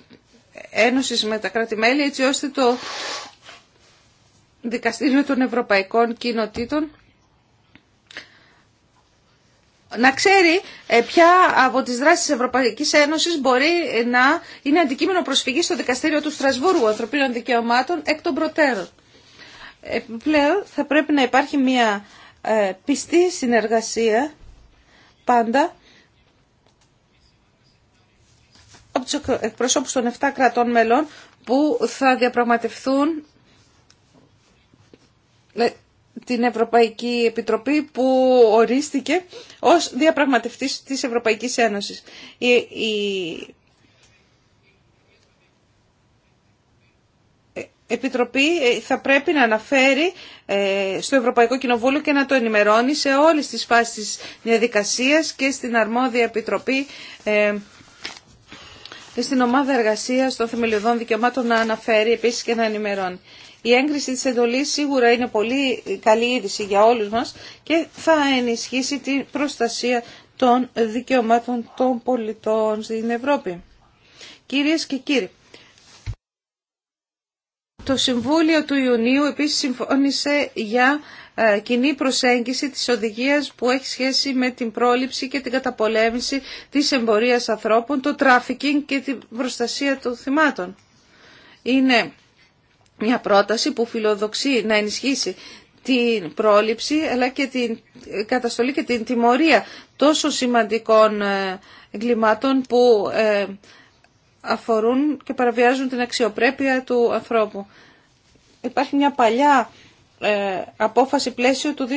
[SPEAKER 2] ένωσης με τα κράτη-μέλη, έτσι ώστε το Δικαστήριο των Ευρωπαϊκών Κοινοτήτων να ξέρει ε, ποια από τις δράσεις της Ευρωπαϊκής Ένωσης μπορεί ε, να είναι αντικείμενο προσφυγής στο δικαστήριο του Στρασβούργου ανθρωπίνων δικαιωμάτων εκ των προτέρων. Επιπλέον θα πρέπει να υπάρχει μια ε, πιστή συνεργασία πάντα από τους εκπροσώπους των 7 κρατών μελών που θα διαπραγματευθούν την Ευρωπαϊκή Επιτροπή που ορίστηκε ως διαπραγματευτής της Ευρωπαϊκής Ένωσης. Η, ε, Επιτροπή ε, θα πρέπει να αναφέρει ε, στο Ευρωπαϊκό Κοινοβούλιο και να το ενημερώνει σε όλες τις φάσεις της διαδικασίας και στην αρμόδια Επιτροπή και στην ομάδα εργασίας των θεμελιωδών δικαιωμάτων να αναφέρει επίσης και να ενημερώνει. Η έγκριση της εντολής σίγουρα είναι πολύ καλή είδηση για όλους μας και θα ενισχύσει την προστασία των δικαιωμάτων των πολιτών στην Ευρώπη. Κυρίες και κύριοι, το Συμβούλιο του Ιουνίου επίσης συμφώνησε για ε, κοινή προσέγγιση της οδηγίας που έχει σχέση με την πρόληψη και την καταπολέμηση της εμπορίας ανθρώπων, το τράφικινγκ και την προστασία των θυμάτων. Είναι μια πρόταση που φιλοδοξεί να ενισχύσει την πρόληψη αλλά και την καταστολή και την τιμωρία τόσο σημαντικών ε, εγκλημάτων που ε, αφορούν και παραβιάζουν την αξιοπρέπεια του ανθρώπου. Υπάρχει μια παλιά ε, απόφαση πλαίσιο του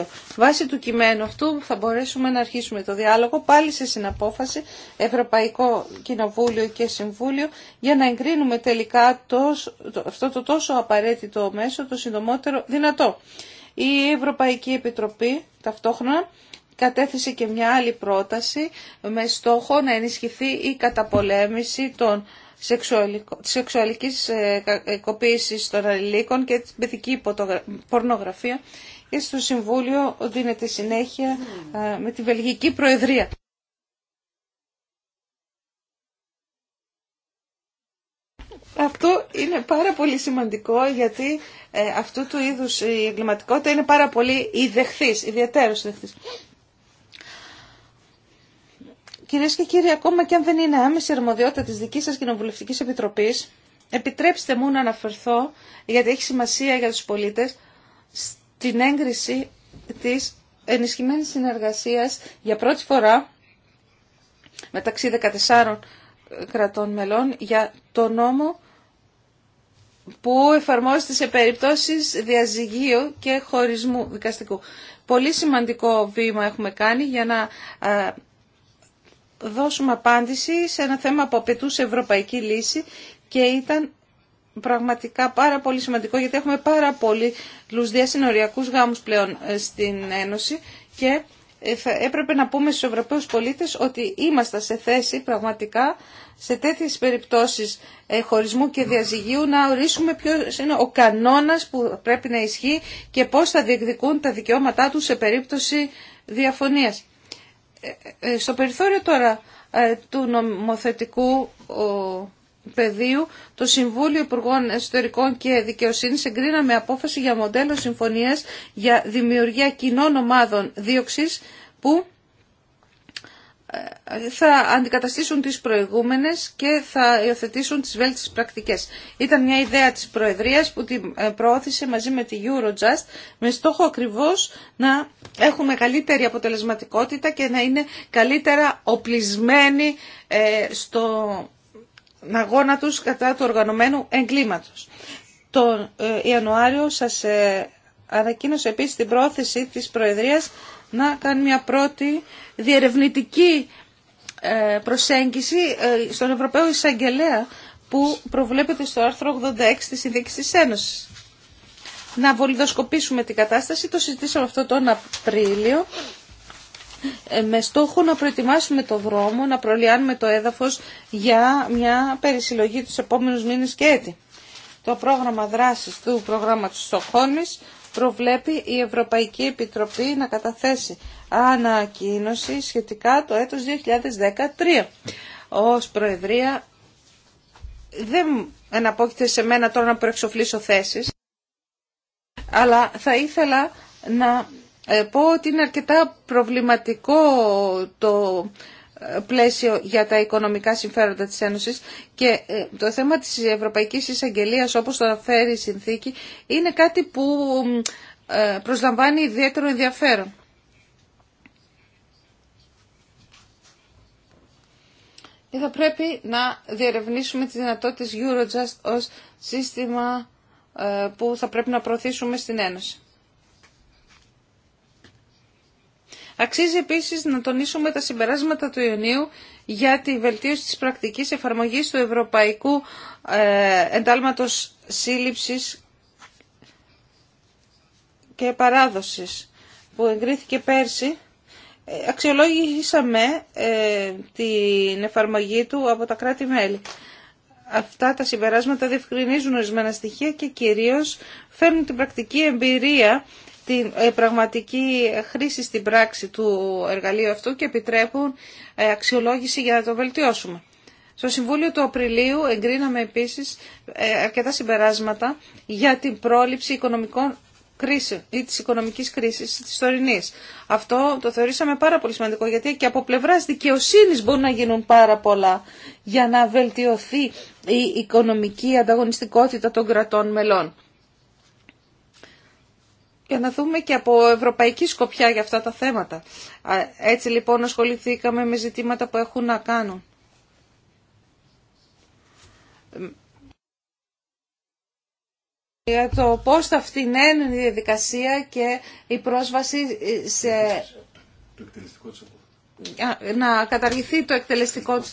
[SPEAKER 2] 2002. Βάσει του κειμένου αυτού θα μπορέσουμε να αρχίσουμε το διάλογο πάλι σε συναπόφαση Ευρωπαϊκό Κοινοβούλιο και Συμβούλιο για να εγκρίνουμε τελικά αυτό το τόσο απαραίτητο μέσο το συντομότερο δυνατό. Η Ευρωπαϊκή Επιτροπή ταυτόχρονα κατέθεσε και μια άλλη πρόταση με στόχο να ενισχυθεί η καταπολέμηση των σεξουαλικής ε, κακοποίησης ε, των αλληλίκων και την παιδική πορνογραφία και στο Συμβούλιο δίνεται συνέχεια ε, με τη Βελγική Προεδρία. Αυτό είναι πάρα πολύ σημαντικό γιατί αυτού του είδους η εγκληματικότητα είναι πάρα πολύ ιδεχθής, ιδιαίτερος ιδεχθής. Κυρίες και κύριοι, ακόμα και αν δεν είναι άμεση αρμοδιότητα της δικής σας Κοινοβουλευτικής Επιτροπής, επιτρέψτε μου να αναφερθώ, γιατί έχει σημασία για τους πολίτες, στην έγκριση της ενισχυμένης συνεργασίας για πρώτη φορά μεταξύ 14 κρατών μελών για το νόμο που εφαρμόζεται σε περιπτώσεις διαζυγίου και χωρισμού δικαστικού. Πολύ σημαντικό βήμα έχουμε κάνει για να δώσουμε απάντηση σε ένα θέμα που απαιτούσε ευρωπαϊκή λύση και ήταν πραγματικά πάρα πολύ σημαντικό γιατί έχουμε πάρα πολλούς διασυνοριακούς γάμους πλέον ε, στην Ένωση και ε, θα έπρεπε να πούμε στους Ευρωπαίους πολίτες ότι είμαστε σε θέση πραγματικά σε τέτοιες περιπτώσεις ε, χωρισμού και διαζυγίου να ορίσουμε ποιος είναι ο κανόνας που πρέπει να ισχύει και πώς θα διεκδικούν τα δικαιώματά τους σε περίπτωση διαφωνίας. Ε, ε, στο περιθώριο τώρα ε, του νομοθετικού πεδίου, το Συμβούλιο Υπουργών Εσωτερικών και Δικαιοσύνης εγκρίναμε απόφαση για μοντέλο συμφωνίας για δημιουργία κοινών ομάδων δίωξης που θα αντικαταστήσουν τις προηγούμενες και θα υιοθετήσουν τις βέλτιστες πρακτικές. Ήταν μια ιδέα της Προεδρίας που την ε, προώθησε μαζί με τη Eurojust με στόχο ακριβώς να έχουμε καλύτερη αποτελεσματικότητα και να είναι καλύτερα οπλισμένοι ε, στο αγώνα τους κατά του οργανωμένου εγκλήματος. Το ε, Ιανουάριο σας ανακοίνωσε επίσης την πρόθεση της Προεδρίας να κάνει μια πρώτη διερευνητική ε, προσέγγιση ε, στον Ευρωπαίο Εισαγγελέα που προβλέπεται στο άρθρο 86 της Συνδίκης της Ένωσης. Να βολιδοσκοπήσουμε την κατάσταση, το συζητήσαμε αυτό τον Απρίλιο ε, με στόχο να προετοιμάσουμε το δρόμο, να προλιάνουμε το έδαφος για μια περισυλλογή τους επόμενους μήνες και έτη. Το πρόγραμμα δράσης του προγράμματος Στοχόνης προβλέπει η Ευρωπαϊκή Επιτροπή να καταθέσει ανακοίνωση σχετικά το έτος 2013. Ως Προεδρία δεν εναπόκειται σε μένα τώρα να προεξοφλήσω θέσεις, αλλά θα ήθελα να ε, πω ότι είναι αρκετά προβληματικό το πλαίσιο για τα οικονομικά συμφέροντα της Ένωσης και ε, το θέμα της Ευρωπαϊκής Εισαγγελίας όπως το αναφέρει η συνθήκη είναι κάτι που ε, προσλαμβάνει ιδιαίτερο ενδιαφέρον. Και ε, θα πρέπει να διερευνήσουμε τις δυνατότητες Eurojust ως σύστημα που θα πρέπει να προωθήσουμε στην Ένωση. Αξίζει επίση να τονίσουμε τα συμπεράσματα του Ιουνίου για τη βελτίωση της πρακτική εφαρμογής του Ευρωπαϊκού ε, Εντάλματος σύλληψη και παράδοση που εγκρίθηκε πέρσι. Ε, Αξιολόγησαμε ε, την εφαρμογή του από τα κράτη-μέλη. Αυτά τα συμπεράσματα διευκρινίζουν ορισμένα στοιχεία και κυρίως φέρνουν την πρακτική εμπειρία την ε, πραγματική χρήση στην πράξη του εργαλείου αυτού και επιτρέπουν ε, αξιολόγηση για να το βελτιώσουμε. Στο Συμβούλιο του Απριλίου εγκρίναμε επίσης ε, αρκετά συμπεράσματα για την πρόληψη οικονομικών κρίσεων ή της οικονομικής κρίσης της τωρινής. Αυτό το θεωρήσαμε πάρα πολύ σημαντικό γιατί και από πλευράς δικαιοσύνης μπορούν να γίνουν πάρα πολλά για να βελτιωθεί η οικονομική ανταγωνιστικότητα των κρατών μελών για να δούμε και από ευρωπαϊκή σκοπιά για αυτά τα θέματα. Έτσι λοιπόν ασχοληθήκαμε με ζητήματα που έχουν να κάνουν. Για το πώς θα φτηνένουν η διαδικασία και η πρόσβαση σε... Το εκτελεστικό της απόφασης. Να καταργηθεί το εκτελεστικό της,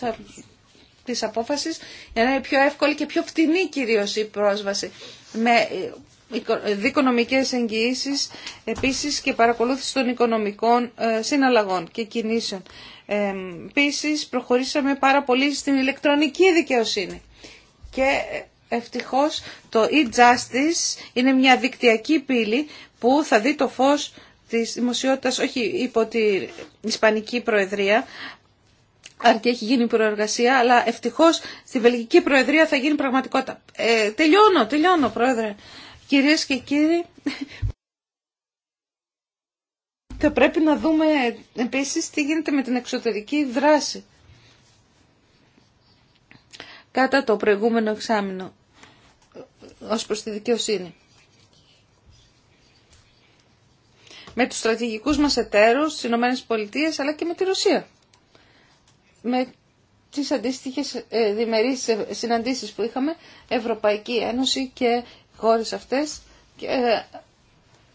[SPEAKER 2] της απόφασης για να είναι πιο εύκολη και πιο φτηνή κυρίως η πρόσβαση με δικονομικές εγγυήσεις επίσης και παρακολούθηση των οικονομικών ε, συναλλαγών και κινήσεων. Ε, επίσης προχωρήσαμε πάρα πολύ στην ηλεκτρονική δικαιοσύνη και ε, ευτυχώς το e-justice είναι μια δικτυακή πύλη που θα δει το φως της δημοσιότητας όχι υπό την Ισπανική Προεδρία αρκεί έχει γίνει προεργασία, αλλά ευτυχώς στη Βελγική Προεδρία θα γίνει πραγματικότητα. Ε, τελειώνω, τελειώνω, Πρόεδρε. Κυρίες και κύριοι, θα πρέπει να δούμε επίσης τι γίνεται με την εξωτερική δράση κατά το προηγούμενο εξάμεινο ως προς τη δικαιοσύνη. Με τους στρατηγικούς μας εταίρους, τις Ηνωμένες αλλά και με τη Ρωσία. Με τις αντίστοιχες ε, διμερείς συναντήσεις που είχαμε, Ευρωπαϊκή Ένωση και χώρες αυτές και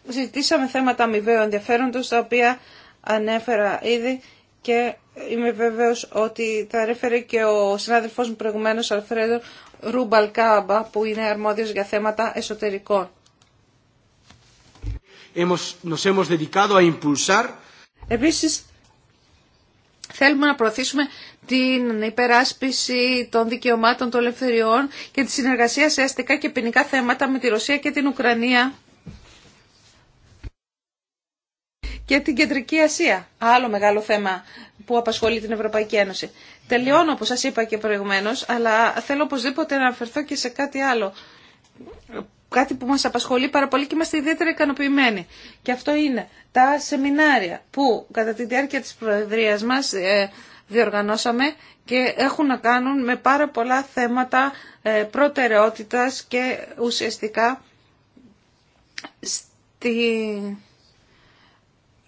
[SPEAKER 2] συζητήσαμε ε, θέματα αμοιβαίου ενδιαφέροντος τα οποία ανέφερα ήδη και είμαι βέβαιος ότι τα έφερε και ο συνάδελφός μου προηγουμένως Αλφρέντο Ρούμπαλ Κάμπα που είναι αρμόδιος για θέματα εσωτερικών.
[SPEAKER 1] Hemos, nos hemos dedicado a impulsar...
[SPEAKER 2] Θέλουμε να προωθήσουμε την υπεράσπιση των δικαιωμάτων των ελευθεριών και τη συνεργασία σε αστικά και ποινικά θέματα με τη Ρωσία και την Ουκρανία και την Κεντρική Ασία. Άλλο μεγάλο θέμα που απασχολεί την Ευρωπαϊκή Ένωση. Τελειώνω όπως σας είπα και προηγουμένως, αλλά θέλω οπωσδήποτε να αναφερθώ και σε κάτι άλλο κάτι που μας απασχολεί πάρα πολύ και είμαστε ιδιαίτερα ικανοποιημένοι. Και αυτό είναι τα σεμινάρια που κατά τη διάρκεια της Προεδρίας μας ε, διοργανώσαμε και έχουν να κάνουν με πάρα πολλά θέματα ε, προτεραιότητας και ουσιαστικά στη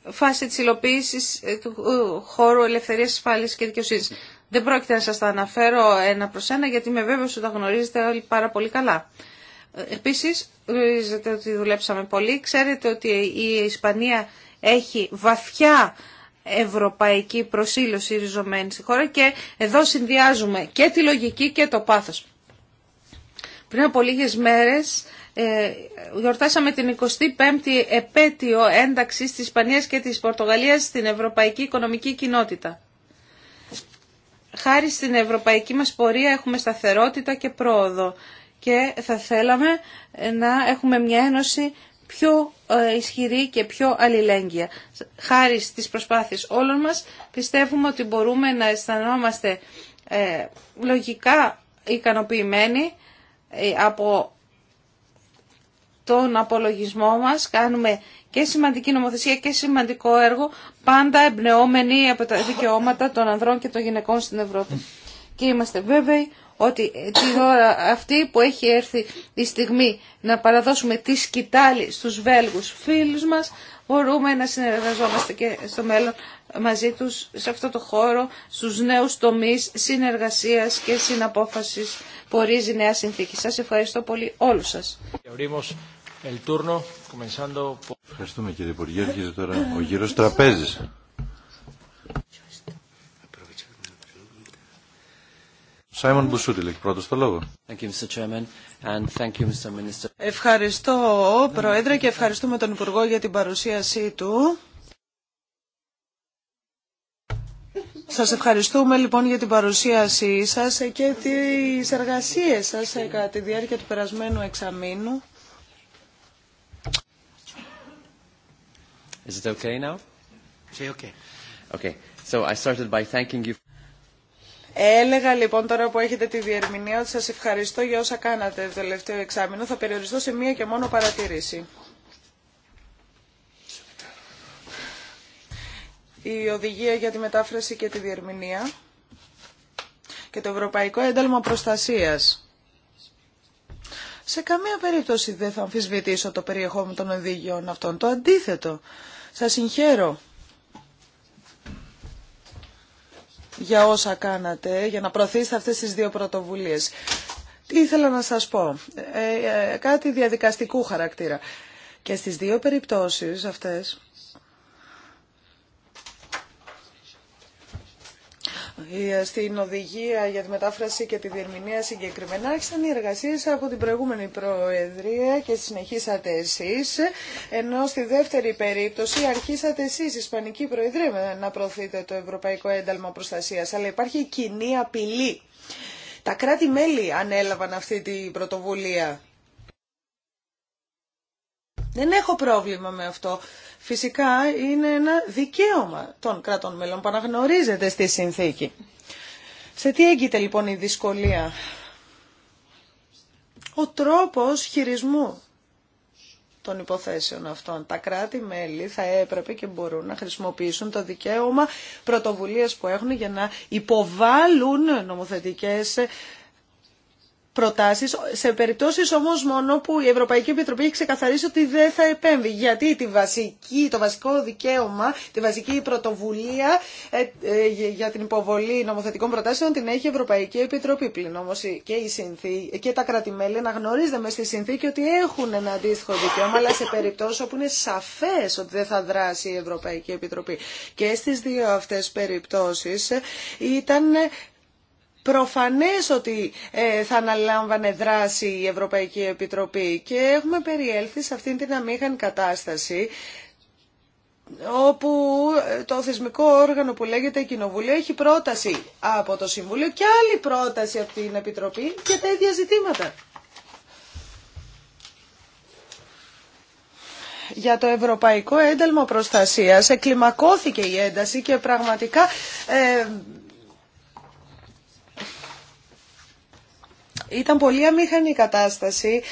[SPEAKER 2] φάση της υλοποίησης ε, του χώρου ελευθερίας, ασφάλειας και δικαιοσύνης. Δεν πρόκειται να σας τα αναφέρω ένα προς ένα γιατί με βέβαιο ότι τα γνωρίζετε όλοι πάρα πολύ καλά. Επίσης, γνωρίζετε ότι δουλέψαμε πολύ. Ξέρετε ότι η Ισπανία έχει βαθιά ευρωπαϊκή προσήλωση ριζωμένη στη χώρα και εδώ συνδυάζουμε και τη λογική και το πάθος. Πριν από λίγες μέρες ε, γιορτάσαμε την 25η επέτειο ένταξης της Ισπανίας και της Πορτογαλίας στην Ευρωπαϊκή Οικονομική Κοινότητα. Χάρη στην ευρωπαϊκή μας πορεία έχουμε σταθερότητα και πρόοδο και θα θέλαμε να έχουμε μια ένωση πιο ε, ισχυρή και πιο αλληλέγγυα. Χάρη στις προσπάθειες όλων μας πιστεύουμε ότι μπορούμε να αισθανόμαστε ε, λογικά ικανοποιημένοι ε, από τον απολογισμό μας. Κάνουμε και σημαντική νομοθεσία και σημαντικό έργο, πάντα εμπνεόμενοι από τα δικαιώματα των ανδρών και των γυναικών στην Ευρώπη. Και είμαστε βέβαιοι ότι την ώρα αυτή που έχει έρθει η στιγμή να παραδώσουμε τη σκητάλη στους Βέλγους φίλους μας, μπορούμε να συνεργαζόμαστε και στο μέλλον μαζί τους σε αυτό το χώρο, στους νέους τομείς συνεργασίας και συναπόφασης που ορίζει η νέα συνθήκη. Σας ευχαριστώ πολύ όλους σας.
[SPEAKER 1] Ευχαριστούμε κύριε Υπουργέ. Έρχεται τώρα ο γύρος τραπέζης. Σάιμον Μπουσούτη, λέει πρώτο το λόγο.
[SPEAKER 3] Ευχαριστώ, Πρόεδρε, και ευχαριστούμε τον Υπουργό για την παρουσίασή του. Σας ευχαριστούμε λοιπόν για την παρουσίασή σας και τις εργασίες σας κατά τη διάρκεια του περασμένου εξαμήνου. Έλεγα λοιπόν τώρα που έχετε τη διερμηνία ότι σας ευχαριστώ για όσα κάνατε το τελευταίο εξάμεινο. Θα περιοριστώ σε μία και μόνο παρατηρήση. Η οδηγία για τη μετάφραση και τη διερμηνία και το Ευρωπαϊκό Ένταλμα Προστασίας. Σε καμία περίπτωση δεν θα αμφισβητήσω το περιεχόμενο των οδηγιών αυτών. Το αντίθετο. Σας συγχαίρω για όσα κάνατε, για να προωθήσετε αυτές τις δύο πρωτοβουλίες. Τι ήθελα να σας πω, ε, ε κάτι διαδικαστικού χαρακτήρα. Και στις δύο περιπτώσεις αυτές Ε, στην οδηγία για τη μετάφραση και τη διερμηνία συγκεκριμένα άρχισαν οι εργασίε από την προηγούμενη Προεδρία και συνεχίσατε εσείς, ενώ στη δεύτερη περίπτωση αρχίσατε εσείς, η Ισπανική Προεδρία, να προωθείτε το Ευρωπαϊκό Ένταλμα Προστασίας, αλλά υπάρχει κοινή απειλή. Τα κράτη-μέλη ανέλαβαν αυτή την πρωτοβουλία. Δεν έχω πρόβλημα με αυτό φυσικά είναι ένα δικαίωμα των κρατών μελών που αναγνωρίζεται στη συνθήκη. Σε τι έγκυται λοιπόν η δυσκολία. Ο τρόπος χειρισμού των υποθέσεων αυτών. Τα κράτη-μέλη θα έπρεπε και μπορούν να χρησιμοποιήσουν το δικαίωμα πρωτοβουλίες που έχουν για να υποβάλουν νομοθετικές προτάσεις, σε περιπτώσει όμω μόνο που η Ευρωπαϊκή Επιτροπή έχει ξεκαθαρίσει ότι δεν θα επέμβει. Γιατί τη βασική, το βασικό δικαίωμα, τη βασική πρωτοβουλία ε, ε, για την υποβολή νομοθετικών προτάσεων την έχει η Ευρωπαϊκή Επιτροπή πλην όμως και, η και τα κρατημέλη να γνωρίζετε με στη συνθήκη ότι έχουν ένα αντίστοιχο δικαίωμα, αλλά σε περιπτώσει όπου είναι σαφέ ότι δεν θα δράσει η Ευρωπαϊκή Επιτροπή. Και στι δύο αυτέ περιπτώσει ε, ήταν Προφανές ότι ε, θα αναλάμβανε δράση η Ευρωπαϊκή Επιτροπή και έχουμε περιέλθει σε αυτήν την αμήχανη κατάσταση όπου ε, το θεσμικό όργανο που λέγεται Κοινοβουλίο έχει πρόταση από το Συμβούλιο και άλλη πρόταση από την Επιτροπή για τα ίδια ζητήματα. για το Ευρωπαϊκό Ένταλμα Προστασίας εκλιμακώθηκε η ένταση και πραγματικά ε, Ήταν πολύ αμήχανη η κατάσταση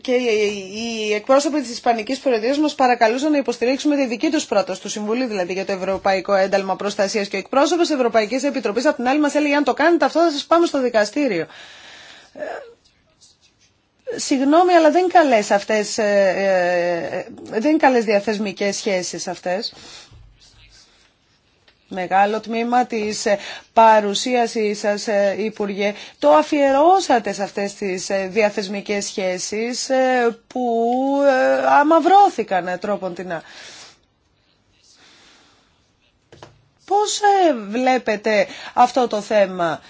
[SPEAKER 3] και οι εκπρόσωποι της Ισπανικής Προεδρίας μας παρακαλούσαν να υποστηρίξουμε τη δική τους πρόταση, του Συμβουλίου δηλαδή για το Ευρωπαϊκό Ένταλμα Προστασίας και ο εκπρόσωπος της Ευρωπαϊκής Επιτροπής από την άλλη μας έλεγε αν το κάνετε αυτό θα σας πάμε στο δικαστήριο. Ε, συγγνώμη, αλλά δεν είναι καλές, αυτές, ε, ε, δεν είναι καλές διαθεσμικές σχέσεις αυτές μεγάλο τμήμα της ε, παρουσίασής σας, ε, Υπουργέ, το αφιερώσατε σε αυτές τις ε, διαθεσμικές σχέσεις που αμαυρώθηκαν τρόπον την Πώς βλέπετε αυτό το θέμα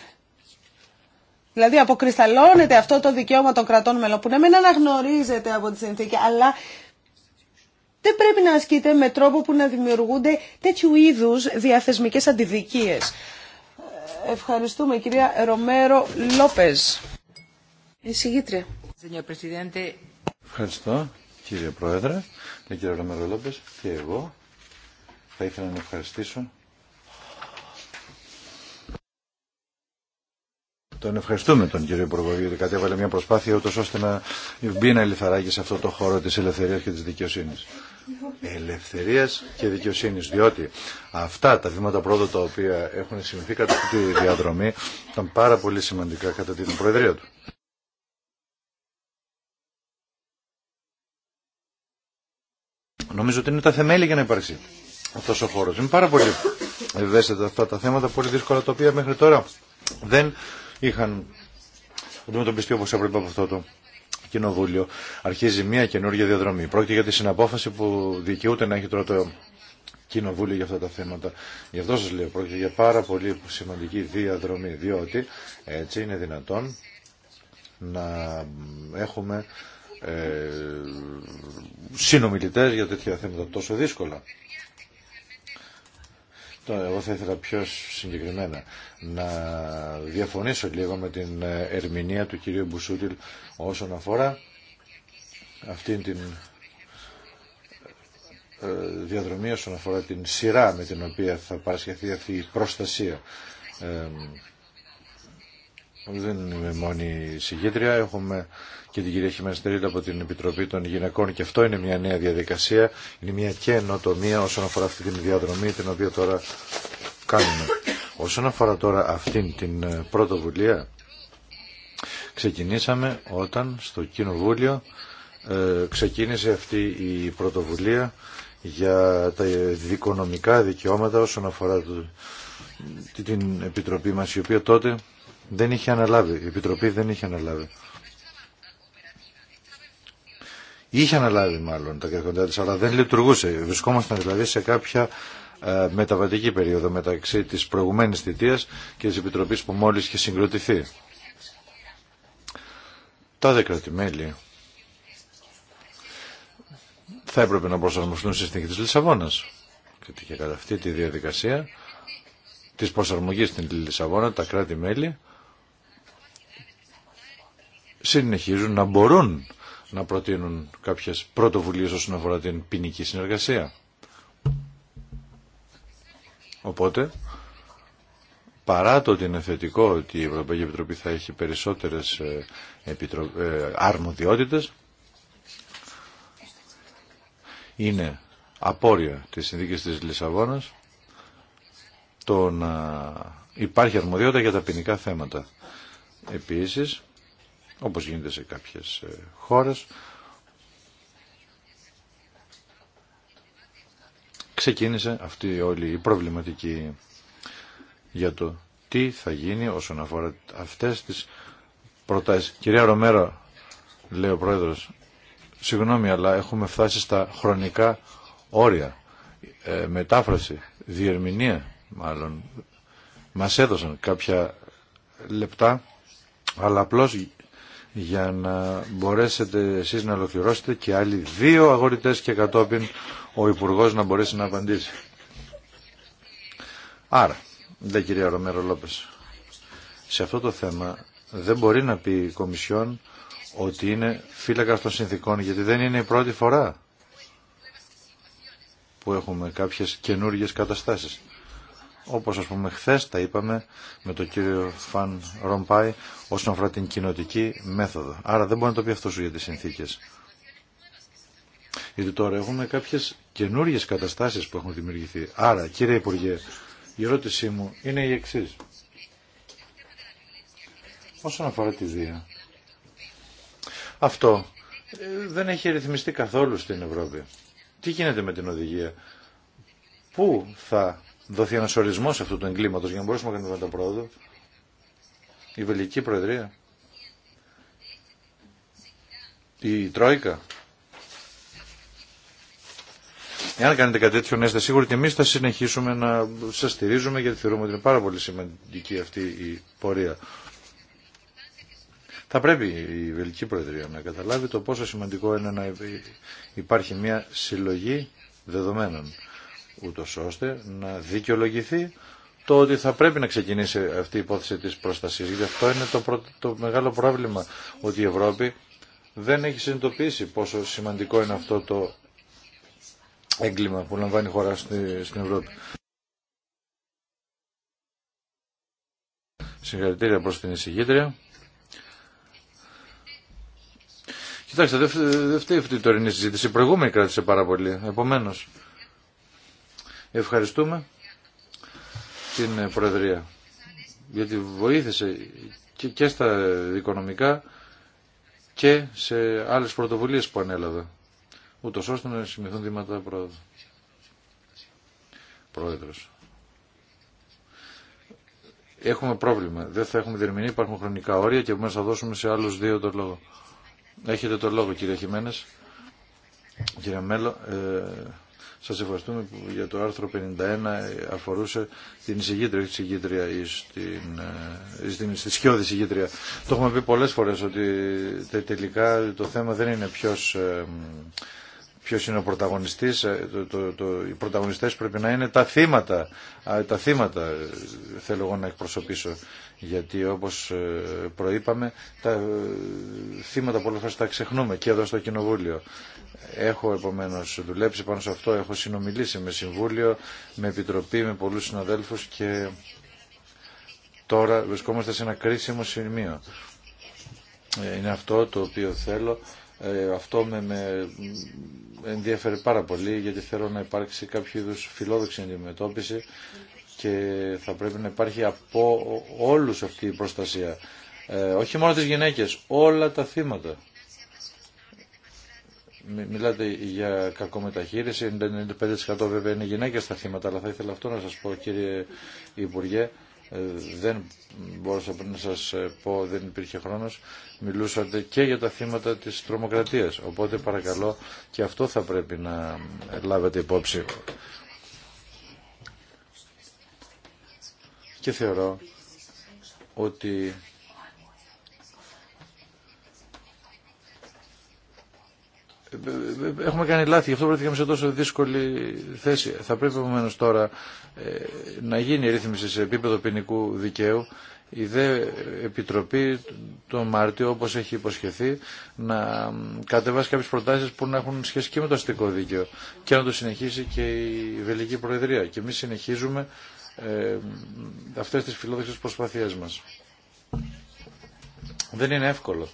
[SPEAKER 3] Δηλαδή αποκρισταλώνεται αυτό το δικαίωμα των κρατών μελών που να μην αναγνωρίζεται από τη συνθήκη αλλά δεν πρέπει να ασκείται με τρόπο που να δημιουργούνται τέτοιου είδους διαθεσμικές αντιδικίες. Ευχαριστούμε κυρία Ρομέρο
[SPEAKER 1] Λόπες.
[SPEAKER 3] Εισηγήτρια.
[SPEAKER 1] Ευχαριστώ κύριε Πρόεδρε, κύριε Ρομέρο Λόπες και εγώ θα ήθελα να ευχαριστήσω Τον ευχαριστούμε τον κύριο Υπουργό γιατί κατέβαλε μια προσπάθεια ούτως ώστε να μπει ένα λιθαράκι σε αυτό το χώρο της ελευθερίας και της δικαιοσύνης. Ελευθερίας και δικαιοσύνης διότι αυτά τα βήματα πρώτα τα οποία έχουν σημειωθεί κατά αυτή τη διαδρομή ήταν πάρα πολύ σημαντικά κατά την Προεδρία του. Νομίζω ότι είναι τα θεμέλια για να υπάρξει αυτό ο χώρο. Είναι πάρα πολύ ευαίσθητα αυτά τα θέματα, πολύ δύσκολα τα οποία μέχρι τώρα δεν είχαν αντιμετωπιστεί όπω έπρεπε από αυτό το κοινοβούλιο. Αρχίζει μια καινούργια διαδρομή. Πρόκειται για τη συναπόφαση που δικαιούται να έχει τώρα το κοινοβούλιο για αυτά τα θέματα. Γι' αυτό σα λέω, πρόκειται για πάρα πολύ σημαντική διαδρομή, διότι έτσι είναι δυνατόν να έχουμε ε, συνομιλητές για τέτοια θέματα τόσο δύσκολα εγώ θα ήθελα πιο συγκεκριμένα να διαφωνήσω λίγο με την ερμηνεία του κυρίου Μπουσούτιλ όσον αφορά αυτήν την ε, διαδρομή όσον αφορά την σειρά με την οποία θα παρασχεθεί αυτή η προστασία. Ε, δεν είμαι μόνη συγκέντρια, έχουμε και την κυρία Χιμενστερίλ από την Επιτροπή των Γυναικών και αυτό είναι μια νέα διαδικασία, είναι μια καινοτομία όσον αφορά αυτή την διαδρομή την οποία τώρα κάνουμε. Όσον αφορά τώρα αυτήν την ε, πρωτοβουλία, ξεκινήσαμε όταν στο Κοινοβούλιο ε, ξεκίνησε αυτή η πρωτοβουλία για τα δικονομικά δικαιώματα όσον αφορά την Επιτροπή μας, η οποία τότε δεν είχε αναλάβει, η Επιτροπή δεν είχε αναλάβει. Είχε αναλάβει μάλλον τα καθηκοντά τη, αλλά δεν λειτουργούσε. Βρισκόμασταν δηλαδή σε κάποια ε, μεταβατική περίοδο μεταξύ της προηγουμένης θητείας και της Επιτροπής που μόλις είχε συγκροτηθεί. Τα δε θα έπρεπε να προσαρμοστούν στη συνθήκη της Λισαβόνας. Και κατά αυτή τη διαδικασία της προσαρμογής στην Λισαβόνα τα κράτη-μέλη συνεχίζουν να μπορούν να προτείνουν κάποιες πρωτοβουλίες όσον αφορά την ποινική συνεργασία. Οπότε, παρά το ότι είναι θετικό ότι η Ευρωπαϊκή Επιτροπή θα έχει περισσότερες ε, ε, αρμοδιότητες, είναι απόρρια της συνθήκης της Λισαβόνας το να υπάρχει αρμοδιότητα για τα ποινικά θέματα. Επίσης, όπως γίνεται σε κάποιες ε, χώρες. Ξεκίνησε αυτή όλη η προβληματική για το τι θα γίνει όσον αφορά αυτές τις προτάσεις. Κυρία Ρομέρο, λέει ο Πρόεδρος, συγγνώμη αλλά έχουμε φτάσει στα χρονικά όρια. Ε, μετάφραση, διερμηνία μάλλον. Μας έδωσαν κάποια λεπτά, αλλά απλώς για να μπορέσετε εσείς να ολοκληρώσετε και άλλοι δύο αγορητές και κατόπιν ο Υπουργός να μπορέσει να απαντήσει. Άρα, δεν κυρία Ρομέρο Λόπες, σε αυτό το θέμα δεν μπορεί να πει η Κομισιόν ότι είναι φύλακα των συνθήκων γιατί δεν είναι η πρώτη φορά που έχουμε κάποιες καινούργιες καταστάσεις όπως ας πούμε χθες τα είπαμε με τον κύριο Φαν Ρομπάι όσον αφορά την κοινοτική μέθοδο. Άρα δεν μπορεί να το πει αυτό σου για τις συνθήκες. Γιατί τώρα έχουμε κάποιες καινούργιες καταστάσεις που έχουν δημιουργηθεί. Άρα κύριε Υπουργέ, η ερώτησή μου είναι η εξή. Όσον αφορά τη Δία. αυτό ε, δεν έχει ρυθμιστεί καθόλου στην Ευρώπη. Τι γίνεται με την οδηγία. Πού θα δοθεί ένας ορισμός αυτού του εγκλήματο. για να μπορέσουμε να κάνουμε τα πρόοδο. Η Βελική Προεδρία. Η Τρόικα. Εάν κάνετε κάτι τέτοιο, να είστε σίγουροι ότι εμεί θα συνεχίσουμε να σα στηρίζουμε γιατί θεωρούμε ότι είναι πάρα πολύ σημαντική αυτή η πορεία. Θα πρέπει η Βελική Προεδρία να καταλάβει το πόσο σημαντικό είναι να υπάρχει μια συλλογή δεδομένων ούτως ώστε να δικαιολογηθεί το ότι θα πρέπει να ξεκινήσει αυτή η υπόθεση της προστασίας. Γιατί αυτό είναι το, το μεγάλο πρόβλημα, ότι η Ευρώπη δεν έχει συνειδητοποιήσει πόσο σημαντικό είναι αυτό το έγκλημα που λαμβάνει η χώρα στην Ευρώπη. Συγχαρητήρια προς την εισηγήτρια. Κοιτάξτε, δεν φταίει αυτή η τωρινή συζήτηση. Η προηγούμενη κράτησε πάρα πολύ. Επομένως, Ευχαριστούμε την ε, Προεδρία γιατί βοήθησε και στα οικονομικά και σε άλλες πρωτοβουλίες που ανέλαβε ούτως ώστε να συμμεθούν δήματα Πρόεδρος. Έχουμε πρόβλημα. Δεν θα έχουμε διερμηνή, υπάρχουν χρονικά όρια και μέσα θα δώσουμε σε άλλους δύο το λόγο. Έχετε το λόγο κύριε Χιμένες. Κύριε Μέλλο. ε, σας ευχαριστούμε που για το άρθρο 51 αφορούσε την εισηγήτρια, όχι εισηγήτρια ή ε, στην, σκιώδη εισηγήτρια. Το έχουμε πει πολλές φορές ότι τελικά το θέμα δεν είναι ποιος, ε, ποιος είναι ο πρωταγωνιστής. Ε, το, το, οι πρωταγωνιστές πρέπει να είναι τα θύματα. Τα θύματα θέλω εγώ να εκπροσωπήσω γιατί όπως ε, προείπαμε τα ε, θύματα πολλές φορές τα ξεχνούμε και εδώ στο Κοινοβούλιο. Έχω επομένως δουλέψει πάνω σε αυτό, έχω συνομιλήσει με Συμβούλιο, με Επιτροπή, με πολλούς συναδέλφους και τώρα βρισκόμαστε σε ένα κρίσιμο σημείο. Ε, είναι αυτό το οποίο θέλω. αυτό με, με ενδιαφέρει πάρα πολύ γιατί θέλω να υπάρξει κάποιο είδους φιλόδοξη αντιμετώπιση και θα πρέπει να υπάρχει από όλους αυτή η προστασία. Ε, όχι μόνο τις γυναίκες, όλα τα θύματα. Μιλάτε για κακό μεταχείριση, 95% βέβαια είναι γυναίκες τα θύματα, αλλά θα ήθελα αυτό να σας πω κύριε Υπουργέ, ε, δεν μπορούσα πριν να σας ε, πω, δεν υπήρχε χρόνος, μιλούσατε και για τα θύματα της τρομοκρατίας. Οπότε παρακαλώ και αυτό θα πρέπει να ε, λάβετε υπόψη και θεωρώ ότι έχουμε κάνει λάθη, γι' αυτό βρέθηκαμε σε τόσο δύσκολη θέση. Θα πρέπει επομένω τώρα ε, να γίνει η ρύθμιση σε επίπεδο ποινικού δικαίου. Η ΔΕ Επιτροπή τον Μάρτιο, όπως έχει υποσχεθεί, να κατεβάσει κάποιες προτάσεις που να έχουν σχέση και με το αστικό δίκαιο και να το συνεχίσει και η Βελική Προεδρία. Και εμείς συνεχίζουμε ε, αυτές τις φιλόδοξες προσπαθίες μας. Δεν είναι εύκολο.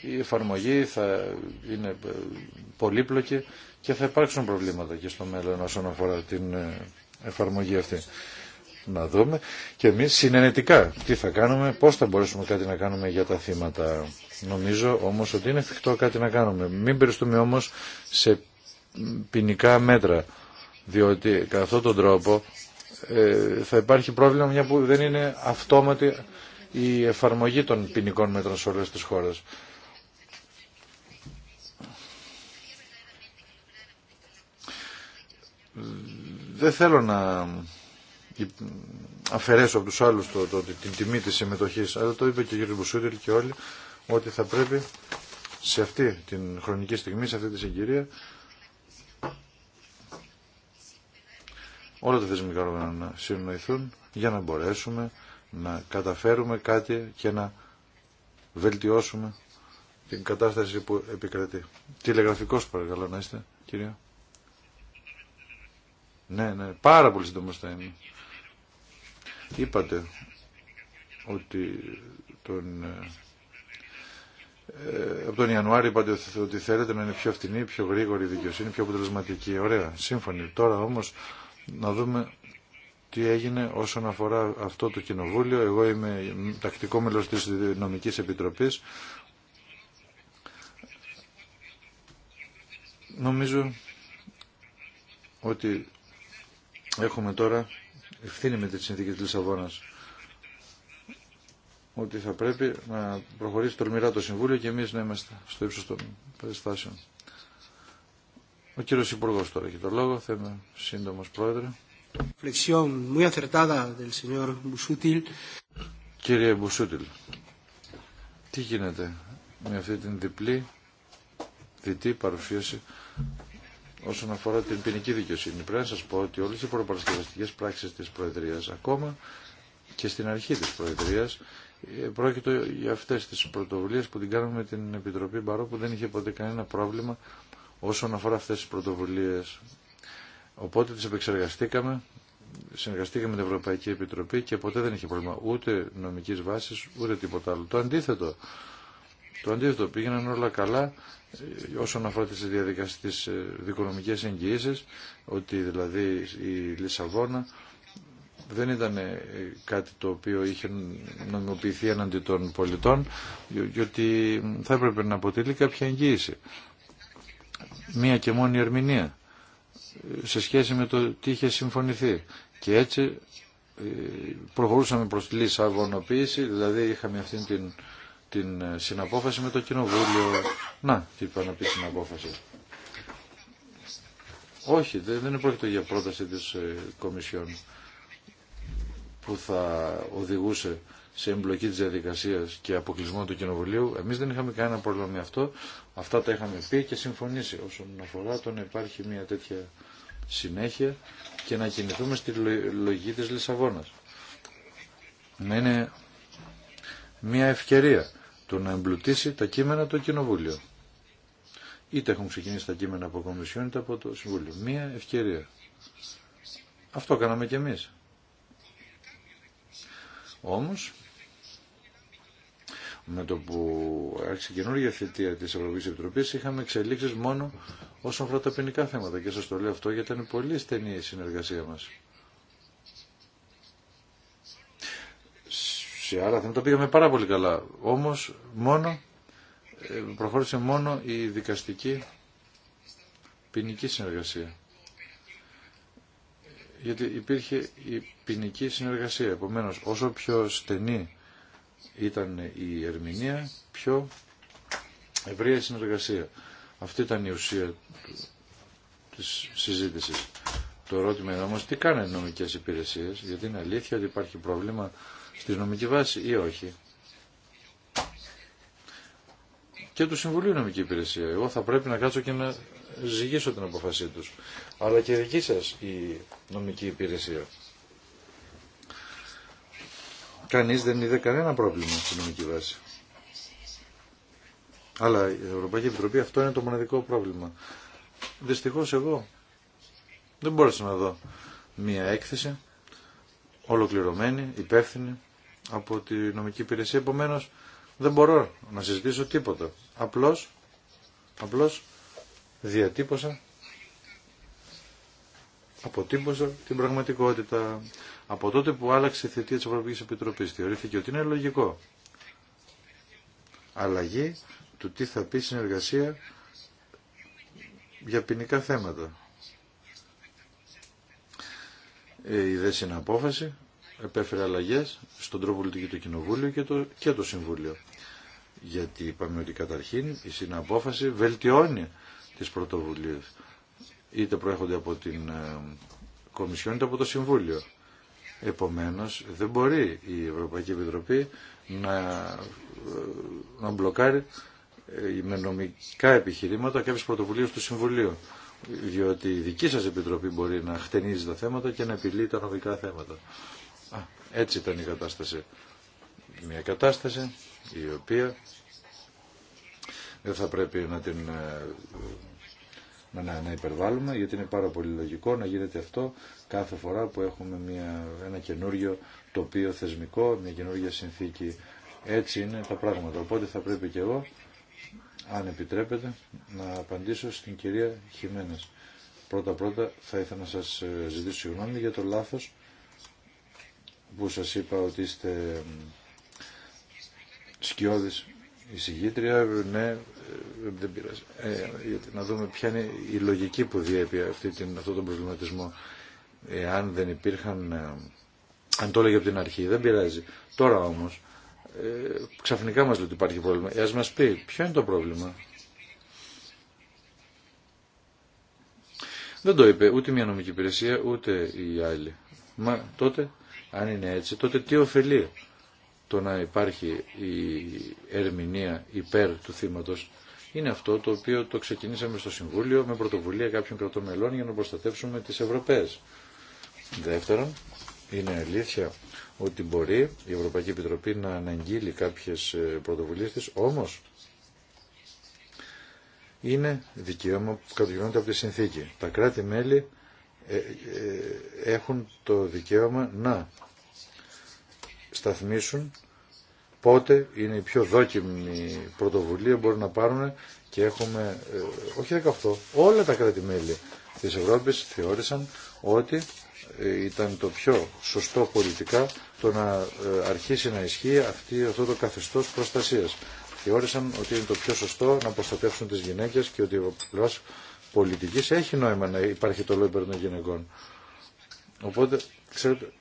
[SPEAKER 1] Η εφαρμογή θα είναι ε, πολύπλοκη και θα υπάρξουν προβλήματα και στο μέλλον όσον αφορά την ε, εφαρμογή αυτή. Να δούμε και εμείς συνενετικά τι θα κάνουμε, πώς θα μπορέσουμε κάτι να κάνουμε για τα θύματα. Νομίζω όμως ότι είναι εφικτό κάτι να κάνουμε. Μην περιστούμε όμως σε ποινικά μέτρα διότι κατά αυτόν τον τρόπο ε, θα υπάρχει πρόβλημα μια που δεν είναι αυτόματη η εφαρμογή των ποινικών μέτρων σε όλες τις χώρες. Δεν θέλω να αφαιρέσω από τους άλλους το, την τιμή της συμμετοχής, αλλά το είπε και ο κ. Μπουσούτιλ και όλοι, ότι θα πρέπει σε αυτή την χρονική στιγμή, σε αυτή τη συγκυρία, όλα τα θεσμικά όργανα να συνοηθούν για να μπορέσουμε να καταφέρουμε κάτι και να βελτιώσουμε την κατάσταση που επικρατεί. Τηλεγραφικός παρακαλώ να είστε, κύριε. Ναι, ναι, πάρα πολύ σύντομα θα είναι. Είπατε ότι τον, ε, από τον Ιανουάριο είπατε ότι θέλετε να είναι πιο φθηνή, πιο γρήγορη η δικαιοσύνη, πιο αποτελεσματική. Ωραία, σύμφωνοι. Τώρα όμως να δούμε τι έγινε όσον αφορά αυτό το κοινοβούλιο. Εγώ είμαι τακτικό μέλος της Νομικής Επιτροπής. Νομίζω ότι έχουμε τώρα ευθύνη με τη συνθήκη της Λισαβόνας ότι θα πρέπει να προχωρήσει τολμηρά το Συμβούλιο και εμείς να είμαστε στο ύψος των περιστάσεων. Ο κύριος Υπουργός τώρα έχει το λόγο, θα είμαι σύντομος πρόεδρε. Κύριε Μπουσούτιλ, τι γίνεται με αυτή την διπλή διτή παρουσίαση όσον αφορά την ποινική δικαιοσύνη. Πρέπει να σας πω ότι όλες οι προπαρασκευαστικές πράξεις της Προεδρίας, ακόμα και στην αρχή της Προεδρίας, ε, πρόκειται για αυτές τις πρωτοβουλίες που την κάνουμε με την Επιτροπή Μπαρό που δεν είχε ποτέ κανένα πρόβλημα όσον αφορά αυτές τις πρωτοβουλίες. Οπότε τις επεξεργαστήκαμε, συνεργαστήκαμε με την Ευρωπαϊκή Επιτροπή και ποτέ δεν είχε πρόβλημα ούτε νομικής βάσης ούτε τίποτα άλλο. Το αντίθετο, το αντίθετο πήγαιναν όλα καλά ε, όσον αφορά τις διαδικασίες ε, δικονομικές εγγυήσεις, ότι δηλαδή η Λισαβόνα δεν ήταν ε, κάτι το οποίο είχε νομιμοποιηθεί εναντί των πολιτών, γιατί θα έπρεπε να αποτελεί κάποια εγγύηση μία και μόνη ερμηνεία σε σχέση με το τι είχε συμφωνηθεί. Και έτσι ε, προχωρούσαμε προς τη λύση αγωνοποίηση, δηλαδή είχαμε αυτήν την, την ε, συναπόφαση με το κοινοβούλιο. Να, τι είπα να πει συναπόφαση. Όχι, δεν είναι πρόκειτο για πρόταση της ε, Κομισιόν που θα οδηγούσε σε εμπλοκή τη διαδικασίας και αποκλεισμό του Κοινοβουλίου. Εμείς δεν είχαμε κανένα πρόβλημα με αυτό. Αυτά τα είχαμε πει και συμφωνήσει όσον αφορά το να υπάρχει μια τέτοια συνέχεια και να κινηθούμε στη λογική της Λισαβόνας. Να είναι μια ευκαιρία το να εμπλουτίσει τα κείμενα το Κοινοβούλιο. Είτε έχουν ξεκινήσει τα κείμενα από Κομισιόν είτε από το Συμβούλιο. Μια ευκαιρία. Αυτό κάναμε κι εμείς. Όμως με το που άρχισε η καινούργια θητεία της Ευρωπαϊκής Επιτροπής είχαμε εξελίξεις μόνο όσον αφορά τα ποινικά θέματα και σας το λέω αυτό γιατί ήταν πολύ στενή η συνεργασία μας. Σε άλλα θέματα πήγαμε πάρα πολύ καλά, όμως μόνο, ε, προχώρησε μόνο η δικαστική ποινική συνεργασία. Γιατί υπήρχε η ποινική συνεργασία. Επομένως, όσο πιο στενή ήταν η ερμηνεία πιο ευρεία συνεργασία. Αυτή ήταν η ουσία της συζήτησης. Το ερώτημα είναι όμως τι κάνουν οι νομικές υπηρεσίες, γιατί είναι αλήθεια ότι υπάρχει πρόβλημα στη νομική βάση ή όχι. Και του Συμβουλίου Νομική Υπηρεσία. Εγώ θα πρέπει να κάτσω και να ζυγίσω την αποφασή τους. Αλλά και δική σας η νομική υπηρεσία κανείς δεν είδε κανένα πρόβλημα στην νομική βάση. Αλλά η Ευρωπαϊκή Επιτροπή αυτό είναι το μοναδικό πρόβλημα. Δυστυχώς εγώ δεν μπόρεσα να δω μία έκθεση ολοκληρωμένη, υπεύθυνη από τη νομική υπηρεσία. Επομένω, δεν μπορώ να συζητήσω τίποτα. Απλώς, απλώς διατύπωσα, αποτύπωσα την πραγματικότητα από τότε που άλλαξε η θητεία της Ευρωπαϊκής Επιτροπής. Θεωρήθηκε ότι είναι λογικό. Αλλαγή του τι θα πει συνεργασία για ποινικά θέματα. Ε, η δε συναπόφαση επέφερε αλλαγές στον τρόπο πολιτική του Κοινοβούλιο και το, και το Συμβούλιο. Γιατί είπαμε ότι καταρχήν η συναπόφαση βελτιώνει τις πρωτοβουλίες. Είτε προέρχονται από την ε, Κομισιόν είτε από το Συμβούλιο. Επομένως δεν μπορεί η Ευρωπαϊκή Επιτροπή να, να μπλοκάρει ε, με νομικά επιχειρήματα κάποιες πρωτοβουλίε του Συμβουλίου. Διότι η δική σας Επιτροπή μπορεί να χτενίζει τα θέματα και να επιλύει τα νομικά θέματα. Α, έτσι ήταν η κατάσταση. Μια κατάσταση η οποία δεν θα πρέπει να την ε, να, να υπερβάλλουμε, γιατί είναι πάρα πολύ λογικό να γίνεται αυτό κάθε φορά που έχουμε μια, ένα καινούριο τοπίο θεσμικό, μια καινούργια συνθήκη. Έτσι είναι τα πράγματα. Οπότε θα πρέπει και εγώ, αν επιτρέπετε, να απαντήσω στην κυρία Χιμένες. Πρώτα-πρώτα θα ήθελα να σας ε, ζητήσω συγγνώμη για το λάθος που σας είπα ότι είστε σκιώδης εισηγήτρια. Ναι, ε, δεν πειράζει, ε, γιατί να δούμε ποια είναι η λογική που διέπει αυτή την, αυτόν τον προβληματισμό. Εάν δεν υπήρχαν, ε, αν το έλεγε από την αρχή, δεν πειράζει. Τώρα όμως, ε, ξαφνικά μας λέει ότι υπάρχει πρόβλημα. Ε, ας πει, ποιο είναι το πρόβλημα. Δεν το είπε ούτε μια νομική υπηρεσία, ούτε η άλλη. Μα τότε, αν είναι έτσι, τότε τι ωφελεί το να υπάρχει η ερμηνεία υπέρ του θύματος είναι αυτό το οποίο το ξεκινήσαμε στο Συμβούλιο με πρωτοβουλία κάποιων κρατών μελών για να προστατεύσουμε τις Ευρωπαίες. Δεύτερον, είναι αλήθεια ότι μπορεί η Ευρωπαϊκή Επιτροπή να αναγγείλει κάποιες ε, πρωτοβουλίες της, όμως είναι δικαίωμα που κατοικιώνεται από τη συνθήκη. Τα κράτη-μέλη ε, ε, έχουν το δικαίωμα να σταθμίσουν πότε είναι η πιο δόκιμη πρωτοβουλία μπορούν να πάρουν και έχουμε, ε, όχι 18, όλα τα κράτη-μέλη της Ευρώπης θεώρησαν ότι ε, ήταν το πιο σωστό πολιτικά το να ε, αρχίσει να ισχύει αυτή, αυτό το καθεστώς προστασίας. Θεώρησαν ότι είναι το πιο σωστό να προστατεύσουν τις γυναίκες και ότι ο πλευράς πολιτικής έχει νόημα να υπάρχει το λόγο των γυναικών. Οπότε, ξέρετε,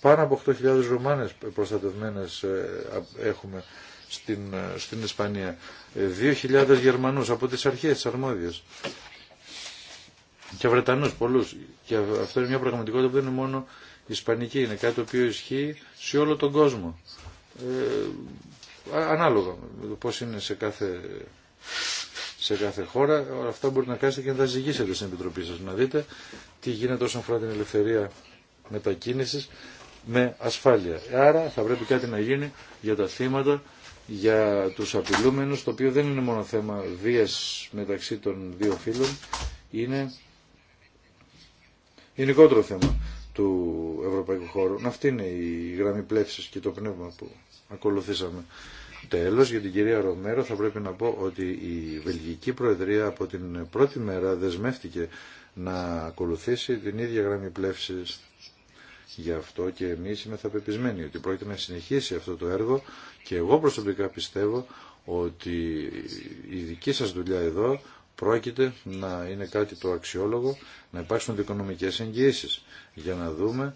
[SPEAKER 1] πάνω από 8.000 Ρουμάνες προστατευμένες ε, έχουμε στην, ε, στην Ισπανία. 2.000 ε, Γερμανούς από τις αρχές τις αρμόδιες. Και Βρετανούς πολλούς. Και αυτό είναι μια πραγματικότητα που δεν είναι μόνο ισπανική. Είναι κάτι το οποίο ισχύει σε όλο τον κόσμο. Ε, ανάλογα με το πώς είναι σε κάθε, σε κάθε χώρα. αυτά μπορείτε να κάνετε και να τα ζυγίσετε στην Επιτροπή σας. Να δείτε τι γίνεται όσον αφορά την ελευθερία μετακίνησης με ασφάλεια. Άρα θα πρέπει κάτι να γίνει για τα θύματα, για τους απειλούμενους, το οποίο δεν είναι μόνο θέμα βίας μεταξύ των δύο φίλων, είναι γενικότερο θέμα του ευρωπαϊκού χώρου. Αυτή είναι η γραμμή πλεύσης και το πνεύμα που ακολουθήσαμε. Τέλος, για την κυρία Ρομέρο θα πρέπει να πω ότι η Βελγική Προεδρία από την πρώτη μέρα δεσμεύτηκε να ακολουθήσει την ίδια γραμμή πλεύσης Γι' αυτό και εμείς είμαι θα ότι πρόκειται να συνεχίσει αυτό το έργο και εγώ προσωπικά πιστεύω ότι η δική σας δουλειά εδώ πρόκειται να είναι κάτι το αξιόλογο, να υπάρξουν δικονομικές εγγυήσεις για να δούμε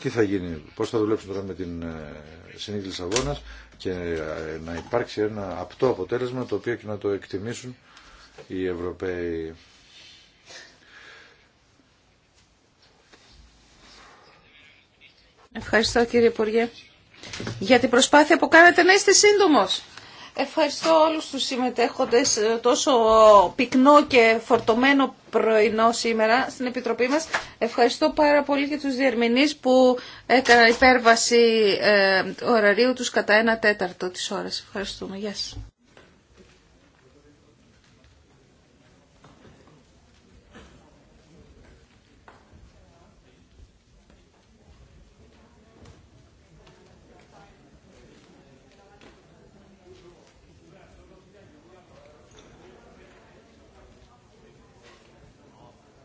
[SPEAKER 1] τι θα γίνει, πώς θα δουλέψουμε τώρα με την ε, συνήθεια αγώνας και ε, να υπάρξει ένα απτό αποτέλεσμα το οποίο και να το εκτιμήσουν οι Ευρωπαίοι.
[SPEAKER 2] Ευχαριστώ κύριε Υπουργέ για την προσπάθεια που κάνετε να είστε σύντομος. Ευχαριστώ όλους τους συμμετέχοντες ε, τόσο πυκνό και φορτωμένο πρωινό σήμερα στην Επιτροπή μας. Ευχαριστώ πάρα πολύ και τους διερμηνείς που έκαναν υπέρβαση ε, ωραρίου τους κατά ένα τέταρτο της ώρας. Ευχαριστούμε. Γεια σας.